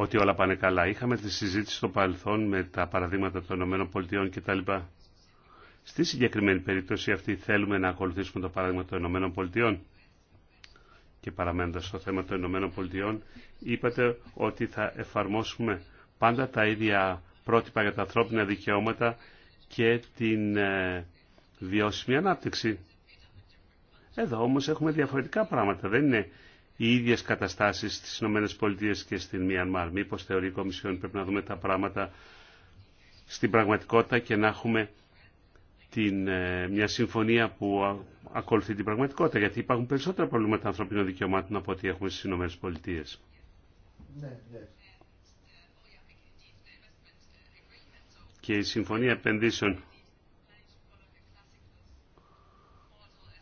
ότι όλα πάνε καλά. Είχαμε τη συζήτηση στο παρελθόν με τα παραδείγματα των ΗΠΑ κτλ. Στη συγκεκριμένη περίπτωση αυτή θέλουμε να ακολουθήσουμε το παράδειγμα των ΗΠΑ και παραμένοντας στο θέμα των ΗΠΑ είπατε ότι θα εφαρμόσουμε πάντα τα ίδια πρότυπα για τα ανθρώπινα δικαιώματα και την ε, βιώσιμη ανάπτυξη. Εδώ όμως έχουμε διαφορετικά πράγματα. Δεν είναι οι ίδιε καταστάσει στι ΗΠΑ και στην Μιανμάρ. Μήπω θεωρεί η Κομισιόν πρέπει να δούμε τα πράγματα στην πραγματικότητα και να έχουμε την, ε, μια συμφωνία που ακολουθεί την πραγματικότητα. Γιατί υπάρχουν περισσότερα προβλήματα ανθρωπίνων δικαιωμάτων από ό,τι έχουμε στι ΗΠΑ. Ναι, ναι, Και η Συμφωνία Επενδύσεων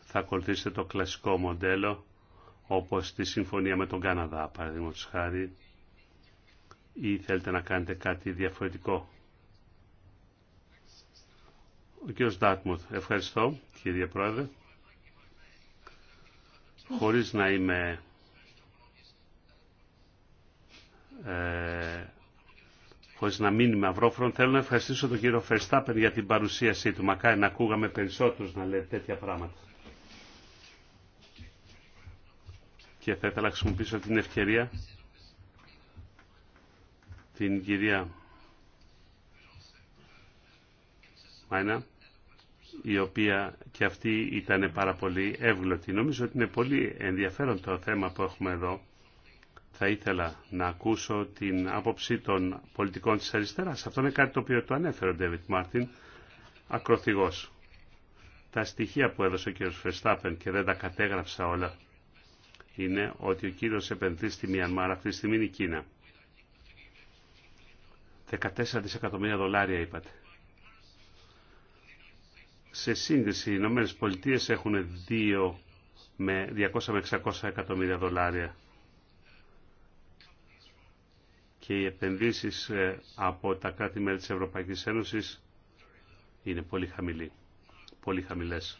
θα ακολουθήσετε το κλασικό μοντέλο όπως τη συμφωνία με τον Καναδά, παραδείγματος χάρη, ή θέλετε να κάνετε κάτι διαφορετικό. Ο κ. Ντάτμουθ, ευχαριστώ κύριε Πρόεδρε. Χωρίς να είμαι ε, χωρίς να μην είμαι αυρόφρον, θέλω να ευχαριστήσω τον κύριο Φερστάπεν για την παρουσίασή του. Μακάρι να ακούγαμε περισσότερους να λέει τέτοια πράγματα. και θα ήθελα να χρησιμοποιήσω την ευκαιρία την κυρία Μάινα η οποία και αυτή ήταν πάρα πολύ εύγλωτη. Νομίζω ότι είναι πολύ ενδιαφέρον το θέμα που έχουμε εδώ. Θα ήθελα να ακούσω την άποψη των πολιτικών της αριστεράς. Αυτό είναι κάτι το οποίο το ανέφερε ο Ντέβιτ Μάρτιν, ακροθυγός. Τα στοιχεία που έδωσε ο κ. Φεστάπεν και δεν τα κατέγραψα όλα, είναι ότι ο κύριος επενδύστη στη Μιανμάρα αυτή τη στιγμή είναι η Κίνα. 14 δισεκατομμύρια δολάρια είπατε. Σε σύγκριση, οι Ηνωμένες Πολιτείες έχουν 2 με 200 με 600 εκατομμύρια δολάρια. Και οι επενδύσεις ε, από τα κράτη-μέλη της Ευρωπαϊκής Ένωσης είναι πολύ χαμηλή, πολύ χαμηλές.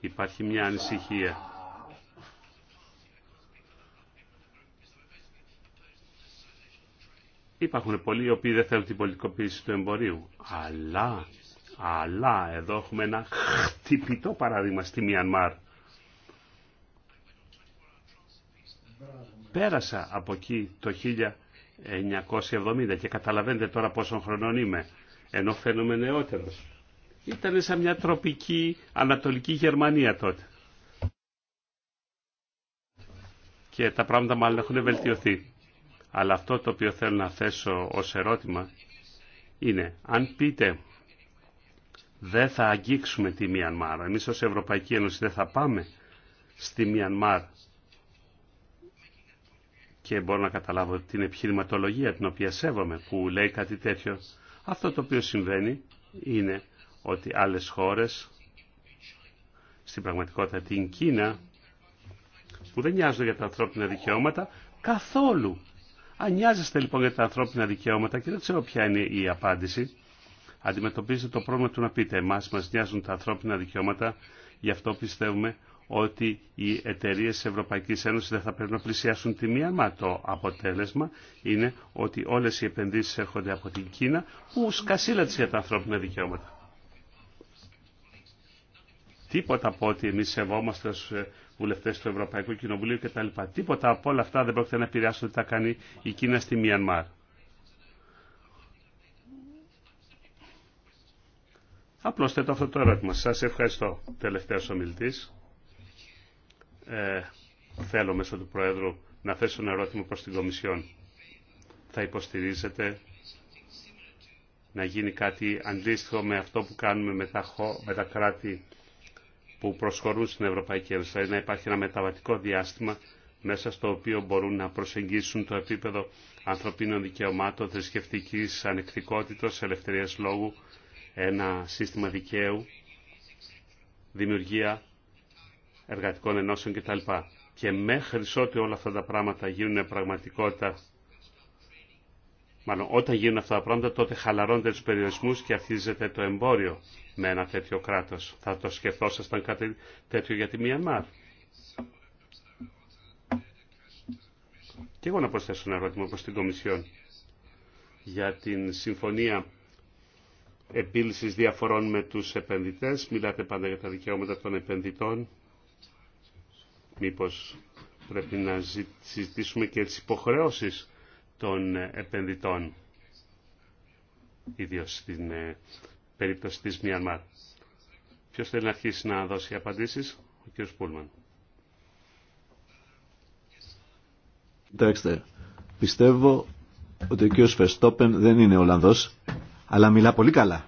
Υπάρχει μια ανησυχία Υπάρχουν πολλοί οι οποίοι δεν θέλουν την πολιτικοποίηση του εμπορίου. Αλλά, αλλά εδώ έχουμε ένα χτυπητό παράδειγμα στη Μιανμάρ. Πέρασα από εκεί το 1970 και καταλαβαίνετε τώρα πόσο χρονών είμαι, ενώ φαίνομαι νεότερος. Ήταν σαν μια τροπική ανατολική Γερμανία τότε. Και τα πράγματα μάλλον έχουν βελτιωθεί. Αλλά αυτό το οποίο θέλω να θέσω ως ερώτημα είναι αν πείτε δεν θα αγγίξουμε τη Μιανμάρ, εμείς ως Ευρωπαϊκή Ένωση δεν θα πάμε στη Μιανμάρ και μπορώ να καταλάβω την επιχειρηματολογία την οποία σέβομαι που λέει κάτι τέτοιο. Αυτό το οποίο συμβαίνει είναι ότι άλλες χώρες, στην πραγματικότητα την Κίνα, που δεν νοιάζονται για τα ανθρώπινα δικαιώματα, καθόλου αν νοιάζεστε λοιπόν για τα ανθρώπινα δικαιώματα και δεν ξέρω ποια είναι η απάντηση, αντιμετωπίζετε το πρόβλημα του να πείτε εμάς μας νοιάζουν τα ανθρώπινα δικαιώματα, γι' αυτό πιστεύουμε ότι οι εταιρείε της Ευρωπαϊκή Ένωση δεν θα πρέπει να πλησιάσουν τη μα Το αποτέλεσμα είναι ότι όλε οι επενδύσει έρχονται από την Κίνα που σκασίλατσε για τα ανθρώπινα δικαιώματα. Τίποτα από ότι εμεί σεβόμαστε βουλευτέ του Ευρωπαϊκού Κοινοβουλίου κτλ. Τίποτα από όλα αυτά δεν πρόκειται να επηρεάσουν τι θα κάνει η Κίνα στη Μιανμάρ. Απλώς θέτω αυτό το ερώτημα. Σας ευχαριστώ. Τελευταίος ομιλητής. Ε, θέλω μέσω του Προέδρου να θέσω ένα ερώτημα προς την Κομισιόν. Θα υποστηρίζετε να γίνει κάτι αντίστοιχο με αυτό που κάνουμε με τα, με τα κράτη που προσχωρούν στην Ευρωπαϊκή Ένωση. Δηλαδή να υπάρχει ένα μεταβατικό διάστημα μέσα στο οποίο μπορούν να προσεγγίσουν το επίπεδο ανθρωπίνων δικαιωμάτων, θρησκευτική ανεκτικότητας, ελευθερίας λόγου, ένα σύστημα δικαίου, δημιουργία εργατικών ενώσεων κτλ. Και μέχρι ότι όλα αυτά τα πράγματα γίνουν πραγματικότητα μάλλον όταν γίνουν αυτά τα πράγματα τότε χαλαρώνεται τους περιορισμούς και αρχίζεται το εμπόριο με ένα τέτοιο κράτος. Θα το σκεφτόσασταν κάτι τέτοιο για τη Μιανμάρ. Και εγώ να προσθέσω ένα ερώτημα προς την Κομισιόν για την συμφωνία επίλυσης διαφορών με τους επενδυτές. Μιλάτε πάντα για τα δικαιώματα των επενδυτών. Μήπως πρέπει να συζητήσουμε και τις υποχρεώσεις των επενδυτών, ιδίως στην ε, περίπτωση της Μιανμάρ. Ποιος θέλει να αρχίσει να δώσει απαντήσεις, ο κ. Πούλμαν. Κοιτάξτε, πιστεύω ότι ο κ. Φεστόπεν δεν είναι Ολλανδός, αλλά μιλά πολύ καλά.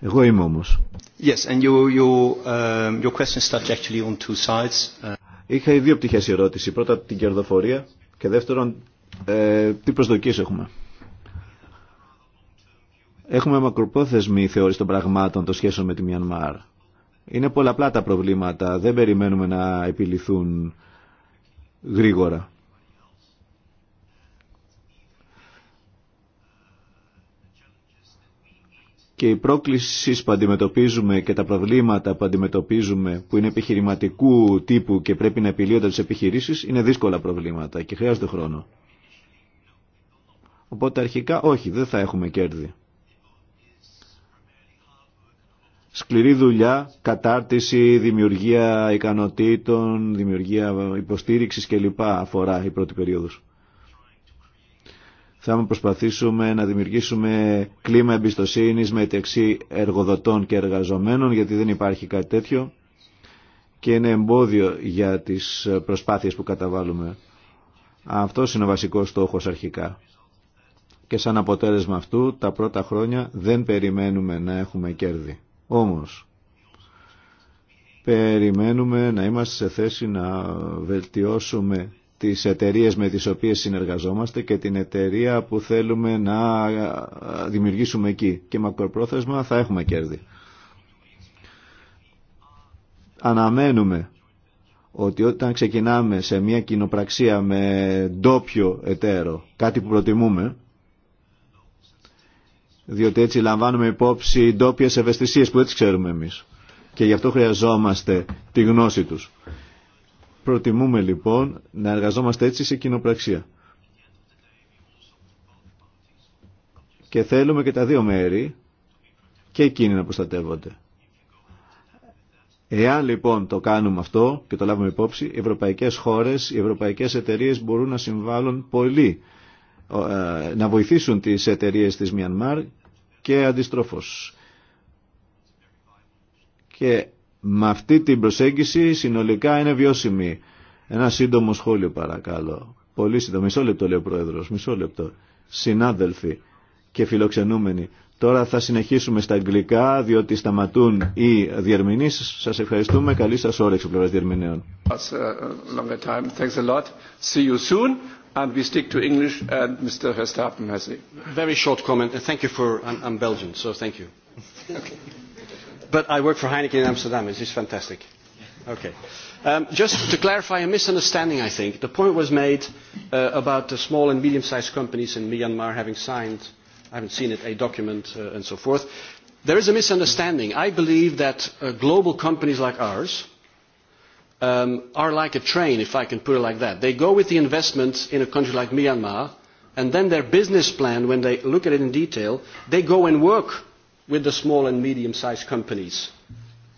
Εγώ είμαι όμως. Yes, and you, you, um, your question starts actually on two sides. Uh, Είχα οι δύο πτυχέ ερώτηση. Πρώτα την κερδοφορία και δεύτερον ε, τι προσδοκίε έχουμε. Έχουμε μακροπρόθεσμη θεώρηση των πραγμάτων των σχέσεων με τη Μιανμάρ. Είναι πολλαπλά τα προβλήματα, δεν περιμένουμε να επιληθούν γρήγορα. και οι πρόκληση που αντιμετωπίζουμε και τα προβλήματα που αντιμετωπίζουμε που είναι επιχειρηματικού τύπου και πρέπει να επιλύονται τις επιχειρήσεις είναι δύσκολα προβλήματα και χρειάζονται χρόνο. Οπότε αρχικά όχι, δεν θα έχουμε κέρδη. Σκληρή δουλειά, κατάρτιση, δημιουργία ικανοτήτων, δημιουργία υποστήριξης κλπ. αφορά η πρώτη περίοδος θα προσπαθήσουμε να δημιουργήσουμε κλίμα εμπιστοσύνης μεταξύ εργοδοτών και εργαζομένων γιατί δεν υπάρχει κάτι τέτοιο και είναι εμπόδιο για τις προσπάθειες που καταβάλουμε. Αυτό είναι ο βασικός στόχος αρχικά. Και σαν αποτέλεσμα αυτού τα πρώτα χρόνια δεν περιμένουμε να έχουμε κέρδη. Όμως περιμένουμε να είμαστε σε θέση να βελτιώσουμε τις εταιρείες με τις οποίες συνεργαζόμαστε και την εταιρεία που θέλουμε να δημιουργήσουμε εκεί. Και μακροπρόθεσμα θα έχουμε κέρδη. Αναμένουμε ότι όταν ξεκινάμε σε μια κοινοπραξία με ντόπιο εταίρο, κάτι που προτιμούμε, διότι έτσι λαμβάνουμε υπόψη ντόπιες ευαισθησίες που έτσι ξέρουμε εμείς. Και γι' αυτό χρειαζόμαστε τη γνώση τους. Προτιμούμε λοιπόν να εργαζόμαστε έτσι σε κοινοπραξία. Και θέλουμε και τα δύο μέρη και εκείνοι να προστατεύονται. Εάν λοιπόν το κάνουμε αυτό και το λάβουμε υπόψη, οι ευρωπαϊκές χώρες, οι ευρωπαϊκές εταιρείες μπορούν να συμβάλλουν πολύ, ε, να βοηθήσουν τις εταιρείες της Μιανμάρ και αντιστρόφως. Και με αυτή την προσέγγιση συνολικά είναι βιώσιμη. Ένα σύντομο σχόλιο παρακαλώ. Πολύ σύντομο. Μισό λεπτό λέει ο Πρόεδρος. Μισό λεπτό. Συνάδελφοι και φιλοξενούμενοι. Τώρα θα συνεχίσουμε στα αγγλικά διότι σταματούν οι διερμηνείς. Σας ευχαριστούμε. Καλή σας όρεξη πλευράς διερμηνέων. Uh, and we stick to English. Mr. Verstappen has very short comment. Thank you for. Belgian, so thank you. [laughs] But I work for Heineken in Amsterdam. It's is fantastic. Okay. Just to clarify a misunderstanding, I think. The point was made about the small and medium-sized companies in Myanmar having signed, I haven't seen it, a document and so forth. There is a misunderstanding. I believe that global companies like ours are like a train, if I can put it like that. They go with the investment in a country like Myanmar, and then their business plan, when they look at it in detail, they go and work with the small and medium-sized companies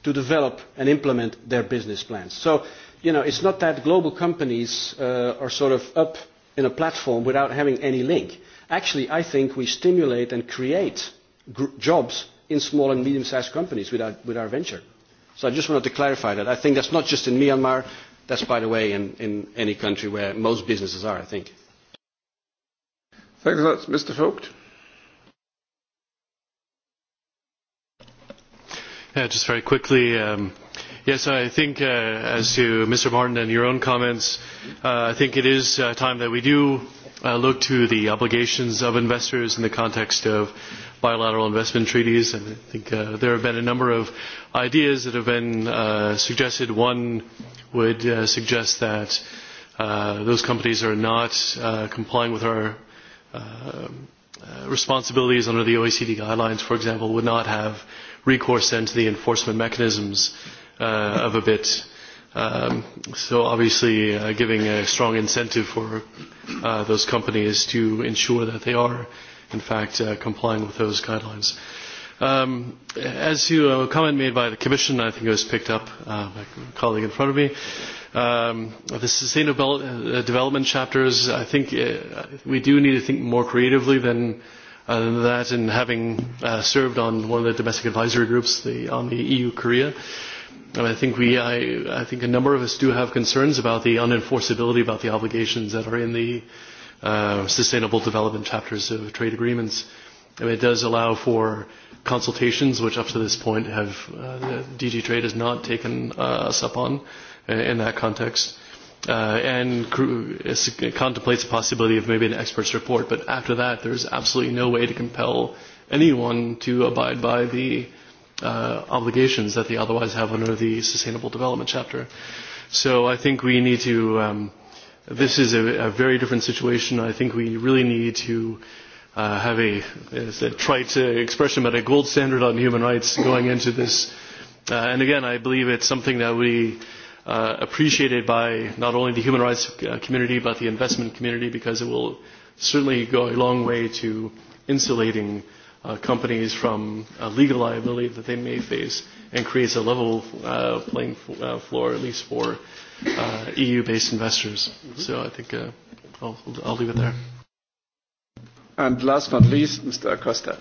to develop and implement their business plans. So, you know, it's not that global companies are sort of up in a platform without having any link. Actually, I think we stimulate and create jobs in small and medium-sized companies with our venture. So I just wanted to clarify that. I think that's not just in Myanmar. That's, by the way, in any country where most businesses are, I think. Thanks a lot. Mr. Vogt. Just very quickly, yes, I think as to Mr. Martin and your own comments, I think it is time that we do look to the obligations of investors in the context of bilateral investment treaties. And I think there have been a number of ideas that have been suggested. One would suggest that those companies are not complying with our responsibilities under the OECD guidelines, for example, would not have recourse then to the enforcement mechanisms of a bit. So obviously giving a strong incentive for those companies to ensure that they are in fact complying with those guidelines. As to a comment made by the Commission, I think it was picked up by a colleague in front of me, the sustainable development chapters, I think we do need to think more creatively than that in having served on one of the domestic advisory groups on the EU Korea, I think we I think a number of us do have concerns about the unenforceability about the obligations that are in the sustainable development chapters of trade agreements. It does allow for consultations, which up to this point have DG Trade has not taken us up on in that context and contemplates the possibility of maybe an expert's report. But after that, there's absolutely no way to compel anyone to abide by the obligations that they otherwise have under the Sustainable Development Chapter. So I think we need to. This is a very different situation. I think we really need to have a trite expression, but a gold standard on human rights going into this. And again, I believe it's something that we appreciated by not only the human rights community but the investment community because it will certainly go a long way to insulating companies from legal liability that they may face and creates a level playing floor at least for EU based investors. So I think I'll leave it there. And last but not least, Mr. Acosta.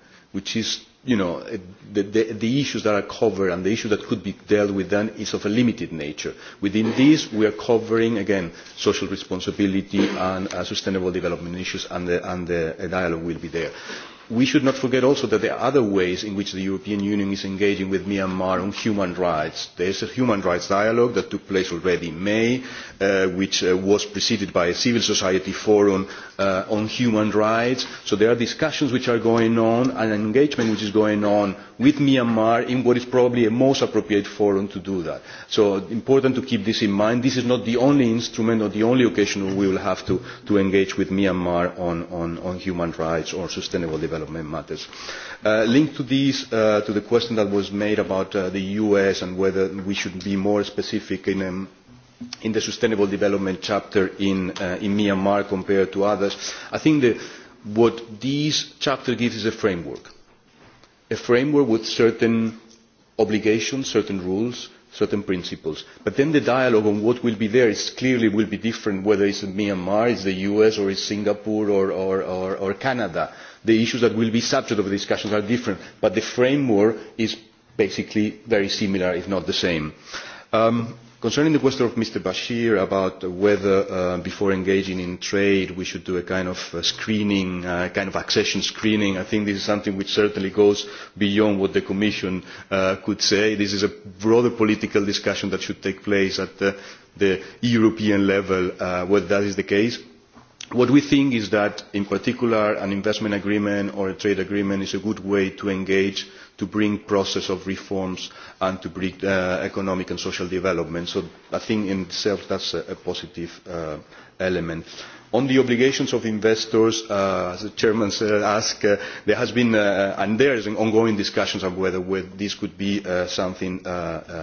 which is you know the issues that are covered and the issues that could be dealt with then is of a limited nature. Within this we are covering again social responsibility and sustainable development issues and the dialogue will be there we should not forget also that there are other ways in which the European Union is engaging with Myanmar on human rights. There is a human rights dialogue that took place already in May, which was preceded by a civil society forum on human rights. So there are discussions which are going on and an engagement which is going on with Myanmar in what is probably a most appropriate forum to do that. So important to keep this in mind. This is not the only instrument or the only occasion we will have to engage with Myanmar on human rights or sustainable development development matters. Linked to this, to the question that was made about the US and whether we should be more specific in the sustainable development chapter in Myanmar compared to others, I think that what this chapter gives is a framework. A framework with certain obligations, certain rules, certain principles. But then the dialogue on what will be there is clearly will be different whether it's Myanmar, it's the US or it's Singapore or Canada The issues that will be subject of the discussions are different, but the framework is basically very similar, if not the same. Concerning the question of Mr. Bashir about whether before engaging in trade we should do a kind of screening, a kind of accession screening, I think this is something which certainly goes beyond what the Commission could say. This is a broader political discussion that should take place at the European level, whether that is the case What we think is that, in particular, an investment agreement or a trade agreement is a good way to engage, to bring process of reforms and to bring economic and social development. So I think in itself that's a positive element. On the obligations of investors, as the chairman asked, there has been and there is ongoing discussions on whether this could be something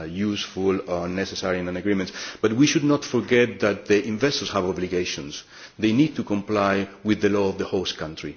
useful or necessary in an agreement. But we should not forget that the investors have obligations. They need to comply with the law of the host country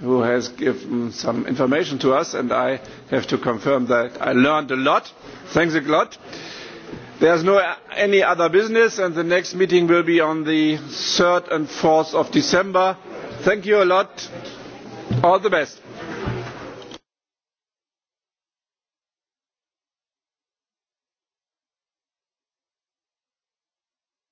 who has given some information to us, and I have to confirm that I learned a lot. Thanks a lot. There is no any other business, and the next meeting will be on the 3rd and 4th of December. Thank you a lot. All the best.